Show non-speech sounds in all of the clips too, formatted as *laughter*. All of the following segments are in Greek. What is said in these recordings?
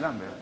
Λάμπερ.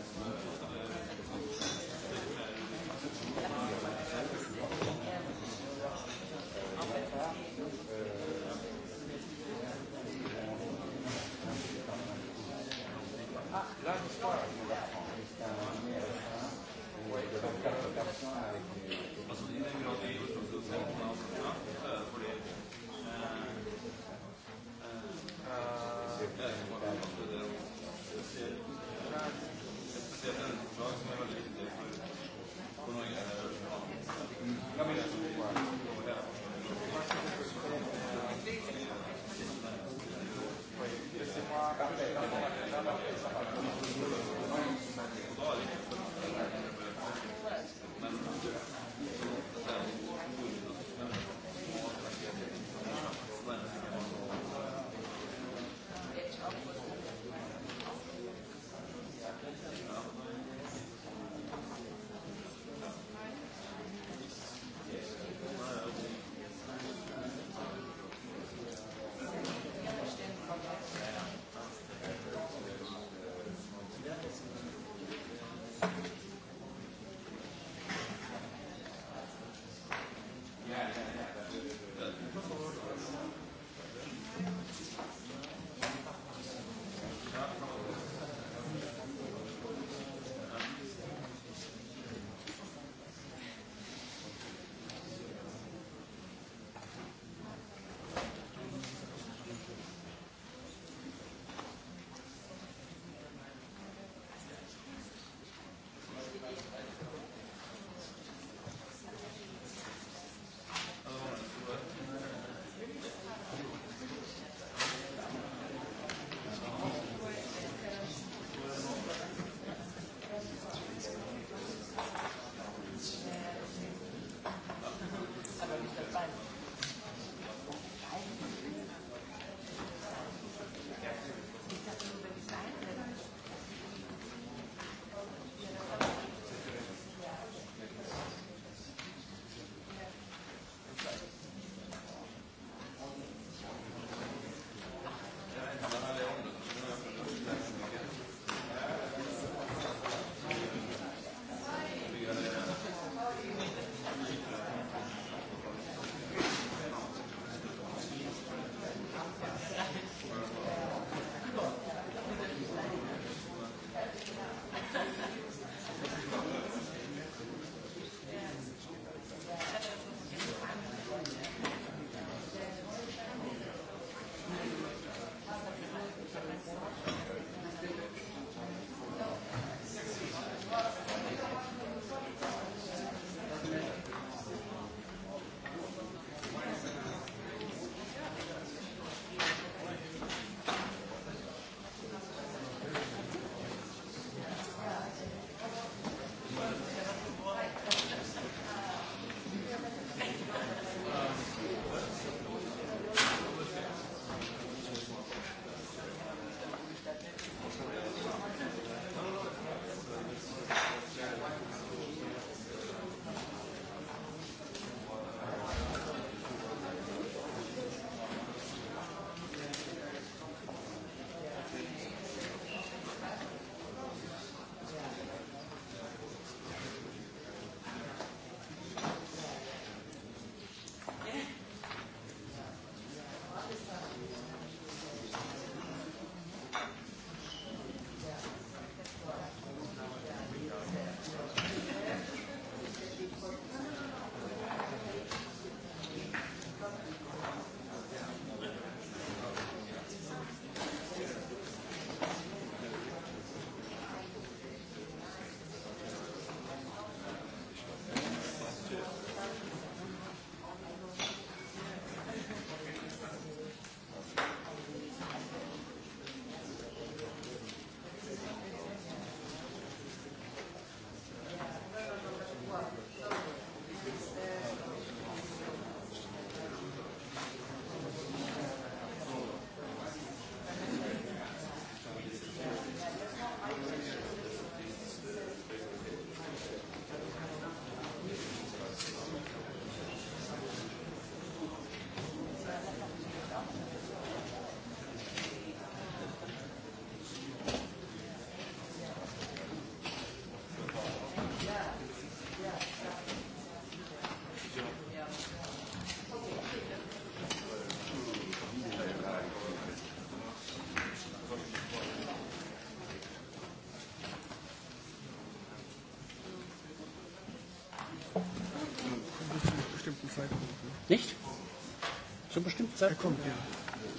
Er kommt, ja.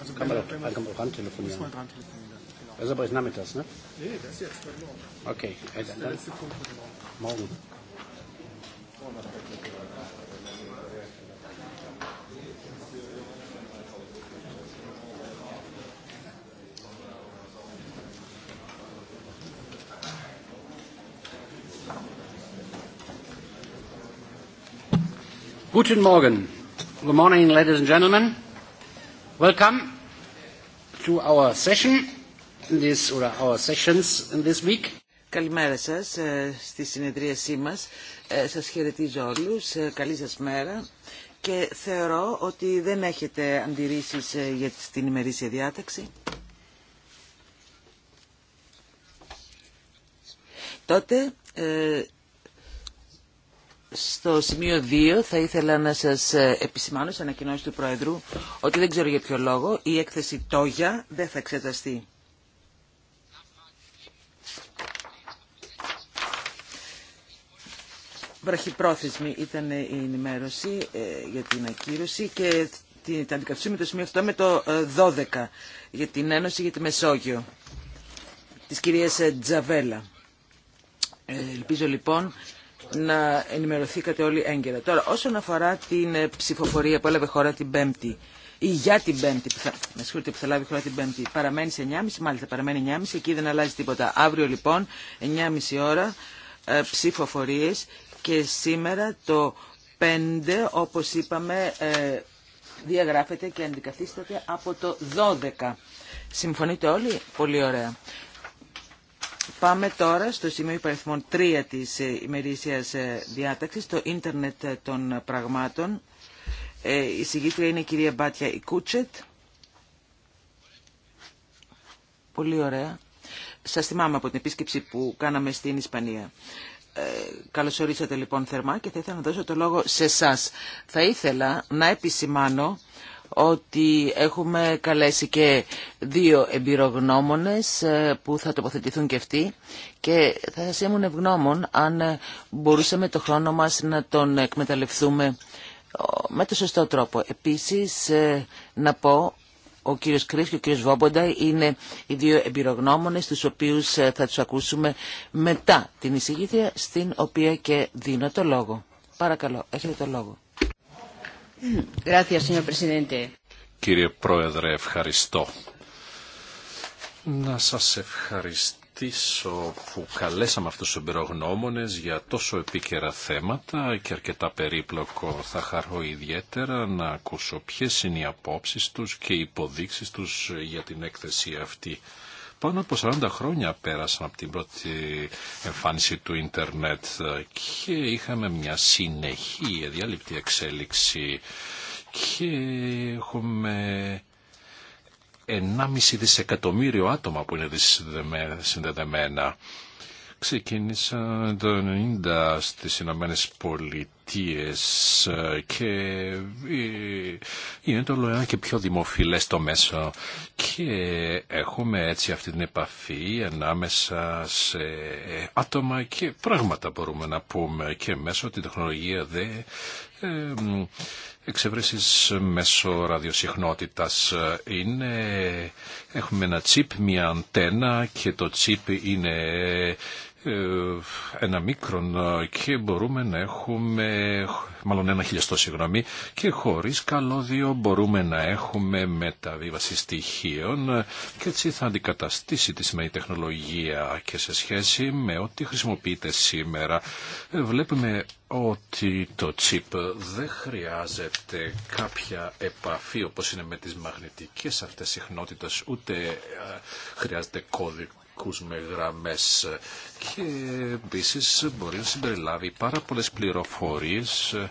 Also kann man, doch, man, kann man ran telefonieren. Muss man dran telefonieren. Das ist aber nicht nachmittags, ne? Nee, das ist jetzt morgen. Okay, dann, dann, der letzte Punkt Morgen. Morgen. Guten Morgen. Good morning, ladies and gentlemen. Welcome to our session, this, or our sessions in this week. Καλημέρα σας ε, στη συνεδρίασή μας. Ε, σας χαιρετίζω όλους. Ε, καλή σας μέρα. Και θεωρώ ότι δεν έχετε αντιρρήσεις για την ημερήσια διάταξη. Τότε στο σημείο 2 θα ήθελα να σας ε, επισημάνω σε ανακοινώσει του Πρόεδρου ότι δεν ξέρω για ποιο λόγο η έκθεση Τόγια δεν θα εξεταστεί. Βραχυπρόθεσμη ήταν η ενημέρωση ε, για την ακύρωση και την αντικαθιστούμε το σημείο αυτό με το 12 ε, για την Ένωση για τη Μεσόγειο της κυρίας Τζαβέλα. ελπίζω λοιπόν να ενημερωθήκατε όλοι έγκαιρα. Τώρα, όσον αφορά την ε, ψηφοφορία που έλαβε χώρα την Πέμπτη, ή για την Πέμπτη, που θα, με συγχωρείτε χώρα την Πέμπτη, παραμένει σε 9.30, μάλιστα παραμένει 9.30, εκεί δεν αλλάζει τίποτα. Αύριο λοιπόν, 9.30 ώρα, ε, και σήμερα το 5, όπω είπαμε, ε, διαγράφεται και αντικαθίσταται από το 12. Συμφωνείτε όλοι? Πολύ ωραία. Πάμε τώρα στο σημείο υπαριθμών 3 της ε, ημερήσιας ε, διάταξης, το ίντερνετ ε, των πραγμάτων. Η συγγήτρια είναι η κυρία Μπάτια Ικούτσετ. Πολύ ωραία. Σας θυμάμαι από την επίσκεψη που κάναμε στην Ισπανία. Ε, καλωσορίσατε λοιπόν θερμά και θα ήθελα να δώσω το λόγο σε εσά. Θα ήθελα να επισημάνω ότι έχουμε καλέσει και δύο εμπειρογνώμονες ε, που θα τοποθετηθούν και αυτοί και θα σας ήμουν ευγνώμων αν ε, μπορούσαμε το χρόνο μας να τον εκμεταλλευτούμε με το σωστό τρόπο. Επίσης ε, να πω ο κύριος Κρίς και ο κύριος Βόμποντα είναι οι δύο εμπειρογνώμονες τους οποίους θα τους ακούσουμε μετά την εισηγήθεια στην οποία και δίνω το λόγο. Παρακαλώ, έχετε το λόγο. Κύριε Πρόεδρε, ευχαριστώ. Να σας ευχαριστήσω που καλέσαμε αυτούς τους εμπειρογνώμονες για τόσο επίκαιρα θέματα και αρκετά περίπλοκο. Θα χαρώ ιδιαίτερα να ακούσω ποιες είναι οι απόψεις τους και οι υποδείξεις τους για την έκθεση αυτή. Πάνω από 40 χρόνια πέρασαν από την πρώτη εμφάνιση του ίντερνετ ε, και είχαμε μια συνεχή διαλειπτή εξέλιξη και έχουμε 1,5 δισεκατομμύριο άτομα που είναι συνδεδεμένα Ξεκίνησα το 1990 στις Ηνωμένε Πολιτείε και ε, είναι το λέω και πιο δημοφιλές το μέσο και έχουμε έτσι αυτή την επαφή ανάμεσα σε άτομα και πράγματα μπορούμε να πούμε και μέσω την τεχνολογία δε ε, εξεύρεσης μέσω ραδιοσυχνότητας είναι έχουμε ένα τσίπ, μια αντένα και το τσίπ είναι ε, ένα μίκρον ε, και μπορούμε να έχουμε, μάλλον ένα χιλιαστό συγγνώμη, και χωρίς καλώδιο μπορούμε να έχουμε μεταβίβαση στοιχείων ε, και έτσι θα αντικαταστήσει τη σημαντική τεχνολογία και σε σχέση με ό,τι χρησιμοποιείται σήμερα. Βλέπουμε ότι το τσίπ δεν χρειάζεται κάποια επαφή όπως είναι με τις μαγνητικές αυτές συχνότητες ούτε χρειάζεται κώδικο με γραμμές και επίση μπορεί να συμπεριλάβει πάρα πολλές πληροφορίες ε,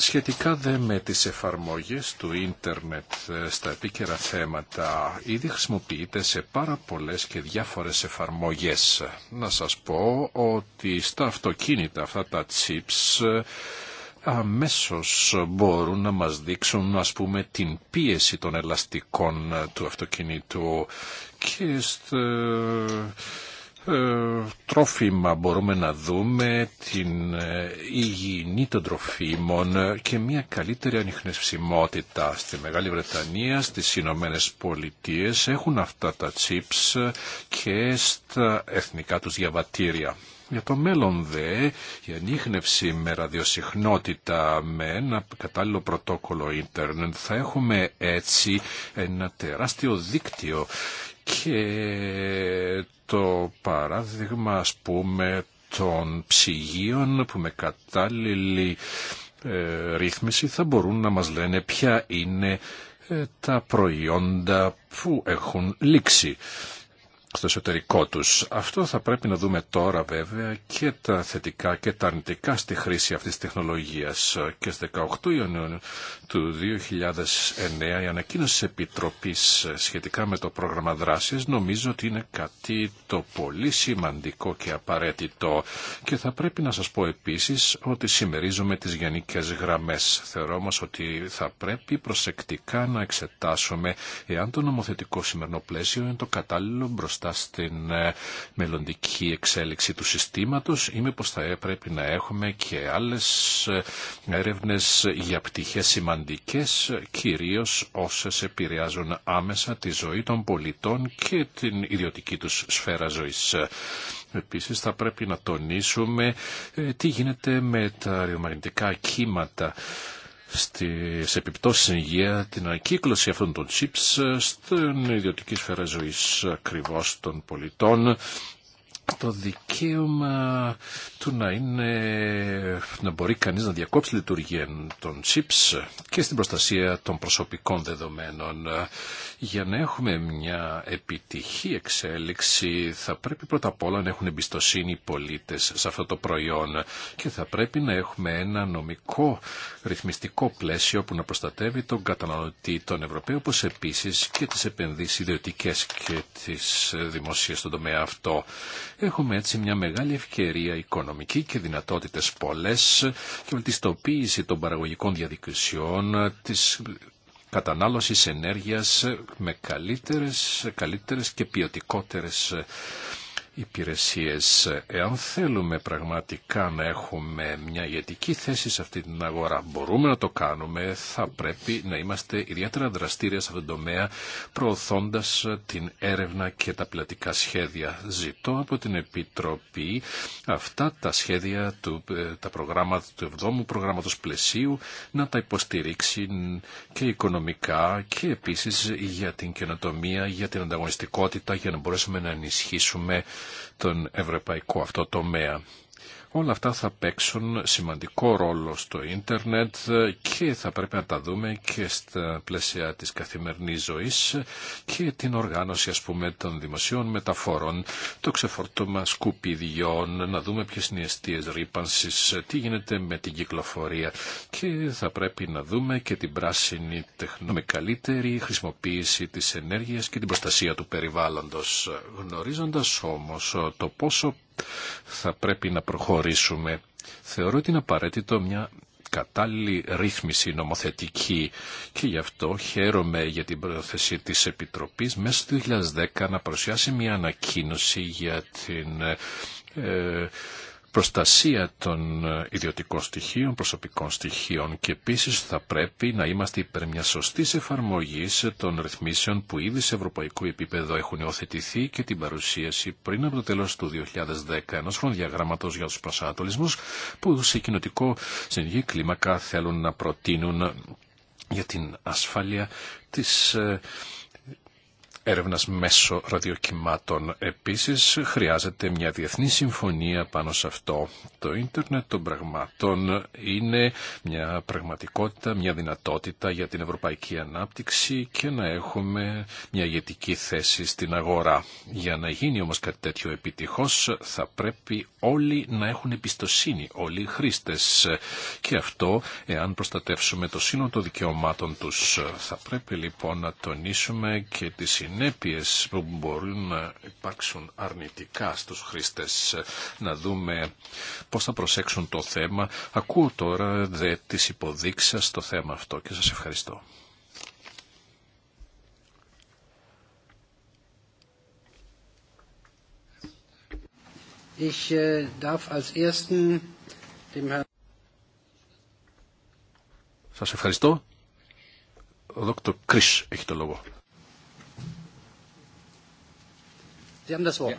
Σχετικά δε με τις εφαρμογές του ίντερνετ ε, στα επίκαιρα θέματα, ήδη χρησιμοποιείται σε πάρα πολλές και διάφορες εφαρμογές. Να σας πω ότι στα αυτοκίνητα αυτά τα chips ε, αμέσως μπορούν να μας δείξουν ας πούμε την πίεση των ελαστικών του αυτοκινήτου και στο ε, τρόφιμα μπορούμε να δούμε την ε, υγιεινή των τροφίμων και μια καλύτερη ανιχνευσιμότητα. Στη Μεγάλη Βρετανία, στις Ηνωμένε Πολιτείες έχουν αυτά τα τσίπς και στα εθνικά τους διαβατήρια. Για το μέλλον δε, η ανείχνευση με ραδιοσυχνότητα με ένα κατάλληλο πρωτόκολλο ίντερνετ θα έχουμε έτσι ένα τεράστιο δίκτυο και το παράδειγμα ας πούμε των ψυγείων που με κατάλληλη ε, ρύθμιση θα μπορούν να μας λένε ποια είναι ε, τα προϊόντα που έχουν λήξει στο εσωτερικό τους. Αυτό θα πρέπει να δούμε τώρα βέβαια και τα θετικά και τα αρνητικά στη χρήση αυτής της τεχνολογίας. Και στις 18 Ιουνίου του 2009 η ανακοίνωση της Επιτροπής σχετικά με το πρόγραμμα δράσης νομίζω ότι είναι κάτι το πολύ σημαντικό και απαραίτητο. Και θα πρέπει να σας πω επίσης ότι συμμερίζομαι τις γενικές γραμμές. Θεωρώ όμως ότι θα πρέπει προσεκτικά να εξετάσουμε εάν το νομοθετικό σημερινό πλαίσιο είναι το κατάλληλο μπροστά στην ε, μελλοντική εξέλιξη του συστήματος ή μήπω θα ε, πρέπει να έχουμε και άλλες ε, έρευνες για πτυχές σημαντικές, κυρίως όσες επηρεάζουν άμεσα τη ζωή των πολιτών και την ιδιωτική τους σφαίρα ζωής. Επίσης θα πρέπει να τονίσουμε τι γίνεται με τα ρημαγνητικά κύματα στις επιπτώσεις στην υγεία, την ανακύκλωση αυτών των chips στην ιδιωτική σφαίρα ζωής ακριβώς των πολιτών, το δικαίωμα του να, είναι, να μπορεί κανείς να διακόψει λειτουργία των chips και στην προστασία των προσωπικών δεδομένων για να έχουμε μια επιτυχή εξέλιξη θα πρέπει πρώτα απ' όλα να έχουν εμπιστοσύνη οι πολίτες σε αυτό το προϊόν και θα πρέπει να έχουμε ένα νομικό ρυθμιστικό πλαίσιο που να προστατεύει τον καταναλωτή, των Ευρωπαίων όπως επίσης και τις επενδύσεις ιδιωτικέ και τις δημοσίες στον τομέα αυτό. Έχουμε έτσι μια μεγάλη ευκαιρία οικονομική και δυνατότητες πολλές και βελτιστοποίηση των παραγωγικών διαδικασιών, της κατανάλωσης ενέργειας με καλύτερες, καλύτερες και ποιοτικότερες υπηρεσίες. Εάν θέλουμε πραγματικά να έχουμε μια ηγετική θέση σε αυτή την αγορά, μπορούμε να το κάνουμε, θα πρέπει να είμαστε ιδιαίτερα δραστήρια σε αυτόν τον τομέα, προωθώντας την έρευνα και τα πλατικά σχέδια. Ζητώ από την Επιτροπή αυτά τα σχέδια, του, ε, τα προγράμματα του 7ου προγράμματος πλαισίου, να τα υποστηρίξει και οικονομικά και επίσης για την καινοτομία, για την ανταγωνιστικότητα, για να μπορέσουμε να ενισχύσουμε τον ευρωπαϊκό αυτό τομέα. Όλα αυτά θα παίξουν σημαντικό ρόλο στο ίντερνετ και θα πρέπει να τα δούμε και στα πλαίσια της καθημερινής ζωής και την οργάνωση ας πούμε των δημοσίων μεταφορών, το ξεφορτώμα σκουπιδιών, να δούμε ποιες είναι οι αιστείες ρήπανσης, τι γίνεται με την κυκλοφορία και θα πρέπει να δούμε και την πράσινη τεχνομεκαλύτερη με καλύτερη χρησιμοποίηση της ενέργειας και την προστασία του περιβάλλοντος. Γνωρίζοντας όμως το πόσο θα πρέπει να προχωρήσουμε. Θεωρώ ότι είναι απαραίτητο μια κατάλληλη ρύθμιση νομοθετική και γι' αυτό χαίρομαι για την πρόθεση της Επιτροπής μέσα στο 2010 να παρουσιάσει μια ανακοίνωση για την ε, προστασία των ε, ιδιωτικών στοιχείων, προσωπικών στοιχείων και επίσης θα πρέπει να είμαστε υπέρ μια σωστή εφαρμογή των ρυθμίσεων που ήδη σε ευρωπαϊκό επίπεδο έχουν υιοθετηθεί και την παρουσίαση πριν από το τέλος του 2010 ενός χρονοδιαγράμματος για τους προσανατολισμούς που σε κοινοτικό συνεργή κλίμακα θέλουν να προτείνουν για την ασφάλεια της ε, έρευνας μέσω ραδιοκυμάτων. Επίσης χρειάζεται μια διεθνή συμφωνία πάνω σε αυτό. Το ίντερνετ των πραγμάτων είναι μια πραγματικότητα, μια δυνατότητα για την ευρωπαϊκή ανάπτυξη και να έχουμε μια ηγετική θέση στην αγορά. Για να γίνει όμως κάτι τέτοιο επιτυχώς θα πρέπει όλοι να έχουν εμπιστοσύνη, όλοι οι χρήστε. Και αυτό εάν προστατεύσουμε το σύνολο των δικαιωμάτων τους. Θα πρέπει λοιπόν να τονίσουμε και τη συνέπειες που μπορούν να υπάρξουν αρνητικά στους χρήστες. Να δούμε πώς θα προσέξουν το θέμα. Ακούω τώρα δε τις υποδείξεις στο θέμα αυτό και σας ευχαριστώ. Ich äh, darf als ersten dem Herrn Σας ευχαριστώ. Ο Δόκτωρ Κρίς έχει το λόγο. Sie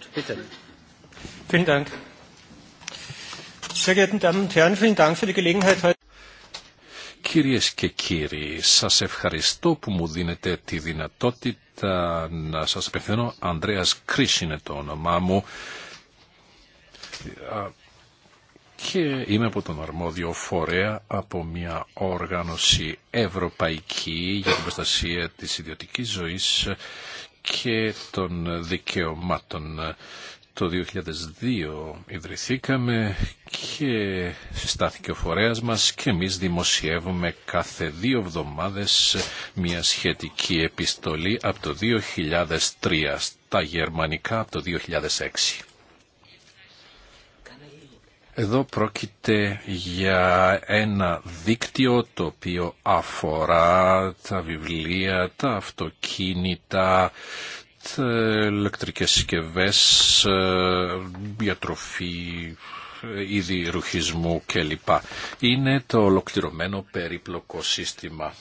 Κυρίες και κύριοι, σας ευχαριστώ που μου δίνετε τη δυνατότητα να σας απευθύνω. Ανδρέας Κρίς είναι το όνομά μου και είμαι από τον αρμόδιο φορέα από μια όργανωση ευρωπαϊκή για την προστασία της ιδιωτικής ζωής και των δικαιωμάτων. Το 2002 ιδρυθήκαμε και συστάθηκε ο φορέας μας και εμείς δημοσιεύουμε κάθε δύο εβδομάδες μια σχετική επιστολή από το 2003 στα γερμανικά από το 2006. Εδώ πρόκειται για ένα δίκτυο το οποίο αφορά τα βιβλία, τα αυτοκίνητα, τα ηλεκτρικές συσκευές, ε, διατροφή, ε, είδη ρουχισμού κλπ. Είναι το ολοκληρωμένο περίπλοκο σύστημα.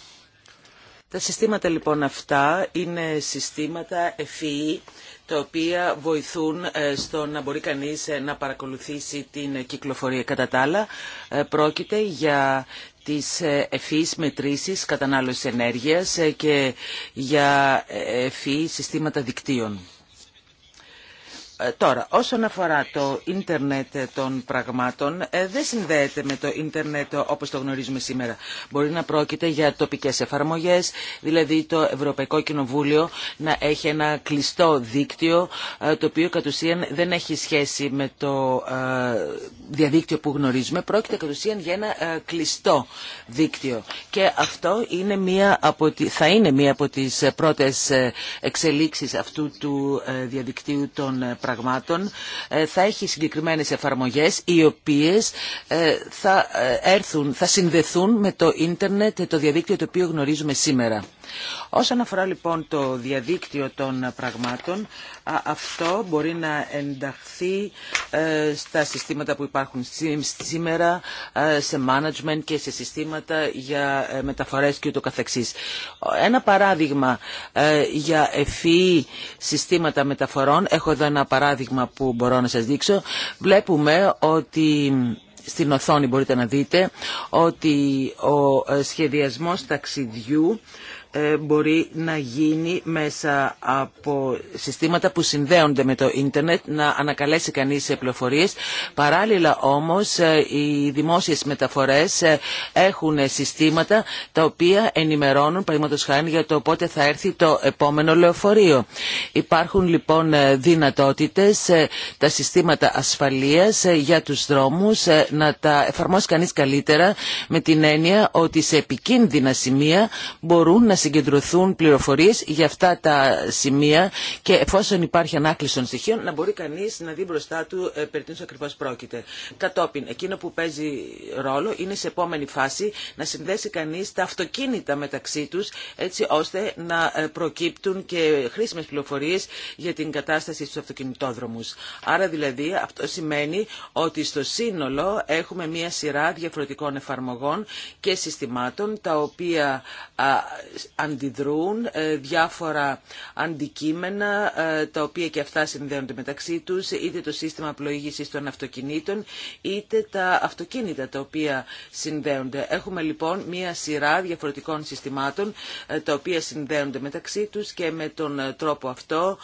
Τα συστήματα λοιπόν αυτά είναι συστήματα FEE e, τα οποία βοηθούν ε, στο να μπορεί κανείς ε, να παρακολουθήσει την κυκλοφορία. Κατά τα άλλα, ε, πρόκειται για τις εφής e μετρήσεις κατανάλωσης ενέργειας και για εφή e συστήματα δικτύων. Ε, τώρα, όσον αφορά το ίντερνετ των πραγμάτων, ε, δεν συνδέεται με το ίντερνετ όπως το γνωρίζουμε σήμερα. Μπορεί να πρόκειται για τοπικές εφαρμογές, δηλαδή το Ευρωπαϊκό Κοινοβούλιο να έχει ένα κλειστό δίκτυο, ε, το οποίο κατ' ουσίαν δεν έχει σχέση με το διαδίκτυο που γνωρίζουμε. Πρόκειται κατ' ουσίαν για ένα κλειστό δίκτυο. Και αυτό είναι μία θα είναι μία από τις πρώτες εξελίξεις αυτού του διαδικτύου των πραγμάτων πραγμάτων ε, θα έχει συγκεκριμένες εφαρμογές οι οποίες ε, θα ε, έρθουν, θα συνδεθούν με το ίντερνετ, το διαδίκτυο το οποίο γνωρίζουμε σήμερα. Όσον αφορά λοιπόν το διαδίκτυο των πραγμάτων, αυτό μπορεί να ενταχθεί ε, στα συστήματα που υπάρχουν σήμερα, ε, σε management και σε συστήματα για ε, μεταφορές και ούτω καθεξής. Ένα παράδειγμα για ευφυή συστήματα μεταφορών, έχω εδώ ένα παράδειγμα που μπορώ να σας δείξω, βλέπουμε ότι στην οθόνη μπορείτε να δείτε ότι ο σχεδιασμός ταξιδιού ε, μπορεί να γίνει μέσα από συστήματα που συνδέονται με το ίντερνετ, να ανακαλέσει κανείς πληροφορίες. Παράλληλα όμως ε, οι δημόσιες μεταφορές ε, έχουν συστήματα τα οποία ενημερώνουν, παραδείγματος χάρη, για το πότε θα έρθει το επόμενο λεωφορείο. Υπάρχουν λοιπόν δυνατότητες τα συστήματα ασφαλείας για τους δρόμους να τα εφαρμόσει κανείς καλύτερα με την έννοια ότι σε επικίνδυνα σημεία μπορούν να συγκεντρωθούν πληροφορίες για αυτά τα σημεία και εφόσον υπάρχει ανάκληση των στοιχείων να μπορεί κανείς να δει μπροστά του ε, περί τίνος ακριβώς πρόκειται. Κατόπιν, εκείνο που παίζει ρόλο είναι σε επόμενη φάση να συνδέσει κανείς τα αυτοκίνητα μεταξύ τους έτσι ώστε να ε, προκύπτουν και χρήσιμες πληροφορίες για την κατάσταση στους αυτοκινητόδρομου. Άρα δηλαδή αυτό σημαίνει ότι στο σύνολο έχουμε μία σειρά διαφορετικών εφαρμογών και συστημάτων τα οποία αντιδρούν, ε, διάφορα αντικείμενα ε, τα οποία και αυτά συνδέονται μεταξύ τους, είτε το σύστημα πλοήγησης των αυτοκινήτων, είτε τα αυτοκίνητα τα οποία συνδέονται. Έχουμε λοιπόν μία σειρά διαφορετικών συστημάτων ε, τα οποία συνδέονται μεταξύ τους και με τον τρόπο αυτό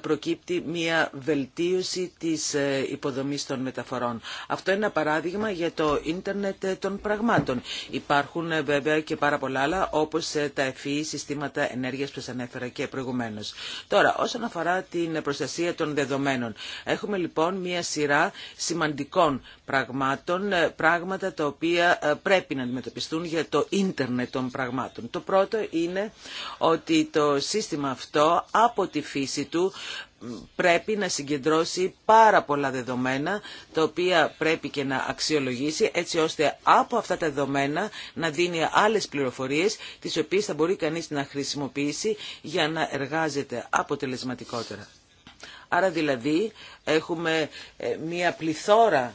προκύπτει μία βελτίωση της υποδομής των μεταφορών. Αυτό είναι ένα παράδειγμα για το ίντερνετ των πραγμάτων. Υπάρχουν βέβαια και πάρα πολλά άλλα όπως τα συστήματα ενέργειας που σα ανέφερα και προηγουμένω. Τώρα, όσον αφορά την προστασία των δεδομένων, έχουμε λοιπόν μία σειρά σημαντικών πραγμάτων, ε, πράγματα τα οποία ε, πρέπει να αντιμετωπιστούν για το ίντερνετ των πραγμάτων. Το πρώτο είναι ότι το σύστημα αυτό από τη φύση του πρέπει να συγκεντρώσει πάρα πολλά δεδομένα τα οποία πρέπει και να αξιολογήσει έτσι ώστε από αυτά τα δεδομένα να δίνει άλλες πληροφορίες τις οποίες θα μπορεί κανείς να χρησιμοποιήσει για να εργάζεται αποτελεσματικότερα. Άρα δηλαδή έχουμε ε, μία πληθώρα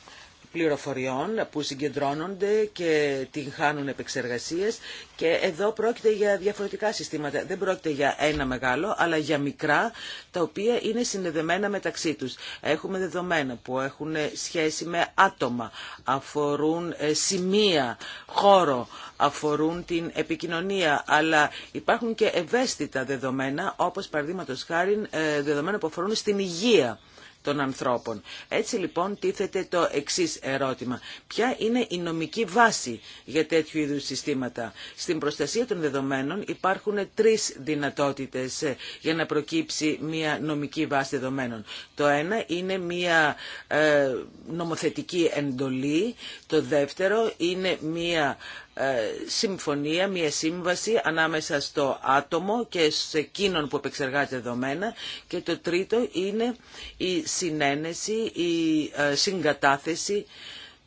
πληροφοριών που συγκεντρώνονται και την χάνουν επεξεργασίες και εδώ πρόκειται για διαφορετικά συστήματα. Δεν πρόκειται για ένα μεγάλο, αλλά για μικρά, τα οποία είναι συνδεδεμένα μεταξύ τους. Έχουμε δεδομένα που έχουν σχέση με άτομα, αφορούν ε, σημεία, χώρο, αφορούν την επικοινωνία, αλλά υπάρχουν και ευαίσθητα δεδομένα, όπως παραδείγματος χάρη ε, δεδομένα που αφορούν στην υγεία των ανθρώπων. Έτσι λοιπόν τίθεται το εξή ερώτημα. Ποια είναι η νομική βάση για τέτοιου είδους συστήματα. Στην προστασία των δεδομένων υπάρχουν τρεις δυνατότητες ε, για να προκύψει μια νομική βάση δεδομένων. Το ένα είναι μια ε, νομοθετική εντολή. Το δεύτερο είναι μια ε, συμφωνία, μια σύμβαση ανάμεσα στο άτομο και σε εκείνον που επεξεργάζεται δεδομένα και το τρίτο είναι η συνένεση, η ε, συγκατάθεση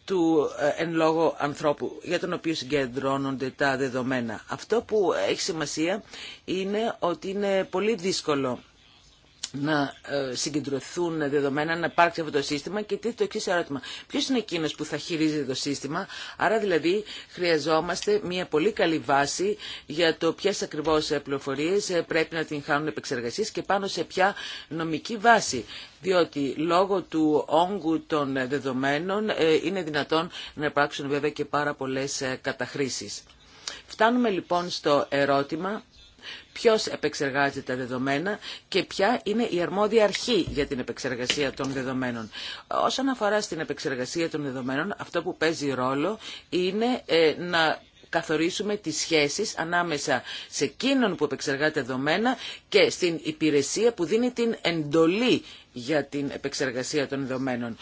του ε, εν λόγω ανθρώπου για τον οποίο συγκεντρώνονται τα δεδομένα. Αυτό που έχει σημασία είναι ότι είναι πολύ δύσκολο να ε, συγκεντρωθούν δεδομένα, να υπάρξει αυτό το σύστημα και τι το εξή ερώτημα. Ποιο είναι εκείνο που θα χειρίζεται το σύστημα, άρα δηλαδή χρειαζόμαστε μια πολύ καλή βάση για το ποιε ακριβώ ε, πληροφορίε ε, πρέπει να την χάνουν επεξεργασίε και πάνω σε ποια νομική βάση. Διότι λόγω του όγκου των δεδομένων είναι δυνατόν να υπάρξουν βέβαια και πάρα πολλέ καταχρήσει. Φτάνουμε λοιπόν στο ερώτημα Ποιο επεξεργάζεται τα δεδομένα και ποια είναι η αρμόδια αρχή για την επεξεργασία των δεδομένων. Όσον αφορά στην επεξεργασία των δεδομένων, αυτό που παίζει ρόλο είναι ε, να καθορίσουμε τις σχέσεις ανάμεσα σε εκείνον που επεξεργάται δεδομένα και στην υπηρεσία που δίνει την εντολή για την επεξεργασία των δεδομένων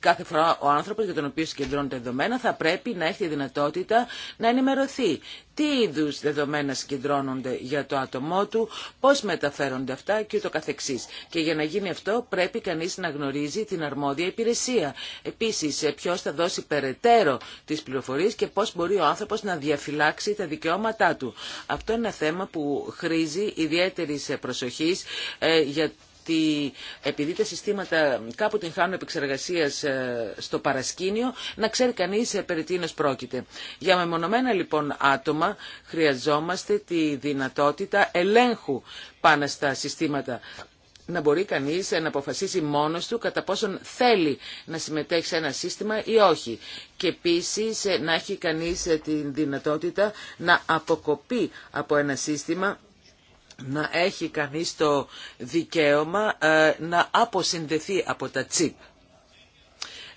κάθε φορά ο άνθρωπος για τον οποίο συγκεντρώνονται δεδομένα θα πρέπει να έχει τη δυνατότητα να ενημερωθεί. Τι είδου δεδομένα συγκεντρώνονται για το άτομό του, πώς μεταφέρονται αυτά και ούτω καθεξής. Και για να γίνει αυτό πρέπει κανείς να γνωρίζει την αρμόδια υπηρεσία. Επίσης, ε, ποιο θα δώσει περαιτέρω τις πληροφορίες και πώς μπορεί ο άνθρωπος να διαφυλάξει τα δικαιώματά του. Αυτό είναι ένα θέμα που χρήζει ιδιαίτερη ε, προσοχή ε, για ότι επειδή τα συστήματα κάπου την χάνουν επεξεργασία ε, στο παρασκήνιο, να ξέρει κανεί ε, περί τίνο πρόκειται. Για μεμονωμένα λοιπόν άτομα χρειαζόμαστε τη δυνατότητα ελέγχου πάνω στα συστήματα να μπορεί κανείς ε, να αποφασίσει μόνος του κατά πόσον θέλει να συμμετέχει σε ένα σύστημα ή όχι. Και επίσης να έχει κανείς τη δυνατότητα να αποκοπεί από ένα σύστημα να έχει κανείς το δικαίωμα ε, να αποσυνδεθεί από τα τσίπ.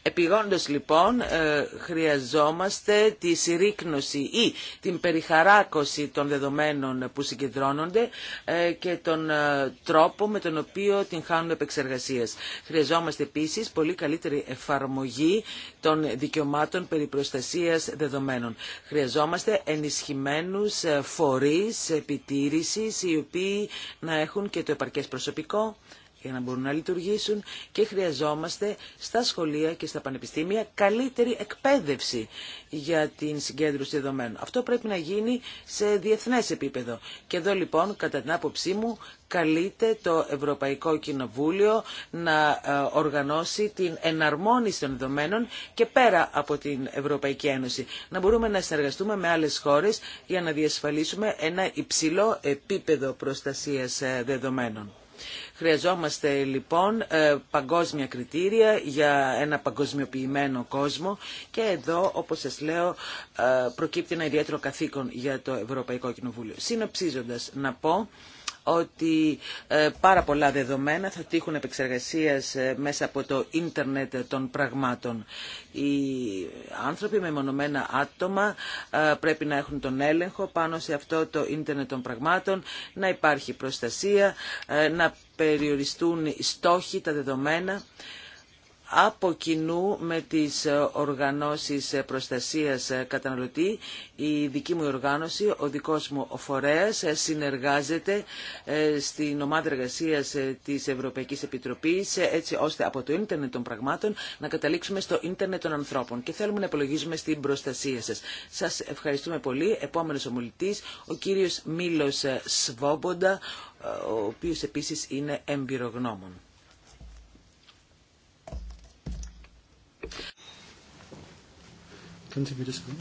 Επιγόντως λοιπόν ε, χρειαζόμαστε τη συρρήκνωση ή την περιχαράκωση των δεδομένων που συγκεντρώνονται ε, και τον ε, τρόπο με τον οποίο την χάνουν επεξεργασίας. Χρειαζόμαστε επίσης πολύ καλύτερη εφαρμογή των δικαιωμάτων περί προστασίας δεδομένων. Χρειαζόμαστε ενισχυμένους φορείς επιτήρησης οι οποίοι να έχουν και το επαρκές προσωπικό, για να μπορούν να λειτουργήσουν και χρειαζόμαστε στα σχολεία και στα πανεπιστήμια καλύτερη εκπαίδευση για την συγκέντρωση δεδομένων. Αυτό πρέπει να γίνει σε διεθνές επίπεδο. Και εδώ λοιπόν, κατά την άποψή μου, καλείται το Ευρωπαϊκό Κοινοβούλιο να ε, οργανώσει την εναρμόνιση των δεδομένων και πέρα από την Ευρωπαϊκή Ένωση. Να μπορούμε να συνεργαστούμε με άλλες χώρες για να διασφαλίσουμε ένα υψηλό επίπεδο προστασίας ε, δεδομένων. Χρειαζόμαστε λοιπόν ε, παγκόσμια κριτήρια για ένα παγκοσμιοποιημένο κόσμο και εδώ όπως σας λέω ε, προκύπτει ένα ιδιαίτερο καθήκον για το Ευρωπαϊκό Κοινοβούλιο. Συνοψίζοντας να πω ότι ε, πάρα πολλά δεδομένα θα τύχουν επεξεργασίας ε, μέσα από το ίντερνετ των πραγμάτων. Οι άνθρωποι με μονομένα άτομα ε, πρέπει να έχουν τον έλεγχο πάνω σε αυτό το ίντερνετ των πραγμάτων, να υπάρχει προστασία, να περιοριστούν οι στόχοι, τα δεδομένα από κοινού με τις οργανώσεις προστασίας καταναλωτή. Η δική μου οργάνωση, ο δικός μου φορέας, συνεργάζεται ε, στην ομάδα εργασίας της Ευρωπαϊκής Επιτροπής έτσι ώστε από το ίντερνετ των πραγμάτων να καταλήξουμε στο ίντερνετ των ανθρώπων και θέλουμε να υπολογίζουμε στην προστασία σας. Σας ευχαριστούμε πολύ. Επόμενος ομιλητής, ο κύριος Μίλος Σβόμποντα, ο οποίος επίσης είναι εμπειρογνώμων. Können Sie mir das sagen?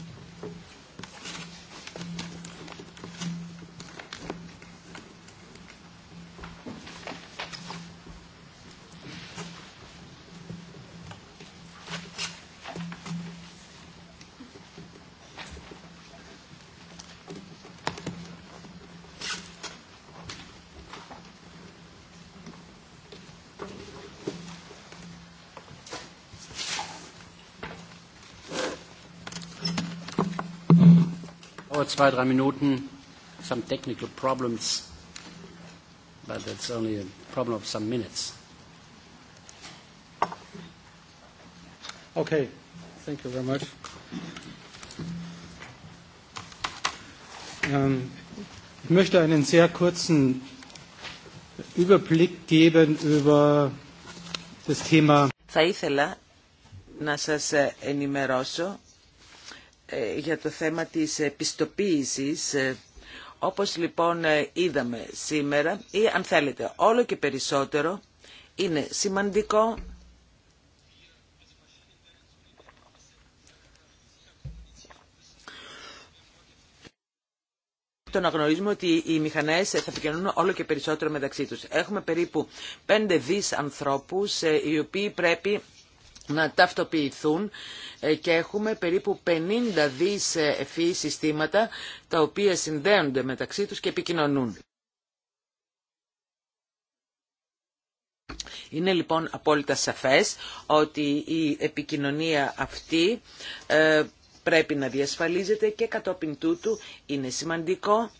zwei, drei Minuten. Some technical problems, but that's only a problem of some minutes. Okay, thank you very much. Ich möchte einen sehr kurzen Überblick geben über das Thema. Θα ήθελα να σας ενημερώσω ε, για το θέμα της επιστοποίησης, ε, όπως λοιπόν ε, είδαμε σήμερα ή αν θέλετε όλο και περισσότερο είναι σημαντικό το να γνωρίζουμε ότι οι μηχανές θα επικοινωνούν όλο και περισσότερο μεταξύ τους. Έχουμε περίπου 5 δις ανθρώπους οι οποίοι πρέπει να ταυτοποιηθούν ε, και έχουμε περίπου 50 δις ευφύ e συστήματα τα οποία συνδέονται μεταξύ τους και επικοινωνούν. Είναι λοιπόν απόλυτα σαφές ότι η επικοινωνία αυτή ε, πρέπει να διασφαλίζεται και κατόπιν τούτου είναι σημαντικό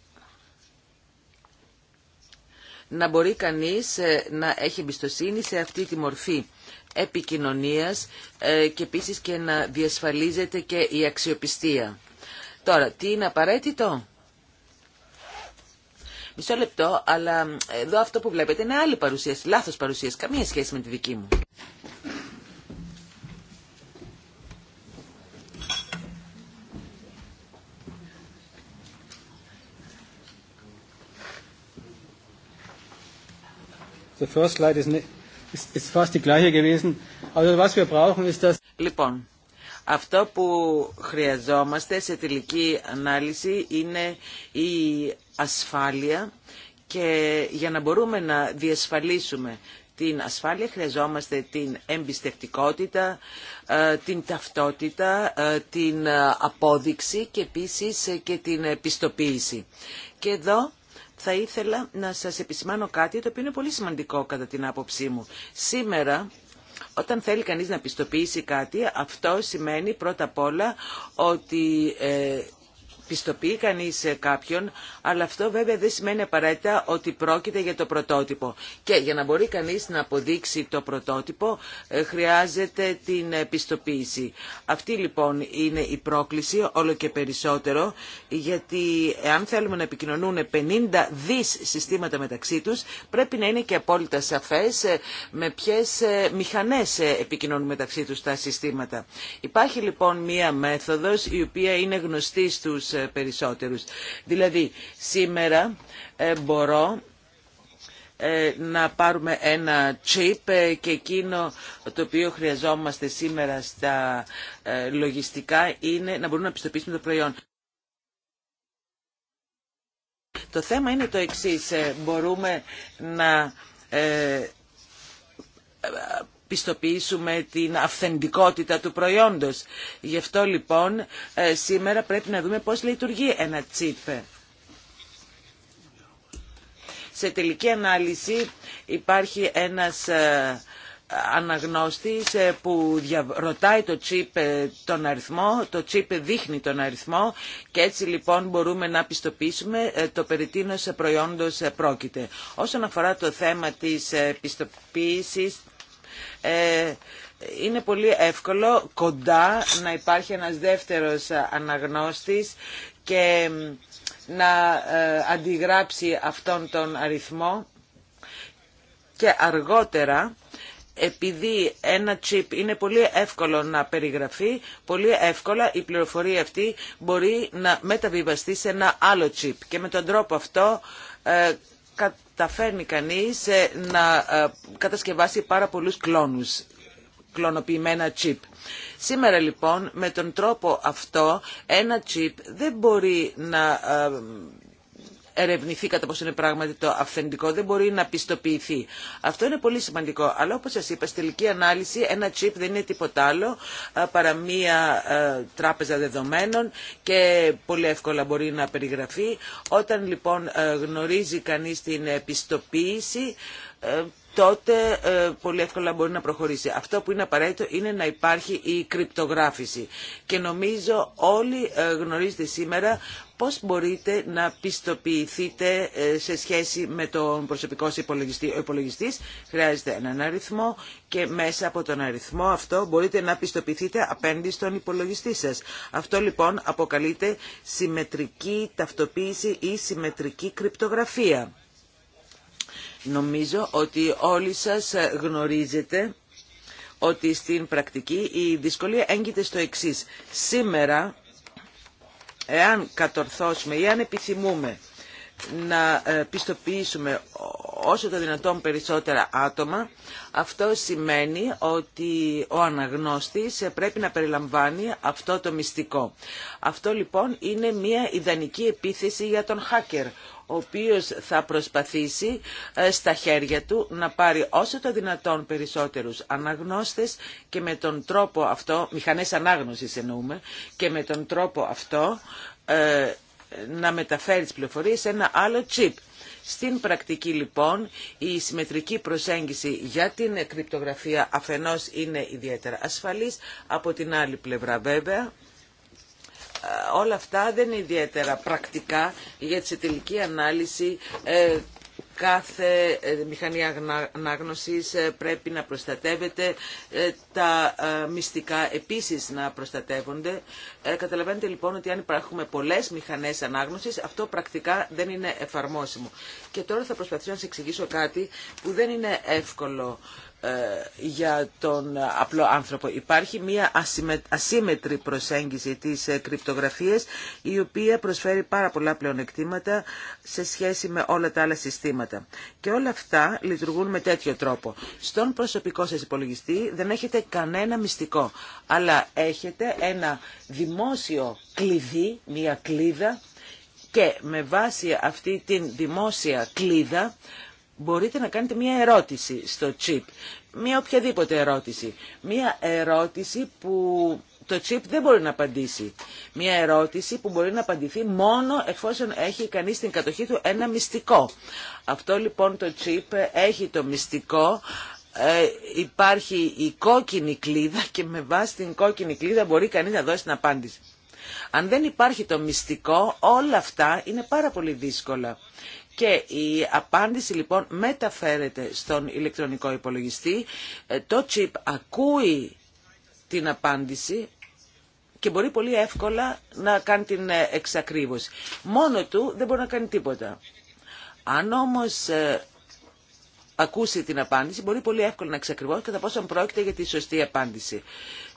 να μπορεί κανείς ε, να έχει εμπιστοσύνη σε αυτή τη μορφή επικοινωνίας ε, και επίσης και να διασφαλίζεται και η αξιοπιστία. Τώρα, τι είναι απαραίτητο? Μισό λεπτό, αλλά ε, εδώ αυτό που βλέπετε είναι άλλη παρουσίαση, λάθος παρουσίαση, καμία σχέση με τη δική μου. Λοιπόν, αυτό που χρειαζόμαστε σε τελική ανάλυση είναι η ασφάλεια και για να μπορούμε να διασφαλίσουμε την ασφάλεια χρειαζόμαστε την εμπιστευτικότητα, ε, την ταυτότητα, ε, την ε, απόδειξη και επίσης και την πιστοποίηση. Και εδώ θα ήθελα να σας επισημάνω κάτι το οποίο είναι πολύ σημαντικό κατά την άποψή μου. Σήμερα όταν θέλει κανείς να πιστοποιήσει κάτι, αυτό σημαίνει πρώτα απ' όλα ότι ε, πιστοποιεί κανείς κάποιον, αλλά αυτό βέβαια δεν σημαίνει απαραίτητα ότι πρόκειται για το πρωτότυπο. Και για να μπορεί κανείς να αποδείξει το πρωτότυπο, ε, χρειάζεται την ε, πιστοποίηση. Αυτή λοιπόν είναι η πρόκληση, όλο και περισσότερο, γιατί αν θέλουμε να επικοινωνούν 50 δις συστήματα μεταξύ τους, πρέπει να είναι και απόλυτα σαφές ε, με ποιες μηχανές επικοινωνούν μεταξύ τους τα συστήματα. Υπάρχει λοιπόν μία μέθοδος η οποία είναι γνωστή στους ε, περισσότερους. Δηλαδή, σήμερα ε, μπορώ ε, να πάρουμε ένα chip και εκείνο το οποίο χρειαζόμαστε σήμερα στα λογιστικά είναι να μπορούμε να πιστοποιήσουμε το προϊόν. Το θέμα είναι το εξής. Μπορούμε να πιστοποιήσουμε την αυθεντικότητα του προϊόντος. Γι' αυτό λοιπόν ε, σήμερα πρέπει να δούμε πώς λειτουργεί ένα τσίπ. Σε τελική ανάλυση υπάρχει ένας ε, αναγνώστης ε, που ρωτάει το τσίπ τον αριθμό, το τσίπ δείχνει τον αριθμό και έτσι λοιπόν μπορούμε να πιστοποιήσουμε το περί τίνος προϊόντος πρόκειται. Όσον αφορά το θέμα της πιστοποίησης ε, είναι πολύ εύκολο κοντά να υπάρχει ένας δεύτερος αναγνώστης και να ε, αντιγράψει αυτόν τον αριθμό και αργότερα επειδή ένα τσίπ είναι πολύ εύκολο να περιγραφεί, πολύ εύκολα η πληροφορία αυτή μπορεί να μεταβιβαστεί σε ένα άλλο τσίπ και με τον τρόπο αυτό ε, τα φέρνει κανείς ε, να ε, κατασκευάσει πάρα πολλούς κλόνους, κλωνοποιημένα chip. Σήμερα λοιπόν με τον τρόπο αυτό ένα chip δεν μπορεί να ε, ερευνηθεί κατά πόσο είναι πράγματι το αυθεντικό, δεν μπορεί να πιστοποιηθεί. Αυτό είναι πολύ σημαντικό. Αλλά όπως σας είπα, στη τελική ανάλυση ένα chip δεν είναι τίποτα άλλο παρά μία τράπεζα δεδομένων και πολύ εύκολα μπορεί να περιγραφεί. Όταν λοιπόν γνωρίζει κανείς την πιστοποίηση, τότε ε, πολύ εύκολα μπορεί να προχωρήσει. Αυτό που είναι απαραίτητο είναι να υπάρχει η κρυπτογράφηση. Και νομίζω όλοι ε, γνωρίζετε σήμερα πώς μπορείτε να πιστοποιηθείτε ε, σε σχέση με τον προσωπικό υπολογιστή. Ο υπολογιστής χρειάζεται έναν αριθμό και μέσα από τον αριθμό αυτό μπορείτε να πιστοποιηθείτε απέναντι στον υπολογιστή σας. Αυτό λοιπόν αποκαλείται συμμετρική ταυτοποίηση ή συμμετρική κρυπτογραφία. Νομίζω ότι όλοι σας γνωρίζετε ότι στην πρακτική η δυσκολία έγκυται στο εξής. Σήμερα, εάν κατορθώσουμε ή αν επιθυμούμε να ε, πιστοποιήσουμε όσο το δυνατόν περισσότερα άτομα. Αυτό σημαίνει ότι ο αναγνώστης πρέπει να περιλαμβάνει αυτό το μυστικό. Αυτό λοιπόν είναι μια ιδανική επίθεση για τον hacker, ο οποίος θα προσπαθήσει ε, στα χέρια του να πάρει όσο το δυνατόν περισσότερους αναγνώστες και με τον τρόπο αυτό, μηχανές ανάγνωσης εννοούμε, και με τον τρόπο αυτό ε, να μεταφέρει τις πληροφορίες σε ένα άλλο τσίπ. Στην πρακτική λοιπόν η συμμετρική προσέγγιση για την κρυπτογραφία αφενός είναι ιδιαίτερα ασφαλής, από την άλλη πλευρά βέβαια όλα αυτά δεν είναι ιδιαίτερα πρακτικά για τη τελική ανάλυση ε, κάθε ε, μηχανή ανάγνωσης ε, πρέπει να προστατεύεται, τα μυστικά επίσης να προστατεύονται. Καταλαβαίνετε λοιπόν ότι αν υπάρχουν πολλές μηχανές ανάγνωσης, αυτό πρακτικά δεν είναι εφαρμόσιμο. Και τώρα θα προσπαθήσω να σας εξηγήσω κάτι που δεν είναι εύκολο ε, για τον απλό άνθρωπο. Υπάρχει μια ασύμετρη προσέγγιση της ε, κρυπτογραφίας η οποία προσφέρει πάρα πολλά πλεονεκτήματα σε σχέση με όλα τα άλλα συστήματα. Και όλα αυτά λειτουργούν με τέτοιο τρόπο. Στον προσωπικό σας υπολογιστή δεν έχετε κανένα μυστικό, αλλά έχετε ένα δημόσιο κλειδί, μια κλίδα και με βάση αυτή την δημόσια κλίδα μπορείτε να κάνετε μία ερώτηση στο chip. Μία οποιαδήποτε ερώτηση. Μία ερώτηση που το chip δεν μπορεί να απαντήσει. Μία ερώτηση που μπορεί να απαντηθεί μόνο εφόσον έχει κανείς στην κατοχή του ένα μυστικό. Αυτό λοιπόν το chip έχει το μυστικό ε, υπάρχει η κόκκινη κλίδα και με βάση την κόκκινη κλίδα μπορεί κανείς να δώσει την απάντηση. Αν δεν υπάρχει το μυστικό, όλα αυτά είναι πάρα πολύ δύσκολα και η απάντηση λοιπόν μεταφέρεται στον ηλεκτρονικό υπολογιστή. Ε, το chip ακούει την απάντηση και μπορεί πολύ εύκολα να κάνει την ε, εξακρίβωση. Μόνο του δεν μπορεί να κάνει τίποτα. Αν όμως ε, ακούσει την απάντηση, μπορεί πολύ εύκολα να εξακριβώσει κατά πόσο πρόκειται για τη σωστή απάντηση.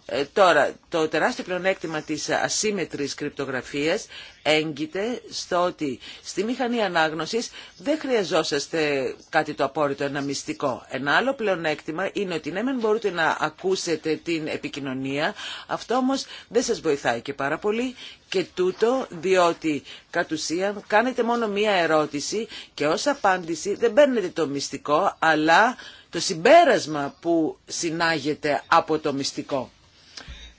Ε, τώρα, το τεράστιο πλεονέκτημα της ασύμετρης κρυπτογραφίας έγκυται στο ότι στη μηχανή ανάγνωσης δεν χρειαζόσαστε κάτι το απόρριτο, ένα μυστικό. Ένα άλλο πλεονέκτημα είναι ότι ναι, δεν μπορείτε να ακούσετε την επικοινωνία, αυτό όμως δεν σας βοηθάει και πάρα πολύ και τούτο διότι κατ' ουσίαν κάνετε μόνο μία ερώτηση και ως απάντηση δεν παίρνετε το μυστικό αλλά το συμπέρασμα που συνάγεται από το μυστικό.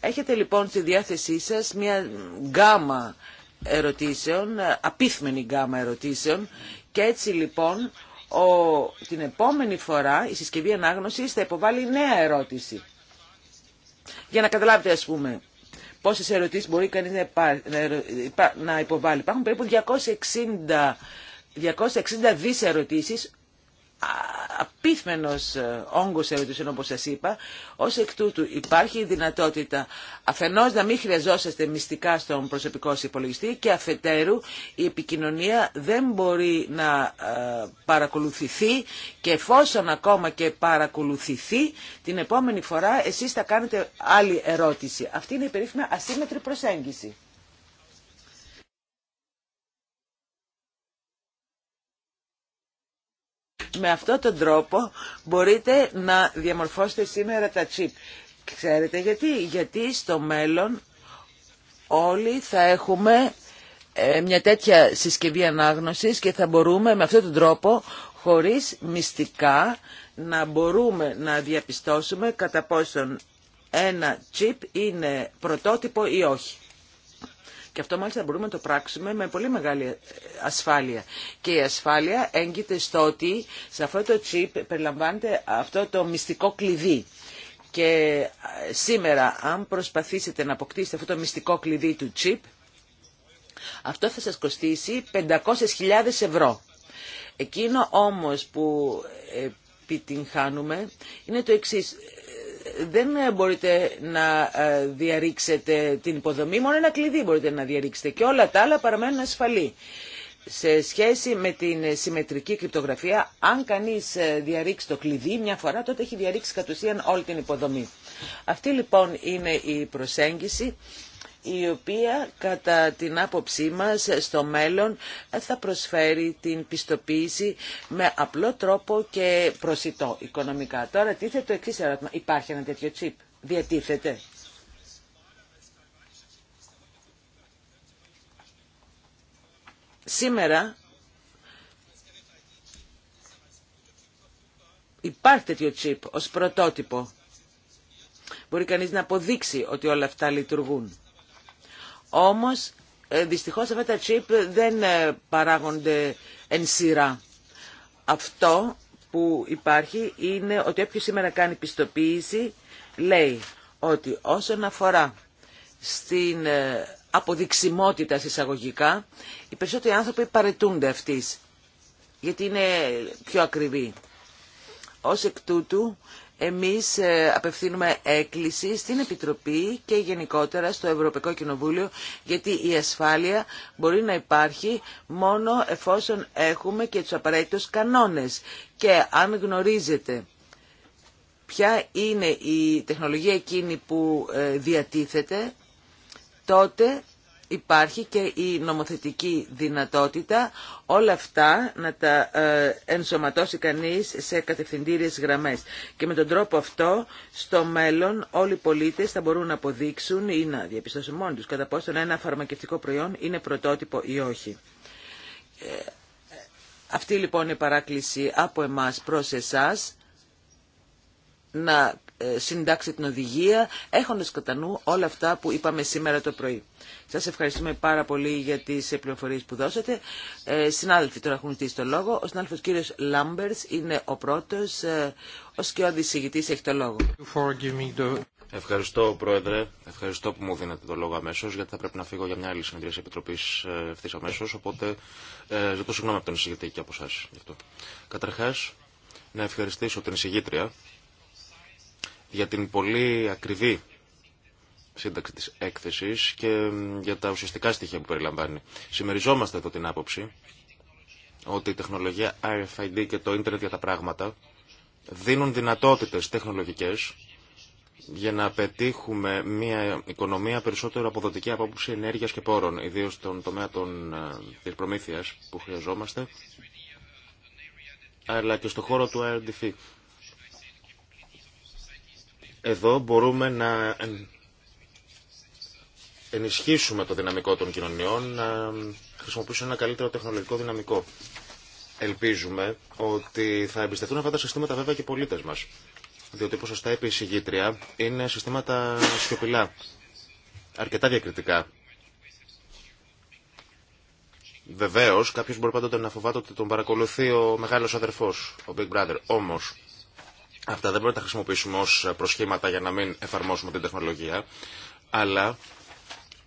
Έχετε λοιπόν στη διάθεσή σας μια γκάμα ερωτήσεων, απίθμενη γκάμα ερωτήσεων και έτσι λοιπόν ο, την επόμενη φορά η συσκευή ανάγνωσης θα υποβάλει νέα ερώτηση. Για να καταλάβετε ας πούμε πόσες ερωτήσεις μπορεί κανείς να, υποβάλει. Υπάρχουν περίπου 260, 260 δις ερωτήσεις απίθμενος ε, όγκος ερωτήσεων όπως σας είπα, ως εκ τούτου υπάρχει η δυνατότητα αφενός να μην χρειαζόσαστε μυστικά στον προσωπικό υπολογιστή και αφετέρου η επικοινωνία δεν μπορεί να ε, παρακολουθηθεί και εφόσον ακόμα και παρακολουθηθεί την επόμενη φορά εσείς θα κάνετε άλλη ερώτηση. Αυτή είναι η περίφημα ασύμετρη προσέγγιση. Με αυτόν τον τρόπο μπορείτε να διαμορφώσετε σήμερα τα τσίπ. Ξέρετε γιατί. Γιατί στο μέλλον όλοι θα έχουμε ε, μια τέτοια συσκευή ανάγνωσης και θα μπορούμε με αυτόν τον τρόπο χωρίς μυστικά να μπορούμε να διαπιστώσουμε κατά πόσον ένα τσίπ είναι πρωτότυπο ή όχι. Και αυτό μάλιστα μπορούμε να το πράξουμε με πολύ μεγάλη ασφάλεια. Και η ασφάλεια έγκυται στο ότι σε αυτό το chip περιλαμβάνεται αυτό το μυστικό κλειδί. Και σήμερα, αν προσπαθήσετε να αποκτήσετε αυτό το μυστικό κλειδί του chip, αυτό θα σας κοστίσει 500.000 ευρώ. Εκείνο όμως που επιτυγχάνουμε είναι το εξής δεν μπορείτε να ε, διαρρήξετε την υποδομή, μόνο ένα κλειδί μπορείτε να διαρρήξετε και όλα τα άλλα παραμένουν ασφαλή. Σε σχέση με την συμμετρική κρυπτογραφία, αν κανείς ε, διαρρήξει το κλειδί μια φορά, τότε έχει διαρρήξει κατ' ουσίαν όλη την υποδομή. Αυτή λοιπόν είναι η προσέγγιση η οποία κατά την άποψή μας στο μέλλον θα προσφέρει την πιστοποίηση με απλό τρόπο και προσιτό οικονομικά. Τώρα τίθεται το εξής ερώτημα. Υπάρχει ένα τέτοιο τσίπ. Διατίθεται. Σήμερα υπάρχει τέτοιο τσίπ ως πρωτότυπο. Μπορεί κανείς να αποδείξει ότι όλα αυτά λειτουργούν. Όμως ε, δυστυχώς αυτά τα chip δεν ε, παράγονται εν σειρά. Αυτό που υπάρχει είναι ότι όποιο σήμερα κάνει πιστοποίηση λέει ότι όσον αφορά στην ε, αποδειξιμότητα συσσαγωγικά οι περισσότεροι άνθρωποι παρετούνται αυτής, γιατί είναι πιο ακριβή. Ως εκ τούτου εμείς ε, απευθύνουμε έκκληση στην Επιτροπή και γενικότερα στο Ευρωπαϊκό Κοινοβούλιο γιατί η ασφάλεια μπορεί να υπάρχει μόνο εφόσον έχουμε και τους απαραίτητους κανόνες και αν γνωρίζετε ποια είναι η τεχνολογία εκείνη που ε, διατίθεται τότε υπάρχει και η νομοθετική δυνατότητα όλα αυτά να τα ε, ενσωματώσει κανείς σε κατευθυντήριες γραμμές. Και με τον τρόπο αυτό στο μέλλον όλοι οι πολίτες θα μπορούν να αποδείξουν ή να διαπιστώσουν μόνοι τους κατά πόσο ένα φαρμακευτικό προϊόν είναι πρωτότυπο ή όχι. Ε, αυτή λοιπόν η παράκληση από εμάς προς εσάς να ε, συντάξει την οδηγία έχοντας κατά νου όλα αυτά που είπαμε σήμερα το πρωί. Σας ευχαριστούμε πάρα πολύ για τις πληροφορίες που δώσατε. Ε, συνάδελφοι τώρα έχουν ζητήσει το λόγο. Ο συνάδελφος κύριος Λάμπερς είναι ο πρώτος. Ε, ο σκιώδης ηγητής έχει το λόγο. Ευχαριστώ, Πρόεδρε. Ευχαριστώ που μου δίνετε το λόγο αμέσω, γιατί θα πρέπει να φύγω για μια άλλη συνεδρίαση επιτροπή ε, ευθύ αμέσω. Οπότε ε, ζητώ συγγνώμη από τον εισηγητή και από εσά γι' αυτό. Καταρχά, να ευχαριστήσω την εισηγήτρια για την πολύ ακριβή σύνταξη της έκθεσης και για τα ουσιαστικά στοιχεία που περιλαμβάνει. Συμμεριζόμαστε εδώ την άποψη ότι η τεχνολογία RFID και το ίντερνετ για τα πράγματα δίνουν δυνατότητες τεχνολογικές για να πετύχουμε μια οικονομία περισσότερο αποδοτική από άποψη ενέργειας και πόρων, ιδίως στον τομέα των, ε, της προμήθειας που χρειαζόμαστε, αλλά και στον χώρο του RDF. Εδώ μπορούμε να ενισχύσουμε το δυναμικό των κοινωνιών, να χρησιμοποιήσουμε ένα καλύτερο τεχνολογικό δυναμικό. Ελπίζουμε ότι θα εμπιστευτούν αυτά τα συστήματα βέβαια και οι πολίτε μας. Διότι, όπως τα είπε η συγγήτρια, είναι συστήματα σιωπηλά, αρκετά διακριτικά. Βεβαίω, κάποιο μπορεί πάντοτε να φοβάται ότι τον παρακολουθεί ο μεγάλο αδερφό, ο Big Brother. Όμω, Αυτά δεν μπορούμε να τα χρησιμοποιήσουμε ως προσχήματα για να μην εφαρμόσουμε την τεχνολογία, αλλά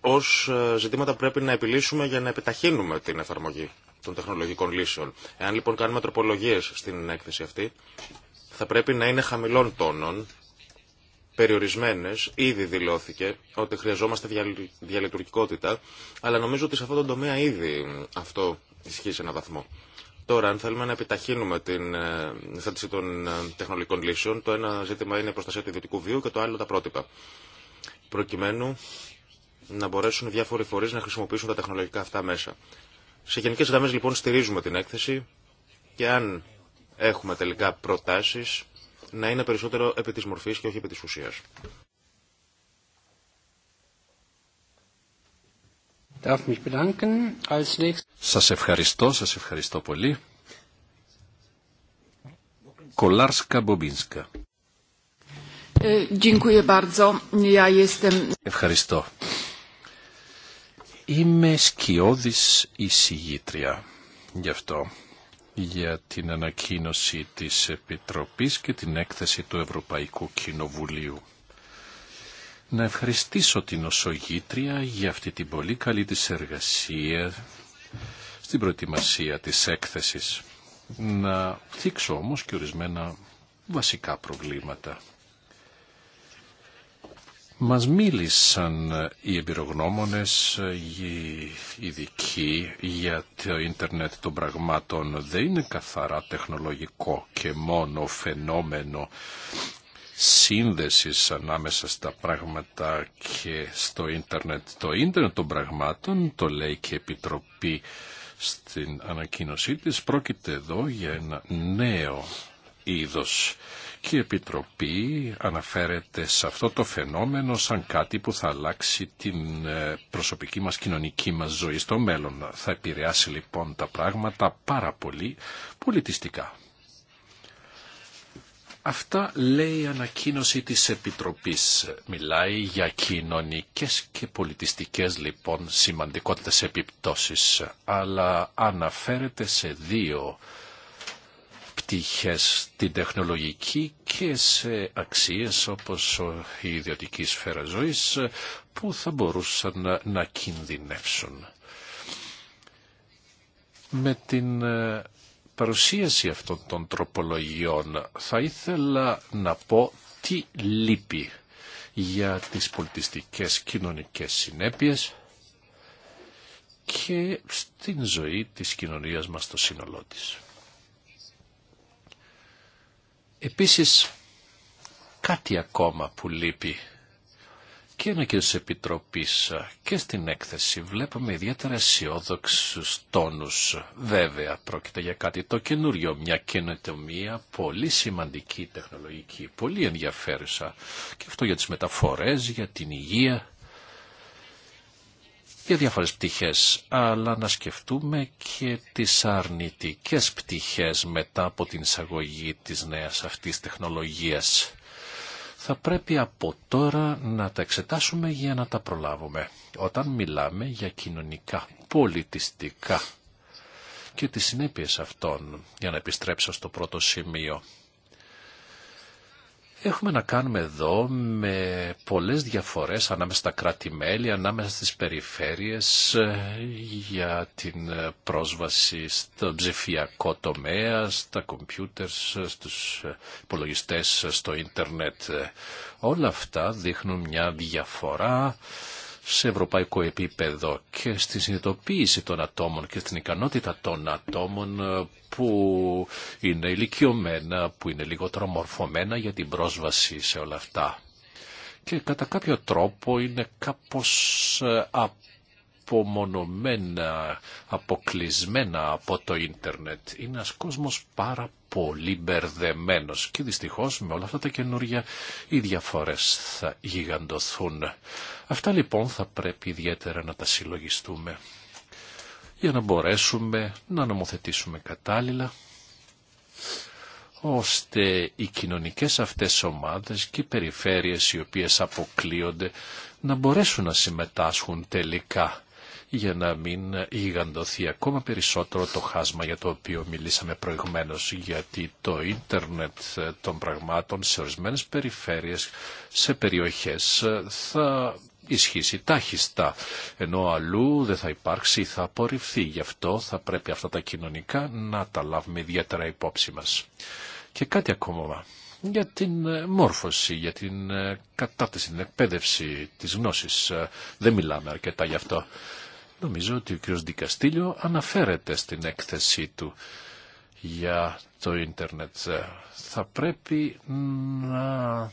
ως ε, ζητήματα που πρέπει να επιλύσουμε για να επιταχύνουμε την εφαρμογή των τεχνολογικών λύσεων. Εάν λοιπόν κάνουμε τροπολογίες στην έκθεση αυτή, θα πρέπει να είναι χαμηλών τόνων, περιορισμένες, ήδη δηλώθηκε ότι χρειαζόμαστε διαλειτουργικότητα, αλλά νομίζω ότι σε αυτόν τον τομέα ήδη αυτό ισχύει σε έναν βαθμό. Τώρα, αν θέλουμε να επιταχύνουμε την ε, θέτηση των ε, τεχνολογικών λύσεων, το ένα ζήτημα είναι η προστασία του ιδιωτικού βίου και το άλλο τα πρότυπα. Προκειμένου να μπορέσουν διάφοροι φορεί να χρησιμοποιήσουν τα τεχνολογικά αυτά μέσα. Σε γενικέ γραμμέ, λοιπόν, στηρίζουμε την έκθεση και αν έχουμε τελικά προτάσει, να είναι περισσότερο επί τη μορφή και όχι επί τη ουσία. Σας ευχαριστώ, σας ευχαριστώ πολύ. Κολάρσκα Μπομπίνσκα. Ε, ευχαριστώ. Είμαι σκιώδης εισηγήτρια γι' αυτό για την ανακοίνωση της Επιτροπής και την έκθεση του Ευρωπαϊκού Κοινοβουλίου να ευχαριστήσω την Οσογήτρια για αυτή την πολύ καλή της εργασία στην προετοιμασία της έκθεσης. Να θίξω όμως και ορισμένα βασικά προβλήματα. Μας μίλησαν οι εμπειρογνώμονες, οι ειδικοί για το ίντερνετ των πραγμάτων. Δεν είναι καθαρά τεχνολογικό και μόνο φαινόμενο σύνδεσης ανάμεσα στα πράγματα και στο ίντερνετ. Το ίντερνετ των πραγμάτων, το λέει και Επιτροπή στην ανακοίνωσή της, πρόκειται εδώ για ένα νέο είδος. Και η Επιτροπή αναφέρεται σε αυτό το φαινόμενο σαν κάτι που θα αλλάξει την ε, προσωπική μας κοινωνική μας ζωή στο μέλλον. Θα επηρεάσει λοιπόν τα πράγματα πάρα πολύ πολιτιστικά. Αυτά λέει η ανακοίνωση της Επιτροπής. Μιλάει για κοινωνικές και πολιτιστικές λοιπόν σημαντικότητες επιπτώσεις, αλλά αναφέρεται σε δύο πτυχές, την τεχνολογική και σε αξίες όπως η ιδιωτική σφαίρα ζωής που θα μπορούσαν να κινδυνεύσουν. Με την ε, παρουσίαση αυτών των τροπολογιών θα ήθελα να πω τι λείπει για τις πολιτιστικές κοινωνικές συνέπειες και στην ζωή της κοινωνίας μας στο σύνολό της. Επίσης, κάτι ακόμα που λείπει και και και Επιτροπής και στην έκθεση βλέπουμε ιδιαίτερα αισιόδοξου τόνους. Βέβαια, πρόκειται για κάτι το καινούριο, μια καινοτομία πολύ σημαντική τεχνολογική, πολύ ενδιαφέρουσα. Και αυτό για τις μεταφορές, για την υγεία, για διάφορες πτυχές, αλλά να σκεφτούμε και τις αρνητικές πτυχές μετά από την εισαγωγή της νέας αυτής τεχνολογίας θα πρέπει από τώρα να τα εξετάσουμε για να τα προλάβουμε. Όταν μιλάμε για κοινωνικά, πολιτιστικά και τις συνέπειες αυτών, για να επιστρέψω στο πρώτο σημείο, Έχουμε να κάνουμε εδώ με πολλές διαφορές ανάμεσα στα κράτη-μέλη, ανάμεσα στις περιφέρειες ε, για την ε, πρόσβαση στο ψηφιακό τομέα, στα κομπιούτερ, ε, στους υπολογιστές, στο ίντερνετ. Όλα αυτά δείχνουν μια διαφορά σε ευρωπαϊκό επίπεδο και στη συνειδητοποίηση των ατόμων και στην ικανότητα των ατόμων ε, που είναι ηλικιωμένα, που είναι λιγότερο μορφωμένα για την πρόσβαση σε όλα αυτά. Και κατά κάποιο τρόπο είναι κάπως ε, απομονωμένα, αποκλεισμένα από το ίντερνετ. Είναι ένας κόσμος πάρα πολύ μπερδεμένο και δυστυχώς με όλα αυτά τα καινούργια οι διαφορές θα γιγαντωθούν. Αυτά λοιπόν θα πρέπει ιδιαίτερα να τα συλλογιστούμε για να μπορέσουμε να νομοθετήσουμε κατάλληλα ώστε οι κοινωνικές αυτές ομάδες και οι περιφέρειες οι οποίες αποκλείονται να μπορέσουν να συμμετάσχουν τελικά για να μην γιγαντωθεί ακόμα περισσότερο το χάσμα για το οποίο μιλήσαμε προηγουμένως, γιατί το ίντερνετ των πραγμάτων σε ορισμένες περιφέρειες, σε περιοχές θα ισχύσει τάχιστα, ενώ αλλού δεν θα υπάρξει ή θα απορριφθεί. Γι' αυτό θα πρέπει αυτά τα κοινωνικά να τα λάβουμε ιδιαίτερα υπόψη μας. Και κάτι ακόμα για την μόρφωση, για την κατάρτιση, την εκπαίδευση της γνώσης. Δεν μιλάμε αρκετά γι' αυτό. Νομίζω ότι ο κ. Δικαστήλιο αναφέρεται στην έκθεσή του για το ίντερνετ. Θα πρέπει να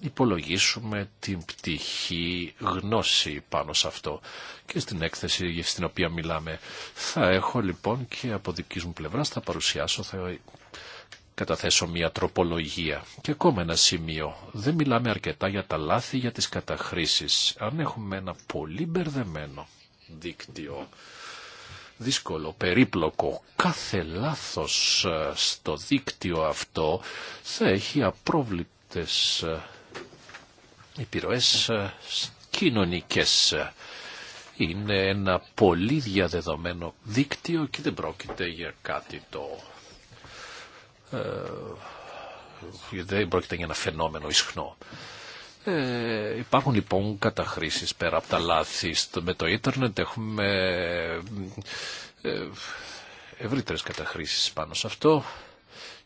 υπολογίσουμε την πτυχή γνώση πάνω σε αυτό και στην έκθεση στην οποία μιλάμε. Θα έχω λοιπόν και από δική μου πλευρά θα παρουσιάσω, θα καταθέσω μια τροπολογία. Και ακόμα ένα σημείο. Δεν μιλάμε αρκετά για τα λάθη, για τις καταχρήσεις. Αν έχουμε ένα πολύ μπερδεμένο δίκτυο δύσκολο, περίπλοκο. Κάθε λάθος ε, στο δίκτυο αυτό θα έχει απρόβλητες ε, επιρροές ε, κοινωνικές. Είναι ένα πολύ διαδεδομένο δίκτυο και δεν πρόκειται για κάτι το... δεν πρόκειται για ένα φαινόμενο ισχνό. Ε, υπάρχουν λοιπόν καταχρήσεις πέρα από τα λάθη. Με το ίντερνετ έχουμε ε, ευρύτερες καταχρήσεις πάνω σε αυτό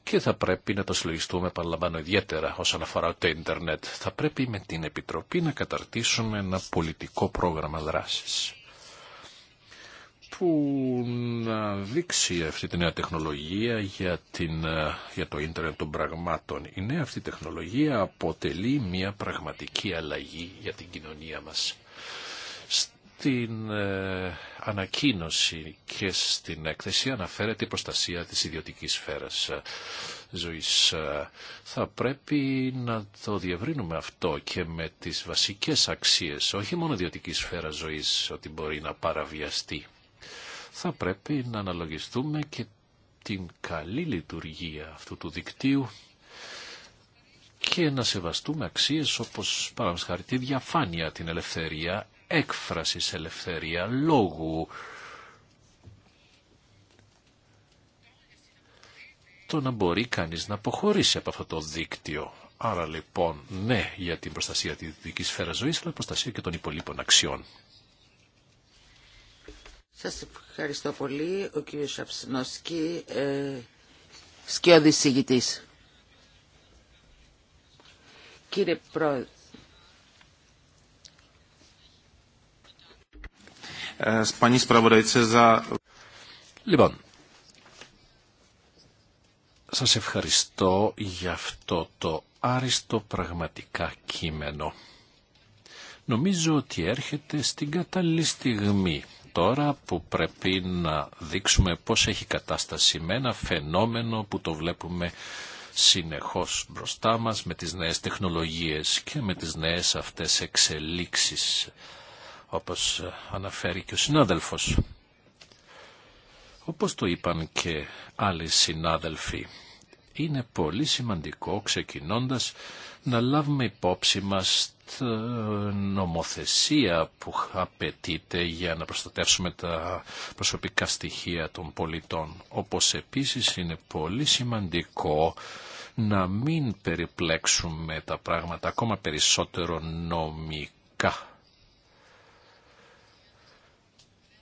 και θα πρέπει να το συλλογιστούμε, παραλαμβάνω ιδιαίτερα όσον αφορά το ίντερνετ. Θα πρέπει με την Επιτροπή να καταρτήσουμε ένα πολιτικό πρόγραμμα δράσης που να δείξει αυτή τη νέα τεχνολογία για, την, ε, το ίντερνετ των πραγμάτων. Η νέα αυτή τεχνολογία αποτελεί μια πραγματική αλλαγή για την κοινωνία μας. Στην ε, ανακοίνωση και στην έκθεση αναφέρεται η προστασία της ιδιωτικής σφαίρας ε, ζωής. Θα πρέπει να το διευρύνουμε αυτό και με τις βασικές αξίες, όχι μόνο ιδιωτική σφαίρα ζωής, ότι μπορεί να παραβιαστεί θα πρέπει να αναλογιστούμε και την καλή λειτουργία αυτού του δικτύου και να σεβαστούμε αξίες όπως χάρη τη διαφάνεια, την ελευθερία, έκφρασης ελευθερία, λόγου, το να μπορεί κανείς να αποχωρήσει από αυτό το δίκτυο. Άρα λοιπόν ναι για την προστασία της δικής σφαίρας ζωής αλλά προστασία και των υπολείπων αξιών. Σας ευχαριστώ πολύ. Ο κύριος Σαψνόσκι, ε, σκιώδης συγητής. Κύριε Πρόεδρε. Λοιπόν, σας ευχαριστώ για αυτό το άριστο πραγματικά κείμενο. Νομίζω ότι έρχεται στην κατάλληλη στιγμή τώρα που πρέπει να δείξουμε πώς έχει κατάσταση με ένα φαινόμενο που το βλέπουμε συνεχώς μπροστά μας με τις νέες τεχνολογίες και με τις νέες αυτές εξελίξεις όπως αναφέρει και ο συνάδελφος. Όπως το είπαν και άλλοι συνάδελφοι, είναι πολύ σημαντικό ξεκινώντας να λάβουμε υπόψη μας νομοθεσία που απαιτείται για να προστατεύσουμε τα προσωπικά στοιχεία των πολιτών. Όπως επίσης είναι πολύ σημαντικό να μην περιπλέξουμε τα πράγματα ακόμα περισσότερο νομικά.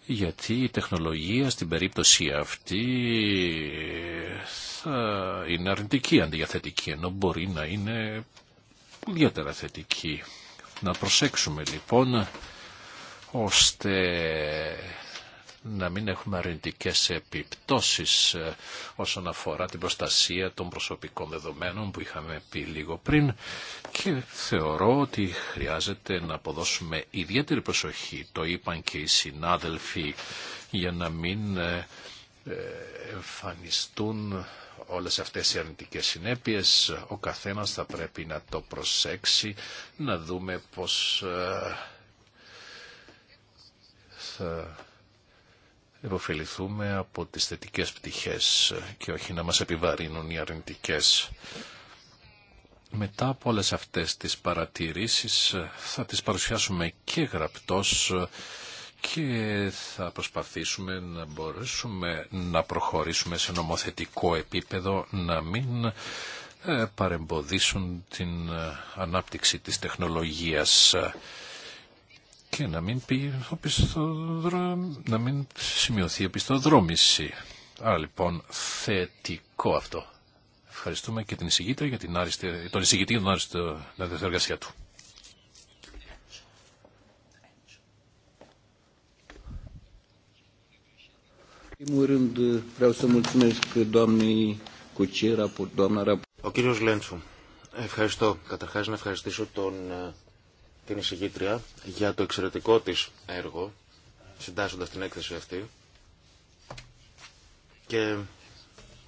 γιατί η τεχνολογία στην περίπτωση αυτή θα είναι αρνητική αντί ενώ μπορεί να είναι ιδιαίτερα θετική. Να προσέξουμε λοιπόν ώστε να μην έχουμε αρνητικέ επιπτώσεις ε, όσον αφορά την προστασία των προσωπικών δεδομένων που είχαμε πει λίγο πριν και θεωρώ ότι χρειάζεται να αποδώσουμε ιδιαίτερη προσοχή, το είπαν και οι συνάδελφοι, για να μην ε, εμφανιστούν όλες αυτές οι αρνητικές συνέπειες. Ο καθένας θα πρέπει να το προσέξει, να δούμε πώς ε, θα υποφεληθούμε από τις θετικές πτυχές και όχι να μας επιβαρύνουν οι αρνητικές. Μετά από όλες αυτές τις παρατηρήσεις ε, θα τις παρουσιάσουμε και γραπτός ε, και θα προσπαθήσουμε να μπορέσουμε να προχωρήσουμε σε νομοθετικό επίπεδο, να μην ε, παρεμποδίσουν την ε, ανάπτυξη της τεχνολογίας και να μην, πει να μην σημειωθεί επιστοδρόμηση. Άρα λοιπόν θετικό αυτό. Ευχαριστούμε και την εισηγήτρια για την άριστη, τον εισηγητή για την άριστη εργασία του. Ο κύριος Λέντσου, ευχαριστώ. Καταρχάς να ευχαριστήσω τον, ε, την εισηγήτρια για το εξαιρετικό της έργο, συντάσσοντας την έκθεση αυτή. Και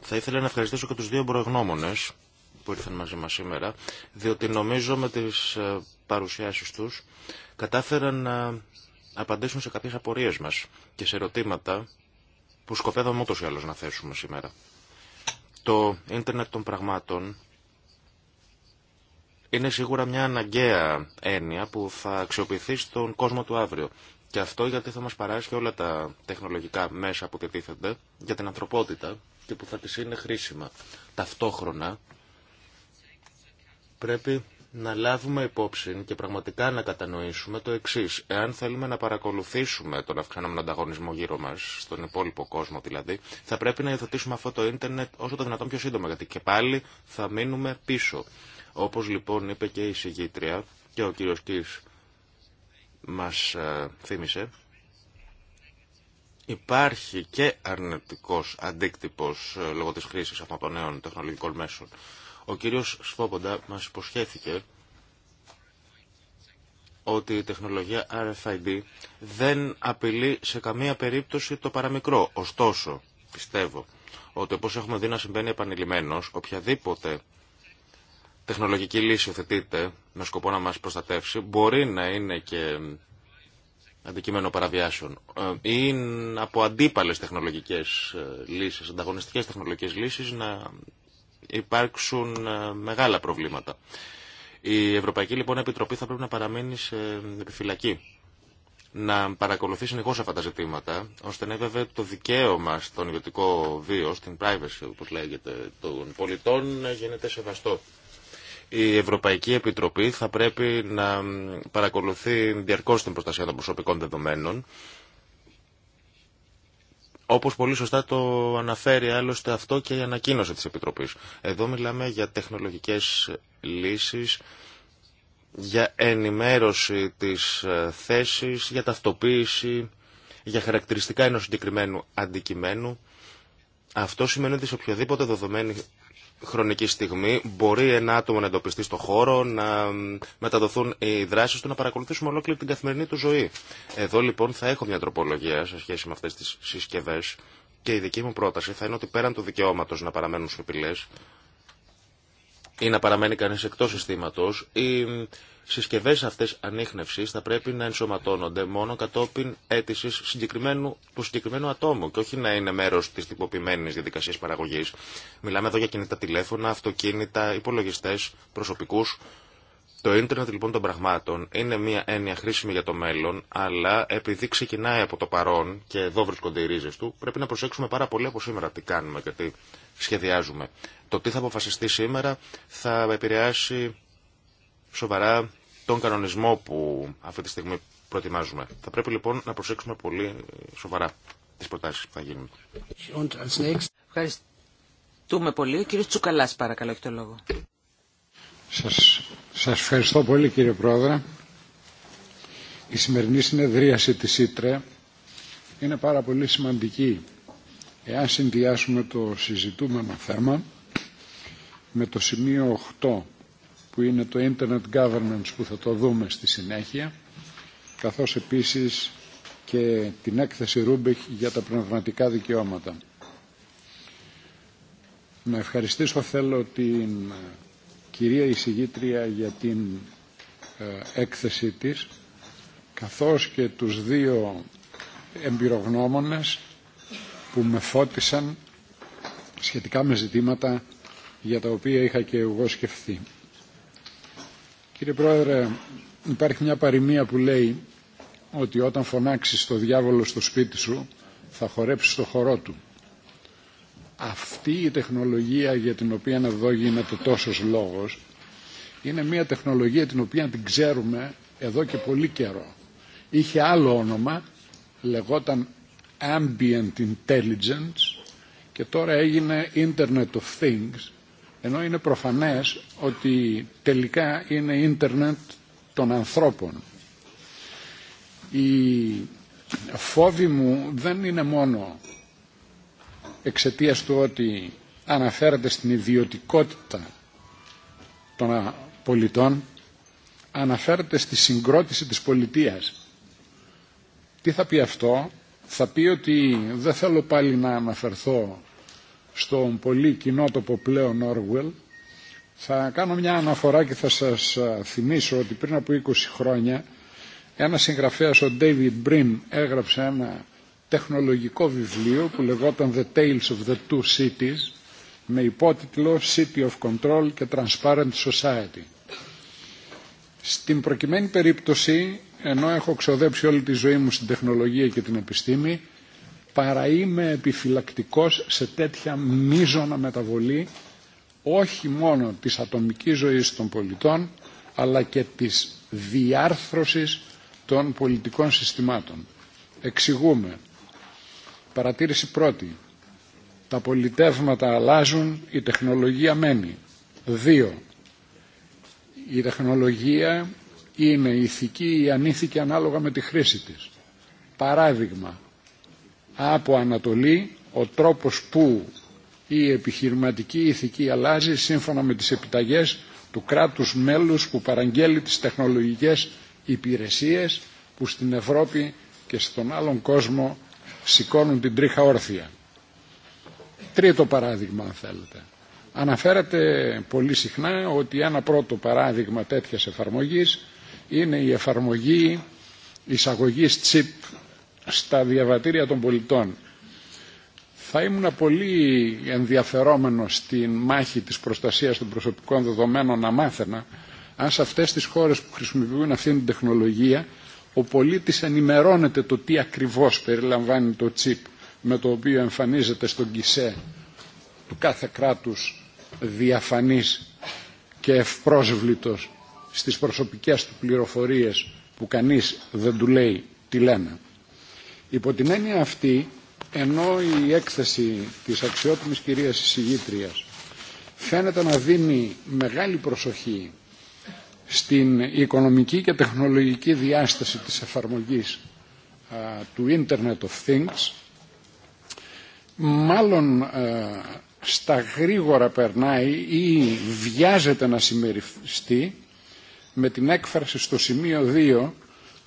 θα ήθελα να ευχαριστήσω και τους δύο προεγνώμονες που ήρθαν μαζί μα σήμερα, διότι νομίζω με τις ε, παρουσιάσεις τους κατάφεραν να απαντήσουν σε καποιε απορίε μα και σε ερωτήματα που σκοπεύαμε ούτως ή άλλως να θέσουμε σήμερα. Το ίντερνετ των πραγμάτων είναι σίγουρα μια αναγκαία έννοια που θα αξιοποιηθεί στον κόσμο του αύριο. Και αυτό γιατί θα μας παράσχει όλα τα τεχνολογικά μέσα που διατίθενται για την ανθρωπότητα και που θα της είναι χρήσιμα. Ταυτόχρονα πρέπει να λάβουμε υπόψη και πραγματικά να κατανοήσουμε το εξή. Εάν θέλουμε να παρακολουθήσουμε τον αυξανόμενο ανταγωνισμό γύρω μα, στον υπόλοιπο κόσμο δηλαδή, θα πρέπει να υιοθετήσουμε αυτό το ίντερνετ όσο το δυνατόν πιο σύντομα, γιατί και πάλι θα μείνουμε πίσω. Όπω λοιπόν είπε και η συγγήτρια και ο κύριο Κύ μα ε, θύμισε, υπάρχει και αρνητικό αντίκτυπο ε, λόγω τη χρήση αυτών των νέων τεχνολογικών μέσων. Ο κύριος Σφόποντα μας υποσχέθηκε ότι η τεχνολογία RFID δεν απειλεί σε καμία περίπτωση το παραμικρό. Ωστόσο, πιστεύω ότι όπως έχουμε δει να συμβαίνει επανειλημμένος, οποιαδήποτε τεχνολογική λύση θετείται με σκοπό να μας προστατεύσει, μπορεί να είναι και αντικείμενο παραβιάσεων ή ε, από αντίπαλες τεχνολογικές ε, λύσεις, ανταγωνιστικές τεχνολογικές λύσεις να υπάρξουν ε, μεγάλα προβλήματα. Η Ευρωπαϊκή λοιπόν Επιτροπή θα πρέπει να παραμείνει σε επιφυλακή να παρακολουθεί συνεχώ αυτά τα ζητήματα, ώστε να βέβαια το δικαίωμα στον ιδιωτικό βίο, στην privacy όπω λέγεται, των πολιτών γίνεται σεβαστό. Η Ευρωπαϊκή Επιτροπή θα πρέπει να παρακολουθεί διαρκώ την προστασία των προσωπικών δεδομένων όπως πολύ σωστά το αναφέρει άλλωστε αυτό και η ανακοίνωση της Επιτροπής. Εδώ μιλάμε για τεχνολογικές λύσεις, για ενημέρωση της ε, θέσης, για ταυτοποίηση, για χαρακτηριστικά ενός συγκεκριμένου αντικειμένου. Αυτό σημαίνει ότι σε οποιοδήποτε δεδομένη χρονική στιγμή μπορεί ένα άτομο να εντοπιστεί στο χώρο, να μεταδοθούν οι δράσεις του, να παρακολουθήσουμε ολόκληρη την καθημερινή του ζωή. Εδώ λοιπόν θα έχω μια τροπολογία σε σχέση με αυτές τις συσκευές και η δική μου πρόταση θα είναι ότι πέραν του δικαιώματος να παραμένουν σιωπηλές ή να παραμένει κανείς εκτός συστήματος ή Συσκευέ αυτέ ανείχνευση θα πρέπει να ενσωματώνονται μόνο κατόπιν αίτηση του συγκεκριμένου ατόμου και όχι να είναι μέρο τη τυποποιημένη διαδικασία παραγωγή. Μιλάμε εδώ για κινητά τηλέφωνα, αυτοκίνητα, υπολογιστέ προσωπικού. Το ίντερνετ λοιπόν των πραγμάτων είναι μια έννοια χρήσιμη για το μέλλον, αλλά επειδή ξεκινάει από το παρόν και εδώ βρίσκονται οι ρίζε του, πρέπει να προσέξουμε πάρα πολύ από σήμερα τι κάνουμε και τι σχεδιάζουμε. Το τι θα αποφασιστεί σήμερα θα επηρεάσει σοβαρά τον κανονισμό που αυτή τη στιγμή προετοιμάζουμε. Θα πρέπει λοιπόν να προσέξουμε πολύ σοβαρά τι προτάσει που θα γίνουν. Ευχαριστούμε πολύ. Ο κύριο Τσουκαλά, παρακαλώ έχει το λόγο. Σας, ευχαριστώ πολύ κύριε Πρόεδρε. Η σημερινή συνεδρίαση της ΣΥΤΡΕ είναι πάρα πολύ σημαντική. Εάν συνδυάσουμε το συζητούμενο θέμα με το σημείο 8 που είναι το Internet Governance που θα το δούμε στη συνέχεια, καθώς επίσης και την έκθεση Ρούμπεχ για τα πνευματικά δικαιώματα. Να ευχαριστήσω θέλω την ε, κυρία εισηγήτρια για την ε, έκθεση της, καθώς και τους δύο εμπειρογνώμονες που με φώτισαν σχετικά με ζητήματα για τα οποία είχα και εγώ σκεφτεί. Κύριε Πρόεδρε, υπάρχει μια παροιμία που λέει ότι όταν φωνάξεις το διάβολο στο σπίτι σου θα χορέψεις το χορό του. Αυτή η τεχνολογία για την οποία εδώ γίνεται τόσος λόγος είναι μια τεχνολογία την οποία την ξέρουμε εδώ και πολύ καιρό. Είχε άλλο όνομα, λεγόταν Ambient Intelligence και τώρα έγινε Internet of Things ενώ είναι προφανές ότι τελικά είναι ίντερνετ των ανθρώπων. Η φόβη μου δεν είναι μόνο εξαιτία του ότι αναφέρεται στην ιδιωτικότητα των πολιτών, αναφέρεται στη συγκρότηση της πολιτείας. Τι θα πει αυτό, θα πει ότι δεν θέλω πάλι να αναφερθώ στον πολύ κοινότοπο πλέον Orwell, θα κάνω μια αναφορά και θα σας θυμίσω ότι πριν από 20 χρόνια ένα συγγραφέας, ο David Brin, έγραψε ένα τεχνολογικό βιβλίο που λεγόταν The Tales of the Two Cities με υπότιτλο City of Control και Transparent Society. Στην προκειμένη περίπτωση, ενώ έχω ξοδέψει όλη τη ζωή μου στην τεχνολογία και την επιστήμη, παρά είμαι επιφυλακτικός σε τέτοια μείζωνα μεταβολή όχι μόνο της ατομικής ζωής των πολιτών αλλά και της διάρθρωσης των πολιτικών συστημάτων. Εξηγούμε. Παρατήρηση πρώτη. Τα πολιτεύματα αλλάζουν, η τεχνολογία μένει. Δύο. Η τεχνολογία είναι ηθική ή ανήθικη ανάλογα με τη χρήση της. Παράδειγμα, από Ανατολή ο τρόπος που η επιχειρηματική ηθική αλλάζει σύμφωνα με τις επιταγές του κράτους μέλους που παραγγέλει τις τεχνολογικές υπηρεσίες που στην Ευρώπη και στον άλλον κόσμο σηκώνουν την τρίχα όρθια. Τρίτο παράδειγμα αν θέλετε. Αναφέρατε πολύ συχνά ότι ένα πρώτο παράδειγμα τέτοιας εφαρμογής είναι η εφαρμογή εισαγωγής τσίπ στα διαβατήρια των πολιτών. Θα ήμουν πολύ ενδιαφερόμενο στη μάχη της προστασίας των προσωπικών δεδομένων να μάθαινα αν σε αυτές τις χώρες που χρησιμοποιούν αυτήν την τεχνολογία ο πολίτης ενημερώνεται το τι ακριβώς περιλαμβάνει το τσίπ με το οποίο εμφανίζεται στον κισέ του κάθε κράτους διαφανής και ευπρόσβλητος στις προσωπικές του πληροφορίες που κανείς δεν του λέει τι λένε. Υπό την έννοια αυτή, ενώ η έκθεση της αξιότιμης κυρίας εισηγήτριας φαίνεται να δίνει μεγάλη προσοχή στην οικονομική και τεχνολογική διάσταση της εφαρμογής του Internet of Things, μάλλον στα γρήγορα περνάει ή βιάζεται να συμμεριστεί με την έκφραση στο σημείο 2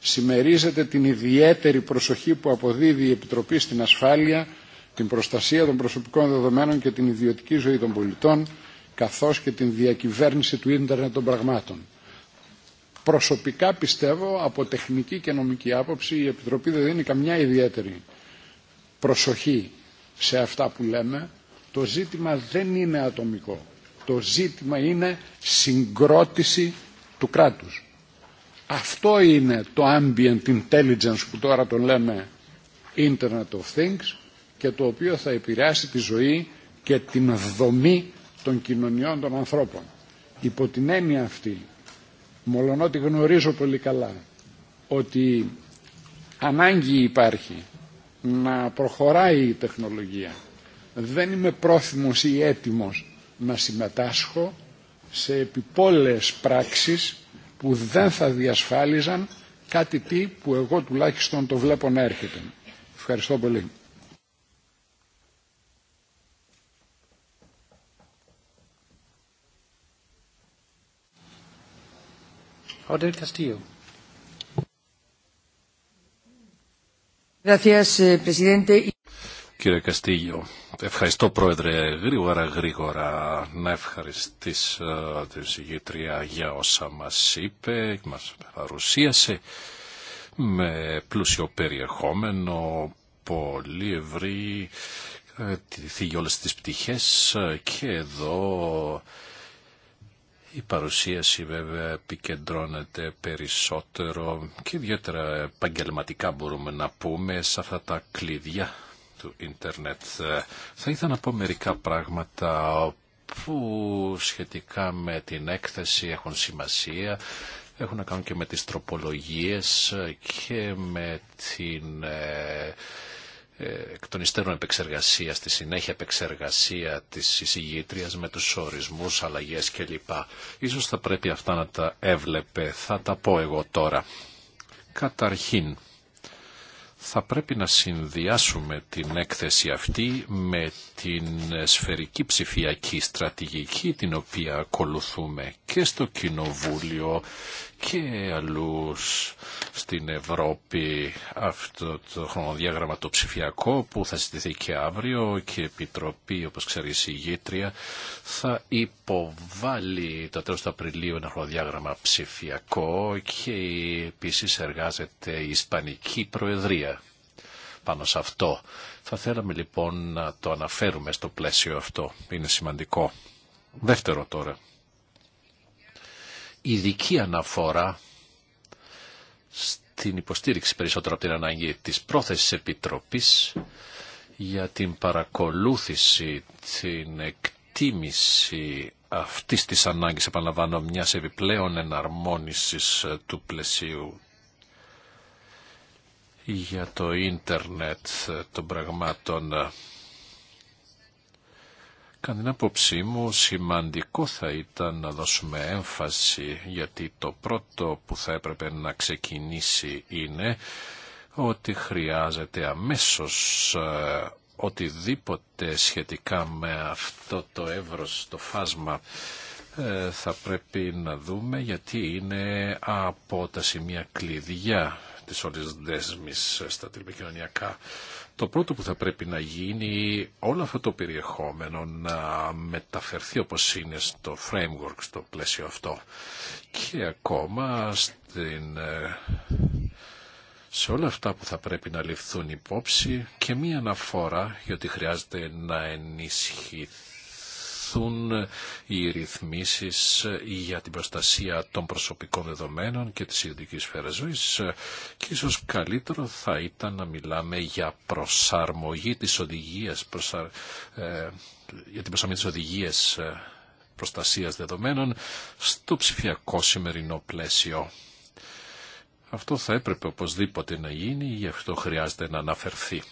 Σημερίζεται την ιδιαίτερη προσοχή που αποδίδει η Επιτροπή στην ασφάλεια, την προστασία των προσωπικών δεδομένων και την ιδιωτική ζωή των πολιτών, καθώς και την διακυβέρνηση του ίντερνετ των πραγμάτων. Προσωπικά πιστεύω, από τεχνική και νομική άποψη, η Επιτροπή δεν δίνει καμιά ιδιαίτερη προσοχή σε αυτά που λέμε. Το ζήτημα δεν είναι ατομικό. Το ζήτημα είναι συγκρότηση του κράτους αυτό είναι το ambient intelligence που τώρα τον λέμε Internet of Things και το οποίο θα επηρεάσει τη ζωή και την δομή των κοινωνιών των ανθρώπων. Υπό την έννοια αυτή, μολονότι γνωρίζω πολύ καλά ότι ανάγκη υπάρχει να προχωράει η τεχνολογία, δεν είμαι πρόθυμος ή έτοιμος να συμμετάσχω σε επιπόλες πράξεις που δεν θα διασφάλιζαν κάτι τι που εγώ τουλάχιστον το βλέπω να έρχεται. Ευχαριστώ πολύ. Gracias, eh, presidente. Κύριε Καστίγιο, ευχαριστώ πρόεδρε γρήγορα γρήγορα να ευχαριστήσω ε, την συγγήτρια για όσα μας είπε, μας παρουσίασε με πλούσιο περιεχόμενο, πολύ ευρύ, ε, τη θήγη όλες τις πτυχές ε, και εδώ η παρουσίαση βέβαια επικεντρώνεται περισσότερο και ιδιαίτερα επαγγελματικά μπορούμε να πούμε σε αυτά τα κλειδιά του ίντερνετ. Ε, θα ήθελα να πω μερικά πράγματα που σχετικά με την έκθεση έχουν σημασία έχουν να κάνουν και με τις τροπολογίες και με την ε, ε, εκ των υστέρων επεξεργασία, στη συνέχεια επεξεργασία της εισηγήτριας με τους ορισμούς, αλλαγές κλπ. Ίσως θα πρέπει αυτά να τα έβλεπε, θα τα πω εγώ τώρα. Καταρχήν, θα πρέπει να συνδυάσουμε την έκθεση αυτή με την σφαιρική ψηφιακή στρατηγική την οποία ακολουθούμε και στο Κοινοβούλιο και αλλού στην Ευρώπη αυτό το χρονοδιάγραμμα το ψηφιακό που θα συζητηθεί και αύριο και η Επιτροπή όπως ξέρει η γήτρια θα υποβάλει το τέλος του Απριλίου ένα χρονοδιάγραμμα ψηφιακό και επίσης εργάζεται η Ισπανική Προεδρία πάνω σε αυτό. Θα θέλαμε λοιπόν να το αναφέρουμε στο πλαίσιο αυτό. Είναι σημαντικό. Δεύτερο τώρα. Ειδική αναφορά στην υποστήριξη περισσότερο από την ανάγκη της πρόθεσης επιτροπής για την παρακολούθηση, την εκτίμηση αυτής της ανάγκης, επαναλαμβάνω, μιας επιπλέον εναρμόνισης του πλαισίου για το ίντερνετ των πραγμάτων. Κατά την άποψή μου σημαντικό θα ήταν να δώσουμε έμφαση γιατί το πρώτο που θα έπρεπε να ξεκινήσει είναι ότι χρειάζεται αμέσως ε, οτιδήποτε σχετικά με αυτό το εύρος, το φάσμα ε, θα πρέπει να δούμε γιατί είναι από τα σημεία κλειδιά τι όλε δέσμε στα τηλεπικοινωνιακά. Το πρώτο που θα πρέπει να γίνει όλο αυτό το περιεχόμενο να μεταφερθεί όπω είναι στο framework, στο πλαίσιο αυτό και ακόμα στην ε, σε όλα αυτά που θα πρέπει να ληφθούν υπόψη και μία αναφορά γιατί χρειάζεται να ενισχυθεί Υπάρχουν ε, οι ρυθμίσεις ε, για την προστασία των προσωπικών δεδομένων και της ιδιωτικής σφαίρας ζωής ε, και ίσως καλύτερο θα ήταν να μιλάμε για προσαρμογή της οδηγίας, για την προσαρμογή της οδηγίας προστασίας δεδομένων στο ψηφιακό σημερινό πλαίσιο. Αυτό θα έπρεπε οπωσδήποτε να γίνει, γι' αυτό χρειάζεται να αναφερθεί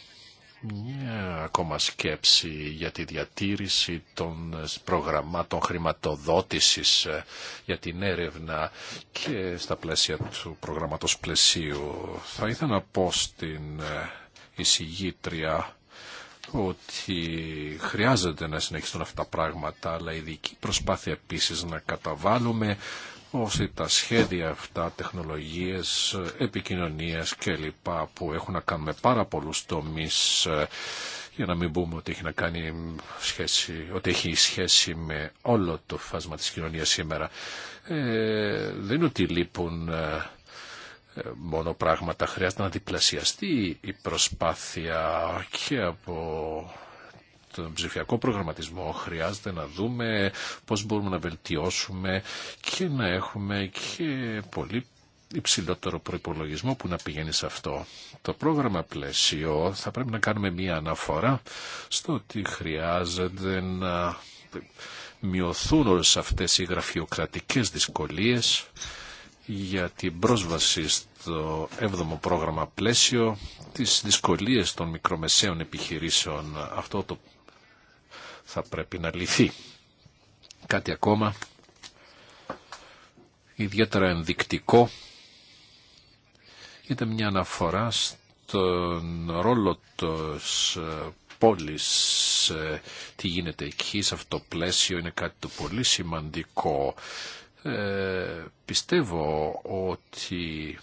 μια ακόμα σκέψη για τη διατήρηση των προγραμμάτων χρηματοδότησης ε, για την έρευνα και στα πλαίσια του προγραμματός πλαισίου. Θα ήθελα να πω στην ε, εισηγήτρια ότι χρειάζεται να συνεχιστούν αυτά τα πράγματα, αλλά ειδική προσπάθεια επίσης να καταβάλουμε Όσοι τα σχέδια αυτά, τεχνολογίες, επικοινωνίας κλπ. που έχουν να κάνουν με πάρα πολλούς τομείς ε, για να μην πούμε ότι έχει να κάνει σχέση, ότι έχει σχέση με όλο το φάσμα της κοινωνίας σήμερα. Ε, δεν είναι ότι λείπουν ε, μόνο πράγματα. Χρειάζεται να διπλασιαστεί η προσπάθεια και από στον ψηφιακό προγραμματισμό χρειάζεται να δούμε πώς μπορούμε να βελτιώσουμε και να έχουμε και πολύ υψηλότερο προϋπολογισμό που να πηγαίνει σε αυτό. Το πρόγραμμα πλαίσιο θα πρέπει να κάνουμε μία αναφορά στο ότι χρειάζεται να μειωθούν όλες αυτές οι γραφειοκρατικές δυσκολίες για την πρόσβαση στο 7ο πρόγραμμα πλαίσιο, τις δυσκολίες των μικρομεσαίων επιχειρήσεων, αυτό το θα πρέπει να λυθεί. Κάτι ακόμα ιδιαίτερα ενδεικτικό ήταν μια αναφορά στον ρόλο της ε, πόλης, ε, τι γίνεται εκεί, σε αυτό το πλαίσιο είναι κάτι το πολύ σημαντικό. Ε, πιστεύω ότι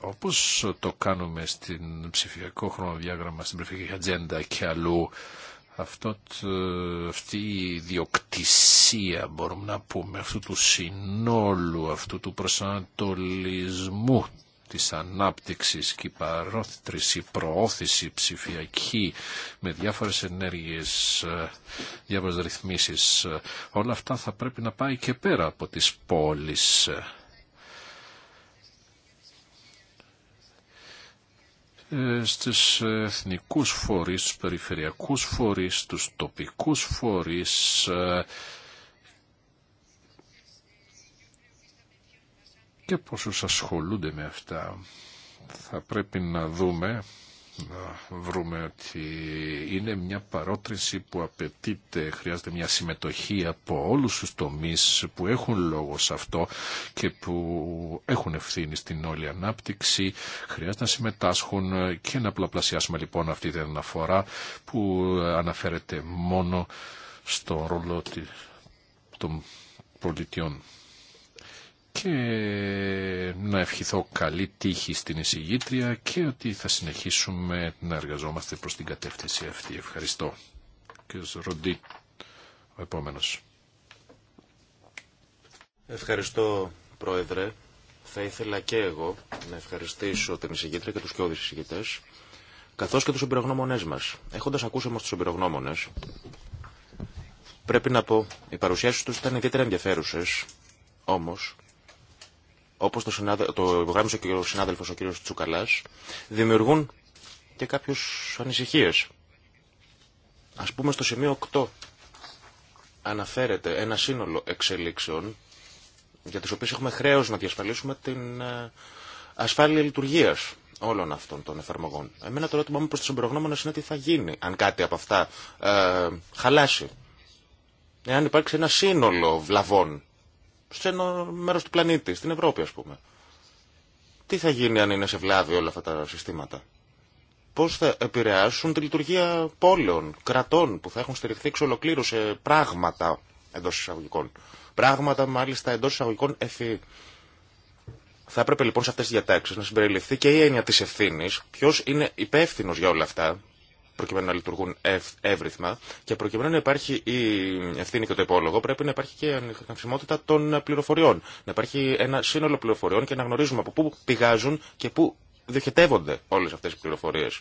όπως το κάνουμε στην ψηφιακό χρονοδιάγραμμα, στην ψηφιακή ατζέντα και αλλού, αυτό, ε, αυτή η διοκτησία μπορούμε να πούμε αυτού του συνόλου, αυτού του προσανατολισμού της ανάπτυξης και η η προώθηση ψηφιακή με διάφορες ενέργειες, ε, διάφορες ρυθμίσεις, ε, όλα αυτά θα πρέπει να πάει και πέρα από τις πόλεις. Ε, στις ε, εθνικούς φορείς, στους περιφερειακούς φορείς, στους τοπικούς φορείς ε, και πόσους ασχολούνται με αυτά. Θα πρέπει να δούμε βρούμε ότι είναι μια παρότρινση που απαιτείται, χρειάζεται μια συμμετοχή από όλους τους τομείς που έχουν λόγο σε αυτό και που έχουν ευθύνη στην όλη ανάπτυξη. Χρειάζεται να συμμετάσχουν και να πλαπλασιάσουμε λοιπόν αυτή την αναφορά που αναφέρεται μόνο στον ρόλο των πολιτιών και να ευχηθώ καλή τύχη στην εισηγήτρια και ότι θα συνεχίσουμε να εργαζόμαστε προς την κατεύθυνση αυτή. Ευχαριστώ. Και Ροντή, ο επόμενος. Ευχαριστώ, Πρόεδρε. Θα ήθελα και εγώ να ευχαριστήσω την εισηγήτρια και τους κοιόδης εισηγητές, καθώς και τους εμπειρογνώμονές μας. Έχοντας ακούσει όμως τους εμπειρογνώμονες, πρέπει να πω, οι παρουσιάσεις τους ήταν ιδιαίτερα ενδιαφέρουσες, όμως όπως το, το υπογράμμισε και ο συνάδελφος ο κύριος Τσουκαλάς, δημιουργούν και κάποιους ανησυχίες. Ας πούμε στο σημείο 8 αναφέρεται ένα σύνολο εξελίξεων για τις οποίες έχουμε χρέος να διασφαλίσουμε την ε, ασφάλεια λειτουργίας όλων αυτών των εφαρμογών. Εμένα το ερώτημά μου προς τους εμπειρογνώμονες είναι τι θα γίνει αν κάτι από αυτά ε, χαλάσει. Εάν υπάρξει ένα σύνολο βλαβών σε ένα μέρος του πλανήτη, στην Ευρώπη α πούμε. Τι θα γίνει αν είναι σε βλάβη όλα αυτά τα συστήματα. πώ θα επηρεάσουν τη λειτουργία πόλεων, κρατών που θα έχουν στηριχθεί εξ ολοκλήρου σε πράγματα εντό εισαγωγικών. Πράγματα μάλιστα εντό εισαγωγικών ευθύ. Θα έπρεπε λοιπόν σε αυτέ τι διατάξει να συμπεριληφθεί και η έννοια τη ευθύνη, ποιο είναι υπεύθυνο για όλα αυτά, προκειμένου να λειτουργούν εύρυθμα και προκειμένου να υπάρχει η ευθύνη και το υπόλογο, πρέπει να υπάρχει και η ανεχναυσιμότητα των πληροφοριών. Να υπάρχει ένα σύνολο πληροφοριών και να γνωρίζουμε από πού πηγάζουν και πού διοχετεύονται όλες αυτές οι πληροφορίες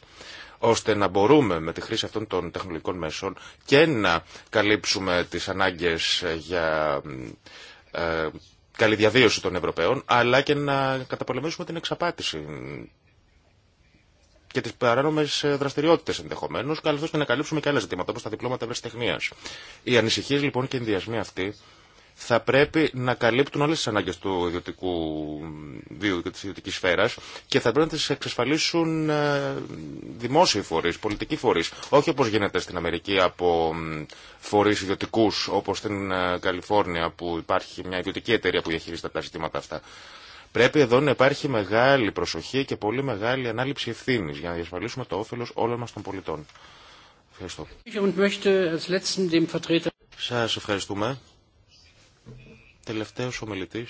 ώστε να μπορούμε με τη χρήση αυτών των τεχνολογικών μέσων και να καλύψουμε τις ανάγκες για ε, καλή διαβίωση των Ευρωπαίων, αλλά και να καταπολεμήσουμε την εξαπάτηση και τι παράνομε δραστηριότητε ενδεχομένω, καθώ και να καλύψουμε και άλλα ζητήματα όπω τα διπλώματα ευρεσιτεχνία. Οι ανησυχίε λοιπόν και οι ενδιασμοί αυτοί θα πρέπει να καλύπτουν όλε τι ανάγκε του ιδιωτικού βίου και τη ιδιωτική σφαίρα και θα πρέπει να τι εξασφαλίσουν ε, δημόσιοι φορεί, πολιτικοί φορεί. Όχι όπω γίνεται στην Αμερική από φορεί ιδιωτικού, όπω στην ε, Καλιφόρνια που υπάρχει μια ιδιωτική εταιρεία που διαχειρίζεται τα ζητήματα αυτά. Πρέπει εδώ να υπάρχει μεγάλη προσοχή και πολύ μεγάλη ανάληψη ευθύνη για να διασφαλίσουμε το όφελο όλων μα των πολιτών. Ευχαριστώ. Σα ευχαριστούμε. Τελευταίο ομιλητή,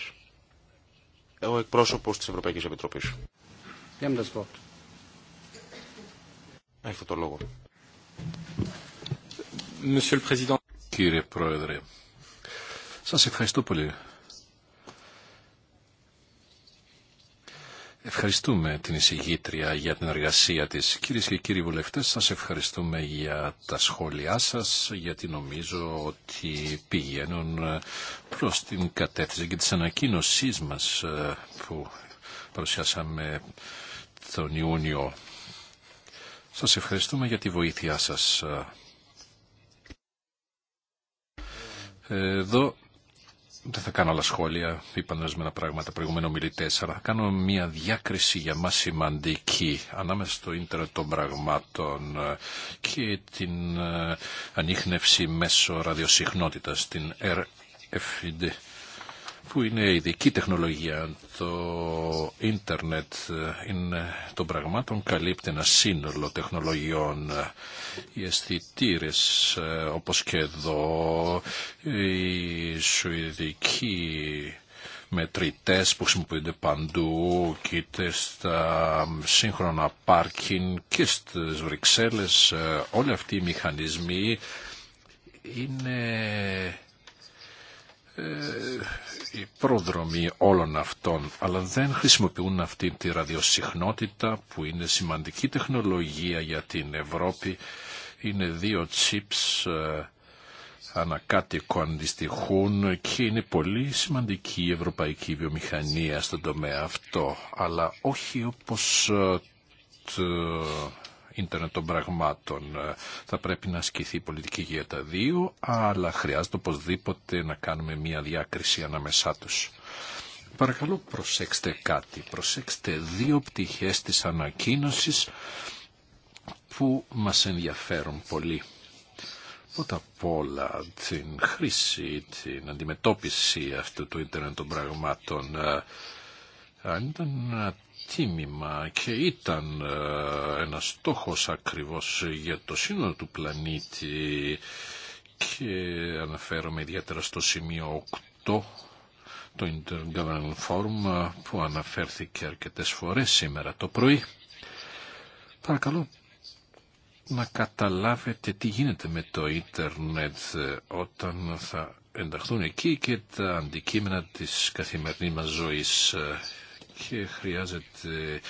ο εκπρόσωπο τη Ευρωπαϊκή Επιτροπή. Έχετε το λόγο. Κύριε Πρόεδρε, σα ευχαριστώ πολύ Ευχαριστούμε την εισηγήτρια για την εργασία της. Κυρίε και κύριοι βουλευτές, σας ευχαριστούμε για τα σχόλιά σας, γιατί νομίζω ότι πηγαίνουν προς την κατεύθυνση και της ανακοίνωσή μας ε, που παρουσιάσαμε τον Ιούνιο. Σας ευχαριστούμε για τη βοήθειά σας. Ε, εδώ δεν θα κάνω άλλα σχόλια, είπαν ορισμένα πράγματα προηγούμενο μιλητέ, αλλά θα κάνω μια διάκριση για μα σημαντική ανάμεσα στο ίντερνετ των πραγμάτων ε, και την ε, ανείχνευση μέσω ραδιοσυχνότητα, την RFID που είναι ειδική τεχνολογία. Το ίντερνετ ε, είναι των πραγμάτων καλύπτει ένα σύνολο τεχνολογιών. Οι αισθητήρε, ε, όπως και εδώ, οι σουηδικοί μετρητές που χρησιμοποιούνται παντού, είτε στα σύγχρονα πάρκιν και στις Βρυξέλλες, ε, όλοι αυτοί οι μηχανισμοί είναι οι ε, προδρομοί όλων αυτών, αλλά δεν χρησιμοποιούν αυτή τη ραδιοσυχνότητα που είναι σημαντική τεχνολογία για την Ευρώπη. Είναι δύο chips ε, ανακάτοικο αντιστοιχούν και είναι πολύ σημαντική η ευρωπαϊκή βιομηχανία στον τομέα αυτό, αλλά όχι όπως ε, ίντερνετ των πραγμάτων. Ε, θα πρέπει να ασκηθεί η πολιτική για τα δύο, αλλά χρειάζεται οπωσδήποτε να κάνουμε μία διάκριση ανάμεσά τους. Παρακαλώ προσέξτε κάτι, προσέξτε δύο πτυχές της ανακοίνωσης που μας ενδιαφέρουν πολύ. Πρώτα απ' όλα την χρήση, την αντιμετώπιση αυτού του ίντερνετ των πραγμάτων. Ε, αν τίμημα και ήταν ε, ένας στόχος ακριβώς για το σύνολο του πλανήτη και αναφέρομαι ιδιαίτερα στο σημείο 8 το Intergovernmental Forum που αναφέρθηκε αρκετές φορές σήμερα το πρωί. Παρακαλώ να καταλάβετε τι γίνεται με το ίντερνετ όταν θα ενταχθούν εκεί και τα αντικείμενα της καθημερινής μας ζωής και χρειάζεται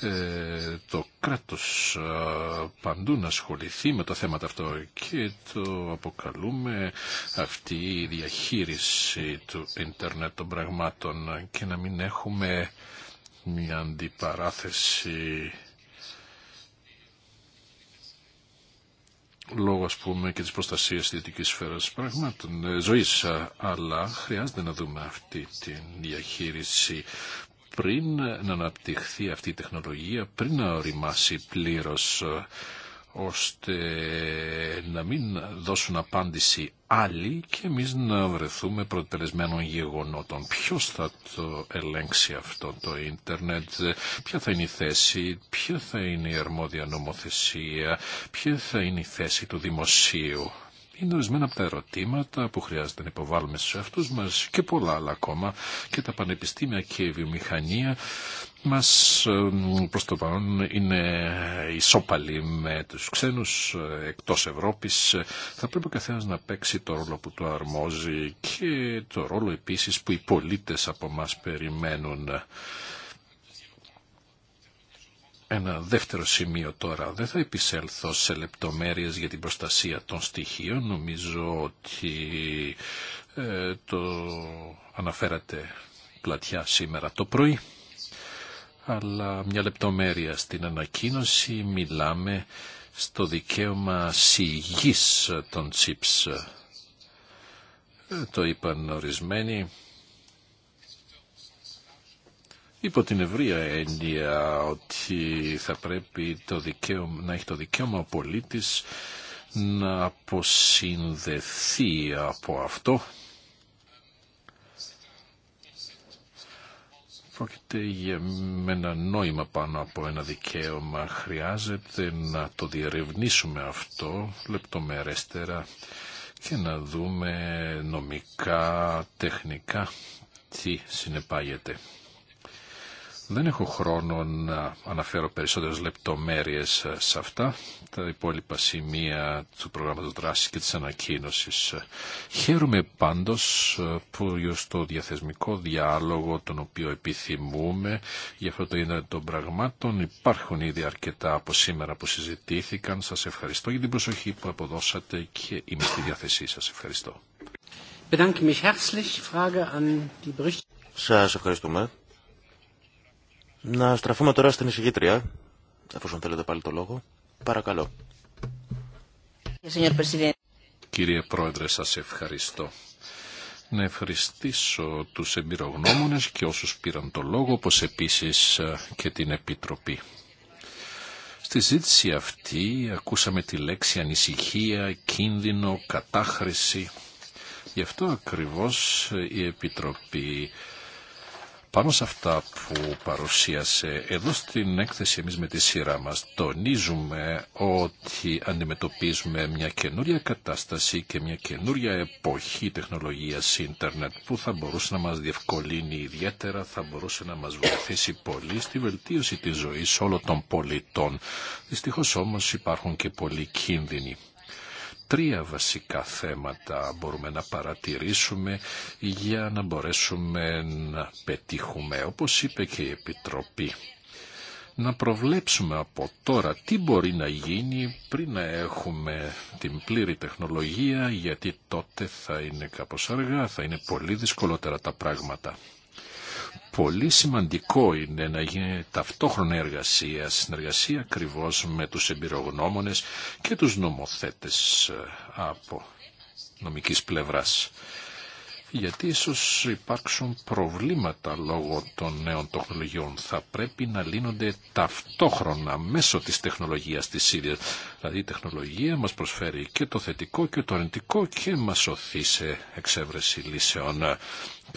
ε, το κράτος ε, παντού να ασχοληθεί με το θέμα αυτό και το αποκαλούμε αυτή η διαχείριση του ίντερνετ των πραγμάτων και να μην έχουμε μια αντιπαράθεση λόγω ας πούμε και της προστασίας της ιδιωτικής σφαίρας πραγμάτων ε, ζωής αλλά χρειάζεται να δούμε αυτή τη διαχείριση πριν να αναπτυχθεί αυτή η τεχνολογία, πριν να οριμάσει πλήρως ώστε να μην δώσουν απάντηση άλλοι και εμείς να βρεθούμε προτελεσμένων γεγονότων. Ποιος θα το ελέγξει αυτό το ίντερνετ, ποια θα είναι η θέση, ποια θα είναι η αρμόδια νομοθεσία, ποια θα είναι η θέση του δημοσίου είναι ορισμένα από τα ερωτήματα που χρειάζεται να υποβάλουμε στους εαυτούς μας και πολλά άλλα ακόμα και τα πανεπιστήμια και η βιομηχανία μας προς το παρόν είναι ισόπαλοι με τους ξένους ε, εκτός Ευρώπης. Θα πρέπει ο καθένας να παίξει το ρόλο που του αρμόζει και το ρόλο επίσης που οι πολίτες από μας περιμένουν. Ένα δεύτερο σημείο τώρα. Δεν θα επισέλθω σε λεπτομέρειες για την προστασία των στοιχείων. Νομίζω ότι ε, το αναφέρατε πλατιά σήμερα το πρωί. Αλλά μια λεπτομέρεια στην ανακοίνωση μιλάμε στο δικαίωμα συγγής των τσίπς. Ε, το είπαν ορισμένοι υπό την ευρία έννοια ότι θα πρέπει το δικαίωμα, να έχει το δικαίωμα ο πολίτης να αποσυνδεθεί από αυτό. Πρόκειται για ένα νόημα πάνω από ένα δικαίωμα. Χρειάζεται να το διερευνήσουμε αυτό λεπτομερέστερα και να δούμε νομικά, τεχνικά τι συνεπάγεται. Δεν έχω χρόνο να αναφέρω περισσότερες λεπτομέρειες σε αυτά, τα υπόλοιπα σημεία του προγράμματος δράσης και της ανακοίνωσης. Χαίρομαι πάντως ε, που στο διαθεσμικό διάλογο τον οποίο επιθυμούμε για αυτό το ίδιο των πραγμάτων υπάρχουν ήδη αρκετά από σήμερα που συζητήθηκαν. Σας ευχαριστώ για την προσοχή που αποδώσατε και είμαι στη διάθεσή σας. Ευχαριστώ. Σας ευχαριστούμε. Να στραφούμε τώρα στην εισηγήτρια, εφόσον θέλετε πάλι το λόγο. Παρακαλώ. Κύριε Πρόεδρε, σας ευχαριστώ. Να ευχαριστήσω τους εμπειρογνώμονες και όσους πήραν το λόγο, όπως επίσης ε, και την Επιτροπή. Στη ζήτηση αυτή ακούσαμε τη λέξη ανησυχία, κίνδυνο, κατάχρηση. Γι' αυτό ακριβώς η Επιτροπή πάνω σε αυτά που παρουσίασε, εδώ στην έκθεση εμείς με τη σειρά μας τονίζουμε ότι αντιμετωπίζουμε μια καινούρια κατάσταση και μια καινούρια εποχή τεχνολογίας ίντερνετ που θα μπορούσε να μας διευκολύνει ιδιαίτερα, θα μπορούσε να μας βοηθήσει πολύ στη βελτίωση της ζωής όλων των πολιτών. Δυστυχώς όμως υπάρχουν και πολλοί κίνδυνοι τρία βασικά θέματα μπορούμε να παρατηρήσουμε για να μπορέσουμε να πετύχουμε, όπως είπε και η Επιτροπή να προβλέψουμε από τώρα τι μπορεί να γίνει πριν να έχουμε την πλήρη τεχνολογία γιατί τότε θα είναι κάπως αργά, θα είναι πολύ δυσκολότερα τα πράγματα. Πολύ σημαντικό είναι να γίνει ταυτόχρονα εργασία, συνεργασία ακριβώ με τους εμπειρογνώμονες και τους νομοθέτες ε, από νομικής πλευράς. Γιατί ίσως υπάρξουν προβλήματα λόγω των νέων τεχνολογιών. Θα πρέπει να λύνονται ταυτόχρονα μέσω της τεχνολογίας της ίδιας. Δηλαδή η τεχνολογία μας προσφέρει και το θετικό και το αρνητικό και μας σωθεί σε εξέβρεση λύσεων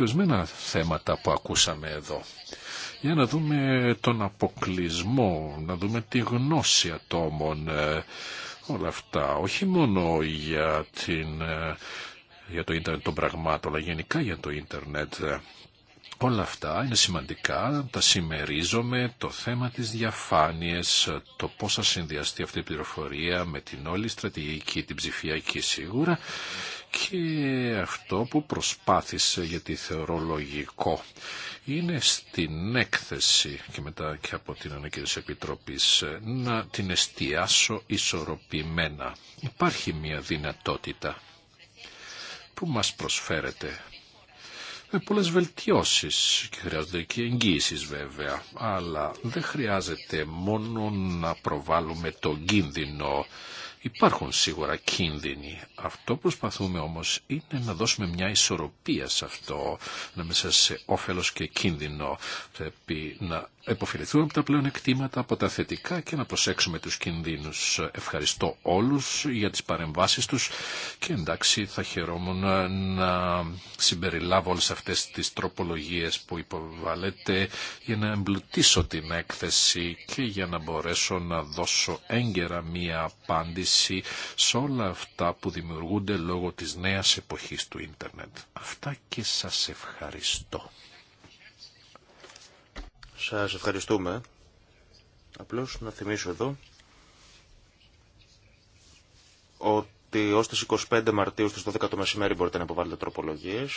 τους θέματα που ακούσαμε εδώ. Για να δούμε τον αποκλεισμό, να δούμε τη γνώση ατόμων, ε, όλα αυτά, όχι μόνο για, την, ε, για το ίντερνετ των πραγμάτων, αλλά γενικά για το ίντερνετ. Όλα αυτά είναι σημαντικά, τα συμμερίζομαι, το θέμα της διαφάνειας, το πώς θα συνδυαστεί αυτή η πληροφορία με την όλη στρατηγική, την ψηφιακή σίγουρα και αυτό που προσπάθησε γιατί θεωρώ λογικό είναι στην έκθεση και μετά και από την ανακοίνωση Επιτροπής να την εστιάσω ισορροπημένα. Υπάρχει μια δυνατότητα που μας προσφέρεται με πολλές βελτιώσεις και χρειάζονται και εγγύησεις βέβαια, αλλά δεν χρειάζεται μόνο να προβάλλουμε τον κίνδυνο. Υπάρχουν σίγουρα κίνδυνοι, αυτό που προσπαθούμε όμως είναι να δώσουμε μια ισορροπία σε αυτό, να μέσα σε όφελος και κίνδυνο. Πρέπει να εποφεληθούμε από τα πλέον εκτήματα, από τα θετικά και να προσέξουμε τους κινδύνους. Ευχαριστώ όλους για τις παρεμβάσεις τους και εντάξει θα χαιρόμουν να συμπεριλάβω όλες αυτές τις τροπολογίες που υποβάλλετε για να εμπλουτίσω την έκθεση και για να μπορέσω να δώσω έγκαιρα μία απάντηση σε όλα αυτά που δημιουργούν δημιουργούνται λόγω της νέας εποχής του ίντερνετ. Αυτά και σας ευχαριστώ. Σας ευχαριστούμε. Απλώς να θυμίσω εδώ ότι ως τις 25 Μαρτίου στις 12 το μεσημέρι μπορείτε να υποβάλλετε τροπολογίες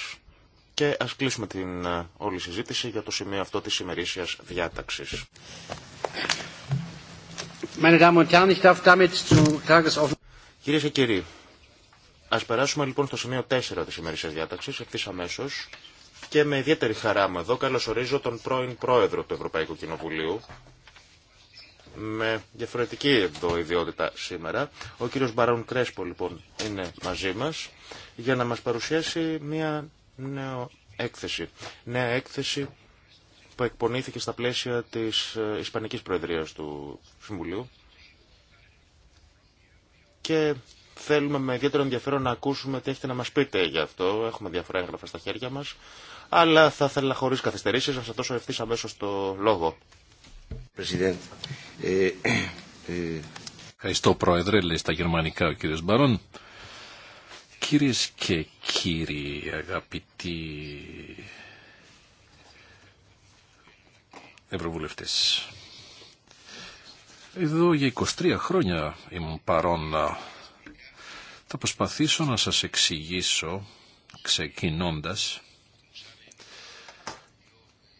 και ας κλείσουμε την ε, όλη συζήτηση για το σημείο αυτό της ημερήσιας διάταξης. Meine Damen und Herren, ich darf damit zu Tagesordnung. Κυρίε και κύριοι, Ας περάσουμε λοιπόν στο σημείο 4 της ημερήσιας διάταξη, ευθύ αμέσω. και με ιδιαίτερη χαρά μου εδώ καλωσορίζω τον πρώην πρόεδρο του Ευρωπαϊκού Κοινοβουλίου, με διαφορετική εδώ ιδιότητα σήμερα. Ο κύριος Μπαρόν Κρέσπο λοιπόν είναι μαζί μας για να μας παρουσιάσει μια νέα έκθεση. Νέα έκθεση που εκπονήθηκε στα πλαίσια τη ε, Ισπανική Προεδρία του Συμβουλίου και Θέλουμε με ιδιαίτερο ενδιαφέρον να ακούσουμε τι έχετε να μα πείτε γι' αυτό. Έχουμε διάφορα έγγραφα στα χέρια μα, Αλλά θα ήθελα χωρί καθυστερήσεις να σας δώσω ευθύ αμέσω το λόγο. Ε, ε, Ευχαριστώ Πρόεδρε, λέει στα γερμανικά ο κύριος Μπαρόν. Κυρίες και κύριοι αγαπητοί ευρωβουλευτές, εδώ για 23 χρόνια ήμουν παρόν θα προσπαθήσω να σας εξηγήσω, ξεκινώντας,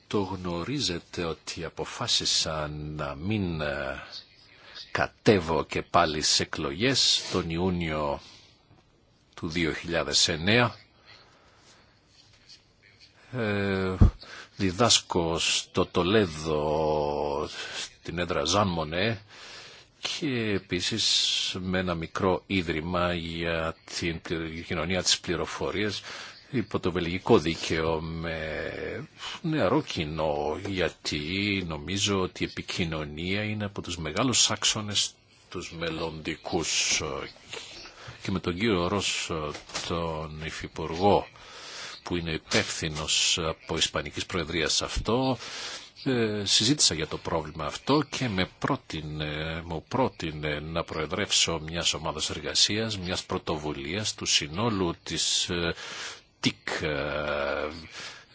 το γνωρίζετε ότι αποφάσισα να μην ε, κατέβω και πάλι σε εκλογές τον Ιούνιο του 2009. Ε, διδάσκω στο Τολέδο την έδρα και επίσης με ένα μικρό ίδρυμα για την κοινωνία της πληροφορίας υπό το βελγικό δίκαιο με νεαρό κοινό γιατί νομίζω ότι η επικοινωνία είναι από τους μεγάλους άξονες τους μελλοντικού και με τον κύριο Ρος τον Υφυπουργό που είναι υπεύθυνο από Ισπανικής Προεδρίας αυτό ε, συζήτησα για το πρόβλημα αυτό και με πρότεινε, μου πρότεινε να προεδρεύσω μια ομάδα εργασίας, μιας πρωτοβουλία του συνόλου της ε, ΤΙΚ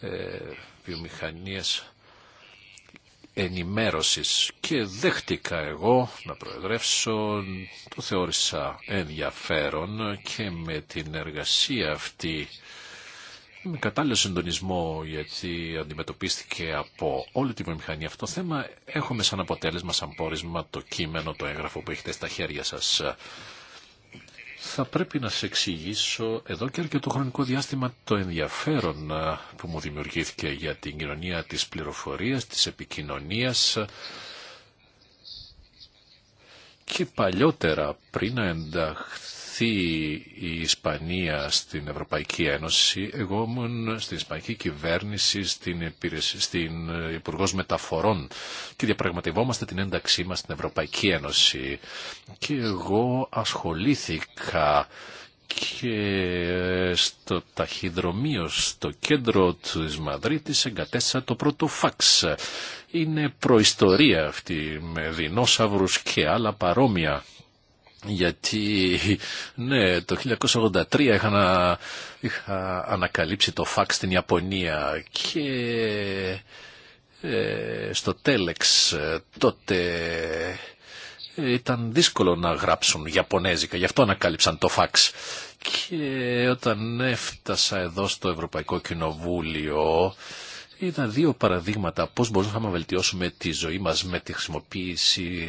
ε, βιομηχανία ενημέρωσης και δέχτηκα εγώ να προεδρεύσω, το θεώρησα ενδιαφέρον και με την εργασία αυτή με κατάλληλο συντονισμό γιατί αντιμετωπίστηκε από όλη τη βιομηχανία αυτό το θέμα έχουμε σαν αποτέλεσμα, σαν πόρισμα το κείμενο, το έγγραφο που έχετε στα χέρια σας. Θα πρέπει να σε εξηγήσω εδώ και αρκετό χρονικό διάστημα το ενδιαφέρον που μου δημιουργήθηκε για την κοινωνία της πληροφορίας, της επικοινωνίας και παλιότερα πριν να ενταχθεί ενταχθεί η Ισπανία στην Ευρωπαϊκή Ένωση, εγώ ήμουν στην Ισπανική κυβέρνηση, στην, υπηρεσία, στην ε, Υπουργό Μεταφορών και διαπραγματευόμαστε την ένταξή μας στην Ευρωπαϊκή Ένωση. Και εγώ ασχολήθηκα και ε, στο ταχυδρομείο στο κέντρο της Μαδρίτης εγκατέστησα το πρώτο φαξ. Είναι προϊστορία αυτή με δεινόσαυρους και άλλα παρόμοια γιατί ναι, το 1983 είχα, ανακαλύψει το φαξ στην Ιαπωνία και ε, στο τέλεξ τότε ε, ήταν δύσκολο να γράψουν Ιαπωνέζικα, γι' αυτό ανακάλυψαν το φαξ. Και όταν έφτασα εδώ στο Ευρωπαϊκό Κοινοβούλιο, είδα δύο παραδείγματα πώς μπορούσαμε να βελτιώσουμε τη ζωή μας με τη χρησιμοποίηση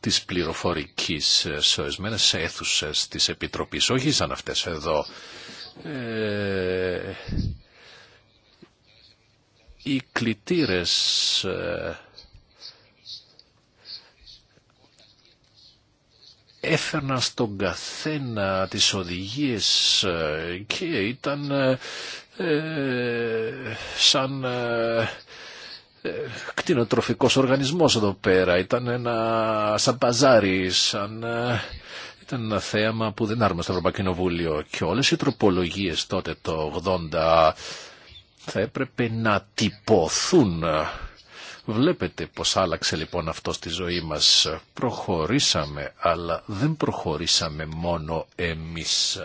της πληροφορικής σε ορισμένε αίθουσε της Επιτροπής, όχι σαν αυτές εδώ. Ε, οι κλητήρες ε, έφερναν στον καθένα τις οδηγίες ε, και ήταν σαν κτηνοτροφικός οργανισμός εδώ πέρα. Ήταν ένα σαν παζάρι, σαν... Ε, ήταν ένα θέαμα που δεν άρμασε στο Ευρωπαϊκό Κοινοβούλιο και όλες οι τροπολογίες τότε το 80 θα έπρεπε να τυπωθούν. Βλέπετε πως άλλαξε λοιπόν αυτό στη ζωή μας. Προχωρήσαμε, αλλά δεν προχωρήσαμε μόνο εμείς.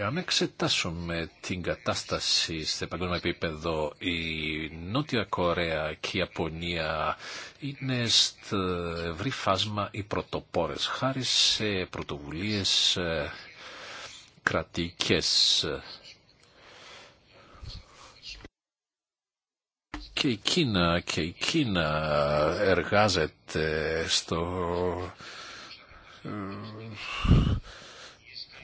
Αν εξετάσουμε την κατάσταση σε παγκόσμιο επίπεδο, η Νότια Κορέα και η Ιαπωνία είναι στο ευρύ φάσμα οι πρωτοπόρες, χάρη σε πρωτοβουλίες ε, κρατικές. Και η Κίνα, και η Κίνα εργάζεται στο ε,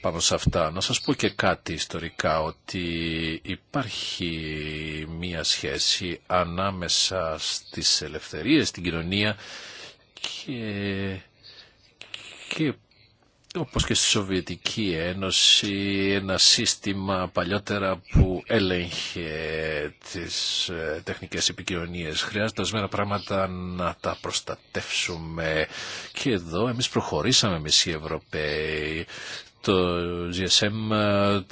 πάνω σε αυτά. Να σας πω και κάτι ιστορικά, ότι υπάρχει μία σχέση ανάμεσα στις ελευθερίες, στην κοινωνία και, και όπως και στη Σοβιετική Ένωση, ένα σύστημα παλιότερα που έλεγχε τις ε, τεχνικές επικοινωνίες. Χρειάζεται ορισμένα πράγματα να τα προστατεύσουμε. Και εδώ εμείς προχωρήσαμε εμείς οι Ευρωπαίοι το GSM,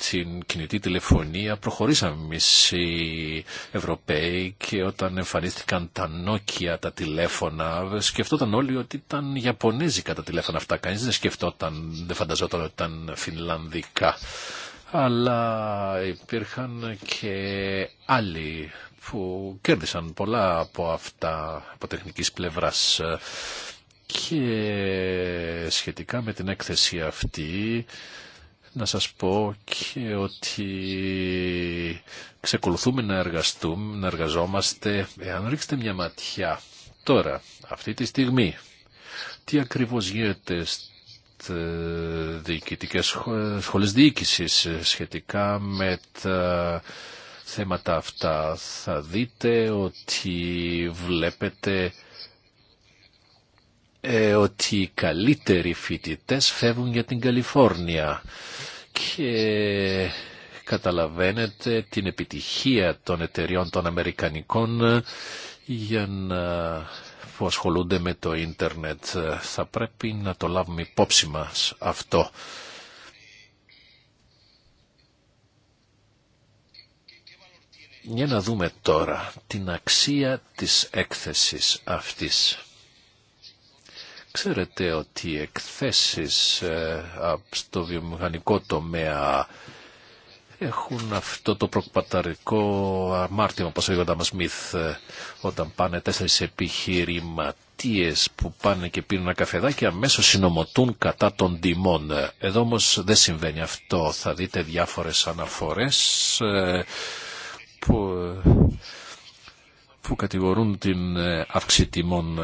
την κινητή τηλεφωνία, προχωρήσαμε εμεί οι Ευρωπαίοι και όταν εμφανίστηκαν τα Nokia τα τηλέφωνα, σκεφτόταν όλοι ότι ήταν Ιαπωνέζικα τα τηλέφωνα αυτά. Κανεί δεν σκεφτόταν, δεν φανταζόταν ότι ήταν Φινλανδικά. Αλλά υπήρχαν και άλλοι που κέρδισαν πολλά από αυτά από τεχνικής πλευράς. Και σχετικά με την έκθεση αυτή να σας πω και ότι ξεκολουθούμε να εργαστούμε, να εργαζόμαστε. Εάν ρίξετε μια ματιά τώρα, αυτή τη στιγμή, τι ακριβώς γίνεται διοικητικές σχολές διοίκησης σχετικά με τα θέματα αυτά. Θα δείτε ότι βλέπετε ε, ότι οι καλύτεροι φοιτητέ φεύγουν για την Καλιφόρνια και καταλαβαίνετε την επιτυχία των εταιριών των Αμερικανικών για να που ασχολούνται με το ίντερνετ. Θα πρέπει να το λάβουμε υπόψη μας αυτό. Για να δούμε τώρα την αξία της έκθεσης αυτής. Ξέρετε ότι οι εκθέσεις ε, στο βιομηχανικό τομέα έχουν αυτό το προκπαταρικό αμάρτημα, όπως ο Ντάμα Σμιθ, ε, όταν πάνε τέσσερις επιχειρηματίες που πάνε και πίνουν ένα καφεδάκι, αμέσως συνομωτούν κατά των τιμών. Εδώ όμως δεν συμβαίνει αυτό. Θα δείτε διάφορες αναφορές ε, που, που κατηγορούν την αύξηση τιμών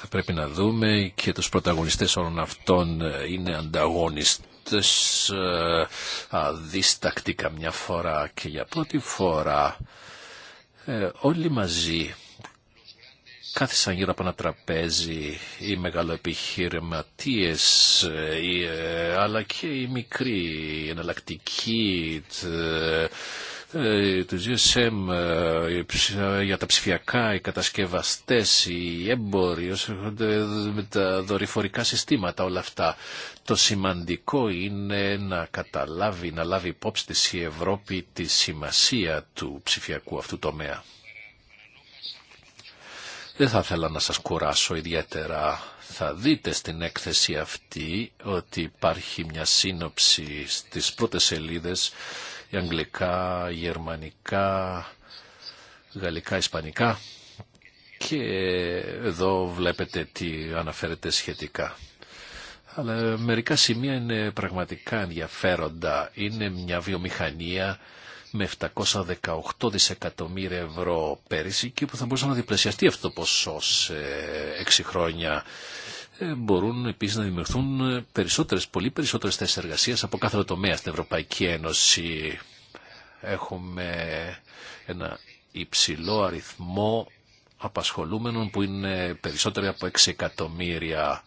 θα πρέπει να δούμε και τους πρωταγωνιστές όλων αυτών ε, είναι ανταγωνιστές ε, αδίστακτοι καμιά φορά και για πρώτη φορά ε, όλοι μαζί κάθισαν γύρω από ένα τραπέζι οι μεγαλοεπιχειρηματίες αλλά και οι μικροί οι εναλλακτικοί ε, του GSM, ε, για τα ψηφιακά, οι κατασκευαστές, οι έμποροι, με τα δορυφορικά συστήματα, όλα αυτά. Το σημαντικό είναι να καταλάβει, να λάβει υπόψη της η Ευρώπη τη σημασία του ψηφιακού αυτού τομέα. Δεν θα ήθελα να σας κουράσω ιδιαίτερα. Θα δείτε στην έκθεση αυτή ότι υπάρχει μια σύνοψη στις πρώτες σελίδες αγγλικά, γερμανικά, γαλλικά, ισπανικά. Και εδώ βλέπετε τι αναφέρεται σχετικά. Αλλά μερικά σημεία είναι πραγματικά ενδιαφέροντα. Είναι μια βιομηχανία με 718 δισεκατομμύρια ευρώ πέρυσι και που θα μπορούσε να διπλασιαστεί αυτό το ποσό σε 6 χρόνια. Ε, μπορούν επίσης να δημιουργηθούν ε, περισσότερες, πολύ περισσότερες θέσει εργασία από κάθε τομέα στην Ευρωπαϊκή Ένωση. Έχουμε ένα υψηλό αριθμό απασχολούμενων που είναι περισσότεροι από 6 εκατομμύρια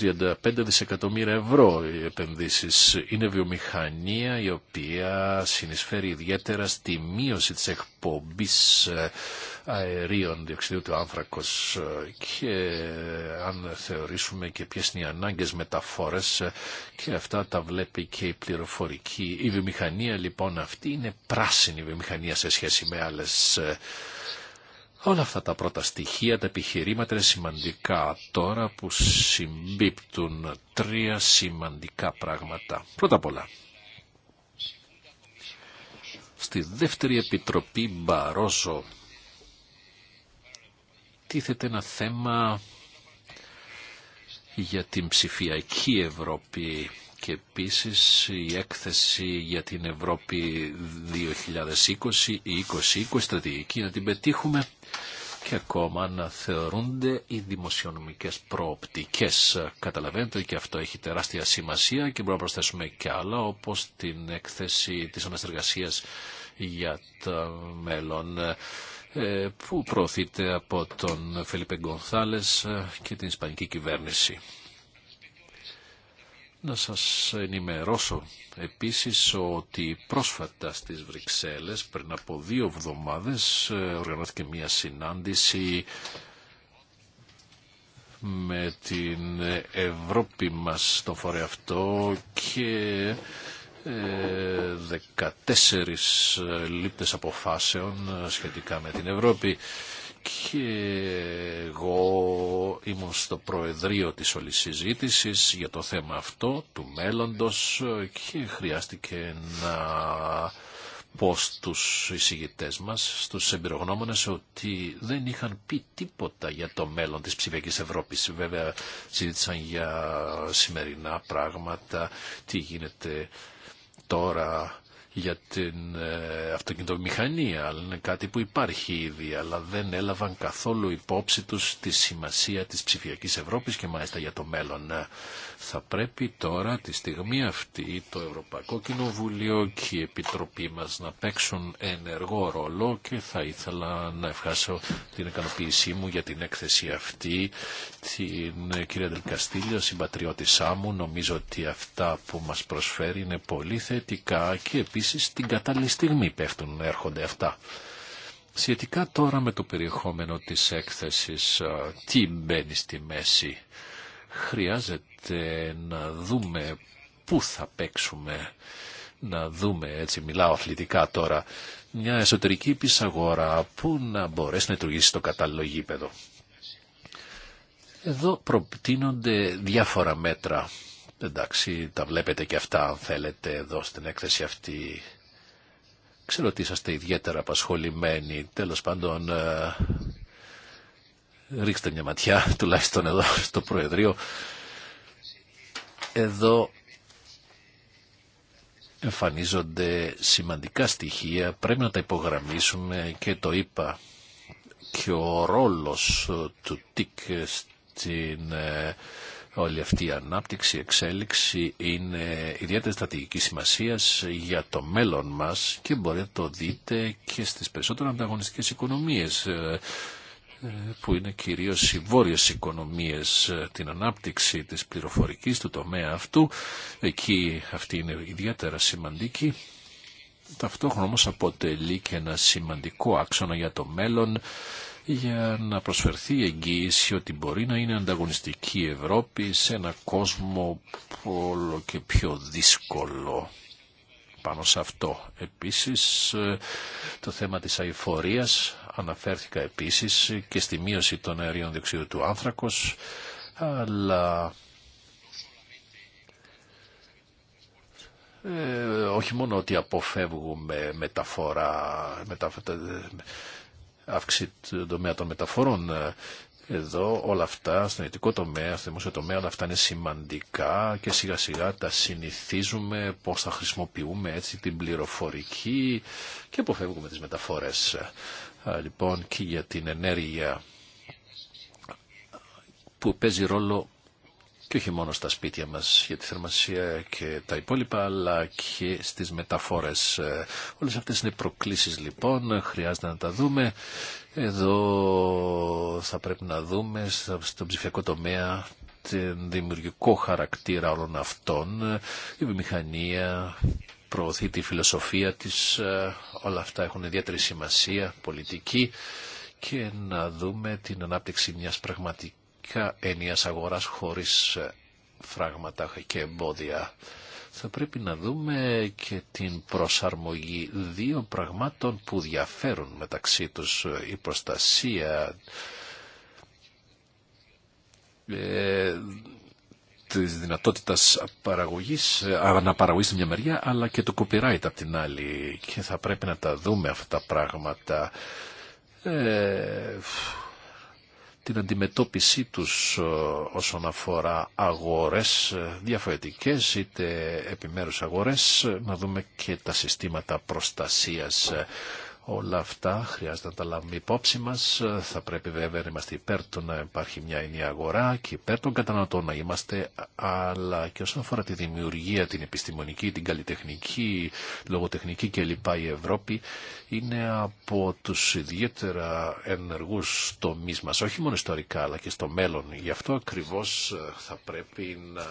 35 δισεκατομμύρια ευρώ οι επενδύσεις. Είναι βιομηχανία η οποία συνεισφέρει ιδιαίτερα στη μείωση της εκπομπής ε, αερίων διοξιδίου του άνθρακος ε, και αν θεωρήσουμε και ποιες είναι οι ανάγκες μεταφόρες ε, και αυτά τα βλέπει και η πληροφορική. Η βιομηχανία λοιπόν αυτή είναι πράσινη βιομηχανία σε σχέση με άλλες ε, Όλα αυτά τα πρώτα στοιχεία, τα επιχειρήματα είναι σημαντικά τώρα που συμπίπτουν τρία σημαντικά πράγματα. Πρώτα απ' όλα, στη δεύτερη επιτροπή Μπαρόζο τίθεται ένα θέμα για την ψηφιακή Ευρώπη και επίσης η έκθεση για την Ευρώπη 2020 ή 2020 στρατηγική να την πετύχουμε και ακόμα να θεωρούνται οι δημοσιονομικές προοπτικές. Καταλαβαίνετε και αυτό έχει τεράστια σημασία και μπορούμε να προσθέσουμε και άλλα όπως την έκθεση της αναστεργασίας για το μέλλον ε, που προωθείται από τον Φελίπε Γκονθάλες ε, και την Ισπανική κυβέρνηση. Να σας ενημερώσω επίσης ότι πρόσφατα στις Βρυξέλλες πριν από δύο εβδομάδες ε, οργανώθηκε μια συνάντηση με την Ευρώπη μας στον φορέα αυτό και 14 ε, ε, λήπτες αποφάσεων ε, σχετικά με την Ευρώπη και εγώ ήμουν στο προεδρείο της όλης συζήτησης για το θέμα αυτό του μέλλοντος και χρειάστηκε να πω στους εισηγητές μας, στους εμπειρογνώμονες ότι δεν είχαν πει τίποτα για το μέλλον της ψηφιακής Ευρώπης. Βέβαια συζήτησαν για σημερινά πράγματα, τι γίνεται τώρα για την ε, αυτοκινητομηχανία, αλλά είναι κάτι που υπάρχει ήδη, αλλά δεν έλαβαν καθόλου υπόψη τους τη σημασία της ψηφιακής Ευρώπης και μάλιστα για το μέλλον. Ε, θα πρέπει τώρα τη στιγμή αυτή το Ευρωπαϊκό Κοινοβούλιο και η Επιτροπή μας να παίξουν ενεργό ρόλο και θα ήθελα να ευχάσω την ικανοποίησή μου για την έκθεση αυτή την ε, κυρία Δελκαστήλια, συμπατριώτησά μου. Νομίζω ότι αυτά που μας προσφέρει είναι πολύ θετικά και επίσης την κατάλληλη στιγμή πέφτουν, έρχονται αυτά. Σχετικά τώρα με το περιεχόμενο της έκθεσης, τι μπαίνει στη μέση. Χρειάζεται να δούμε πού θα παίξουμε, να δούμε, έτσι μιλάω αθλητικά τώρα, μια εσωτερική πισαγορά που να μπορέσει να λειτουργήσει το κατάλληλο γήπεδο. Εδώ προτείνονται διάφορα μέτρα. Εντάξει, τα βλέπετε και αυτά αν θέλετε εδώ στην έκθεση αυτή. Ξέρω ότι είσαστε ιδιαίτερα απασχολημένοι. Τέλος πάντων, ε, ρίξτε μια ματιά, *laughs* τουλάχιστον εδώ στο Προεδρείο. Εδώ εμφανίζονται σημαντικά στοιχεία, πρέπει να τα υπογραμμίσουμε και το είπα και ο ρόλος του ΤΙΚ στην ε, όλη αυτή η ανάπτυξη, η εξέλιξη είναι ιδιαίτερη στρατηγική σημασία για το μέλλον μας και μπορείτε να το δείτε και στις περισσότερες ανταγωνιστικές οικονομίες ε, που είναι κυρίως οι βόρειες οικονομίες, ε, την ανάπτυξη της πληροφορικής του τομέα αυτού. Εκεί αυτή είναι ιδιαίτερα σημαντική. Ταυτόχρονα όμως αποτελεί και ένα σημαντικό άξονα για το μέλλον για να προσφερθεί εγγύηση ότι μπορεί να είναι ανταγωνιστική η Ευρώπη σε ένα κόσμο όλο και πιο δύσκολο πάνω σε αυτό. Επίσης ε, το θέμα της αηφορίας Αναφέρθηκα επίσης και στη μείωση των αερίων δεξίου του άνθρακος, αλλά ε, όχι μόνο ότι αποφεύγουμε μεταφορά, μετα, αύξηση του τομέα των μεταφορών, ε, εδώ όλα αυτά, στον ειδικό τομέα, στο δημόσιο τομέα, όλα αυτά είναι σημαντικά και σιγά σιγά τα συνηθίζουμε πώς θα χρησιμοποιούμε έτσι την πληροφορική και αποφεύγουμε τις μεταφορές λοιπόν και για την ενέργεια που παίζει ρόλο και όχι μόνο στα σπίτια μας για τη θερμασία και τα υπόλοιπα, αλλά και στις μεταφόρες. Ε, όλες αυτές είναι προκλήσεις λοιπόν, χρειάζεται να τα δούμε. Εδώ θα πρέπει να δούμε στον ψηφιακό τομέα την δημιουργικό χαρακτήρα όλων αυτών, η βιομηχανία, προωθεί τη φιλοσοφία της, ε, όλα αυτά έχουν ιδιαίτερη σημασία πολιτική και να δούμε την ανάπτυξη μιας πραγματικά ενίας αγοράς χωρίς ε, φράγματα και εμπόδια. Θα πρέπει να δούμε και την προσαρμογή δύο πραγμάτων που διαφέρουν μεταξύ τους η προστασία ε, Τη δυνατότητα παραγωγής, αναπαραγωγή στην μια μεριά, αλλά και το copyright από την άλλη. Και θα πρέπει να τα δούμε αυτά τα πράγματα. Ε, την αντιμετώπιση τους όσον αφορά αγορές ε, διαφορετικές είτε επιμέρους αγορές, να δούμε και τα συστήματα προστασίας Όλα αυτά χρειάζεται να τα λάβουμε υπόψη μα. Θα πρέπει βέβαια να είμαστε υπέρ του να υπάρχει μια ενιαία αγορά και υπέρ των καταναλωτών να είμαστε, αλλά και όσον αφορά τη δημιουργία, την επιστημονική, την καλλιτεχνική, λογοτεχνική κλπ. Η Ευρώπη είναι από του ιδιαίτερα ενεργού τομεί μα, όχι μόνο ιστορικά αλλά και στο μέλλον. Γι' αυτό ακριβώ ε, θα πρέπει να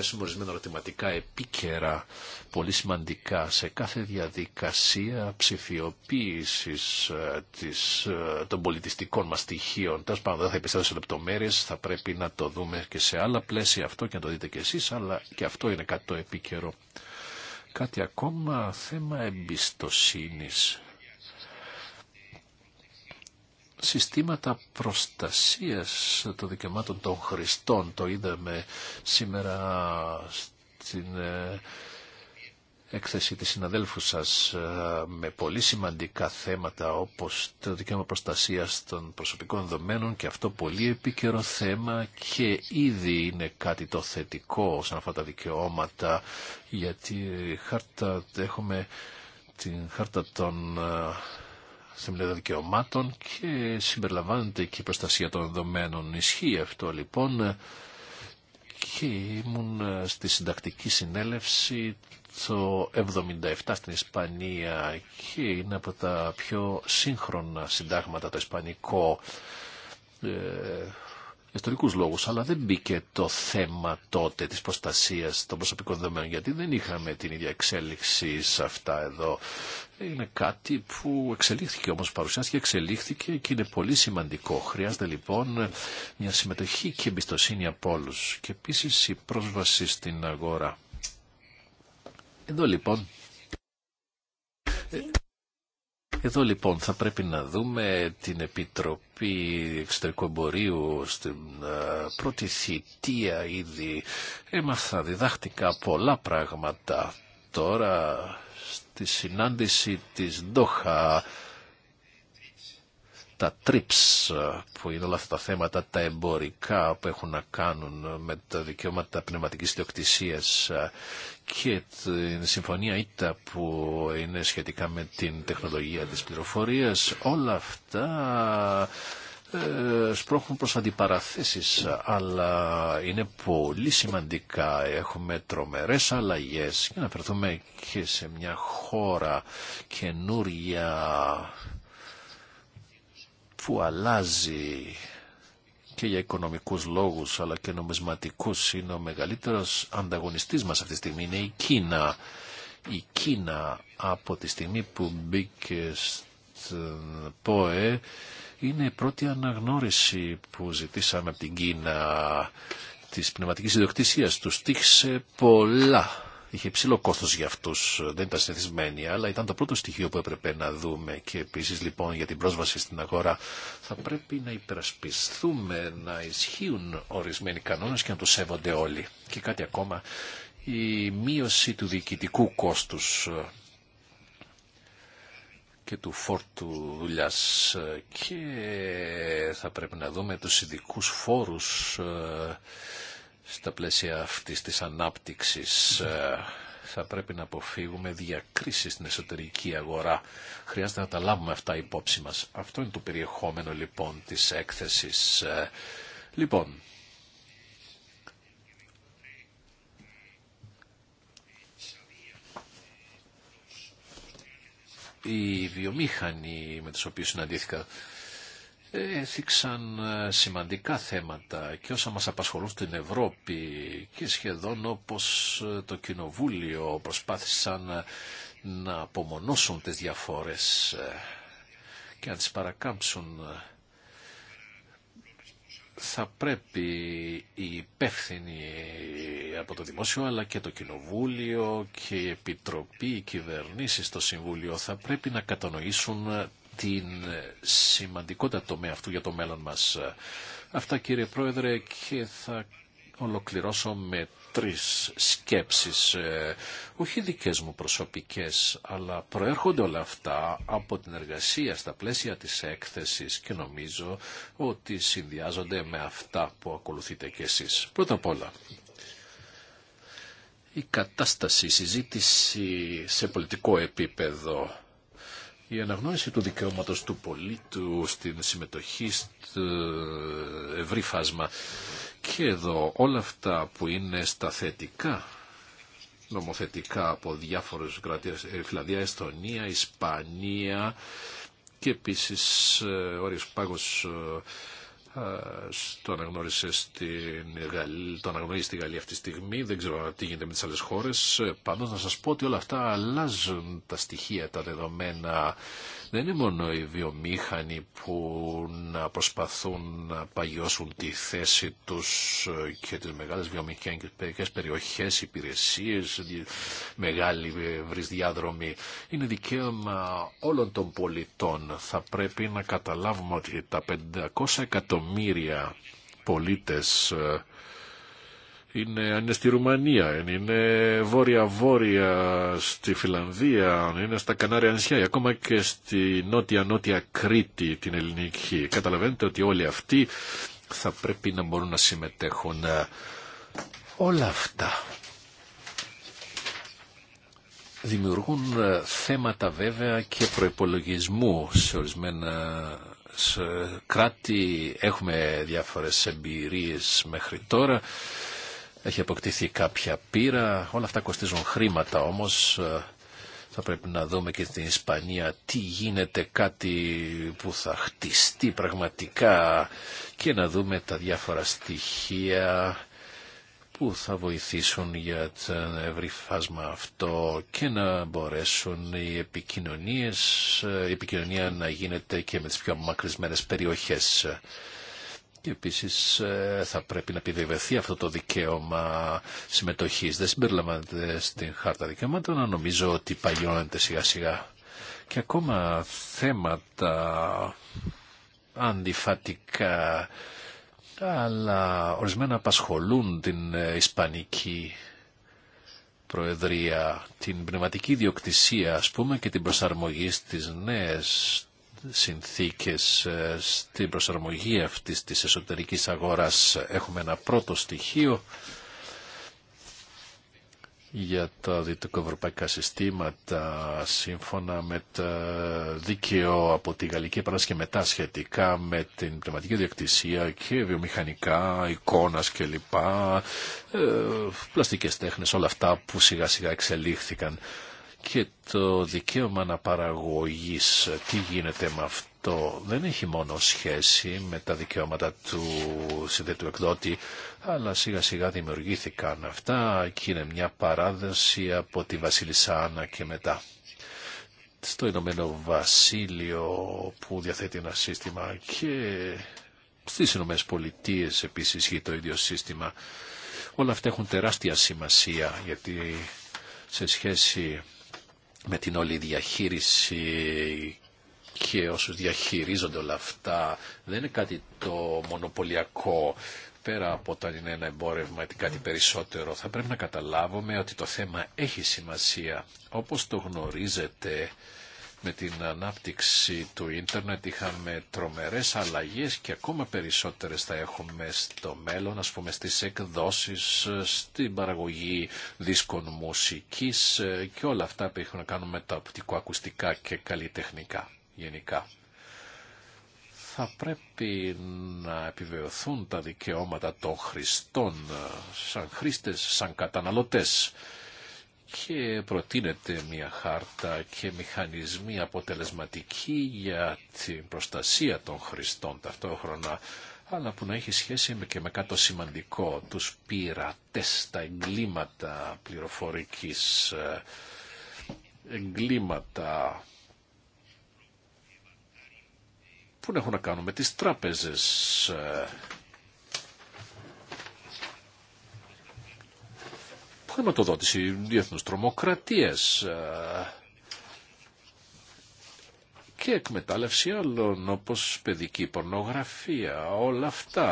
θέσουμε ορισμένα ερωτηματικά επίκαιρα, πολύ σημαντικά, σε κάθε διαδικασία ψηφιοποίησης ε, της, ε, των πολιτιστικών μας στοιχείων. Τέλος πάντων, δεν θα επιστρέψω σε λεπτομέρειες, θα πρέπει να το δούμε και σε άλλα πλαίσια αυτό και να το δείτε κι εσείς, αλλά και αυτό είναι κάτι το επίκαιρο. Κάτι ακόμα θέμα εμπιστοσύνης συστήματα προστασίας των δικαιωμάτων των χρηστών. Το είδαμε σήμερα στην ε, έκθεση της συναδέλφου σας ε, με πολύ σημαντικά θέματα όπως το δικαίωμα προστασίας των προσωπικών δεδομένων και αυτό πολύ επίκαιρο θέμα και ήδη είναι κάτι το θετικό σαν αυτά τα δικαιώματα γιατί χάρτα, έχουμε την χάρτα των ε, θεμελιώδη δικαιωμάτων και συμπεριλαμβάνεται και η προστασία των δεδομένων. Ισχύει αυτό λοιπόν και ήμουν στη συντακτική συνέλευση το 77 στην Ισπανία και είναι από τα πιο σύγχρονα συντάγματα το ισπανικό ε, ιστορικούς λόγους, αλλά δεν μπήκε το θέμα τότε της προστασίας των προσωπικών δεδομένων, γιατί δεν είχαμε την ίδια εξέλιξη σε αυτά εδώ. Είναι κάτι που εξελίχθηκε όμως, παρουσιάστηκε, εξελίχθηκε και είναι πολύ σημαντικό. Χρειάζεται λοιπόν μια συμμετοχή και εμπιστοσύνη από όλου και επίσης η πρόσβαση στην αγορά. Εδώ λοιπόν εδώ λοιπόν θα πρέπει να δούμε την Επιτροπή Εξωτερικού Εμπορίου στην ε, πρώτη θητεία ήδη. Έμαθα διδάχτηκα πολλά πράγματα. Τώρα στη συνάντηση της Ντόχα τα TRIPS που είναι όλα αυτά τα θέματα τα εμπορικά που έχουν να κάνουν με τα δικαιώματα πνευματικής διοκτησίας και την συμφωνία ΙΤΑ που είναι σχετικά με την τεχνολογία της πληροφορίας. Όλα αυτά ε, σπρώχνουν προς αντιπαραθέσεις αλλά είναι πολύ σημαντικά έχουμε τρομερές αλλαγές και να φερθούμε και σε μια χώρα καινούρια που αλλάζει και για οικονομικούς λόγους αλλά και νομισματικούς είναι ο μεγαλύτερος ανταγωνιστής μας αυτή τη στιγμή είναι η Κίνα. Η Κίνα από τη στιγμή που μπήκε στην ΠΟΕ είναι η πρώτη αναγνώριση που ζητήσαμε από την Κίνα της πνευματικής ιδιοκτησίας. Τους στίξε πολλά είχε υψηλό κόστο για αυτού, δεν ήταν συνηθισμένοι, αλλά ήταν το πρώτο στοιχείο που έπρεπε να δούμε και επίσης λοιπόν για την πρόσβαση στην αγορά θα πρέπει να υπερασπιστούμε να ισχύουν ορισμένοι κανόνες και να του σέβονται όλοι. Και κάτι ακόμα, η μείωση του διοικητικού κόστους ε, και του φόρτου δουλειά ε, και θα πρέπει να δούμε τους ειδικού φόρους ε, στα πλαίσια αυτής της ανάπτυξης ε, θα πρέπει να αποφύγουμε διακρίσεις στην εσωτερική αγορά. Χρειάζεται να τα λάβουμε αυτά υπόψη μας. Αυτό είναι το περιεχόμενο λοιπόν της έκθεσης. Ε, λοιπόν, οι βιομήχανοι με τους οποίους συναντήθηκα έθιξαν ε, σημαντικά θέματα και όσα μας απασχολούν στην Ευρώπη και σχεδόν όπως ε, το Κοινοβούλιο προσπάθησαν ε, να απομονώσουν τις διαφορές και να τις παρακάμψουν θα πρέπει οι υπεύθυνοι από το Δημόσιο αλλά και το Κοινοβούλιο και η Επιτροπή, οι κυβερνήσεις στο Συμβούλιο θα πρέπει να κατανοήσουν την ε, σημαντικότητα τομέα αυτού για το μέλλον μας. Αυτά κύριε Πρόεδρε και θα ολοκληρώσω με τρεις σκέψεις, ε, όχι δικές μου προσωπικές, αλλά προέρχονται όλα αυτά από την εργασία στα πλαίσια της έκθεσης και νομίζω ότι συνδυάζονται με αυτά που ακολουθείτε κι εσείς. Πρώτα απ' όλα, η κατάσταση, η συζήτηση σε πολιτικό επίπεδο η αναγνώριση του δικαιώματος του πολίτου στην συμμετοχή στο ευρύ φάσμα και εδώ όλα αυτά που είναι σταθετικά, νομοθετικά από διάφορες κρατήρες, ε, Φιλανδία, Εστονία, Ισπανία και επίσης ε, ο πάγο. Ε, ε, το αναγνώρισε στην το αναγνωρίζει στη Γαλλία αυτή τη στιγμή, δεν ξέρω τι γίνεται με τις άλλες χώρες. Ε, πάντως να σας πω ότι όλα αυτά αλλάζουν τα στοιχεία, τα δεδομένα δεν είναι μόνο οι βιομήχανοι που να προσπαθούν να παγιώσουν τη θέση τους και τις μεγάλες βιομηχανικές περιοχές, υπηρεσίες, μεγάλη βρισδιάδρομοι, Είναι δικαίωμα όλων των πολιτών. Θα πρέπει να καταλάβουμε ότι τα 500 εκατομμύρια πολίτες ε, είναι, αν είναι στη Ρουμανία, αν είναι βόρεια-βόρεια στη Φιλανδία, αν είναι στα Κανάρια νησιά ακόμα και στη νότια-νότια Κρήτη την ελληνική. Καταλαβαίνετε ότι όλοι αυτοί θα πρέπει να μπορούν να συμμετέχουν ε, όλα αυτά. Δημιουργούν ε, θέματα βέβαια και προϋπολογισμού σε ορισμένα κράτη. Έχουμε διάφορες εμπειρίες μέχρι τώρα έχει αποκτηθεί κάποια πείρα. Όλα αυτά κοστίζουν χρήματα όμως. Ε, θα πρέπει να δούμε και στην Ισπανία τι γίνεται, κάτι που θα χτιστεί πραγματικά και να δούμε τα διάφορα στοιχεία που θα βοηθήσουν για το ευρυφάσμα αυτό και να μπορέσουν οι επικοινωνίες, ε, η επικοινωνία να γίνεται και με τις πιο μακρισμένες περιοχές και επίσης ε, θα πρέπει να επιβεβαιωθεί αυτό το δικαίωμα συμμετοχής. Δεν συμπεριλαμβάνεται στην χάρτα δικαιωμάτων, αλλά νομίζω ότι παλιώνεται σιγά σιγά. Και ακόμα θέματα αντιφατικά, αλλά ορισμένα απασχολούν την ε, Ισπανική Προεδρία, την πνευματική ιδιοκτησία ας πούμε και την προσαρμογή στις νέες συνθήκες ε, στην προσαρμογή αυτής της εσωτερικής αγοράς. Έχουμε ένα πρώτο στοιχείο για τα δυτικοευρωπαϊκά συστήματα σύμφωνα με το δίκαιο από τη Γαλλική Επανάσταση και μετά σχετικά με την πνευματική διακτησία και βιομηχανικά, εικόνας κλπ, ε, πλαστικές τέχνες, όλα αυτά που σιγά σιγά εξελίχθηκαν και το δικαίωμα αναπαραγωγής, τι γίνεται με αυτό, δεν έχει μόνο σχέση με τα δικαιώματα του συνδέτου εκδότη, αλλά σιγά σιγά δημιουργήθηκαν αυτά και είναι μια παράδοση από τη Βασίλισσα Άννα και μετά στο Ηνωμένο Βασίλειο που διαθέτει ένα σύστημα και στις Ηνωμένες Πολιτείες επίσης έχει το ίδιο σύστημα. Όλα αυτά έχουν τεράστια σημασία γιατί σε σχέση με την όλη διαχείριση και όσους διαχειρίζονται όλα αυτά δεν είναι κάτι το μονοπωλιακό πέρα από όταν είναι ένα εμπόρευμα ή κάτι περισσότερο, θα πρέπει να καταλάβουμε ότι το θέμα έχει σημασία. Όπως το γνωρίζετε, με την ανάπτυξη του ίντερνετ είχαμε τρομερές αλλαγές και ακόμα περισσότερες θα έχουμε στο μέλλον, ας πούμε στις εκδόσεις, στην παραγωγή δίσκων μουσικής ε, και όλα αυτά που έχουν να κάνουν με τα οπτικοακουστικά και καλλιτεχνικά γενικά. Θα πρέπει να επιβεβαιωθούν τα δικαιώματα των χρηστών ε, σαν χρήστες, σαν καταναλωτές και προτείνεται μια χάρτα και μηχανισμοί αποτελεσματικοί για την προστασία των χρηστών ταυτόχρονα αλλά που να έχει σχέση με και με κάτι σημαντικό, τους πειρατές, τα εγκλήματα πληροφορικής, ε, εγκλήματα που έχουν να κάνουν με τις τράπεζες, ε, χρηματοδότηση διεθνούς τρομοκρατίας ε, και εκμετάλλευση άλλων όπως παιδική πορνογραφία. Όλα αυτά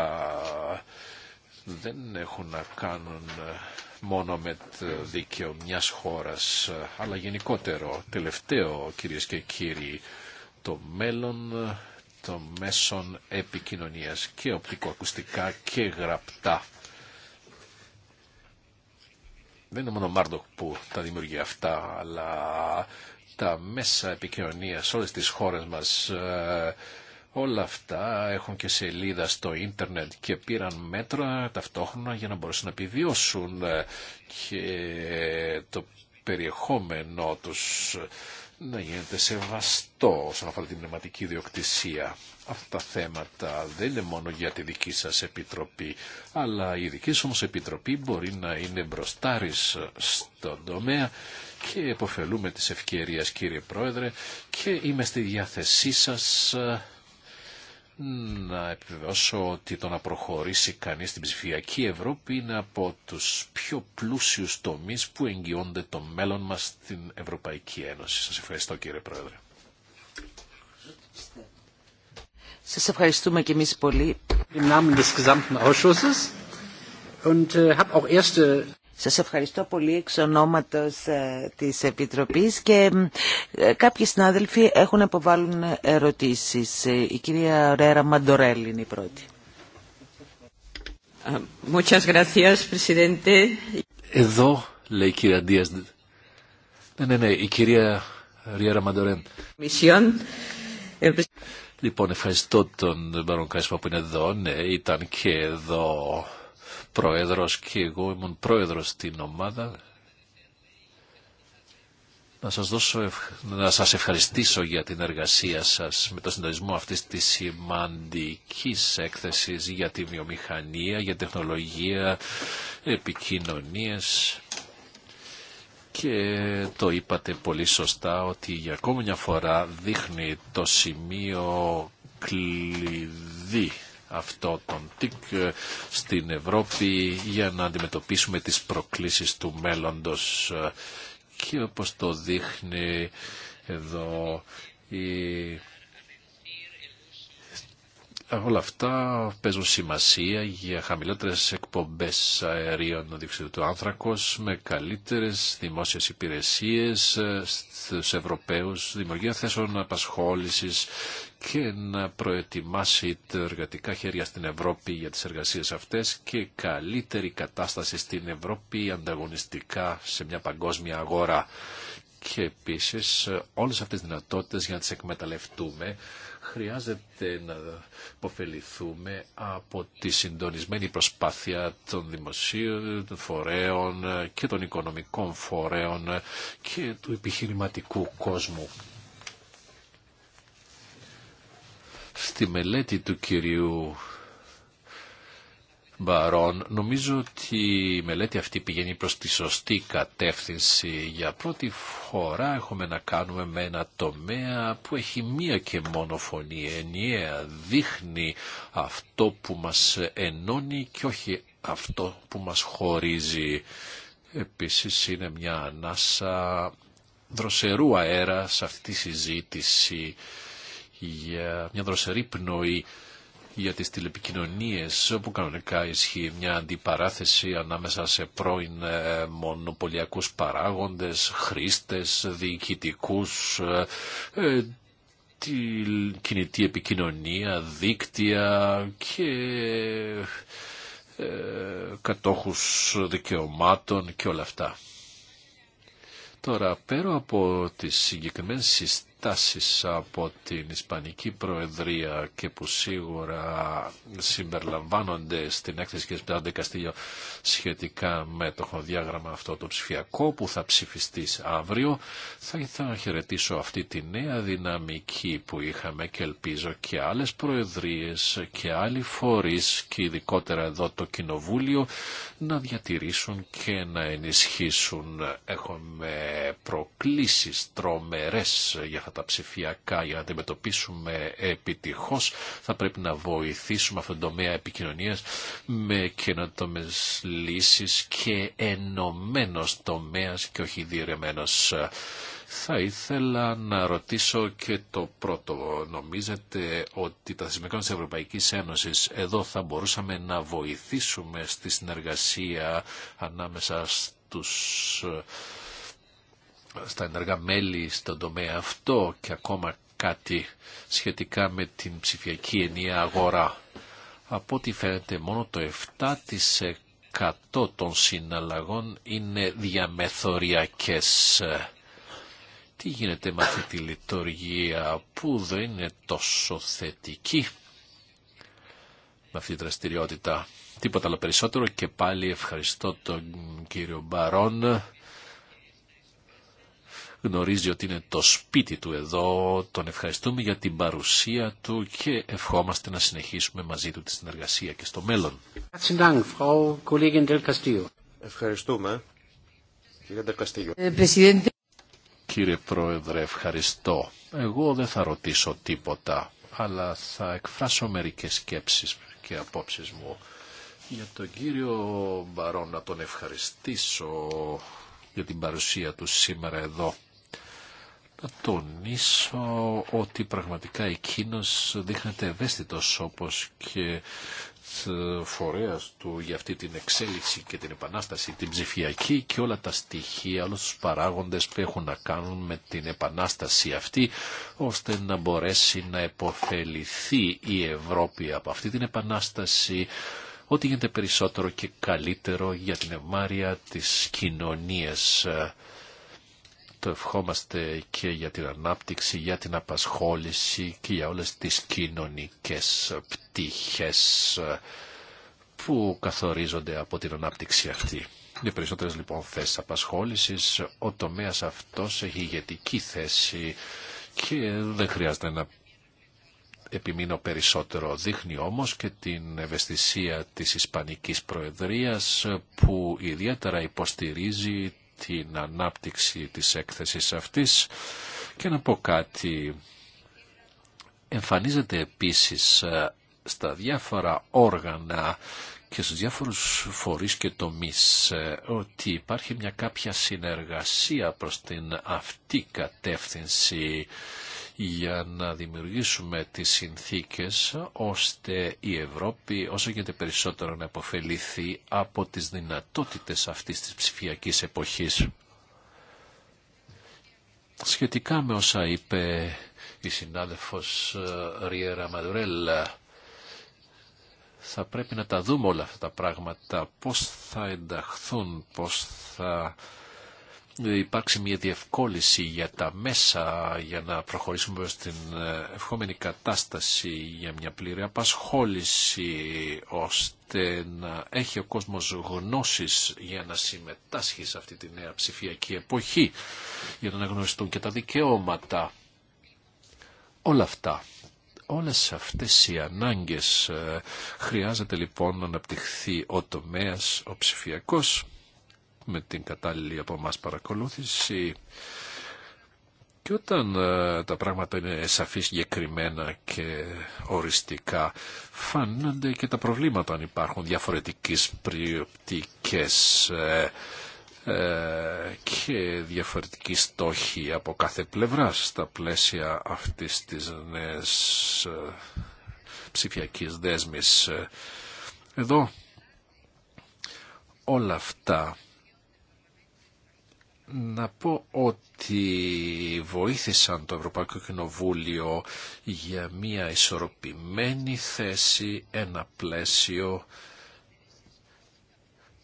δεν έχουν να κάνουν ε, μόνο με το δίκαιο μιας χώρας, ε, αλλά γενικότερο, τελευταίο κυρίες και κύριοι, το μέλλον των μέσων επικοινωνίας και οπτικοακουστικά και γραπτά. Δεν είναι μόνο ο Μάρντοκ που τα δημιουργεί αυτά, αλλά τα μέσα σε όλες τις χώρες μας ε, όλα αυτά έχουν και σελίδα στο ίντερνετ και πήραν μέτρα ταυτόχρονα για να μπορέσουν να επιβιώσουν ε, και το περιεχόμενό τους να γίνεται σεβαστό όσον αφορά την πνευματική ιδιοκτησία. Αυτά τα θέματα δεν είναι μόνο για τη δική σας επιτροπή, αλλά η δική σας επιτροπή μπορεί να είναι μπροστάρις στον τομέα και εποφελούμε τις ευκαιρίες κύριε Πρόεδρε και είμαι στη διάθεσή σας ε, να επιβεβαιώσω ότι το να προχωρήσει κανείς στην ψηφιακή Ευρώπη είναι από τους πιο πλούσιους τομείς που εγγυώνται το μέλλον μας στην Ευρωπαϊκή Ένωση. Σας ευχαριστώ κύριε Πρόεδρε. Σας ευχαριστούμε και εμείς πολύ. Im Namen des gesamten Ausschusses und äh, habe auch erste σας ευχαριστώ πολύ εξ ονόματος ε, της Επιτροπής και ε, κάποιοι συνάδελφοι έχουν αποβάλουν ερωτήσεις. Ε, η κυρία Ρέρα Μαντορέλ είναι η πρώτη. Εδώ λέει η κυρία Ντίας. Ναι, ναι, ναι, η κυρία Ρέρα Μαντορέλ. Λοιπόν, ευχαριστώ τον Μπαρον Κάσπα που είναι εδώ. Ναι, ήταν και εδώ πρόεδρος και εγώ ήμουν πρόεδρος στην ομάδα. Να σας, δώσω, να σας ευχαριστήσω για την εργασία σας με το συντονισμό αυτής της σημαντικής έκθεσης για τη βιομηχανία, για τεχνολογία, επικοινωνίες και το είπατε πολύ σωστά ότι για ακόμη μια φορά δείχνει το σημείο κλειδί αυτό τον ΤΙΚ ε, στην Ευρώπη για να αντιμετωπίσουμε τις προκλήσεις του μέλλοντος. Ε, και όπως το δείχνει εδώ η όλα αυτά παίζουν σημασία για χαμηλότερες εκπομπές αερίων διοξιδίου του άνθρακος με καλύτερες δημόσιες υπηρεσίες ε, στους Ευρωπαίους, δημιουργία θέσεων απασχόλησης και να προετοιμάσει τα εργατικά χέρια στην Ευρώπη για τις εργασίες αυτές και καλύτερη κατάσταση στην Ευρώπη ανταγωνιστικά σε μια παγκόσμια αγορά. Και επίσης όλες αυτές τις δυνατότητες για να τις εκμεταλλευτούμε χρειάζεται να υποφεληθούμε από τη συντονισμένη προσπάθεια των δημοσίων φορέων και των οικονομικών φορέων και του επιχειρηματικού κόσμου. Στη μελέτη του κυρίου Μπαρόν, νομίζω ότι η μελέτη αυτή πηγαίνει προς τη σωστή κατεύθυνση. Για πρώτη φορά έχουμε να κάνουμε με ένα τομέα που έχει μία και μόνο φωνή, ενιαία, δείχνει αυτό που μας ενώνει και όχι αυτό που μας χωρίζει. Επίσης είναι μια ανάσα δροσερού αέρα σε αυτή τη συζήτηση για μια δροσερή πνοή για τις τηλεπικοινωνίες όπου κανονικά ισχύει μια αντιπαράθεση ανάμεσα σε πρώην ε, μονοπωλιακούς παράγοντες, χρήστες, διοικητικούς, ε, ε, τη κινητή επικοινωνία, δίκτυα και κατόχους δικαιωμάτων και όλα αυτά. Τώρα, πέρα από τις συγκεκριμένες από την Ισπανική Προεδρία και που σίγουρα συμπεριλαμβάνονται στην έκθεση και στην Καστήλιο σχετικά με το χρονοδιάγραμμα αυτό το ψηφιακό που θα ψηφιστεί αύριο. Θα ήθελα να χαιρετήσω αυτή τη νέα δυναμική που είχαμε και ελπίζω και άλλες προεδρίες και άλλοι φορείς και ειδικότερα εδώ το Κοινοβούλιο να διατηρήσουν και να ενισχύσουν. Έχουμε προκλήσεις τρομερές για αυτά τα ψηφιακά για να αντιμετωπίσουμε επιτυχώς θα πρέπει να βοηθήσουμε αυτόν τον τομέα επικοινωνία με καινοτόμες λύσεις και ενωμένο τομέας και όχι διαιρεμένο. Θα ήθελα να ρωτήσω και το πρώτο. Νομίζετε ότι τα θεσμικά της Ευρωπαϊκής Ένωσης εδώ θα μπορούσαμε να βοηθήσουμε στη συνεργασία ανάμεσα στους στα ενεργά μέλη στον τομέα αυτό και ακόμα κάτι σχετικά με την ψηφιακή ενιαία αγορά. Από ό,τι φαίνεται μόνο το 7% των συναλλαγών είναι διαμεθοριακές. Τι γίνεται με αυτή τη λειτουργία που δεν είναι τόσο θετική με αυτή τη δραστηριότητα. Τίποτα άλλο περισσότερο και πάλι ευχαριστώ τον κύριο Μπαρόν γνωρίζει ότι είναι το σπίτι του εδώ. Τον ευχαριστούμε για την παρουσία του και ευχόμαστε να συνεχίσουμε μαζί του τη συνεργασία και στο μέλλον. Ευχαριστούμε. Κύριε ε, Κύριε Πρόεδρε, ευχαριστώ. Εγώ δεν θα ρωτήσω τίποτα, αλλά θα εκφράσω μερικές σκέψεις και απόψεις μου. Για τον κύριο Μπαρό να τον ευχαριστήσω για την παρουσία του σήμερα εδώ να τονίσω ότι πραγματικά εκείνος δείχνεται ευαίσθητος όπως και φορέας του για αυτή την εξέλιξη και την επανάσταση, την ψηφιακή και όλα τα στοιχεία, όλους τους παράγοντες που έχουν να κάνουν με την επανάσταση αυτή, ώστε να μπορέσει να επωφεληθεί η Ευρώπη από αυτή την επανάσταση, ό,τι γίνεται περισσότερο και καλύτερο για την ευμάρεια της κοινωνίας ευχόμαστε και για την ανάπτυξη, για την απασχόληση και για όλες τις κοινωνικές πτυχές που καθορίζονται από την ανάπτυξη αυτή. Οι περισσότερες λοιπόν θέσεις απασχόλησης, ο τομέας αυτός έχει ηγετική θέση και δεν χρειάζεται να επιμείνω περισσότερο. Δείχνει όμως και την ευαισθησία της Ισπανικής Προεδρίας που ιδιαίτερα υποστηρίζει την ανάπτυξη της έκθεσης αυτής και να πω κάτι. Εμφανίζεται επίσης ε, στα διάφορα όργανα και στους διάφορους φορείς και τομείς ε, ότι υπάρχει μια κάποια συνεργασία προς την αυτή κατεύθυνση για να δημιουργήσουμε τις συνθήκες ώστε η Ευρώπη όσο γίνεται περισσότερο να αποφελήθει από τις δυνατότητες αυτής της ψηφιακής εποχής. Σχετικά με όσα είπε η συνάδελφος ε, Ριέρα Μαδουρέλα, θα πρέπει να τα δούμε όλα αυτά τα πράγματα, πώς θα ενταχθούν, πώς θα υπάρξει μια διευκόλυση για τα μέσα για να προχωρήσουμε στην την ε, ευχόμενη κατάσταση για μια πλήρη απασχόληση ώστε να έχει ο κόσμος γνώσεις για να συμμετάσχει σε αυτή τη νέα ψηφιακή εποχή για να γνωριστούν και τα δικαιώματα όλα αυτά όλες αυτές οι ανάγκες ε, χρειάζεται λοιπόν να αναπτυχθεί ο τομέας, ο ψηφιακός με την κατάλληλη από μας παρακολούθηση και όταν ε, τα πράγματα είναι σαφή συγκεκριμένα και οριστικά, φάνονται και τα προβλήματα αν υπάρχουν διαφορετικές πριοπτικές ε, ε, και διαφορετικοί στόχοι από κάθε πλευρά στα πλαίσια αυτής της νέας ε, ψηφιακής δέσμης. Εδώ όλα αυτά να πω ότι βοήθησαν το Ευρωπαϊκό Κοινοβούλιο για μια ισορροπημένη θέση, ένα πλαίσιο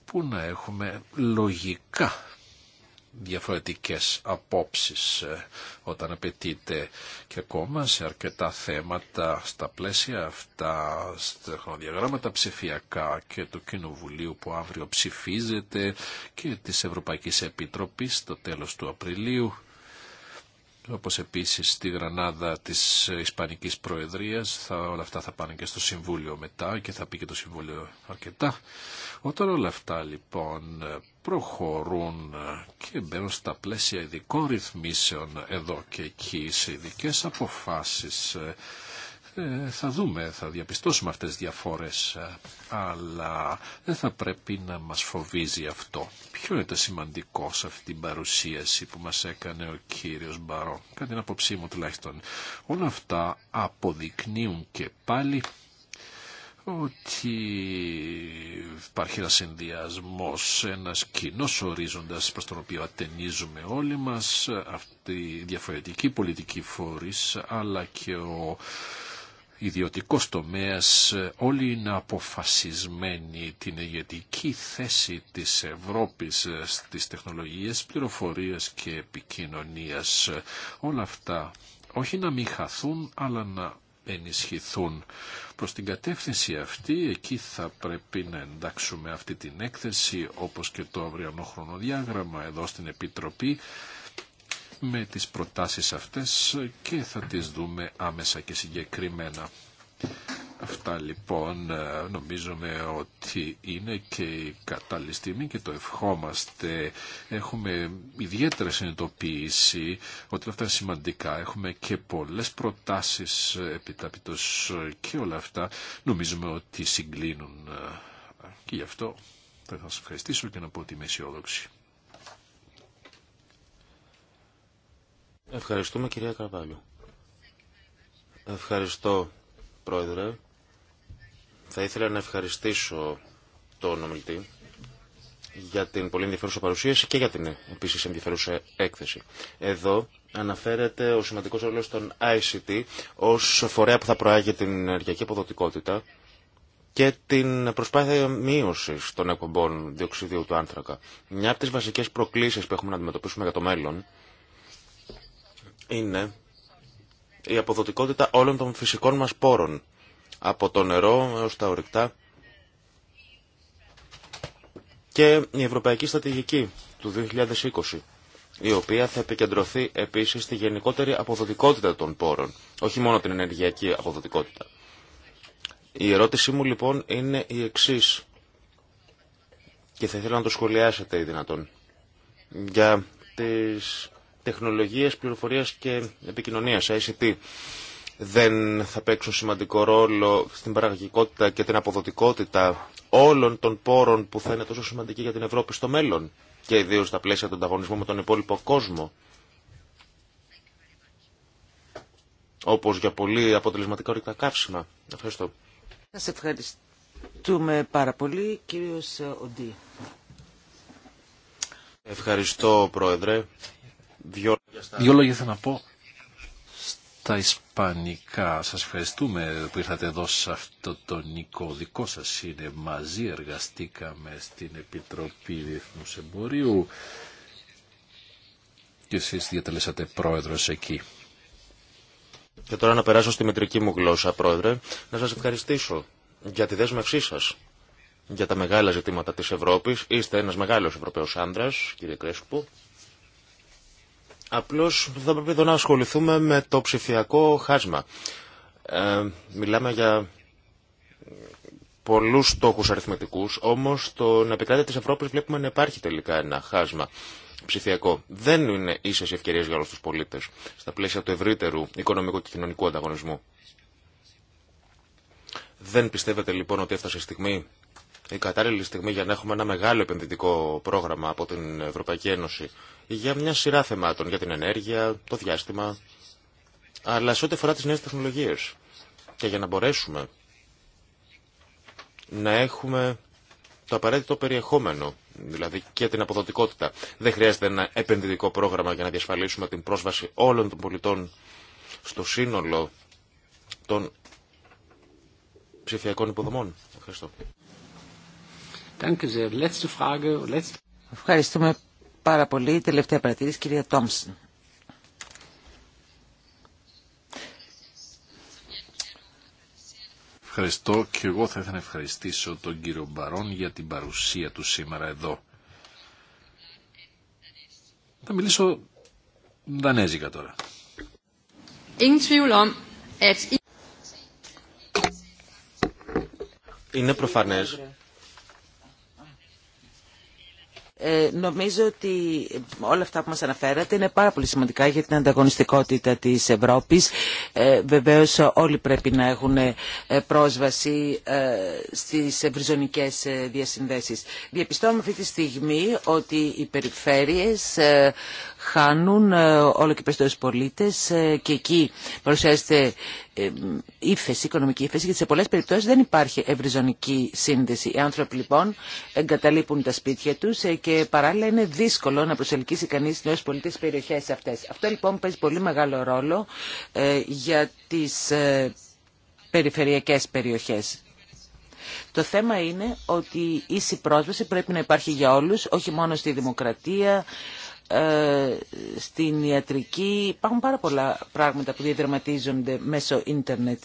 που να έχουμε λογικά διαφορετικές απόψεις ε, όταν απαιτείται και ακόμα σε αρκετά θέματα στα πλαίσια αυτά, στα χρονοδιαγράμματα ψηφιακά και του Κοινοβουλίου που αύριο ψηφίζεται και της Ευρωπαϊκής Επιτροπής το τέλος του Απριλίου όπως επίσης στη Γρανάδα της Ισπανικής Προεδρίας. Θα, όλα αυτά θα πάνε και στο Συμβούλιο μετά και θα πει και το Συμβούλιο αρκετά. Όταν όλα αυτά λοιπόν προχωρούν και μπαίνουν στα πλαίσια ειδικών ρυθμίσεων εδώ και εκεί σε ειδικέ αποφάσεις ε, θα δούμε, θα διαπιστώσουμε αυτές τις διαφορές, αλλά δεν θα πρέπει να μας φοβίζει αυτό. Ποιο είναι το σημαντικό σε αυτή την παρουσίαση που μας έκανε ο κύριος Μπαρό, κατά την άποψή μου τουλάχιστον. Όλα αυτά αποδεικνύουν και πάλι ότι υπάρχει ένας συνδυασμό ένας κοινό ορίζοντας προς τον οποίο ατενίζουμε όλοι μας, αυτή η διαφορετική πολιτική φόρης, αλλά και ο ιδιωτικό τομέας όλοι είναι αποφασισμένοι την ηγετική θέση της Ευρώπης στις τεχνολογίες, πληροφορίας και επικοινωνίας. Όλα αυτά όχι να μην χαθούν αλλά να ενισχυθούν. Προς την κατεύθυνση αυτή, εκεί θα πρέπει να εντάξουμε αυτή την έκθεση, όπως και το αυριανό χρονοδιάγραμμα εδώ στην Επιτροπή, με τις προτάσεις αυτές και θα τις δούμε άμεσα και συγκεκριμένα. Αυτά λοιπόν ε, νομίζουμε ότι είναι και η κατάλληλη στιγμή και το ευχόμαστε. Έχουμε ιδιαίτερη συνειδητοποίηση ότι αυτά είναι σημαντικά. Έχουμε και πολλές προτάσεις επιτάπητος και όλα αυτά νομίζουμε ότι συγκλίνουν. Ε, και γι' αυτό θα σας ευχαριστήσω και να πω ότι είμαι αισιόδοξη. Ευχαριστούμε κυρία Καρβάλιο. Ευχαριστώ πρόεδρε. Θα ήθελα να ευχαριστήσω τον ομιλητή για την πολύ ενδιαφέρουσα παρουσίαση και για την επίσης ενδιαφέρουσα έκθεση. Εδώ αναφέρεται ο σημαντικός ρόλος των ICT ως φορέα που θα προάγει την ενεργειακή αποδοτικότητα και την προσπάθεια μείωση των εκπομπών διοξιδίου του άνθρακα. Μια από τι βασικέ προκλήσει που έχουμε να αντιμετωπίσουμε για το μέλλον είναι η αποδοτικότητα όλων των φυσικών μας πόρων, από το νερό έως τα ορυκτά και η Ευρωπαϊκή Στρατηγική του 2020 η οποία θα επικεντρωθεί επίσης στη γενικότερη αποδοτικότητα των πόρων, όχι μόνο την ενεργειακή αποδοτικότητα. Η ερώτησή μου λοιπόν είναι η εξής και θα ήθελα να το σχολιάσετε ή δυνατόν για τις τεχνολογίες πληροφορίας και επικοινωνίας, ICT, δεν θα παίξουν σημαντικό ρόλο στην παραγωγικότητα και την αποδοτικότητα όλων των πόρων που θα είναι τόσο σημαντικοί για την Ευρώπη στο μέλλον και ιδίω στα πλαίσια του ανταγωνισμού με τον υπόλοιπο κόσμο. Όπως για πολύ αποτελεσματικά ορυκτά καύσιμα. Ευχαριστώ. Σας ευχαριστούμε πάρα πολύ, κύριος Οντί. Ευχαριστώ, Πρόεδρε. Δυο... λόγια θα να πω στα Ισπανικά. Σας ευχαριστούμε που ήρθατε εδώ σε αυτό το νικό δικό σας είναι. Μαζί εργαστήκαμε στην Επιτροπή Διεθνού Εμπορίου και εσείς διατελέσατε πρόεδρος εκεί. Και τώρα να περάσω στη μετρική μου γλώσσα, πρόεδρε, να σας ευχαριστήσω για τη δέσμευσή σας για τα μεγάλα ζητήματα της Ευρώπης. Είστε ένας μεγάλος Ευρωπαίος άντρας, κύριε Κρέσκου, Απλώς θα πρέπει εδώ να ασχοληθούμε με το ψηφιακό χάσμα. Ε, μιλάμε για πολλούς στόχους αριθμητικούς, όμως στον επικράτη της Ευρώπης βλέπουμε να υπάρχει τελικά ένα χάσμα ψηφιακό. Δεν είναι ίσες οι ευκαιρίες για όλους τους πολίτες, στα πλαίσια του ευρύτερου οικονομικού και κοινωνικού ανταγωνισμού. Δεν πιστεύετε λοιπόν ότι έφτασε η στιγμή η κατάλληλη στιγμή για να έχουμε ένα μεγάλο επενδυτικό πρόγραμμα από την Ευρωπαϊκή Ένωση για μια σειρά θεμάτων, για την ενέργεια, το διάστημα, αλλά σε ό,τι αφορά τις νέες τεχνολογίες. Και για να μπορέσουμε να έχουμε το απαραίτητο περιεχόμενο, δηλαδή και την αποδοτικότητα. Δεν χρειάζεται ένα επενδυτικό πρόγραμμα για να διασφαλίσουμε την πρόσβαση όλων των πολιτών στο σύνολο των ψηφιακών υποδομών. Ευχαριστώ. Ευχαριστούμε πάρα πολύ. Τελευταία παρατήρηση, κυρία Τόμσον. Ευχαριστώ και εγώ θα ήθελα να ευχαριστήσω τον κύριο Μπαρόν για την παρουσία του σήμερα εδώ. Θα μιλήσω δανέζικα τώρα. Είναι προφανές ε, νομίζω ότι όλα αυτά που μας αναφέρατε είναι πάρα πολύ σημαντικά για την ανταγωνιστικότητα της Ευρώπης. Ε, βεβαίως όλοι πρέπει να έχουν ε, πρόσβαση στις ευρυζωνικές διασυνδέσεις. Διαπιστώνουμε αυτή τη στιγμή ότι οι περιφέρειες χάνουν ε, όλο και περισσότερους πολίτες ε, και εκεί παρουσιάζεται ε, ύφεση, οικονομική ύφεση, γιατί σε πολλές περιπτώσεις δεν υπάρχει ευρυζωνική σύνδεση. Οι άνθρωποι λοιπόν εγκαταλείπουν τα σπίτια τους και παράλληλα είναι δύσκολο να προσελκύσει κανείς νέους πολίτες περιοχές αυτές. Αυτό λοιπόν παίζει πολύ μεγάλο ρόλο για τις περιφερειακές περιοχές. Το θέμα είναι ότι η ίση πρόσβαση πρέπει να υπάρχει για όλους, όχι μόνο στη δημοκρατία, ε, στην ιατρική. Υπάρχουν πάρα πολλά πράγματα που διαδραματίζονται μέσω ίντερνετ.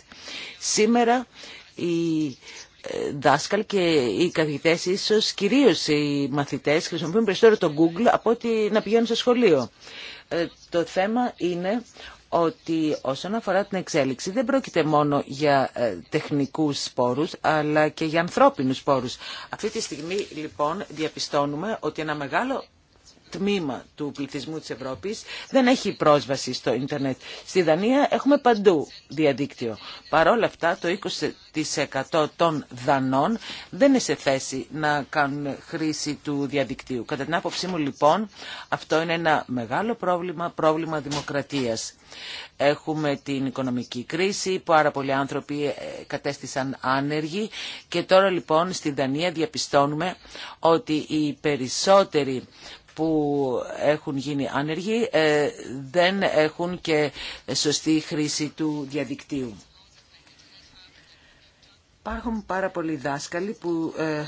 Σήμερα οι ε, δάσκαλοι και οι καθηγητές, ίσως κυρίως οι μαθητές, χρησιμοποιούν περισσότερο το Google από ότι να πηγαίνουν στο σχολείο. Ε, το θέμα είναι ότι όσον αφορά την εξέλιξη δεν πρόκειται μόνο για τεχνικούς σπόρους αλλά και για ανθρώπινους σπόρους. Αυτή τη στιγμή λοιπόν διαπιστώνουμε ότι ένα μεγάλο τμήμα του πληθυσμού της Ευρώπης δεν έχει πρόσβαση στο ίντερνετ. Στη Δανία έχουμε παντού διαδίκτυο. Παρ' όλα αυτά το 20% των Δανών δεν είναι σε θέση να κάνουν χρήση του διαδικτύου. Κατά την άποψή μου λοιπόν αυτό είναι ένα μεγάλο πρόβλημα, πρόβλημα δημοκρατίας. Έχουμε την οικονομική κρίση, που άρα πολλοί άνθρωποι ε, κατέστησαν άνεργοι και τώρα λοιπόν στη Δανία διαπιστώνουμε ότι οι περισσότεροι που έχουν γίνει άνεργοι ε, δεν έχουν και σωστή χρήση του διαδικτύου. Υπάρχουν πάρα πολλοί δάσκαλοι που ε,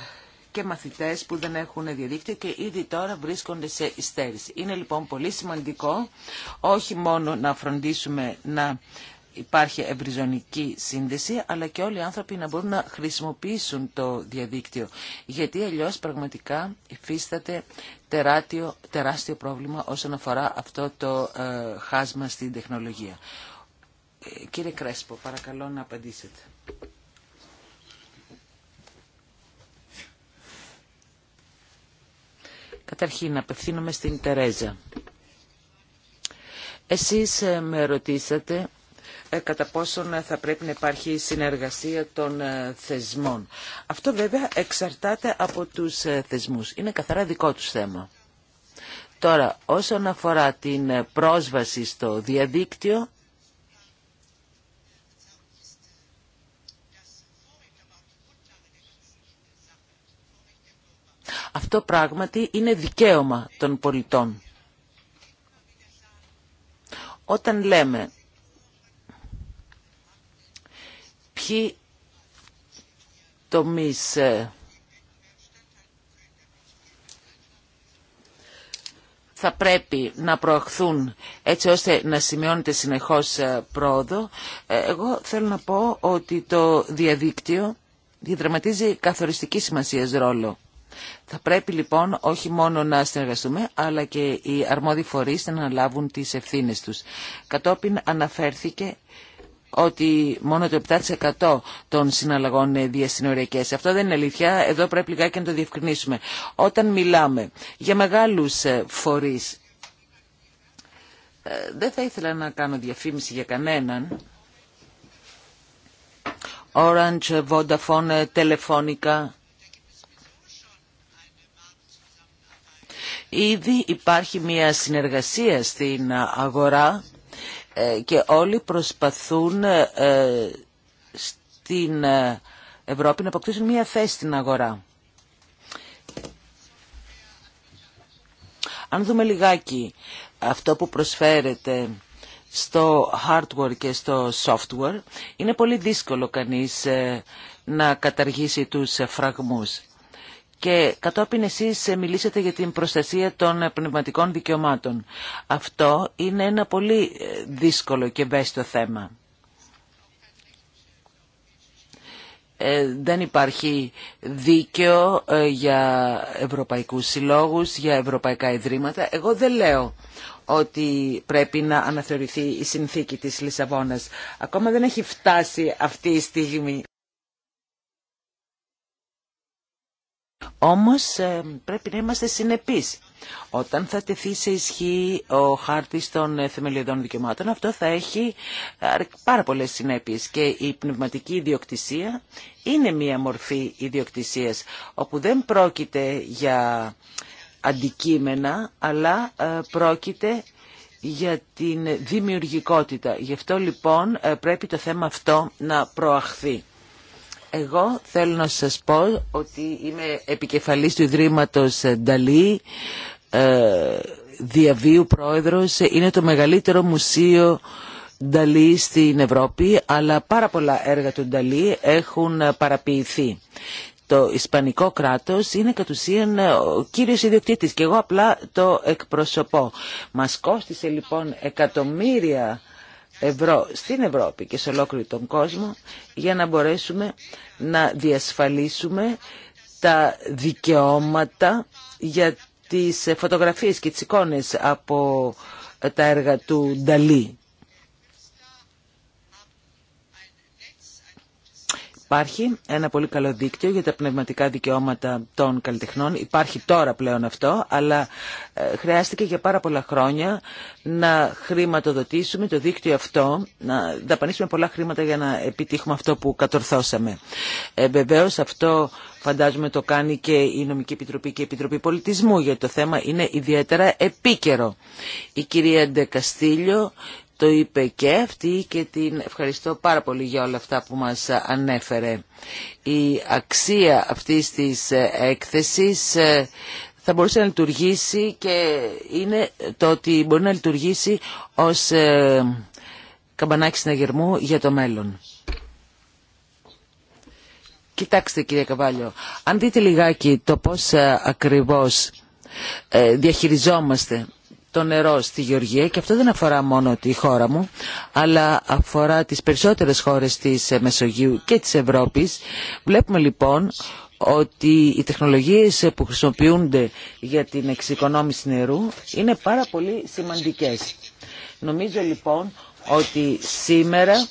και μαθητές που δεν έχουν διαδίκτυο και ήδη τώρα βρίσκονται σε υστέρηση. Είναι λοιπόν πολύ σημαντικό όχι μόνο να φροντίσουμε να υπάρχει ευρυζωνική σύνδεση, αλλά και όλοι οι άνθρωποι να μπορούν να χρησιμοποιήσουν το διαδίκτυο. Γιατί αλλιώς πραγματικά υφίσταται τεράτιο, τεράστιο πρόβλημα όσον αφορά αυτό το ε, χάσμα στην τεχνολογία. Ε, κύριε Κρέσπο, παρακαλώ να απαντήσετε. Καταρχήν, απευθύνομαι στην Τερέζα. Εσείς ε, με ρωτήσατε ε, κατά πόσον θα πρέπει να υπάρχει συνεργασία των ε, θεσμών. Αυτό βέβαια εξαρτάται από τους ε, θεσμούς. Είναι καθαρά δικό τους θέμα. Τώρα, όσον αφορά την πρόσβαση στο διαδίκτυο, αυτό πράγματι είναι δικαίωμα των πολιτών. Όταν λέμε ποιοι τομείς ε, θα πρέπει να προαχθούν έτσι ώστε να σημειώνεται συνεχώς ε, πρόοδο. Ε, εγώ θέλω να πω ότι το διαδίκτυο διαδραματίζει καθοριστική σημασία ρόλο. Θα πρέπει λοιπόν όχι μόνο να συνεργαστούμε, αλλά και οι αρμόδιοι φορείς να αναλάβουν τις ευθύνες τους. Κατόπιν αναφέρθηκε ότι μόνο το 7% των συναλλαγών είναι Αυτό δεν είναι αλήθεια. Εδώ πρέπει λιγάκι να το διευκρινίσουμε. Όταν μιλάμε για μεγάλους ε, φορείς, ε, δεν θα ήθελα να κάνω διαφήμιση για κανέναν. Orange, Vodafone, Telefonica. Ήδη υπάρχει μια συνεργασία στην αγορά ε, και όλοι προσπαθούν ε, στην ε, Ευρώπη να αποκτήσουν μία θέση στην αγορά. Αν δούμε λιγάκι αυτό που προσφέρεται στο hardware και στο software, είναι πολύ δύσκολο κανείς να καταργήσει τους φραγμούς και κατόπιν εσείς μιλήσατε για την προστασία των πνευματικών δικαιωμάτων. Αυτό είναι ένα πολύ ε, δύσκολο και ευαίσθητο θέμα. Ε, δεν υπάρχει δίκαιο ε, για ευρωπαϊκούς συλλόγους, για ευρωπαϊκά ιδρύματα. Εγώ δεν λέω ότι πρέπει να αναθεωρηθεί η συνθήκη της Λισαβόνας. Ακόμα δεν έχει φτάσει αυτή η στιγμή. Όμως ε, πρέπει να είμαστε συνεπείς. Όταν θα τεθεί σε ισχύ ο χάρτης των ε, θεμελιωδών δικαιωμάτων, αυτό θα έχει ε, πάρα πολλές συνέπειες και η πνευματική ιδιοκτησία είναι μία μορφή ιδιοκτησίας, όπου δεν πρόκειται για αντικείμενα, αλλά πρόκειται για την δημιουργικότητα. Γι' αυτό λοιπόν πρέπει το θέμα αυτό να προαχθεί. Εγώ θέλω να σας πω ότι είμαι επικεφαλής του Ιδρύματος Νταλή, ε, διαβίου πρόεδρος. Είναι το μεγαλύτερο μουσείο Νταλή στην Ευρώπη, αλλά πάρα πολλά έργα του Νταλή έχουν παραποιηθεί. Το Ισπανικό κράτος είναι κατ' ουσίαν ε, ο κύριος ιδιοκτήτης και εγώ απλά το εκπροσωπώ. Μας κόστισε λοιπόν εκατομμύρια ευρώ στην Ευρώπη και σε ολόκληρο τον κόσμο για να μπορέσουμε να διασφαλίσουμε τα δικαιώματα για τις φωτογραφίες και τις εικόνες από τα έργα του Νταλή. Υπάρχει ένα πολύ καλό δίκτυο για τα πνευματικά δικαιώματα των καλλιτεχνών. Υπάρχει τώρα πλέον αυτό, αλλά ε, χρειάστηκε για πάρα πολλά χρόνια να χρηματοδοτήσουμε το δίκτυο αυτό, να δαπανίσουμε πολλά χρήματα για να επιτύχουμε αυτό που κατορθώσαμε. Ε, Βεβαίω αυτό φαντάζομαι το κάνει και η Νομική Επιτροπή και η Επιτροπή Πολιτισμού, γιατί το θέμα είναι ιδιαίτερα επίκαιρο. Η κυρία Ντεκαστήλιο το είπε και αυτή και την ευχαριστώ πάρα πολύ για όλα αυτά που μας ανέφερε. Η αξία αυτής της έκθεσης ε, θα μπορούσε να λειτουργήσει και είναι το ότι μπορεί να λειτουργήσει ως ε, καμπανάκι συναγερμού για το μέλλον. Κοιτάξτε κύριε Καβάλιο, αν δείτε λιγάκι το πώς ε, ακριβώς διαχειριζόμαστε το νερό στη Γεωργία και αυτό δεν αφορά μόνο τη χώρα μου αλλά αφορά τις περισσότερες χώρες της ε, Μεσογείου και της Ευρώπης. Βλέπουμε λοιπόν ότι οι τεχνολογίες ε, που χρησιμοποιούνται για την εξοικονόμηση νερού είναι πάρα πολύ σημαντικές. Νομίζω λοιπόν ότι σήμερα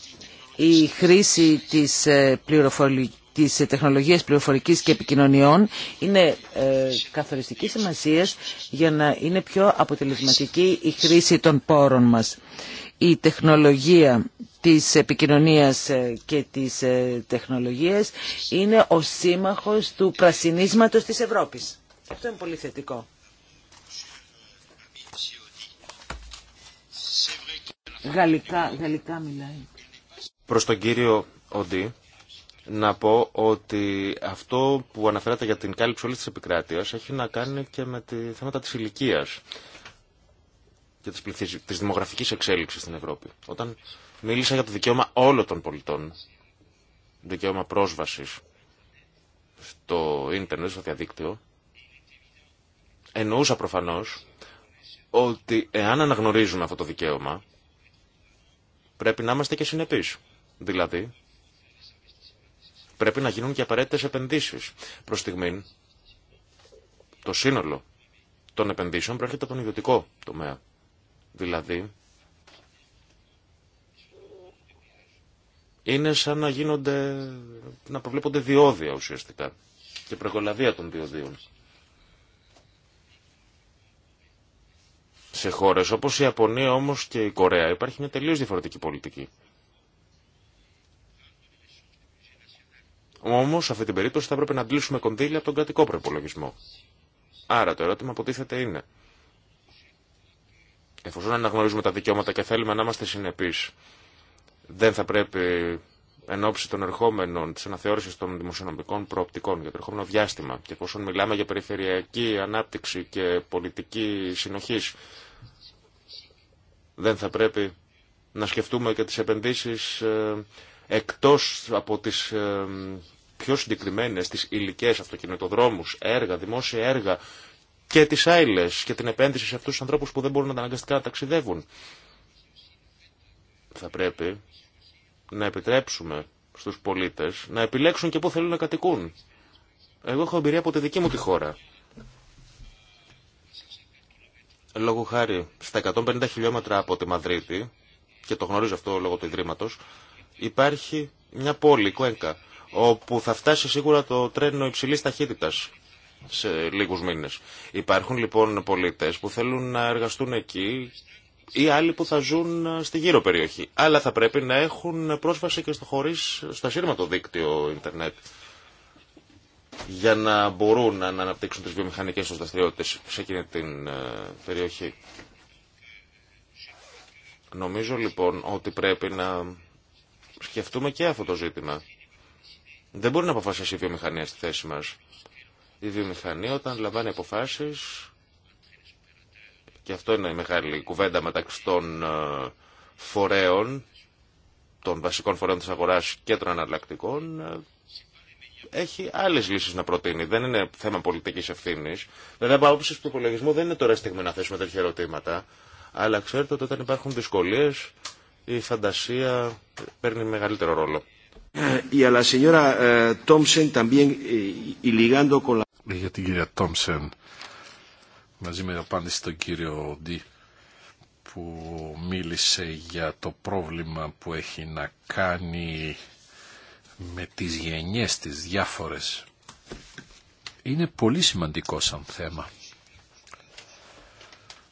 η χρήση της ε, πληροφορικής τις τεχνολογίες πληροφορικής και επικοινωνιών είναι ε, καθοριστική σημασία για να είναι πιο αποτελεσματική η χρήση των πόρων μας. Η τεχνολογία της επικοινωνίας ε, και της ε, τεχνολογίας είναι ο σύμμαχος του πρασινίσματος της Ευρώπης. Αυτό είναι πολύ θετικό. Γαλλικά, γαλλικά μιλάει. Προς τον κύριο να πω ότι αυτό που αναφέρατε για την κάλυψη όλη τη επικράτεια έχει να κάνει και με τη θέματα τη ηλικία και τη της, δημογραφική εξέλιξη στην Ευρώπη. Όταν μίλησα για το δικαίωμα όλων των πολιτών, δικαίωμα πρόσβαση στο ίντερνετ, στο διαδίκτυο, εννοούσα προφανώ ότι εάν αναγνωρίζουμε αυτό το δικαίωμα, πρέπει να είμαστε και συνεπεί. Δηλαδή, Πρέπει να γίνουν και απαραίτητε επενδύσει. Προ στιγμή, το σύνολο των επενδύσεων προέρχεται από τον ιδιωτικό τομέα. Δηλαδή, είναι σαν να γίνονται, να προβλέπονται διόδια ουσιαστικά και προκολαβία των διοδίων. Σε χώρες όπως η Ιαπωνία όμως και η Κορέα υπάρχει μια τελείως διαφορετική πολιτική. Όμω, σε αυτή την περίπτωση θα έπρεπε να αντλήσουμε κονδύλια από τον κρατικό προπολογισμό. Άρα το ερώτημα που τίθεται είναι, εφόσον αναγνωρίζουμε τα δικαιώματα και θέλουμε να είμαστε συνεπεί, δεν θα πρέπει εν ώψη των ερχόμενων τη αναθεώρηση των δημοσιονομικών προοπτικών για το ερχόμενο διάστημα και εφόσον μιλάμε για περιφερειακή ανάπτυξη και πολιτική συνοχή, δεν θα πρέπει να σκεφτούμε και τι επενδύσει ε, εκτός από τις ε, πιο συγκεκριμένες, τις υλικέ αυτοκινητοδρόμους, έργα, δημόσια έργα και τις άιλες και την επένδυση σε αυτούς τους ανθρώπους που δεν μπορούν να τα αναγκαστικά να ταξιδεύουν. Θα πρέπει να επιτρέψουμε στους πολίτες να επιλέξουν και πού θέλουν να κατοικούν. Εγώ έχω εμπειρία από τη δική μου τη χώρα. Λόγω χάρη, στα 150 χιλιόμετρα από τη Μαδρίτη, και το γνωρίζω αυτό λόγω του Ιδρύματος, υπάρχει μια πόλη, Κουέγκα, όπου θα φτάσει σίγουρα το τρένο υψηλή ταχύτητα σε λίγους μήνες. Υπάρχουν λοιπόν πολίτε που θέλουν να εργαστούν εκεί ή άλλοι που θα ζουν στη γύρω περιοχή. Αλλά θα πρέπει να έχουν πρόσβαση και στο χωρί στο ασύρματο δίκτυο ίντερνετ για να μπορούν να αναπτύξουν τις βιομηχανικές τους δραστηριότητε σε εκείνη την ε, περιοχή. Νομίζω λοιπόν ότι πρέπει να σκεφτούμε και αυτό το ζήτημα. Δεν μπορεί να αποφασίσει η βιομηχανία στη θέση μα. Η βιομηχανία όταν λαμβάνει αποφάσει και αυτό είναι η μεγάλη κουβέντα μεταξύ των ε, φορέων, των βασικών φορέων της αγοράς και των αναλλακτικών, ε, έχει άλλε λύσει να προτείνει. Δεν είναι θέμα πολιτική ευθύνη. Βέβαια, από άποψη του υπολογισμού δεν είναι τώρα στιγμή να θέσουμε τέτοια ερωτήματα. Αλλά ξέρετε ότι όταν υπάρχουν δυσκολίε, η φαντασία παίρνει μεγαλύτερο ρόλο. Για την κυρία Τόμσεν, μαζί με απάντηση στον κύριο Ντί, που μίλησε για το πρόβλημα που έχει να κάνει με τις γενιές τις διάφορες. Είναι πολύ σημαντικό σαν θέμα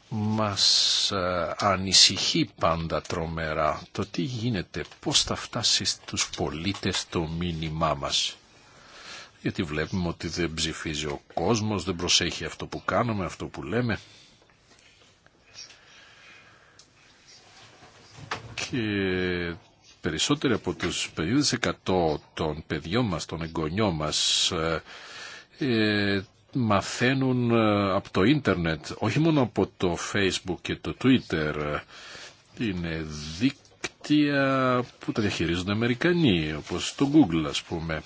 μας ε, ανησυχεί πάντα τρομερά το τι γίνεται, πώς θα φτάσει στους πολίτες το μήνυμά μας. Γιατί βλέπουμε ότι δεν ψηφίζει ο κόσμος, δεν προσέχει αυτό που κάνουμε, αυτό που λέμε. Και περισσότεροι από τους 50% των παιδιών μας, των εγγονιών μας, ε, ε, μαθαίνουν ε, από το ίντερνετ, όχι μόνο από το facebook και το twitter. Ε, είναι δίκτυα που τα διαχειρίζονται Αμερικανοί, όπως το Google ας πούμε.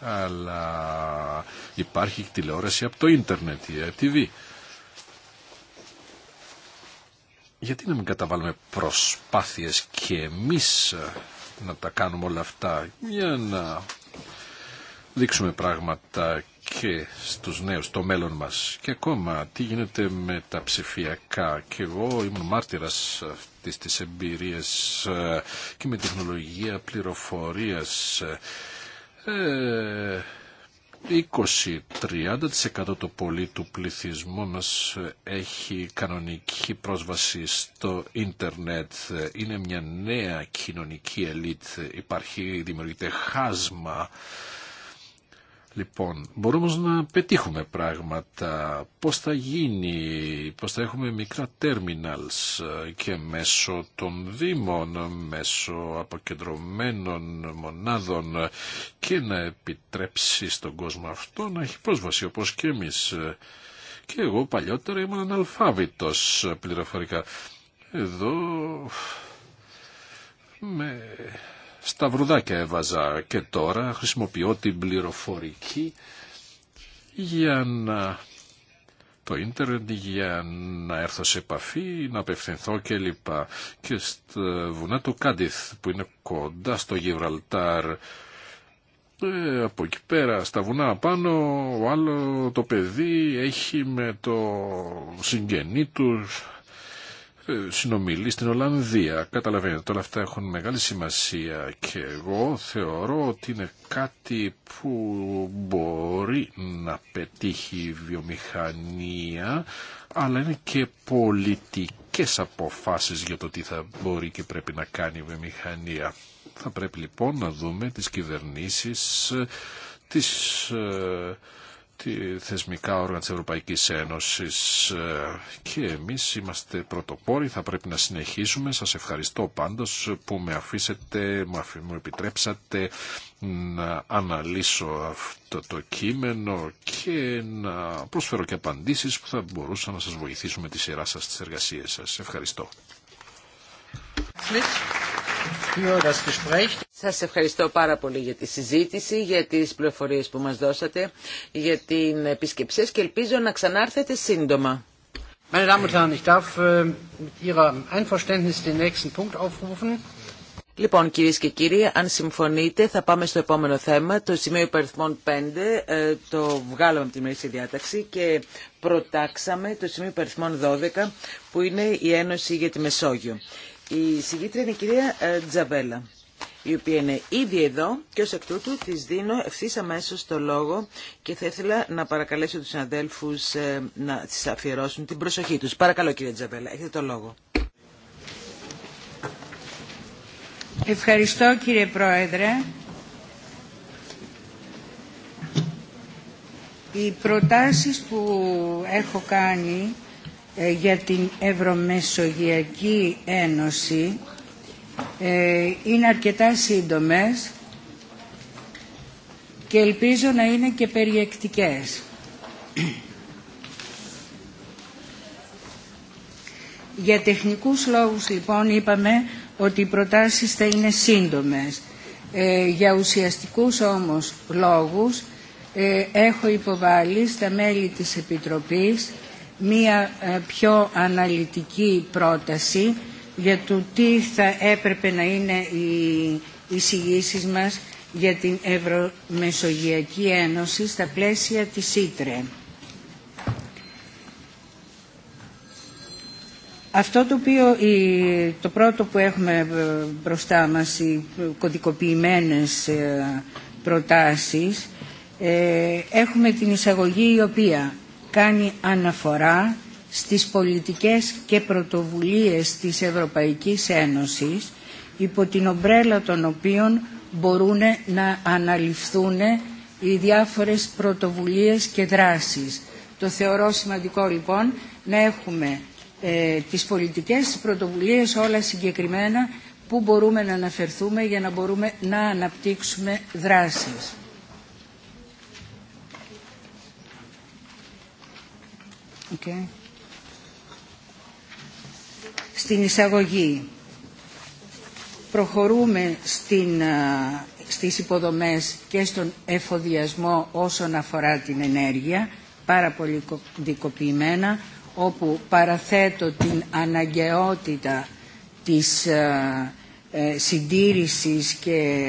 Αλλά υπάρχει τηλεόραση από το ίντερνετ, η TV. Ε Γιατί να μην καταβάλουμε προσπάθειες και εμείς να τα κάνουμε όλα αυτά για να δείξουμε πράγματα και στους νέους το μέλλον μας. Και ακόμα τι γίνεται με τα ψηφιακά. Και εγώ ήμουν μάρτυρας αυτής της εμπειρίας ε, και με τεχνολογία πληροφορίας. Ε, 20-30% το πολύ του πληθυσμού μας έχει κανονική πρόσβαση στο ίντερνετ. Είναι μια νέα κοινωνική ελίτ. Υπάρχει, δημιουργείται χάσμα Λοιπόν, μπορούμε να πετύχουμε πράγματα. Πώς θα γίνει, πώς θα έχουμε μικρά terminals ε, και μέσω των δήμων, μέσω αποκεντρωμένων μονάδων ε, και να επιτρέψει στον κόσμο αυτό να έχει πρόσβαση όπως και εμείς. Ε, και εγώ παλιότερα ήμουν αναλφάβητος πληροφορικά. Εδώ με στα βρουδάκια έβαζα και τώρα χρησιμοποιώ την πληροφορική για να το ίντερνετ για να έρθω σε επαφή, να απευθυνθώ κλπ. Και στα βουνά του Κάντιθ που είναι κοντά στο Γιβραλτάρ ε, από εκεί πέρα στα βουνά πάνω ο άλλο το παιδί έχει με το συγγενή του συνομιλεί στην Ολλανδία. Καταλαβαίνετε, όλα αυτά έχουν μεγάλη σημασία και εγώ θεωρώ ότι είναι κάτι που μπορεί να πετύχει η βιομηχανία, αλλά είναι και πολιτικές αποφάσεις για το τι θα μπορεί και πρέπει να κάνει η βιομηχανία. Θα πρέπει λοιπόν να δούμε τις κυβερνήσεις, τις ε, θεσμικά όργανα της Ευρωπαϊκής Ένωσης ε, και εμείς είμαστε πρωτοπόροι, θα πρέπει να συνεχίσουμε. Σας ευχαριστώ πάντως που με αφήσετε, μου επιτρέψατε να αναλύσω αυτό το κείμενο και να προσφέρω και απαντήσεις που θα μπορούσα να σας βοηθήσουμε με τη σειρά σας τις εργασίες σας. Ευχαριστώ. Σας ευχαριστώ πάρα πολύ για τη συζήτηση, για τις πληροφορίες που μας δώσατε, για την επισκεψή και ελπίζω να ξανάρθετε σύντομα. Meine ich darf äh, mit Einverständnis den nächsten Punkt aufrufen. Λοιπόν, κυρίε και κύριοι, αν συμφωνείτε, θα πάμε στο επόμενο θέμα, το σημείο υπεριθμών 5. Ε, το βγάλαμε από τη μερική διάταξη και προτάξαμε το σημείο υπεριθμών 12, που είναι η Ένωση για τη Μεσόγειο. Η συγγήτρια είναι η κυρία ε, Τζαβέλα, η οποία είναι ήδη εδώ και ως εκ τούτου της δίνω ευθύ αμέσω το λόγο και θα ήθελα να παρακαλέσω τους συναδέλφους ε, να τις αφιερώσουν την προσοχή τους. Παρακαλώ κυρία Τζαβέλα, έχετε το λόγο. Ευχαριστώ κύριε Πρόεδρε. Οι προτάσεις που έχω κάνει ε, για την Ευρωμεσογειακή Ένωση ε, είναι αρκετά σύντομες και ελπίζω να είναι και περιεκτικές. Για τεχνικούς λόγους λοιπόν είπαμε ότι οι προτάσεις θα είναι σύντομες. Ε, για ουσιαστικούς όμως λόγους έχω υποβάλει στα μέλη της Επιτροπής μία ε, πιο αναλυτική πρόταση για το τι θα έπρεπε να είναι οι εισηγήσει μας για την Ευρωμεσογειακή Ένωση στα πλαίσια της Ήτρε. Αυτό το οποίο το πρώτο που έχουμε ε, μπροστά μας, οι κωδικοποιημένες ε, προτάσεις, έχουμε την εισαγωγή η οποία κάνει αναφορά στις πολιτικές και πρωτοβουλίες της Ευρωπαϊκής Ένωσης υπό την ομπρέλα των οποίων μπορούν να αναλυφθούν οι διάφορες πρωτοβουλίες και δράσεις. Το θεωρώ σημαντικό λοιπόν να έχουμε ε, τις πολιτικές, πρωτοβουλίες όλα συγκεκριμένα που μπορούμε να αναφερθούμε για να μπορούμε να αναπτύξουμε δράσεις. Στην εισαγωγή προχωρούμε στην, στις υποδομές και στον εφοδιασμό όσον αφορά την ενέργεια, πάρα πολύ δικοποιημένα, όπου παραθέτω την αναγκαιότητα της ε, συντήρησης και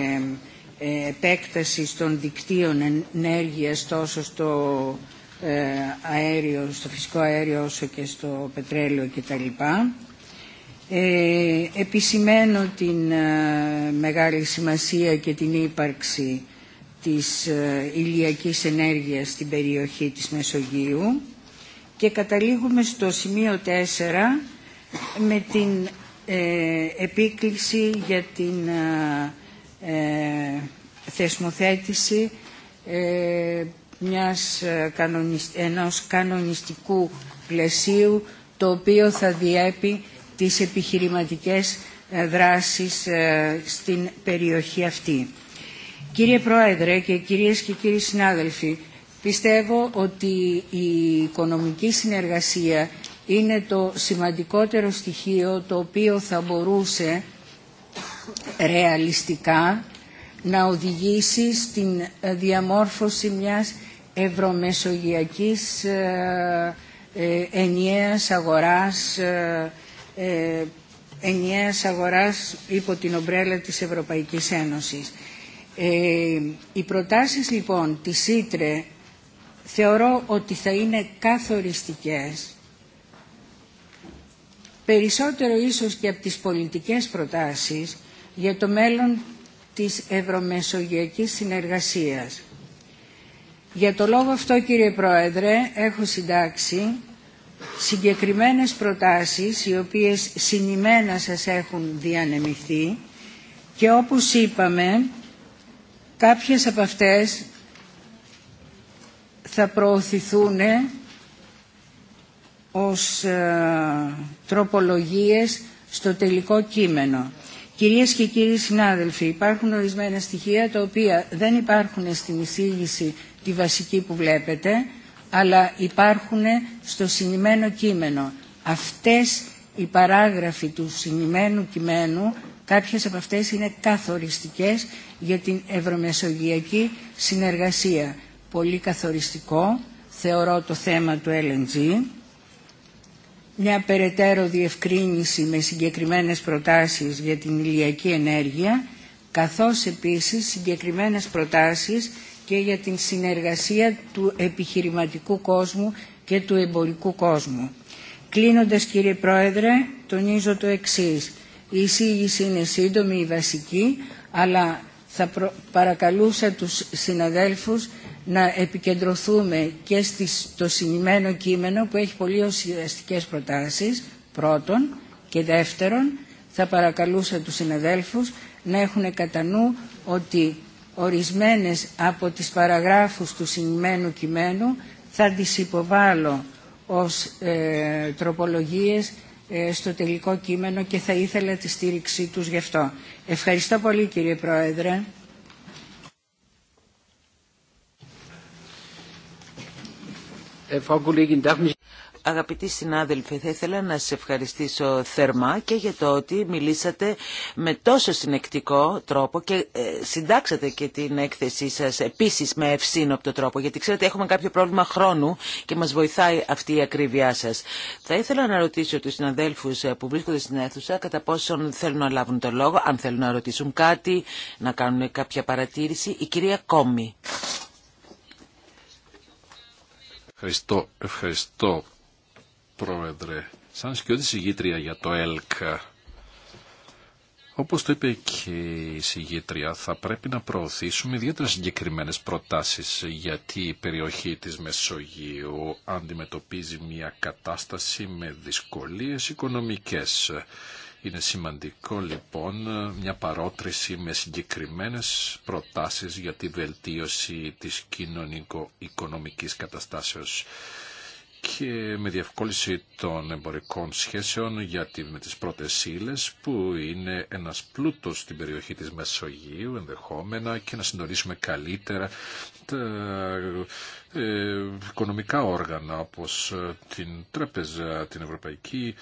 ε, επέκτασης των δικτύων ενέργειας τόσο στο ε, αέριο, στο φυσικό αέριο όσο και στο πετρέλαιο κτλ. Ε, επισημαίνω την ε, μεγάλη σημασία και την ύπαρξη της ε, ηλιακής ενέργειας στην περιοχή της Μεσογείου και καταλήγουμε στο σημείο 4 με την ε, επίκληση για την θεσμοθέτηση μιας, ε, ενός κανονιστικού πλαισίου το οποίο θα διέπει τις επιχειρηματικές ε, δράσεις ε, στην περιοχή αυτή. Κύριε Πρόεδρε και κυρίες και κύριοι συνάδελφοι, πιστεύω ότι η οικονομική συνεργασία είναι το σημαντικότερο στοιχείο το οποίο θα μπορούσε ρεαλιστικά να οδηγήσει στην διαμόρφωση μιας ευρωμεσογειακής ε, ε, ενιαίας αγοράς ε, αγοράς υπό την ομπρέλα της Ευρωπαϊκής Ένωσης. οι προτάσεις λοιπόν της Ήτρε θεωρώ ότι θα είναι καθοριστικές περισσότερο ίσως και από τις πολιτικές προτάσεις για το μέλλον της ευρωμεσογειακής συνεργασίας για το λόγο αυτό κύριε Πρόεδρε έχω συντάξει συγκεκριμένες προτάσεις οι οποίες συνημένα σας έχουν διανεμηθεί και όπως είπαμε κάποιες από αυτές θα προωθηθούν ως ε, τροπολογίες στο τελικό κείμενο. Κυρίες και κύριοι συνάδελφοι, υπάρχουν ορισμένα στοιχεία τα οποία δεν υπάρχουν στην εισήγηση τη βασική που βλέπετε, αλλά υπάρχουν στο συνημένο κείμενο. Αυτές οι παράγραφοι του συνημένου κειμένου, κάποιες από αυτές είναι καθοριστικές για την ευρωμεσογειακή συνεργασία. Πολύ καθοριστικό θεωρώ το θέμα του LNG μια περαιτέρω διευκρίνηση με συγκεκριμένες προτάσεις για την ηλιακή ενέργεια, καθώς επίσης συγκεκριμένες προτάσεις και για την συνεργασία του επιχειρηματικού κόσμου και του εμπορικού κόσμου. Κλείνοντας κύριε Πρόεδρε, τονίζω το εξής. Η εισήγηση είναι σύντομη, η βασική, αλλά θα παρακαλούσα τους συναδέλφους να επικεντρωθούμε και στο συνημένο κείμενο που έχει πολύ ουσιαστικές προτάσεις πρώτον και δεύτερον θα παρακαλούσα τους συναδέλφους να έχουν κατά νου ότι ορισμένες από τις παραγράφους του συνημένου κειμένου θα τις υποβάλω ως ε, τροπολογίες ε, στο τελικό κείμενο και θα ήθελα τη στήριξή τους γι' αυτό. Ευχαριστώ πολύ κύριε Πρόεδρε. Ε, Αγαπητοί συνάδελφοι, θα ήθελα να σας ευχαριστήσω θερμά και για το ότι μιλήσατε με τόσο συνεκτικό τρόπο και ε, συντάξατε και την έκθεσή σας επίσης με ευσύνοπτο τρόπο, γιατί ξέρετε έχουμε κάποιο πρόβλημα χρόνου και μας βοηθάει αυτή η ακρίβειά σας. Θα ήθελα να ρωτήσω τους συναδέλφους ε, που βρίσκονται στην αίθουσα κατά πόσον θέλουν να λάβουν το λόγο, αν θέλουν να ρωτήσουν κάτι, να κάνουν κάποια παρατήρηση. Η κυρία Κόμη. Ευχαριστώ, ευχαριστώ Πρόεδρε, σαν σκιώδη συγγήτρια για το ΕΛΚ, όπως το είπε και η συγγήτρια, θα πρέπει να προωθήσουμε ιδιαίτερα συγκεκριμένε προτάσεις γιατί η περιοχή της Μεσογείου αντιμετωπίζει μια κατάσταση με δυσκολίες οικονομικές. Είναι σημαντικό λοιπόν μια παρότριση με συγκεκριμένες προτάσεις για τη βελτίωση της κοινωνικο-οικονομικής καταστάσεως και με διευκόλυνση των εμπορικών σχέσεων γιατί με τις πρώτες ύλε που είναι ένας πλούτος στην περιοχή της Μεσογείου ενδεχόμενα και να συντονίσουμε καλύτερα τα ε, οικονομικά όργανα όπως ε, την Τρέπεζα, την ευρωπαϊκή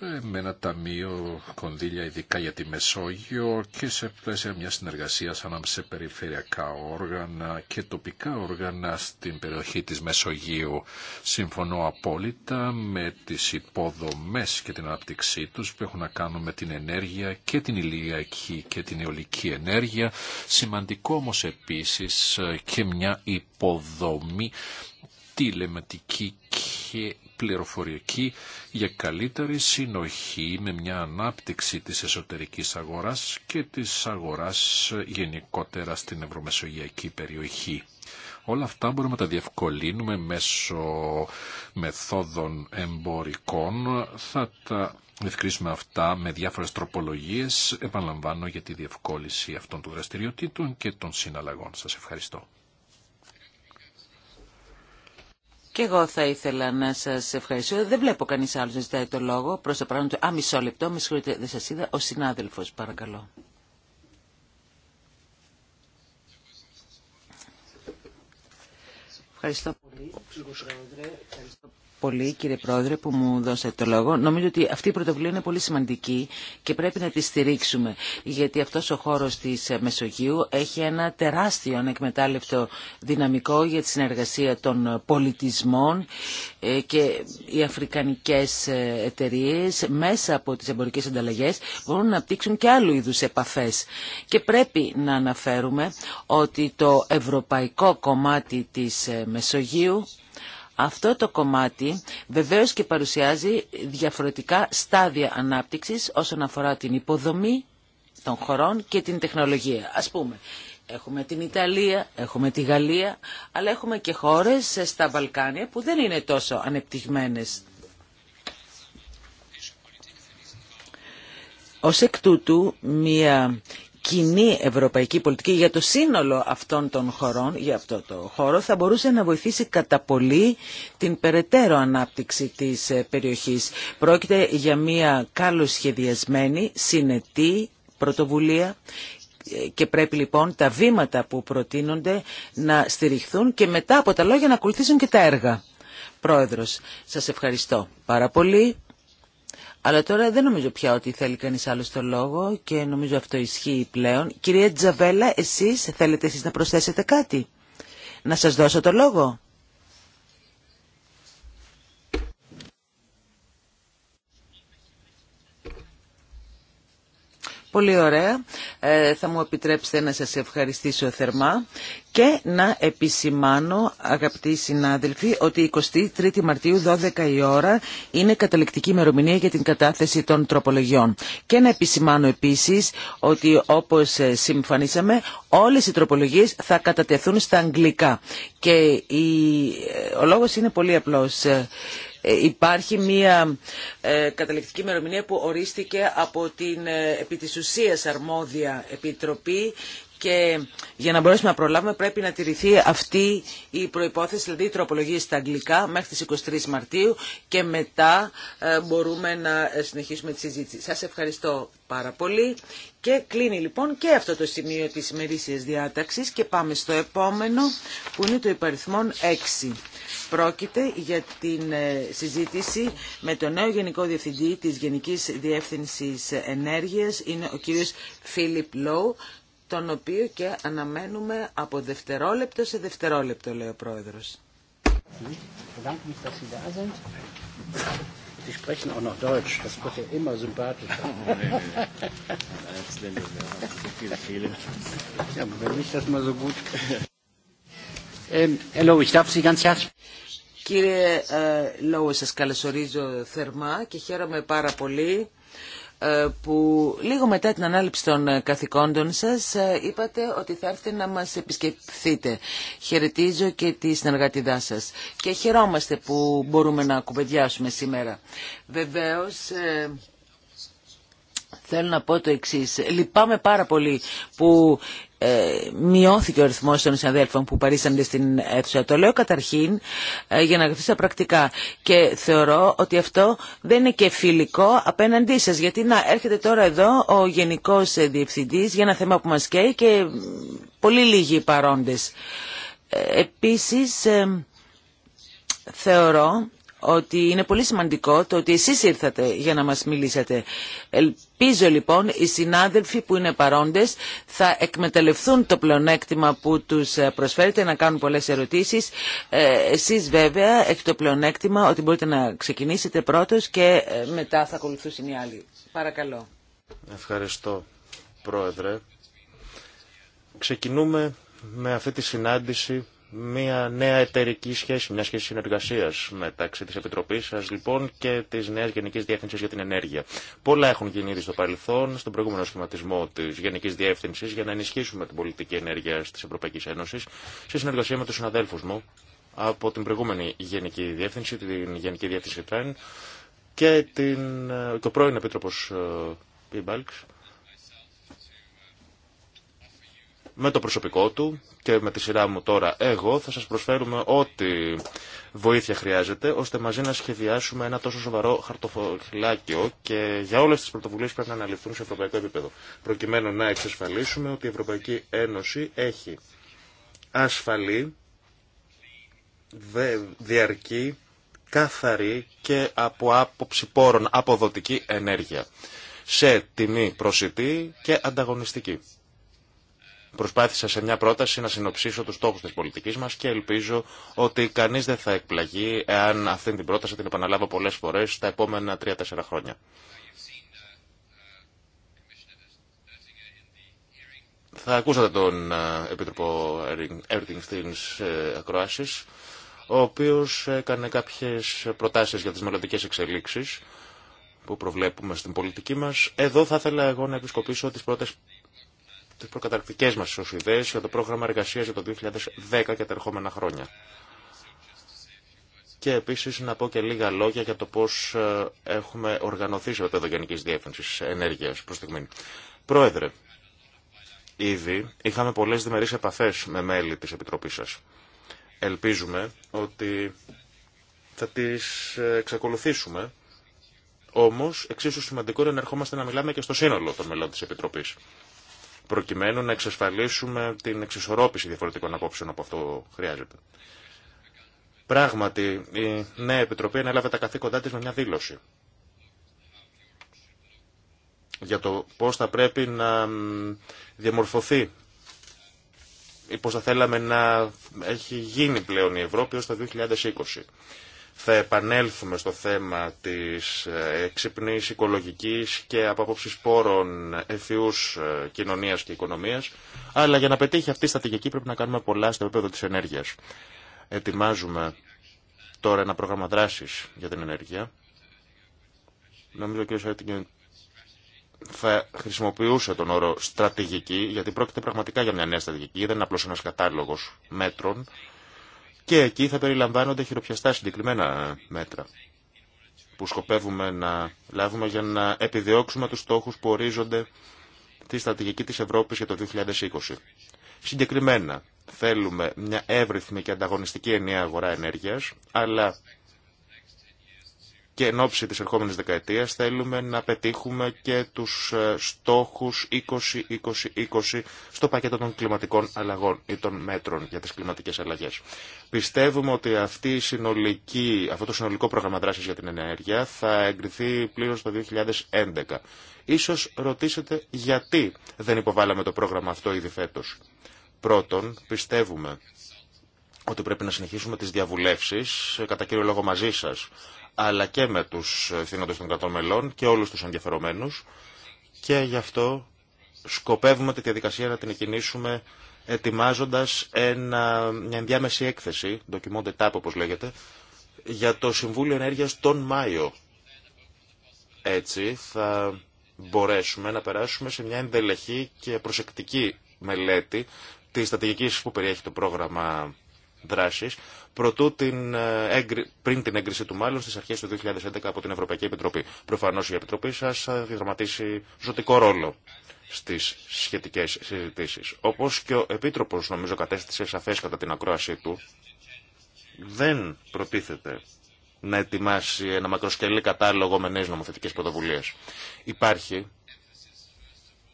με ένα ταμείο κονδύλια ειδικά για τη Μεσόγειο και σε πλαίσια μια συνεργασία ανάμεσα σε περιφερειακά όργανα και τοπικά όργανα στην περιοχή της Μεσογείου. Συμφωνώ απόλυτα με τις υποδομές και την ανάπτυξή τους που έχουν να κάνουν με την ενέργεια και την ηλιακή και την αιωλική ενέργεια. Σημαντικό όμως επίσης και μια υποδομή τηλεματική και πληροφοριακή για καλύτερη συνοχή με μια ανάπτυξη της εσωτερικής αγοράς και της αγοράς γενικότερα στην ευρωμεσογειακή περιοχή. Όλα αυτά μπορούμε να τα διευκολύνουμε μέσω μεθόδων εμπορικών. Θα τα ευκρίσουμε αυτά με διάφορες τροπολογίες. Επαναλαμβάνω για τη διευκόλυνση αυτών των δραστηριοτήτων και των συναλλαγών. Σας ευχαριστώ. Και εγώ θα ήθελα να σα ευχαριστήσω. Δεν βλέπω κανεί άλλο να ζητάει το λόγο. προ το πράγμα του... Α, μισό λεπτό, με συγχωρείτε, δεν σα είδα. Ο συνάδελφο, παρακαλώ. Ευχαριστώ πολύ, πολύ κύριε Πρόεδρε που μου δώσατε το λόγο. Νομίζω ότι αυτή η πρωτοβουλία είναι πολύ σημαντική και πρέπει να τη στηρίξουμε γιατί αυτός ο χώρος της Μεσογείου έχει ένα τεράστιο ανεκμετάλλευτο δυναμικό για τη συνεργασία των πολιτισμών ε, και οι αφρικανικές ε, εταιρείε μέσα από τις εμπορικές ανταλλαγές μπορούν να απτύξουν και άλλου είδους επαφές. Και πρέπει να αναφέρουμε ότι το ευρωπαϊκό κομμάτι της ε, Μεσογείου αυτό το κομμάτι βεβαίως και παρουσιάζει διαφορετικά στάδια ανάπτυξης όσον αφορά την υποδομή των χωρών και την τεχνολογία. Ας πούμε, Έχουμε την Ιταλία, έχουμε τη Γαλλία, αλλά έχουμε και χώρες στα Βαλκάνια που δεν είναι τόσο ανεπτυγμένες. Ως εκ τούτου, μια κοινή ευρωπαϊκή πολιτική για το σύνολο αυτών των χωρών, για αυτό το χώρο, θα μπορούσε να βοηθήσει κατά πολύ την περαιτέρω ανάπτυξη της ε, περιοχής. Πρόκειται για μια καλοσχεδιασμένη, σχεδιασμένη, συνετή πρωτοβουλία ε, και πρέπει λοιπόν τα βήματα που προτείνονται να στηριχθούν και μετά από τα λόγια να ακολουθήσουν και τα έργα. Πρόεδρος, σας ευχαριστώ πάρα πολύ. Αλλά τώρα δεν νομίζω πια ότι θέλει κανείς άλλο το λόγο και νομίζω αυτό ισχύει πλέον. Κυρία Τζαβέλα, εσείς θέλετε εσείς να προσθέσετε κάτι. Να σας δώσω το λόγο. Πολύ ωραία. Ε, θα μου επιτρέψετε να σας ευχαριστήσω θερμά και να επισημάνω, αγαπητοί συνάδελφοι, ότι 23η Μαρτίου 12 η ώρα είναι καταληκτική ημερομηνία για την κατάθεση των τροπολογιών. Και να επισημάνω επίσης ότι όπως ε, συμφανίσαμε όλες οι τροπολογίες θα κατατεθούν στα αγγλικά. Και η... Ε, ο λόγος είναι πολύ απλός. Ε, υπάρχει μια ε, καταληκτική ημερομηνία που ορίστηκε από την ε, επί της ουσίας αρμόδια επιτροπή και για να μπορέσουμε να προλάβουμε πρέπει να τηρηθεί αυτή η προϋπόθεση, δηλαδή η τροπολογία στα αγγλικά μέχρι τις 23 Μαρτίου και μετά ε, μπορούμε να ε, συνεχίσουμε τη συζήτηση. Σας ευχαριστώ πάρα πολύ και κλείνει λοιπόν και αυτό το σημείο της ημερήσιας διάταξης και πάμε στο επόμενο που είναι το υπαριθμό 6. Πρόκειται για την ε, συζήτηση με τον νέο Γενικό Διευθυντή της Γενικής Διεύθυνσης Ενέργειας, είναι ο κύριος Φίλιπ Λόου τον οποίο και αναμένουμε από δευτερόλεπτο σε δευτερόλεπτο, λέει ο Πρόεδρος. Ähm, Κύριε Λόου, ε, σας καλωσορίζω θερμά και χαίρομαι πάρα πολύ ε, που λίγο μετά την ανάληψη των ε, καθηκόντων σας ε, είπατε ότι θα έρθετε να μας επισκεφθείτε. Χαιρετίζω και τη συνεργατιδά σας και χαιρόμαστε που μπορούμε να κουβεντιάσουμε σήμερα. Βεβαίως... Θέλω να πω το εξής. Λυπάμαι πάρα πολύ που ε, μειώθηκε ο αριθμό των συναδέλφων που παρήσανται στην αίθουσα. Το λέω καταρχήν ε, για να γραφτεί στα πρακτικά. Και θεωρώ ότι αυτό δεν είναι και φιλικό απέναντί σα. Γιατί να έρχεται τώρα εδώ ο Γενικό Διευθυντή για ένα θέμα που μα καίει και πολύ λίγοι παρόντε. Ε, Επίση, θεωρώ ότι είναι πολύ σημαντικό το ότι εσείς ήρθατε για να μας μιλήσετε. Ελπίζω λοιπόν οι συνάδελφοι που είναι παρόντες θα εκμεταλλευτούν το πλεονέκτημα που τους προσφέρετε να κάνουν πολλές ερωτήσεις. Ε, εσείς βέβαια έχετε το πλεονέκτημα ότι μπορείτε να ξεκινήσετε πρώτος και ε, μετά θα ακολουθούσουν οι άλλοι. Παρακαλώ. Ευχαριστώ Πρόεδρε. Ξεκινούμε με αυτή τη συνάντηση μια νέα εταιρική σχέση, μια σχέση συνεργασία μεταξύ τη Επιτροπή σα λοιπόν και τη νέα Γενική Διεύθυνση για την Ενέργεια. Πολλά έχουν γίνει ήδη στο παρελθόν, στον προηγούμενο σχηματισμό τη Γενική Διεύθυνση για να ενισχύσουμε την πολιτική ενέργεια τη Ευρωπαϊκή Ένωση σε συνεργασία με του συναδέλφου μου από την προηγούμενη Γενική Διεύθυνση, την Γενική Διεύθυνση Τρέν και την, το ε, πρώην Επίτροπο Πιμπάλξ. Ε, με το προσωπικό του και με τη σειρά μου τώρα εγώ θα σας προσφέρουμε ό,τι βοήθεια χρειάζεται ώστε μαζί να σχεδιάσουμε ένα τόσο σοβαρό χαρτοφυλάκιο και για όλες τις πρωτοβουλίες που πρέπει να αναλυθούν σε ευρωπαϊκό επίπεδο προκειμένου να εξασφαλίσουμε ότι η Ευρωπαϊκή Ένωση έχει ασφαλή, διαρκή, καθαρή και από άποψη πόρων αποδοτική ενέργεια σε τιμή προσιτή και ανταγωνιστική. Προσπάθησα σε μια πρόταση να συνοψίσω τους στόχους της πολιτικής μας και ελπίζω ότι κανείς δεν θα εκπλαγεί εάν αυτή την πρόταση την επαναλάβω πολλές φορές τα επόμενα 3-4 χρόνια. Θα ακούσατε τον ε, Επίτροπο Έρτινγκ στι ε, ακρόαση, ο οποίος έκανε κάποιες προτάσεις για τις μελλοντικές εξελίξεις που προβλέπουμε στην πολιτική μας. Εδώ θα ήθελα εγώ να επισκοπήσω τις πρώτες τι προκαταρκτικέ μα ιδέε για το πρόγραμμα εργασία για το 2010 και τα ερχόμενα χρόνια. Και επίση να πω και λίγα λόγια για το πώ ε, έχουμε οργανωθεί σε επίπεδο Γενική Διεύθυνση Ενέργεια προ στιγμή. Πρόεδρε, ήδη είχαμε πολλέ διμερεί επαφέ με μέλη τη Επιτροπή σα. Ελπίζουμε ότι θα τι ε, εξακολουθήσουμε. Όμω, εξίσου σημαντικό είναι να ερχόμαστε να μιλάμε και στο σύνολο των μελών τη Επιτροπή προκειμένου να εξασφαλίσουμε την εξισορρόπηση διαφορετικών απόψεων από αυτό χρειάζεται. Πράγματι, η νέα Επιτροπή ανέλαβε τα καθήκοντά της με μια δήλωση για το πώς θα πρέπει να διαμορφωθεί ή πώς θα θέλαμε να έχει γίνει πλέον η Ευρώπη ως το 2020. Θα επανέλθουμε στο θέμα της ε, εξυπνής οικολογικής και από άποψη πόρων ευθυούς ε, κοινωνίας και οικονομίας, αλλά για να πετύχει αυτή η στρατηγική πρέπει να κάνουμε πολλά στο επίπεδο της ενέργειας. Ετοιμάζουμε τώρα ένα πρόγραμμα δράσης για την ενέργεια. Νομίζω ο κ. θα χρησιμοποιούσε τον όρο στρατηγική, γιατί πρόκειται πραγματικά για μια νέα στρατηγική, δεν είναι απλώς ένας κατάλογος μέτρων, και εκεί θα περιλαμβάνονται χειροπιαστά συγκεκριμένα μέτρα που σκοπεύουμε να λάβουμε για να επιδιώξουμε τους στόχους που ορίζονται τη στρατηγική της Ευρώπης για το 2020. Συγκεκριμένα, θέλουμε μια εύρυθμη και ανταγωνιστική ενιαία αγορά ενέργειας, αλλά και εν ώψη της ερχόμενης δεκαετίας θέλουμε να πετύχουμε και τους ε, στόχους 20-20-20 στο πακέτο των κλιματικών αλλαγών ή των μέτρων για τις κλιματικές αλλαγές. Πιστεύουμε ότι αυτή συνολική, αυτό το συνολικό πρόγραμμα δράσης για την ενέργεια θα εγκριθεί πλήρως το 2011. Ίσως ρωτήσετε γιατί δεν υποβάλαμε το πρόγραμμα αυτό ήδη φέτος. Πρώτον, πιστεύουμε ότι πρέπει να συνεχίσουμε τις διαβουλεύσεις, ε, κατά κύριο λόγο μαζί σας, αλλά και με τους ευθύνοντες των κρατών μελών και όλους τους ενδιαφερομένους και γι' αυτό σκοπεύουμε τη διαδικασία να την εκκινήσουμε ετοιμάζοντας ένα, μια ενδιάμεση έκθεση, ντοκιμόντε τάπ όπως λέγεται, για το Συμβούλιο Ενέργειας τον Μάιο. Έτσι θα μπορέσουμε να περάσουμε σε μια ενδελεχή και προσεκτική μελέτη της στρατηγικής που περιέχει το πρόγραμμα προτού την, ε, πριν την έγκριση του μάλλον στις αρχές του 2011 από την Ευρωπαϊκή Επιτροπή. Προφανώς η Επιτροπή σας θα διδραματίσει ζωτικό ρόλο στις σχετικές συζητήσει. Όπως και ο Επίτροπος νομίζω κατέστησε σαφέ κατά την ακρόασή του, δεν προτίθεται να ετοιμάσει ένα μακροσκελή κατάλογο με νέε νομοθετικέ πρωτοβουλίε. Υπάρχει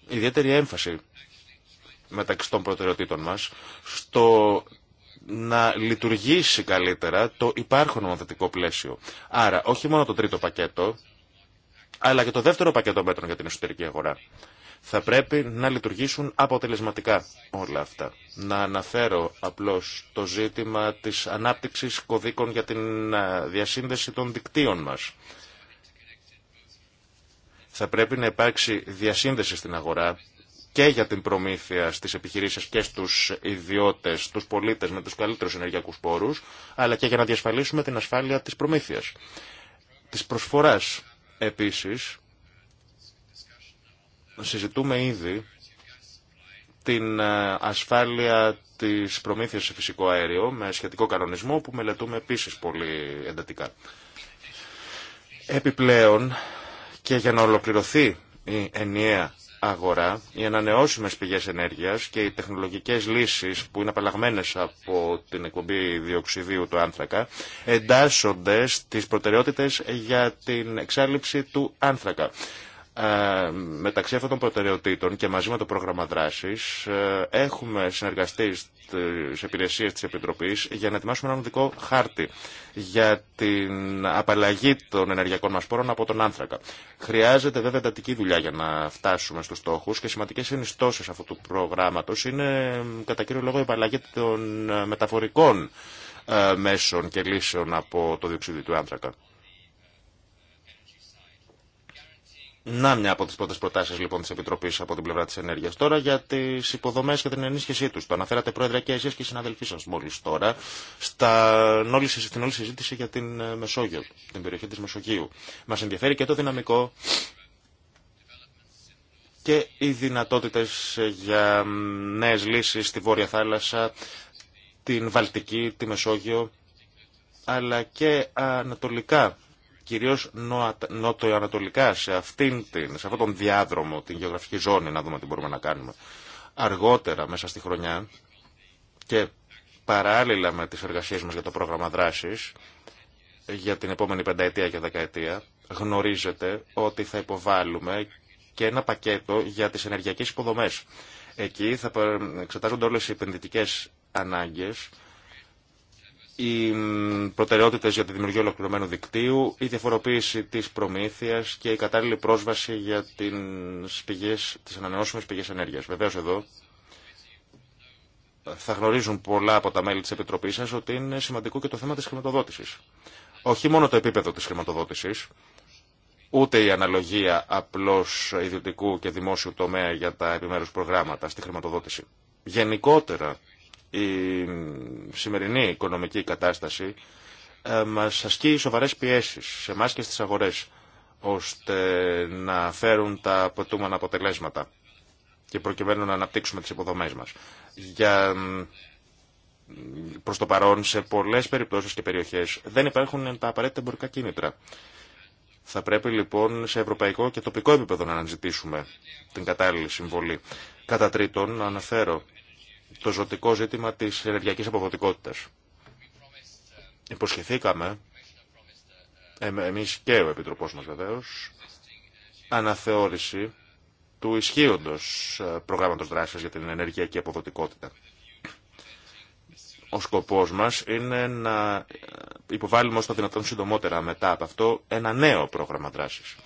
ιδιαίτερη έμφαση μεταξύ των προτεραιοτήτων μας στο να λειτουργήσει καλύτερα το υπάρχον νομοθετικό πλαίσιο. Άρα, όχι μόνο το τρίτο πακέτο, αλλά και το δεύτερο πακέτο μέτρων για την εσωτερική αγορά. Θα πρέπει να λειτουργήσουν αποτελεσματικά όλα αυτά. Να αναφέρω απλώς το ζήτημα της ανάπτυξης κωδίκων για την διασύνδεση των δικτύων μας. Θα πρέπει να υπάρξει διασύνδεση στην αγορά και για την προμήθεια στις επιχειρήσεις και στους ιδιώτες, τους πολίτες με τους καλύτερους ενεργειακούς πόρους, αλλά και για να διασφαλίσουμε την ασφάλεια της προμήθειας. Της προσφοράς επίσης, συζητούμε ήδη την ε, ασφάλεια της προμήθειας σε φυσικό αέριο με σχετικό κανονισμό που μελετούμε επίσης πολύ εντατικά. Επιπλέον και για να ολοκληρωθεί η ενιαία αγορά, οι ανανεώσιμες πηγές ενέργειας και οι τεχνολογικές λύσεις που είναι απαλλαγμένες από την εκπομπή διοξιδίου του άνθρακα εντάσσονται στις προτεραιότητες για την εξάλληψη του άνθρακα. Ε, μεταξύ αυτών των προτεραιοτήτων και μαζί με το πρόγραμμα δράση, ε, έχουμε συνεργαστεί στι υπηρεσίε τη Επιτροπή για να ετοιμάσουμε έναν οδικό χάρτη για την απαλλαγή των ενεργειακών μα πόρων από τον άνθρακα. Χρειάζεται βέβαια εντατική δουλειά για να φτάσουμε στου στόχου και σημαντικέ ενιστώσει αυτού του προγράμματο είναι κατά κύριο λόγο η απαλλαγή των μεταφορικών ε, μέσων και λύσεων από το διοξείδιο του άνθρακα. Να μια από τι πρώτε προτάσεις λοιπόν της Επιτροπής από την πλευρά της ενέργειας τώρα για τι υποδομέ και την ενίσχυσή τους. Το αναφέρατε Πρόεδρε και εσεί και οι συναδελφοί σας μόλι τώρα στα... στην όλη συζήτηση για την ε, Μεσόγειο, την περιοχή της Μεσογείου. Μας ενδιαφέρει και το δυναμικό και οι δυνατότητε για νέε λύσει στη Βόρεια Θάλασσα, την Βαλτική, τη Μεσόγειο αλλά και ανατολικά κυριως νοτοανατολικά, νότιο-ανατολικά σε, αυτήν την, σε αυτόν τον διάδρομο, την γεωγραφική ζώνη, να δούμε τι μπορούμε να κάνουμε. Αργότερα, μέσα στη χρονιά και παράλληλα με τις εργασίες μας για το πρόγραμμα δράσης, για την επόμενη πενταετία και δεκαετία, γνωρίζετε ότι θα υποβάλουμε και ένα πακέτο για τις ενεργειακές υποδομές. Εκεί θα εξετάζονται όλες οι επενδυτικές ανάγκες οι προτεραιότητε για τη δημιουργία ολοκληρωμένου δικτύου, η διαφοροποίηση τη προμήθεια και η κατάλληλη πρόσβαση για τι ανανεώσιμε πηγέ ενέργεια. Βεβαίω εδώ θα γνωρίζουν πολλά από τα μέλη τη Επιτροπή σα ότι είναι σημαντικό και το θέμα τη χρηματοδότηση. Όχι μόνο το επίπεδο τη χρηματοδότηση, ούτε η αναλογία απλώ ιδιωτικού και δημόσιου τομέα για τα επιμέρου προγράμματα στη χρηματοδότηση. Γενικότερα η σημερινή οικονομική κατάσταση ε, μας ασκεί σοβαρές πιέσεις σε εμά και στις αγορές ώστε να φέρουν τα προτούμενα αποτελέσματα και προκειμένου να αναπτύξουμε τις υποδομές μας. Για προς το παρόν σε πολλές περιπτώσεις και περιοχές δεν υπάρχουν τα απαραίτητα εμπορικά κίνητρα. Θα πρέπει λοιπόν σε ευρωπαϊκό και τοπικό επίπεδο να αναζητήσουμε την κατάλληλη συμβολή. Κατά τρίτον, αναφέρω το ζωτικό ζήτημα της ενεργειακής αποδοτικότητας. Υποσχεθήκαμε, εμείς και ο Επιτροπός μας βεβαίως, αναθεώρηση του ισχύοντος ε, προγράμματος δράσης για την ενεργειακή αποδοτικότητα. Ο σκοπός μας είναι να ε, υποβάλουμε όσο δυνατόν συντομότερα μετά από αυτό ένα νέο πρόγραμμα δράσης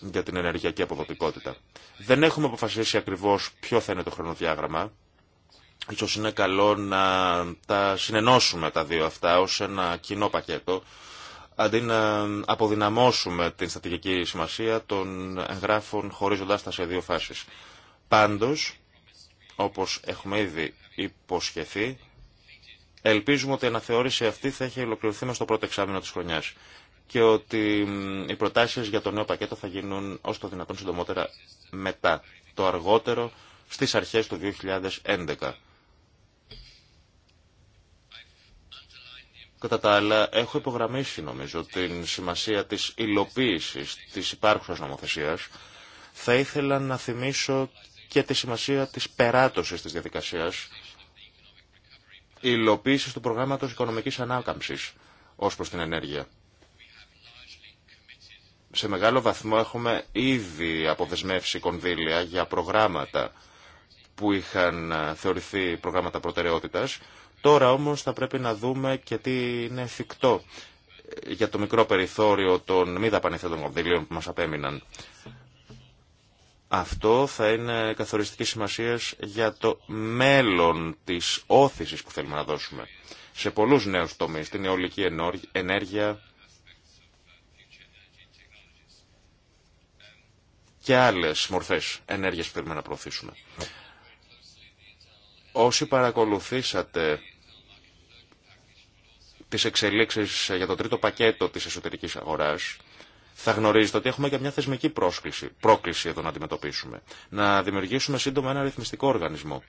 για την ενεργειακή αποδοτικότητα. Δεν έχουμε αποφασίσει ακριβώς ποιο θα είναι το χρονοδιάγραμμα, Ίσως είναι καλό να τα συνενώσουμε τα δύο αυτά ως ένα κοινό πακέτο, αντί να αποδυναμώσουμε την στατηγική σημασία των εγγράφων χωρίζοντάς τα σε δύο φάσεις. Πάντως, όπως έχουμε ήδη υποσχεθεί, ελπίζουμε ότι η αναθεώρηση αυτή θα έχει ολοκληρωθεί μέσα στο πρώτο εξάμεινο της χρονιάς και ότι οι προτάσεις για το νέο πακέτο θα γίνουν ως το δυνατόν συντομότερα μετά, το αργότερο στις αρχές του 2011. Κατά τα άλλα, έχω υπογραμμίσει νομίζω την σημασία της υλοποίησης της υπάρχουσας νομοθεσίας. Θα ήθελα να θυμίσω και τη σημασία της περάτωσης της διαδικασίας υλοποίησης του προγράμματος οικονομικής ανάκαμψης ως προς την ενέργεια. Σε μεγάλο βαθμό έχουμε ήδη αποδεσμεύσει κονδύλια για προγράμματα που είχαν ε, θεωρηθεί προγράμματα προτεραιότητας Τώρα όμως θα πρέπει να δούμε και τι είναι εφικτό για το μικρό περιθώριο των μη δαπανηθέντων κονδυλίων που μας απέμειναν. Αυτό θα είναι καθοριστική σημασία για το μέλλον της όθησης που θέλουμε να δώσουμε σε πολλούς νέους τομείς, την αιωλική ενέργεια και άλλες μορφές ενέργειας που θέλουμε να προωθήσουμε. Όσοι παρακολουθήσατε τις εξελίξεις για το τρίτο πακέτο της εσωτερικής αγοράς, θα γνωρίζετε ότι έχουμε και μια θεσμική πρόσκληση, πρόκληση εδώ να αντιμετωπίσουμε. Να δημιουργήσουμε σύντομα ένα ρυθμιστικό οργανισμό,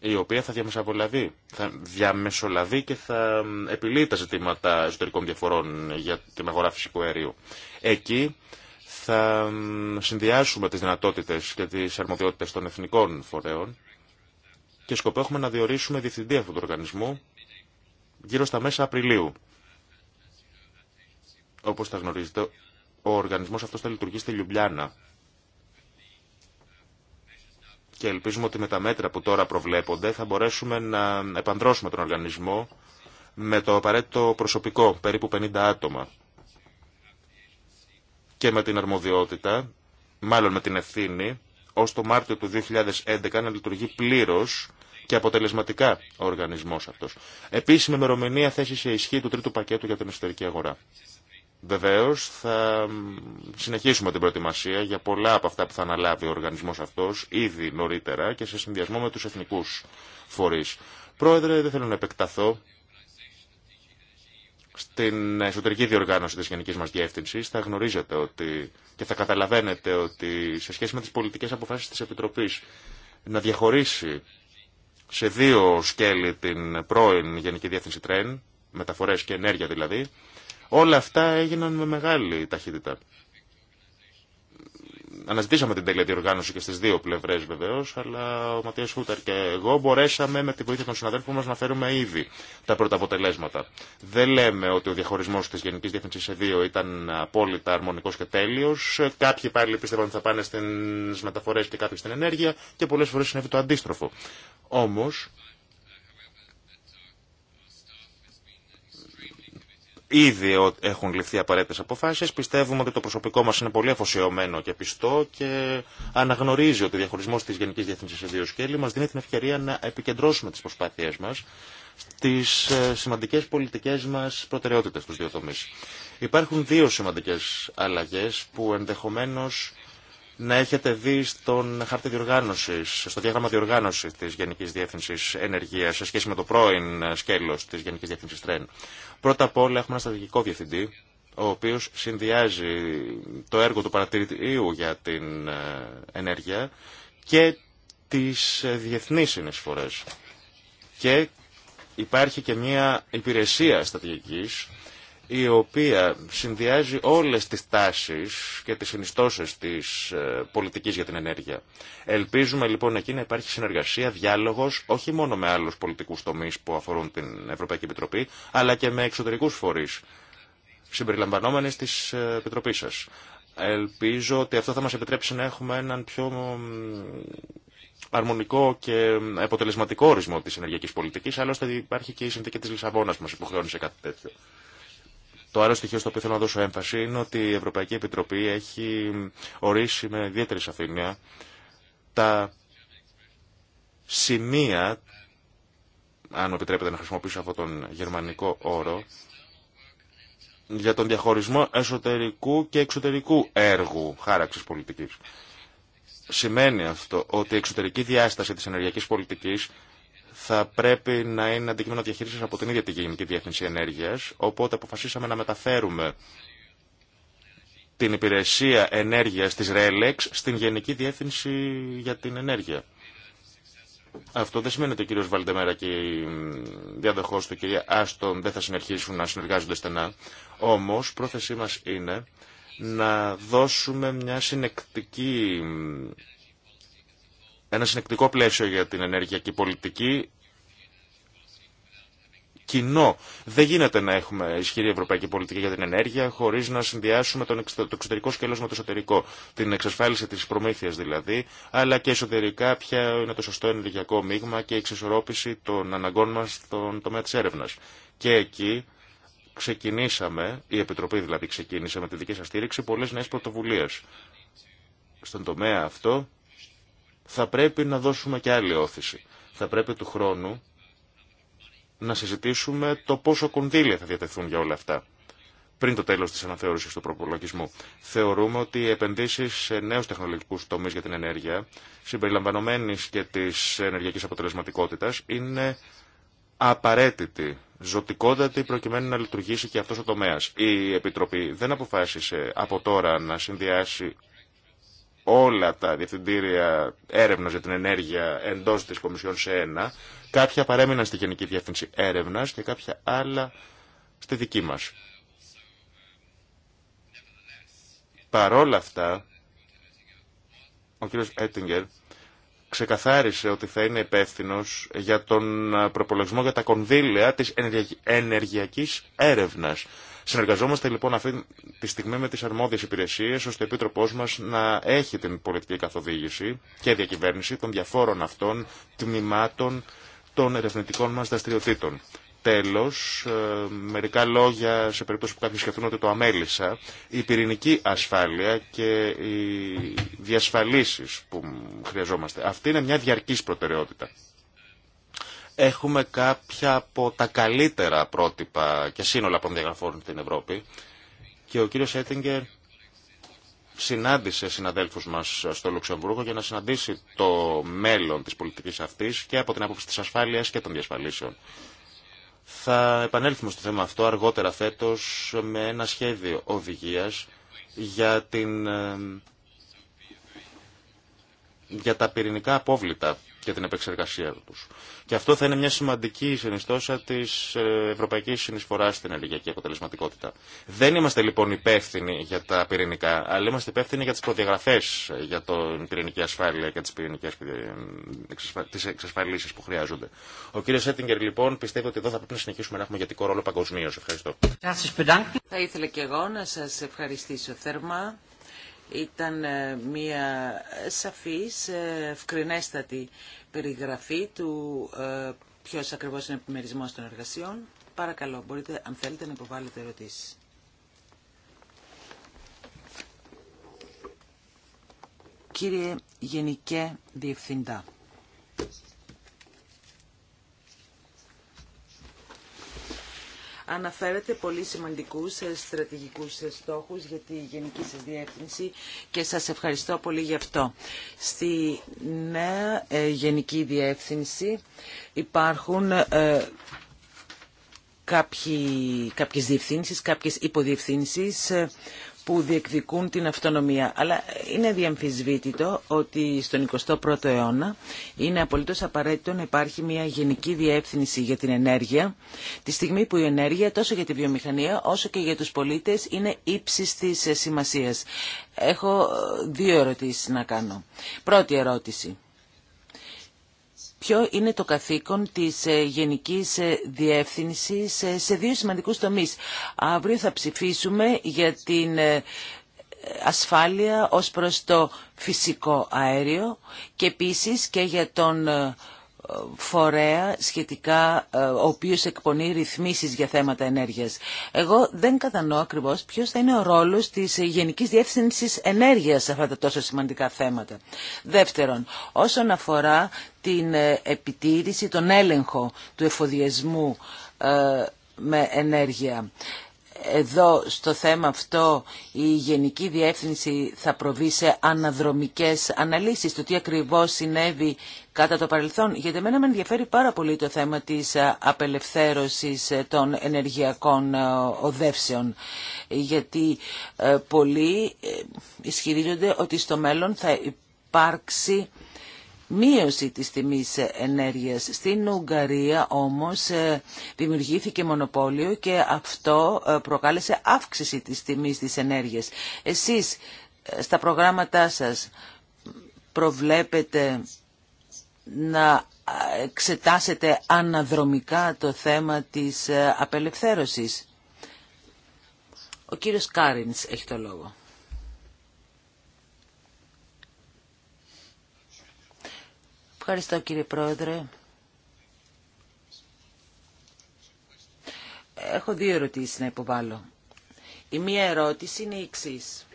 η οποία θα διαμεσολαβεί, θα διαμεσολαβεί και θα επιλύει τα ζητήματα εσωτερικών διαφορών για την αγορά φυσικού αερίου. Εκεί θα συνδυάσουμε τις δυνατότητες και τις αρμοδιότητες των εθνικών φορέων και σκοπό έχουμε να διορίσουμε διευθυντή αυτού του οργανισμού γύρω στα μέσα Απριλίου. Όπως θα γνωρίζετε, ο οργανισμός αυτός θα λειτουργεί στη Λιουμπλιάνα. Και ελπίζουμε ότι με τα μέτρα που τώρα προβλέπονται θα μπορέσουμε να επανδρώσουμε τον οργανισμό με το απαραίτητο προσωπικό, περίπου 50 άτομα. Και με την αρμοδιότητα, μάλλον με την ευθύνη, ως το Μάρτιο του 2011 να λειτουργεί πλήρως και αποτελεσματικά ο οργανισμό αυτό. Επίσημη ημερομηνία θέση σε ισχύ του τρίτου πακέτου για την εσωτερική αγορά. Βεβαίω, θα συνεχίσουμε την προετοιμασία για πολλά από αυτά που θα αναλάβει ο οργανισμό αυτό ήδη νωρίτερα και σε συνδυασμό με του εθνικού φορεί. Πρόεδρε, δεν θέλω να επεκταθώ στην εσωτερική διοργάνωση της γενικής μας διεύθυνσης θα γνωρίζετε ότι, και θα καταλαβαίνετε ότι σε σχέση με τις πολιτικές αποφάσεις της Επιτροπής να διαχωρίσει σε δύο σκέλη την πρώην Γενική Διεύθυνση Τρέν, μεταφορές και ενέργεια δηλαδή, όλα αυτά έγιναν με μεγάλη ταχύτητα. Αναζητήσαμε την τέλεια οργάνωση και στι δύο πλευρέ βεβαίω, αλλά ο Ματία Χούταρ και εγώ μπορέσαμε με τη βοήθεια των συναδέλφων μα να φέρουμε ήδη τα πρώτα αποτελέσματα. Δεν λέμε ότι ο διαχωρισμό τη Γενική Διεύθυνση σε δύο ήταν απόλυτα αρμονικό και τέλειο. Κάποιοι πάλι πίστευαν ότι θα πάνε στι μεταφορέ και κάποιοι στην ενέργεια και πολλέ φορέ συνέβη το αντίστροφο. Όμω, ήδη έχουν ληφθεί απαραίτητε αποφάσει. Πιστεύουμε ότι το προσωπικό μα είναι πολύ αφοσιωμένο και πιστό και αναγνωρίζει ότι ο διαχωρισμό τη Γενική Διεύθυνση Σκέλη μα δίνει την ευκαιρία να επικεντρώσουμε τι προσπάθειέ μα στι ε, σημαντικέ πολιτικέ μα προτεραιότητε στου δύο τομεί. Υπάρχουν δύο σημαντικέ αλλαγέ που ενδεχομένω να έχετε δει στον χάρτη διοργάνωση, στο διάγραμμα διοργάνωση τη Γενική Διεύθυνση Ενεργεία σε σχέση με το πρώην σκέλο τη Γενική Διεύθυνση Τρέν. Πρώτα απ' όλα έχουμε ένα στρατηγικό διευθυντή, ο οποίο συνδυάζει το έργο του παρατηρητήριου για την ε, ενέργεια και τι ε, διεθνεί συνεισφορέ. Και υπάρχει και μια υπηρεσία στρατηγική η οποία συνδυάζει όλες τις τάσεις και τις συνιστώσεις της ε, πολιτικής για την ενέργεια. Ελπίζουμε λοιπόν εκεί να υπάρχει συνεργασία, διάλογος, όχι μόνο με άλλους πολιτικούς τομείς που αφορούν την Ευρωπαϊκή Επιτροπή, αλλά και με εξωτερικούς φορείς συμπεριλαμβανόμενες της ε, Επιτροπής σας. Ελπίζω ότι αυτό θα μας επιτρέψει να έχουμε έναν πιο αρμονικό και αποτελεσματικό ορισμό της ενεργειακής πολιτικής, άλλωστε υπάρχει και η συνθήκη της Λισαβόνας που μας υποχρεώνει σε κάτι τέτοιο. Το άλλο στοιχείο στο οποίο θέλω να δώσω έμφαση είναι ότι η Ευρωπαϊκή Επιτροπή έχει ορίσει με ιδιαίτερη σαφήνεια τα σημεία, αν μου επιτρέπετε να χρησιμοποιήσω αυτόν τον γερμανικό όρο, για τον διαχωρισμό εσωτερικού και εξωτερικού έργου χάραξης πολιτικής. Σημαίνει αυτό ότι η εξωτερική διάσταση της ενεργειακής πολιτικής θα πρέπει να είναι αντικείμενο διαχείριση από την ίδια τη Γενική Διεύθυνση Ενέργειας, οπότε αποφασίσαμε να μεταφέρουμε την υπηρεσία ενέργειας τη ΡΕΛΕΞ στην Γενική Διεύθυνση για την Ενέργεια. Αυτό δεν σημαίνει ότι ο κύριος Βαλτεμέρα και η διαδοχός του κυρία Άστον δεν θα συνεχίσουν να συνεργάζονται στενά. Όμως, πρόθεσή μας είναι να δώσουμε μια συνεκτική ένα συνεκτικό πλαίσιο για την ενεργειακή πολιτική κοινό. Δεν γίνεται να έχουμε ισχυρή ευρωπαϊκή πολιτική για την ενέργεια χωρίς να συνδυάσουμε τον το εξωτερικό σκέλος με το εσωτερικό. Την εξασφάλιση της προμήθειας δηλαδή, αλλά και εσωτερικά ποια είναι το σωστό ενεργειακό μείγμα και η εξισορρόπηση των αναγκών μας στον τομέα της έρευνας. Και εκεί ξεκινήσαμε, η Επιτροπή δηλαδή ξεκίνησε με τη δική σας στήριξη, πολλές νέες πρωτοβουλίες. Στον τομέα αυτό θα πρέπει να δώσουμε και άλλη όθηση. Θα πρέπει του χρόνου να συζητήσουμε το πόσο κονδύλια θα διατεθούν για όλα αυτά πριν το τέλος της αναθεώρησης του προπολογισμού. Θεωρούμε ότι οι επενδύσει σε νέους τεχνολογικούς τομείς για την ενέργεια, συμπεριλαμβανομένης και της ενεργειακής αποτελεσματικότητα, είναι απαραίτητη, ζωτικότατη, προκειμένου να λειτουργήσει και αυτός ο τομέας. Η Επιτροπή δεν αποφάσισε από τώρα να συνδυάσει όλα τα διευθυντήρια έρευνα για την ενέργεια εντό τη Κομισιόν σε ένα. Κάποια παρέμειναν στη Γενική Διεύθυνση Έρευνα και κάποια άλλα στη δική μα. Παρόλα αυτά, ο κ. Έτιγκερ ξεκαθάρισε ότι θα είναι υπεύθυνο για τον προπολογισμό για τα κονδύλια της ενεργειακής έρευνας. Συνεργαζόμαστε λοιπόν αυτή τη στιγμή με τι αρμόδιε υπηρεσίε, ώστε ο Επίτροπό μα να έχει την πολιτική καθοδήγηση και διακυβέρνηση των διαφόρων αυτών τμήματων των ερευνητικών μα δραστηριοτήτων. Τέλο, ε, μερικά λόγια σε περίπτωση που κάποιοι σκεφτούν ότι το αμέλησα, η πυρηνική ασφάλεια και οι διασφαλίσει που χρειαζόμαστε. Αυτή είναι μια διαρκή προτεραιότητα. Έχουμε κάποια από τα καλύτερα πρότυπα και σύνολα των διαγραφών στην Ευρώπη και ο κύριος Έτιγκερ συνάντησε συναδέλφους μας στο Λουξεμβούργο για να συναντήσει το μέλλον της πολιτικής αυτής και από την άποψη της ασφάλειας και των διασφαλίσεων. Θα επανέλθουμε στο θέμα αυτό αργότερα φέτος με ένα σχέδιο οδηγίας για, την, ε, για τα πυρηνικά απόβλητα για την επεξεργασία του. Και αυτό θα είναι μια σημαντική συνιστόσα τη ε, Ευρωπαϊκή συνεισφορά στην ενεργειακή αποτελεσματικότητα. Δεν είμαστε λοιπόν υπεύθυνοι για τα πυρηνικά, αλλά είμαστε υπεύθυνοι για τι προδιαγραφέ ε, για την πυρηνική ασφάλεια και τι πυρηνικέ ε, εξασφαλίσει που χρειάζονται. Ο κύριος Έτιγκερ λοιπόν πιστεύει ότι εδώ θα πρέπει να συνεχίσουμε να έχουμε γιατικό ρόλο παγκοσμίω. Ευχαριστώ. Θα ήθελα και εγώ να σα ευχαριστήσω θερμά ήταν ε, μια σαφής, ε, ευκρινέστατη περιγραφή του ε, ποιος ακριβώς είναι ο επιμερισμός των εργασιών. Παρακαλώ, μπορείτε αν θέλετε να υποβάλλετε ερωτήσεις. Κύριε Γενικέ Διευθυντά, Αναφέρετε πολύ σημαντικούς ε, στρατηγικούς ε, στόχους για τη γενική σας διεύθυνση και σας ευχαριστώ πολύ γι' αυτό. Στη νέα ε, γενική διεύθυνση υπάρχουν κάποιοι, κάποιες διευθύνσεις, κάποιες υποδιευθύνσεις που διεκδικούν την αυτονομία. Αλλά είναι διαμφισβήτητο ότι στον 21ο αιώνα είναι απολύτως απαραίτητο να υπάρχει μια γενική διεύθυνση για την ενέργεια, τη στιγμή που η ενέργεια τόσο για τη βιομηχανία όσο και για τους πολίτες είναι ύψης της σημασίας. Έχω δύο ερωτήσεις να κάνω. Πρώτη ερώτηση ποιο είναι το καθήκον της ε, Γενικής ε, Διεύθυνσης ε, σε δύο σημαντικούς τομείς. Αύριο θα ψηφίσουμε για την ασφάλεια ως προς το φυσικό αέριο και επίσης και για τον φορέα σχετικά ε, ο οποίος εκπονεί ρυθμίσεις για θέματα ενέργειας. Εγώ δεν κατανοώ ακριβώς ποιος θα είναι ο ρόλος της Γενικής Διεύθυνσης Ενέργειας σε αυτά τα τόσο σημαντικά θέματα. Δεύτερον, όσον αφορά την ε, επιτήρηση, τον έλεγχο του εφοδιασμού ε, με ενέργεια. Εδώ στο θέμα αυτό η Γενική Διεύθυνση θα προβεί σε αναδρομικές αναλύσεις του τι ακριβώς συνέβη κατά το παρελθόν. Γιατί εμένα με ενδιαφέρει πάρα πολύ το θέμα της ε, απελευθέρωσης ε, των ενεργειακών ε, οδεύσεων. Γιατί πολλοί ισχυρίζονται ότι στο μέλλον θα υπάρξει μείωση της τιμής ενέργειας. Στην Ουγγαρία όμως δημιουργήθηκε μονοπόλιο και αυτό προκάλεσε αύξηση της τιμής της ενέργειας. Εσείς στα προγράμματά σας προβλέπετε να εξετάσετε αναδρομικά το θέμα της ε, απελευθέρωσης. Ο κύριος Κάρινς έχει το λόγο. Ευχαριστώ κύριε Πρόεδρε. Έχω δύο ερωτήσεις να υποβάλω. Η μία ερώτηση είναι η εξής.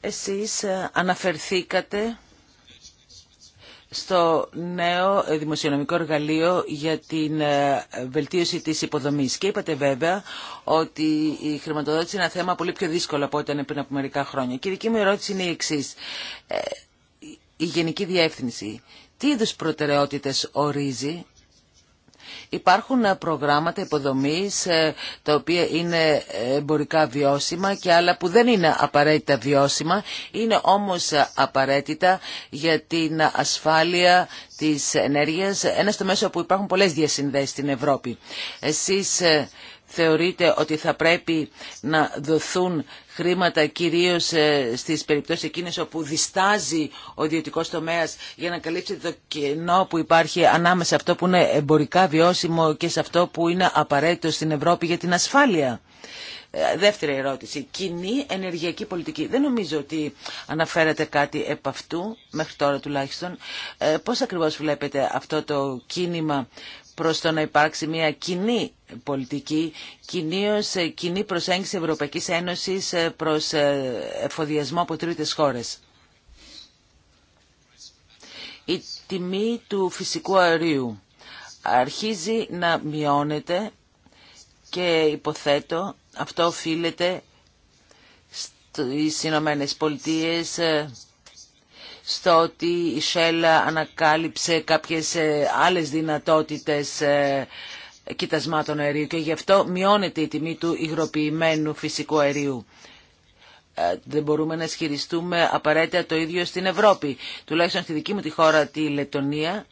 Εσείς ε, αναφερθήκατε στο νέο ε, δημοσιονομικό εργαλείο για την ε, βελτίωση της υποδομής. Και είπατε βέβαια ότι η χρηματοδότηση είναι ένα θέμα πολύ πιο δύσκολο από ό,τι ήταν πριν από μερικά χρόνια. Και η δική μου ερώτηση είναι η εξή. Ε, η Γενική Διεύθυνση τι είδους προτεραιότητες ορίζει Υπάρχουν ε, προγράμματα υποδομής ε, τα οποία είναι εμπορικά βιώσιμα και άλλα που δεν είναι απαραίτητα βιώσιμα, είναι όμως ε, απαραίτητα για την ασφάλεια της ενέργειας, ένα στο μέσο που υπάρχουν πολλές διασυνδέσεις στην Ευρώπη. Εσείς θεωρείτε ότι θα πρέπει να δοθούν χρήματα κυρίως ε, στις περιπτώσεις εκείνες όπου διστάζει ο ιδιωτικός τομέας για να καλύψει το κενό που υπάρχει ανάμεσα σε αυτό που είναι εμπορικά βιώσιμο και σε αυτό που είναι απαραίτητο στην Ευρώπη για την ασφάλεια. Ε, δεύτερη ερώτηση. Κοινή ενεργειακή πολιτική. Δεν νομίζω ότι αναφέρατε κάτι επ' αυτού, μέχρι τώρα τουλάχιστον. Ε, πώς ακριβώς βλέπετε αυτό το κίνημα προς το να υπάρξει μια κοινή πολιτική, κοινίως ε, κοινή προσέγγιση Ευρωπαϊκής Ένωσης ε, προς ε, εφοδιασμό από τρίτες χώρες. Η τιμή του φυσικού αερίου αρχίζει να μειώνεται και υποθέτω αυτό οφείλεται στις Ηνωμένε Πολιτείες, στο ότι η Shell ανακάλυψε κάποιες ε, άλλες δυνατότητες ε, κοιτασμάτων αερίου και γι' αυτό μειώνεται η τιμή του υγροποιημένου φυσικού αερίου. Ε, δεν μπορούμε να ισχυριστούμε απαραίτητα το ίδιο στην Ευρώπη. Τουλάχιστον στη δική μου τη χώρα, τη Λετωνία,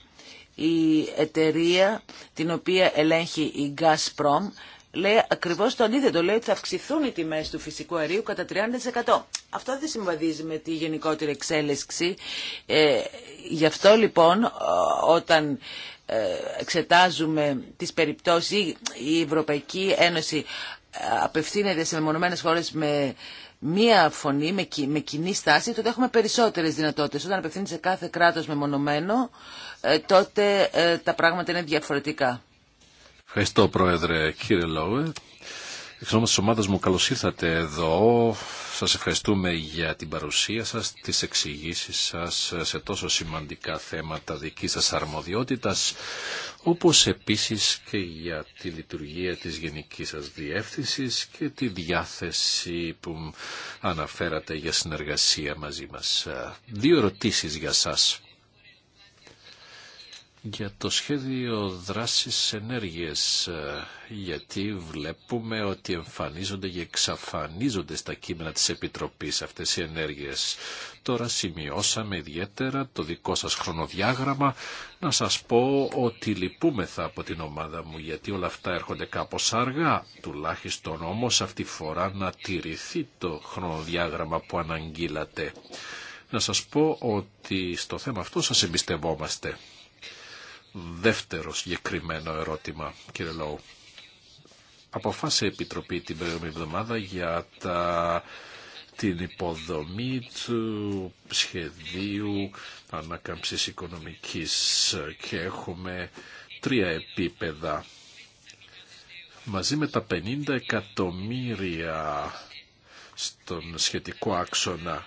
η εταιρεία την οποία ελέγχει η Gazprom λέει ακριβώς το αντίθετο. Λέει ότι θα αυξηθούν οι τιμέ του φυσικού αερίου κατά 30%. Αυτό δεν συμβαδίζει με τη γενικότερη εξέλιξη. Ε, γι' αυτό λοιπόν όταν ε, εξετάζουμε τις περιπτώσεις ή η ευρωπαικη Ένωση ε, απευθύνεται σε μεμονωμένες χώρες με μία φωνή, με, με κοινή στάση, τότε έχουμε περισσότερες δυνατότητες. Όταν απευθύνει σε κάθε κράτος μεμονωμένο, ε, τότε τα πράγματα είναι διαφορετικά. Ευχαριστώ Πρόεδρε κύριε Λόε. Εξ ονόματος της ομάδας μου καλώς ήρθατε εδώ. Σας ευχαριστούμε για την παρουσία σας, τις εξηγήσει σας σε τόσο σημαντικά θέματα δικής σας αρμοδιότητας, όπως επίσης και για τη λειτουργία της γενικής σας διεύθυνσης και τη διάθεση που αναφέρατε για συνεργασία μαζί μας. Δύο ερωτήσεις για σας για το σχέδιο δράσης ενέργειας, ε, γιατί βλέπουμε ότι εμφανίζονται και εξαφανίζονται στα κείμενα της Επιτροπής αυτές οι ενέργειες. Τώρα σημειώσαμε ιδιαίτερα το δικό σας χρονοδιάγραμμα. Να σας πω ότι λυπούμεθα από την ομάδα μου, γιατί όλα αυτά έρχονται κάπως αργά. Τουλάχιστον όμως αυτή φορά να τηρηθεί το χρονοδιάγραμμα που αναγγείλατε. Να σας πω ότι στο θέμα αυτό σας εμπιστευόμαστε δεύτερο συγκεκριμένο ερώτημα, κύριε Λόου. Αποφάσισε η Επιτροπή την προηγούμενη εβδομάδα για τα, την υποδομή του σχεδίου ανακαμψής οικονομικής και έχουμε τρία επίπεδα. Μαζί με τα 50 εκατομμύρια στον σχετικό άξονα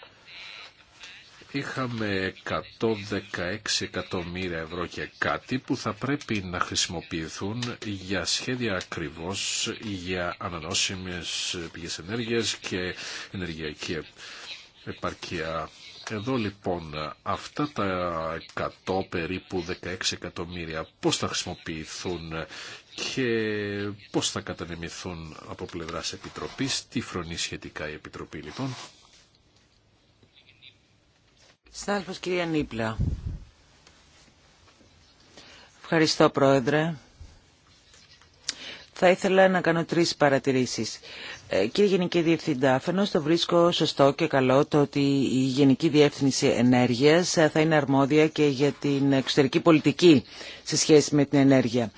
είχαμε 116 εκατομμύρια ευρώ και κάτι που θα πρέπει να χρησιμοποιηθούν για σχέδια ακριβώς για ανανόσιμες πηγές ενέργειας και ενεργειακή επαρκεία. Εδώ λοιπόν αυτά τα 100 περίπου 16 εκατομμύρια πώς θα χρησιμοποιηθούν και πώς θα κατανεμηθούν από πλευράς Επιτροπής, τι φρονεί σχετικά η Επιτροπή λοιπόν κυρία Νίπλα. Ευχαριστώ πρόεδρε. Θα ήθελα να κάνω τρεις παρατηρήσεις. Ε, κύριε Γενική Διευθυντά, αφενός το βρίσκω σωστό και καλό το ότι η Γενική Διεύθυνση Ενέργειας θα είναι αρμόδια και για την εξωτερική πολιτική σε σχέση με την ενέργεια.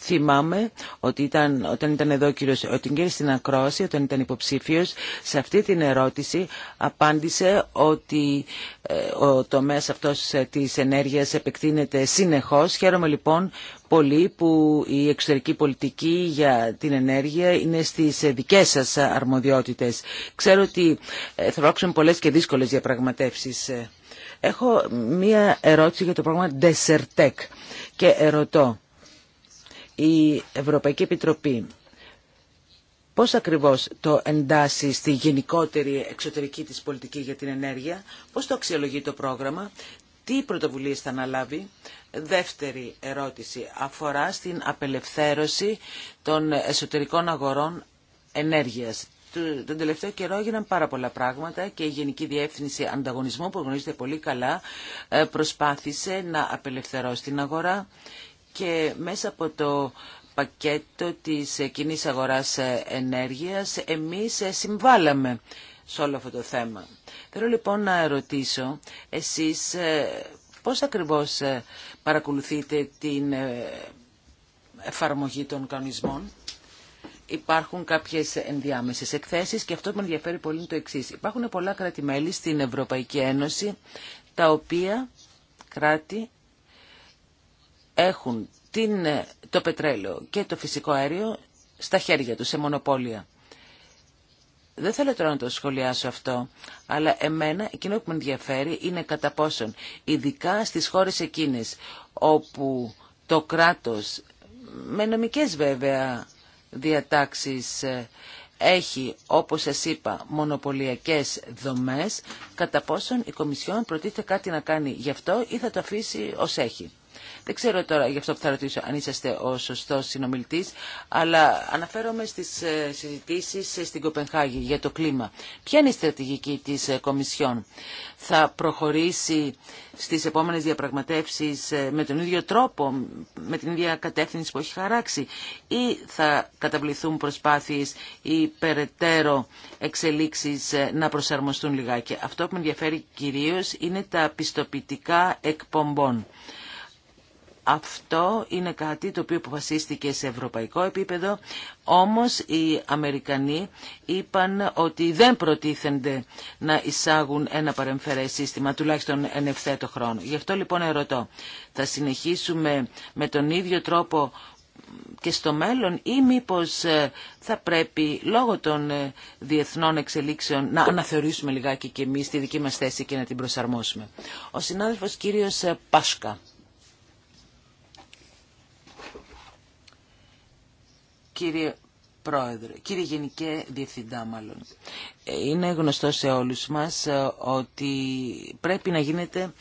Θυμάμαι ότι ήταν, όταν ήταν εδώ ο κύριος Οτιγκέρ στην Ακρόαση, όταν ήταν υποψήφιος, σε αυτή την ερώτηση απάντησε ότι ε, ο τομέας αυτός ε, της ενέργειας επεκτείνεται συνεχώς. Χαίρομαι λοιπόν πολύ που η εξωτερική πολιτική για την ενέργεια είναι στις ε, δικές σας αρμοδιότητες. Ξέρω ότι θα πρόξουν πολλές και δύσκολες διαπραγματεύσεις. Έχω μία ερώτηση για το πρόγραμμα Desertec και ερωτώ η Ευρωπαϊκή Επιτροπή πώς ακριβώς το εντάσσει στη γενικότερη εξωτερική της πολιτική για την ενέργεια, πώς το αξιολογεί το πρόγραμμα, τι πρωτοβουλίες θα αναλάβει. Δεύτερη ερώτηση αφορά στην απελευθέρωση των εσωτερικών αγορών ενέργειας. Τον τελευταίο καιρό έγιναν πάρα πολλά πράγματα και η Γενική Διεύθυνση Ανταγωνισμού, που γνωρίζετε πολύ καλά, ε, προσπάθησε να απελευθερώσει την αγορά και μέσα από το πακέτο της κοινή αγοράς ενέργειας εμείς συμβάλαμε σε όλο αυτό το θέμα. Θέλω λοιπόν να ρωτήσω εσείς ε, πώς ακριβώς ε, παρακολουθείτε την ε, εφαρμογή των κανονισμών. Υπάρχουν κάποιες ενδιάμεσες εκθέσεις και αυτό που με ενδιαφέρει πολύ είναι το εξής. Υπάρχουν πολλά κράτη-μέλη στην Ευρωπαϊκή Ένωση τα οποία κράτη έχουν την, ε, το πετρέλαιο και το φυσικό αέριο στα χέρια τους, σε μονοπόλια. Δεν θέλω τώρα να το σχολιάσω αυτό, αλλά εμένα εκείνο που με ενδιαφέρει είναι κατά πόσον, ειδικά στις χώρες εκείνες όπου το κράτος, με νομικές βέβαια διατάξεις, ε, έχει, όπως σας είπα, μονοπωλιακές δομές, κατά πόσον η Κομισιόν προτίθεται κάτι να κάνει γι' αυτό ή θα το αφήσει ως έχει. Δεν ξέρω τώρα γι' αυτό που θα ρωτήσω αν είσαστε ο σωστό συνομιλητή, αλλά αναφέρομαι στι ε, συζητήσει ε, στην Κοπενχάγη για το κλίμα. Ποια είναι η στρατηγική της ε, Κομισιόν. Θα προχωρήσει στι επόμενε διαπραγματεύσει με τον ίδιο τρόπο, με την ίδια κατεύθυνση που έχει χαράξει ή θα καταβληθούν προσπάθειες ή περαιτέρω εξελίξει να προσαρμοστούν λιγάκι. Αυτό που με ενδιαφέρει κυρίω είναι τα πιστοποιητικά εκπομπών. Αυτό είναι κάτι το οποίο αποφασίστηκε σε ευρωπαϊκό επίπεδο, όμως οι Αμερικανοί είπαν ότι δεν προτίθενται να εισάγουν ένα παρεμφερέ σύστημα, τουλάχιστον εν ευθέτω χρόνο. Γι' αυτό λοιπόν ερωτώ, θα συνεχίσουμε με τον ίδιο τρόπο και στο μέλλον ή μήπως ε, θα πρέπει λόγω των ε, διεθνών εξελίξεων να αναθεωρήσουμε λιγάκι και εμείς τη δική μας θέση και να την προσαρμόσουμε. Ο συνάδελφος κύριος ε, Πάσκα. Κύριε Πρόεδρε, κύριε Γενικέ Διευθυντά μάλλον, ε, είναι γνωστό σε όλους μας ε, ότι πρέπει να γίνεται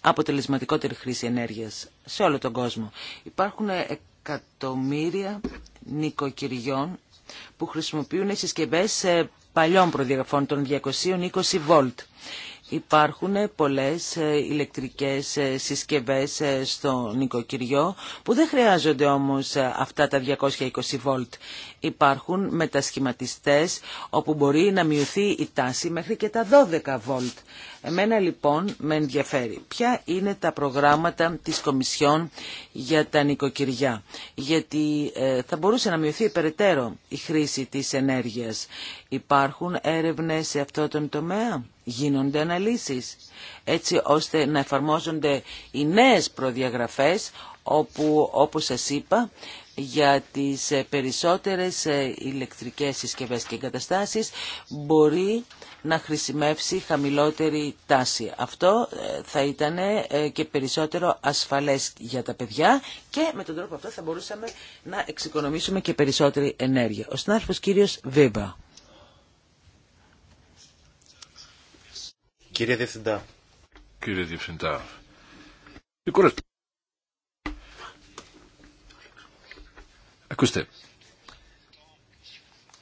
αποτελεσματικότερη χρήση ενέργειας σε όλο τον κόσμο. Υπάρχουν εκατομμύρια νοικοκυριών που χρησιμοποιούν συσκευές ε, παλιών προδιαγραφών των 220 βολτ. Υπάρχουν πολλές ε, ηλεκτρικές ε, συσκευές ε, στο νοικοκυριό που δεν χρειάζονται όμως αυτά τα 220 βολτ υπάρχουν μετασχηματιστές όπου μπορεί να μειωθεί η τάση μέχρι και τα 12 βολτ. Εμένα λοιπόν με ενδιαφέρει ποια είναι τα προγράμματα της Κομισιόν για τα νοικοκυριά. Γιατί ε, θα μπορούσε να μειωθεί περαιτέρω η χρήση της ενέργειας. Υπάρχουν έρευνες σε αυτό τον τομέα. Γίνονται αναλύσεις έτσι ώστε να εφαρμόζονται οι νέες προδιαγραφές όπου όπως σας είπα για τις ε, περισσότερες ε, ηλεκτρικές συσκευές και εγκαταστάσεις μπορεί να χρησιμεύσει χαμηλότερη τάση. Αυτό ε, θα ήταν και περισσότερο ασφαλές για τα παιδιά και με τον τρόπο αυτό θα μπορούσαμε να εξοικονομήσουμε και περισσότερη ενέργεια. Ο συνάδελφος κύριος Βίμπα. Κύριε Διευθυντά. Κύριε Διευθυντά. Ακούστε,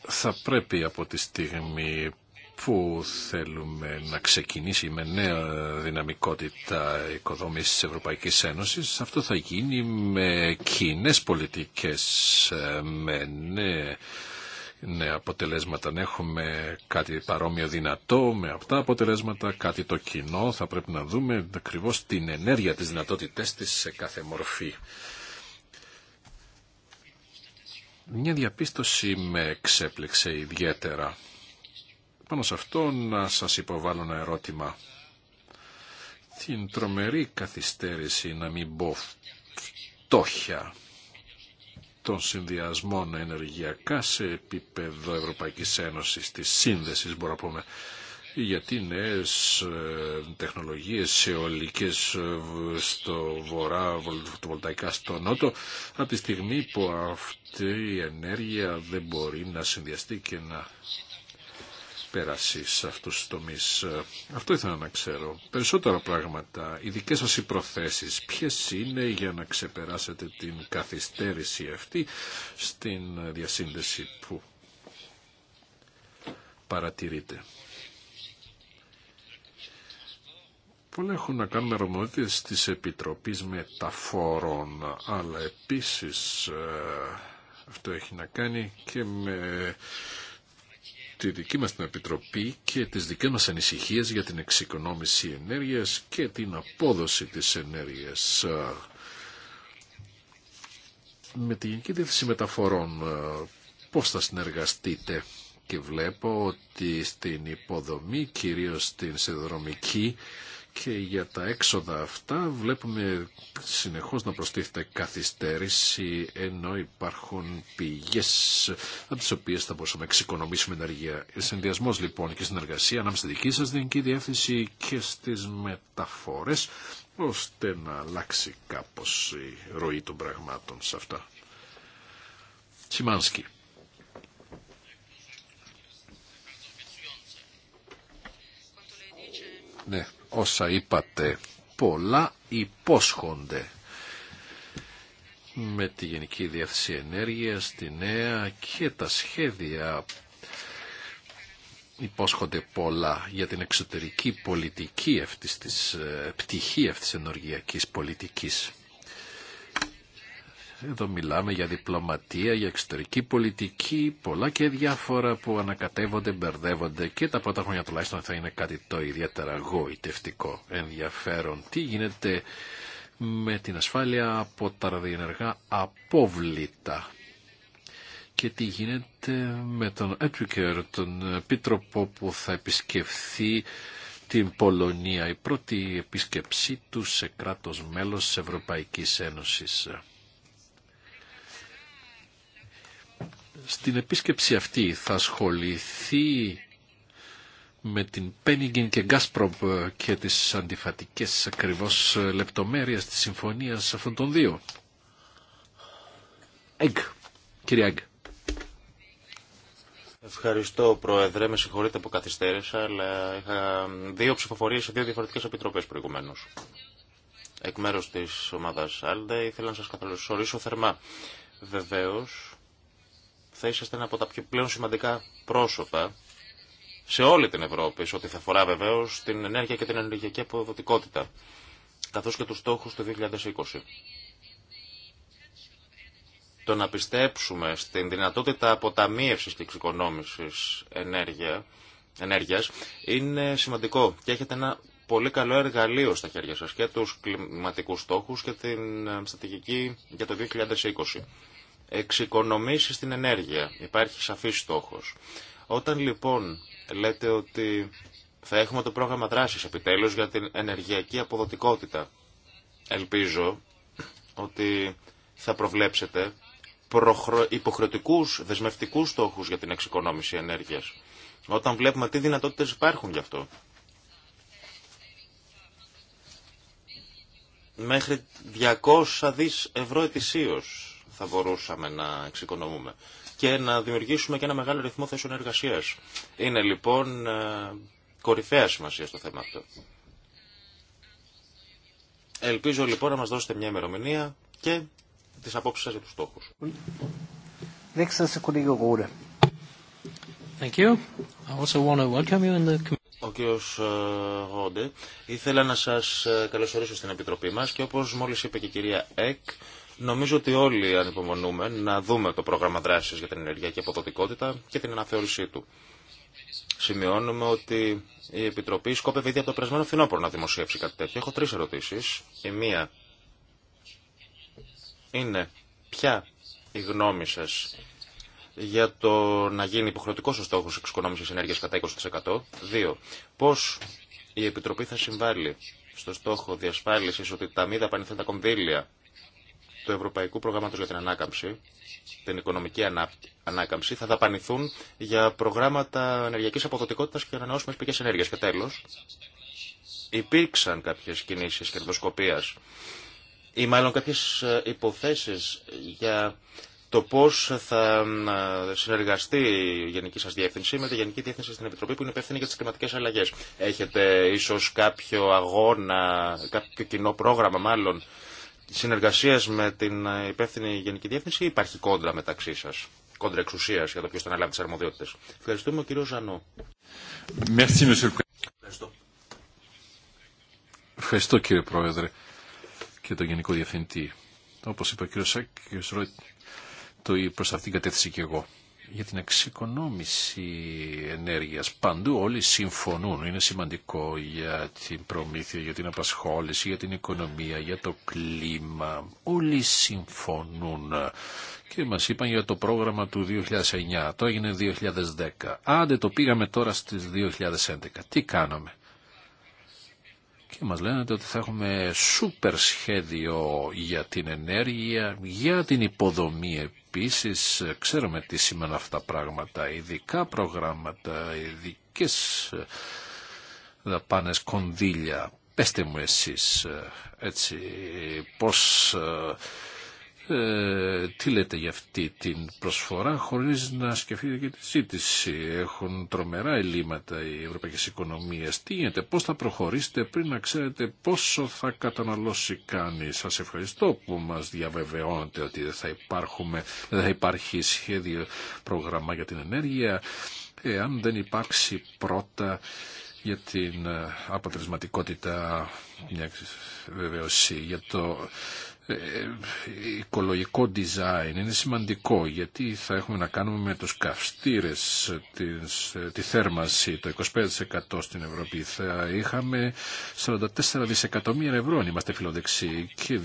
θα πρέπει από τη στιγμή που θέλουμε να ξεκινήσει με νέα δυναμικότητα οικοδόμηση της Ευρωπαϊκής Ένωσης. Αυτό θα γίνει με κοινέ πολιτικές, ε, με νέα, αποτελέσματα. Να έχουμε κάτι παρόμοιο δυνατό με αυτά αποτελέσματα, κάτι το κοινό. Θα πρέπει να δούμε ακριβώ την ενέργεια της δυνατότητές της σε κάθε μορφή. Μια διαπίστωση με εξέπληξε ιδιαίτερα. Πάνω σε αυτό να σας υποβάλω ένα ερώτημα. Την τρομερή καθυστέρηση, να μην πω φτώχεια, των συνδυασμών ενεργειακά σε επίπεδο Ευρωπαϊκής Ένωσης, της σύνδεσης μπορώ να πούμε, γιατί νέες ε, τεχνολογίες εολικές ε, στο βορρά, φωτοβολταϊκά στο νότο, από τη στιγμή που αυτή η ενέργεια δεν μπορεί να συνδυαστεί και να πέρασει σε αυτούς τους τομείς. Ε, αυτό ήθελα να ξέρω. Περισσότερα πράγματα, οι δικές σας οι προθέσεις, ποιες είναι για να ξεπεράσετε την καθυστέρηση αυτή στην διασύνδεση που παρατηρείτε. Πολλά έχουν να κάνουν με αρμοδιότητες της Επιτροπής Μεταφορών, αλλά επίσης ε, αυτό έχει να κάνει και με τη δική μας την Επιτροπή και τις δικές μας ανησυχίες για την εξοικονόμηση ενέργειας και την απόδοση της ενέργειας. Με τη Γενική Διεύθυνση Μεταφορών ε, πώς θα συνεργαστείτε και βλέπω ότι στην υποδομή, κυρίως στην σιδηροδρομική, και για τα έξοδα αυτά βλέπουμε συνεχώς να προστίθεται καθυστέρηση ενώ υπάρχουν πηγές από τις οποίες θα μπορούσαμε να εξοικονομήσουμε ενεργεία. Συνδυασμό λοιπόν και συνεργασία ανάμεσα στη δική σας δυνική Διεύθυνση και στις μεταφορές ώστε να αλλάξει κάπως η ροή των πραγμάτων σε αυτά. Σιμάνσκι. Ναι, όσα είπατε. Πολλά υπόσχονται με τη Γενική Διεύθυνση Ενέργειας, τη Νέα και τα σχέδια υπόσχονται πολλά για την εξωτερική πολιτική αυτής της ε, πτυχή αυτής της ενεργειακής πολιτικής. Εδώ μιλάμε για διπλωματία, για εξωτερική πολιτική, πολλά και διάφορα που ανακατεύονται, μπερδεύονται και τα πρώτα χρόνια τουλάχιστον θα είναι κάτι το ιδιαίτερα γοητευτικό ενδιαφέρον. Τι γίνεται με την ασφάλεια από τα ραδιενεργά απόβλητα και τι γίνεται με τον Έτρικερ, τον επίτροπο που θα επισκεφθεί την Πολωνία, η πρώτη επίσκεψή του σε κράτος μέλος της Ευρωπαϊκής Ένωσης. Στην επίσκεψη αυτή θα ασχοληθεί με την Πένιγκιν και Γκάσπροπ και τις αντιφατικές ακριβώς λεπτομέρειες της συμφωνίας αυτών των δύο. Εγκ, κύριε Εγκ. Ευχαριστώ, Πρόεδρε. Με συγχωρείτε που καθυστέρησα, αλλά είχα δύο ψηφοφορίες σε δύο διαφορετικές επιτροπές προηγουμένως. Εκ μέρους της ομάδας Άλντε, ήθελα να σα καθορίσω θερμά. Βεβαίω, θα είσαστε ένα από τα πιο πλέον σημαντικά πρόσωπα σε όλη την Ευρώπη, σε ό,τι θα αφορά βεβαίω την ενέργεια και την ενεργειακή αποδοτικότητα, καθώ και του στόχου του 2020. Το να πιστέψουμε στην δυνατότητα αποταμίευσης και εξοικονόμησης ενέργεια, ενέργειας είναι σημαντικό και έχετε ένα πολύ καλό εργαλείο στα χέρια σας και τους κλιματικούς στόχους και την στρατηγική για το 2020 εξοικονομήσει στην ενέργεια. Υπάρχει σαφής στόχος. Όταν λοιπόν λέτε ότι θα έχουμε το πρόγραμμα δράσης επιτέλους για την ενεργειακή αποδοτικότητα, ελπίζω ότι θα προβλέψετε υποχρεωτικούς δεσμευτικούς στόχους για την εξοικονόμηση ενέργειας. Όταν βλέπουμε τι δυνατότητες υπάρχουν γι' αυτό. Μέχρι 200 δις ευρώ ετησίως θα μπορούσαμε να εξοικονομούμε και να δημιουργήσουμε και ένα μεγάλο ρυθμό θέσεων εργασία. Είναι λοιπόν ε, κορυφαία σημασία στο θέμα αυτό. Ελπίζω λοιπόν να μας δώσετε μια ημερομηνία και τις απόψεις σας για τους στόχους. you. I also want to welcome you in the... Ο κ. Γόντε, ε, ήθελα να σας ε, καλωσορίσω στην Επιτροπή μας και όπως μόλις είπε και η κυρία Εκ, Νομίζω ότι όλοι ανυπομονούμε να δούμε το πρόγραμμα δράση για την ενεργειακή αποδοτικότητα και την αναθεώρησή του. Σημειώνουμε ότι η Επιτροπή σκόπευε ήδη από το περασμένο φθινόπωρο να δημοσιεύσει κάτι τέτοιο. Έχω τρει ερωτήσει. Η μία είναι ποια η γνώμη σα για το να γίνει υποχρεωτικό ο στόχο εξοικονόμηση ενέργεια κατά 20%. Δύο, Πώ η Επιτροπή θα συμβάλλει στο στόχο διασφάλιση ότι τα μη δαπανηθέντα κονδύλια του Ευρωπαϊκού Προγράμματος για την Ανάκαμψη, την οικονομική ανάκαμψη, θα δαπανηθούν για προγράμματα ενεργειακής αποδοτικότητας και ανανεώσιμες πηγές ενέργειας. Και τέλος, υπήρξαν κάποιες κινήσεις κερδοσκοπίας ή μάλλον κάποιες ε, υποθέσεις για το πώς θα ε, συνεργαστεί η Γενική σας Διεύθυνση με τη Γενική Διεύθυνση στην Επιτροπή που είναι υπεύθυνη για τις κλιματικές αλλαγές. Έχετε ίσως κάποιο αγώνα, κάποιο κοινό πρόγραμμα μάλλον συνεργασίας με την υπεύθυνη Γενική Διεύθυνση ή υπάρχει κόντρα μεταξύ σας, κόντρα εξουσίας για το ποιος θα αναλάβει τις αρμοδιότητες. Ευχαριστούμε ο κύριος Ζανό. Ευχαριστώ. Ευχαριστώ κύριε Πρόεδρε και τον Γενικό Διευθυντή. Όπως είπε ο κύριος Σάκ, το προς αυτήν την κατεύθυνση και εγώ για την εξοικονόμηση ενέργειας. Παντού όλοι συμφωνούν. Είναι σημαντικό για την προμήθεια, για την απασχόληση, για την οικονομία, για το κλίμα. Όλοι συμφωνούν. Και μας είπαν για το πρόγραμμα του 2009. Το έγινε 2010. Άντε το πήγαμε τώρα στις 2011. Τι κάναμε και μας λένε ότι θα έχουμε σούπερ σχέδιο για την ενέργεια, για την υποδομή επίσης. Ξέρουμε τι σημαίνουν αυτά τα πράγματα, ειδικά προγράμματα, ειδικές δαπάνες, κονδύλια. Πεστε μου εσείς ε, έτσι πώς ε, ε, τι λέτε για αυτή την προσφορά χωρίς να σκεφτείτε και τη ζήτηση. Έχουν τρομερά ελλείμματα οι ευρωπαϊκές οικονομίες. Τι γίνεται, πώς θα προχωρήσετε πριν να ξέρετε πόσο θα καταναλώσει κάνει. Σας ευχαριστώ που μας διαβεβαιώνετε ότι δεν θα, υπάρχουμε, δεν θα υπάρχει σχέδιο πρόγραμμα για την ενέργεια εάν δεν υπάρξει πρώτα για την ε, αποτελεσματικότητα μια βεβαίωση για το ε, ε, οικολογικό design είναι σημαντικό γιατί θα έχουμε να κάνουμε με τους καυστήρες της, τη θέρμανση το 25% στην Ευρώπη θα είχαμε 44 δισεκατομμύρια ευρώ αν είμαστε φιλοδεξοί και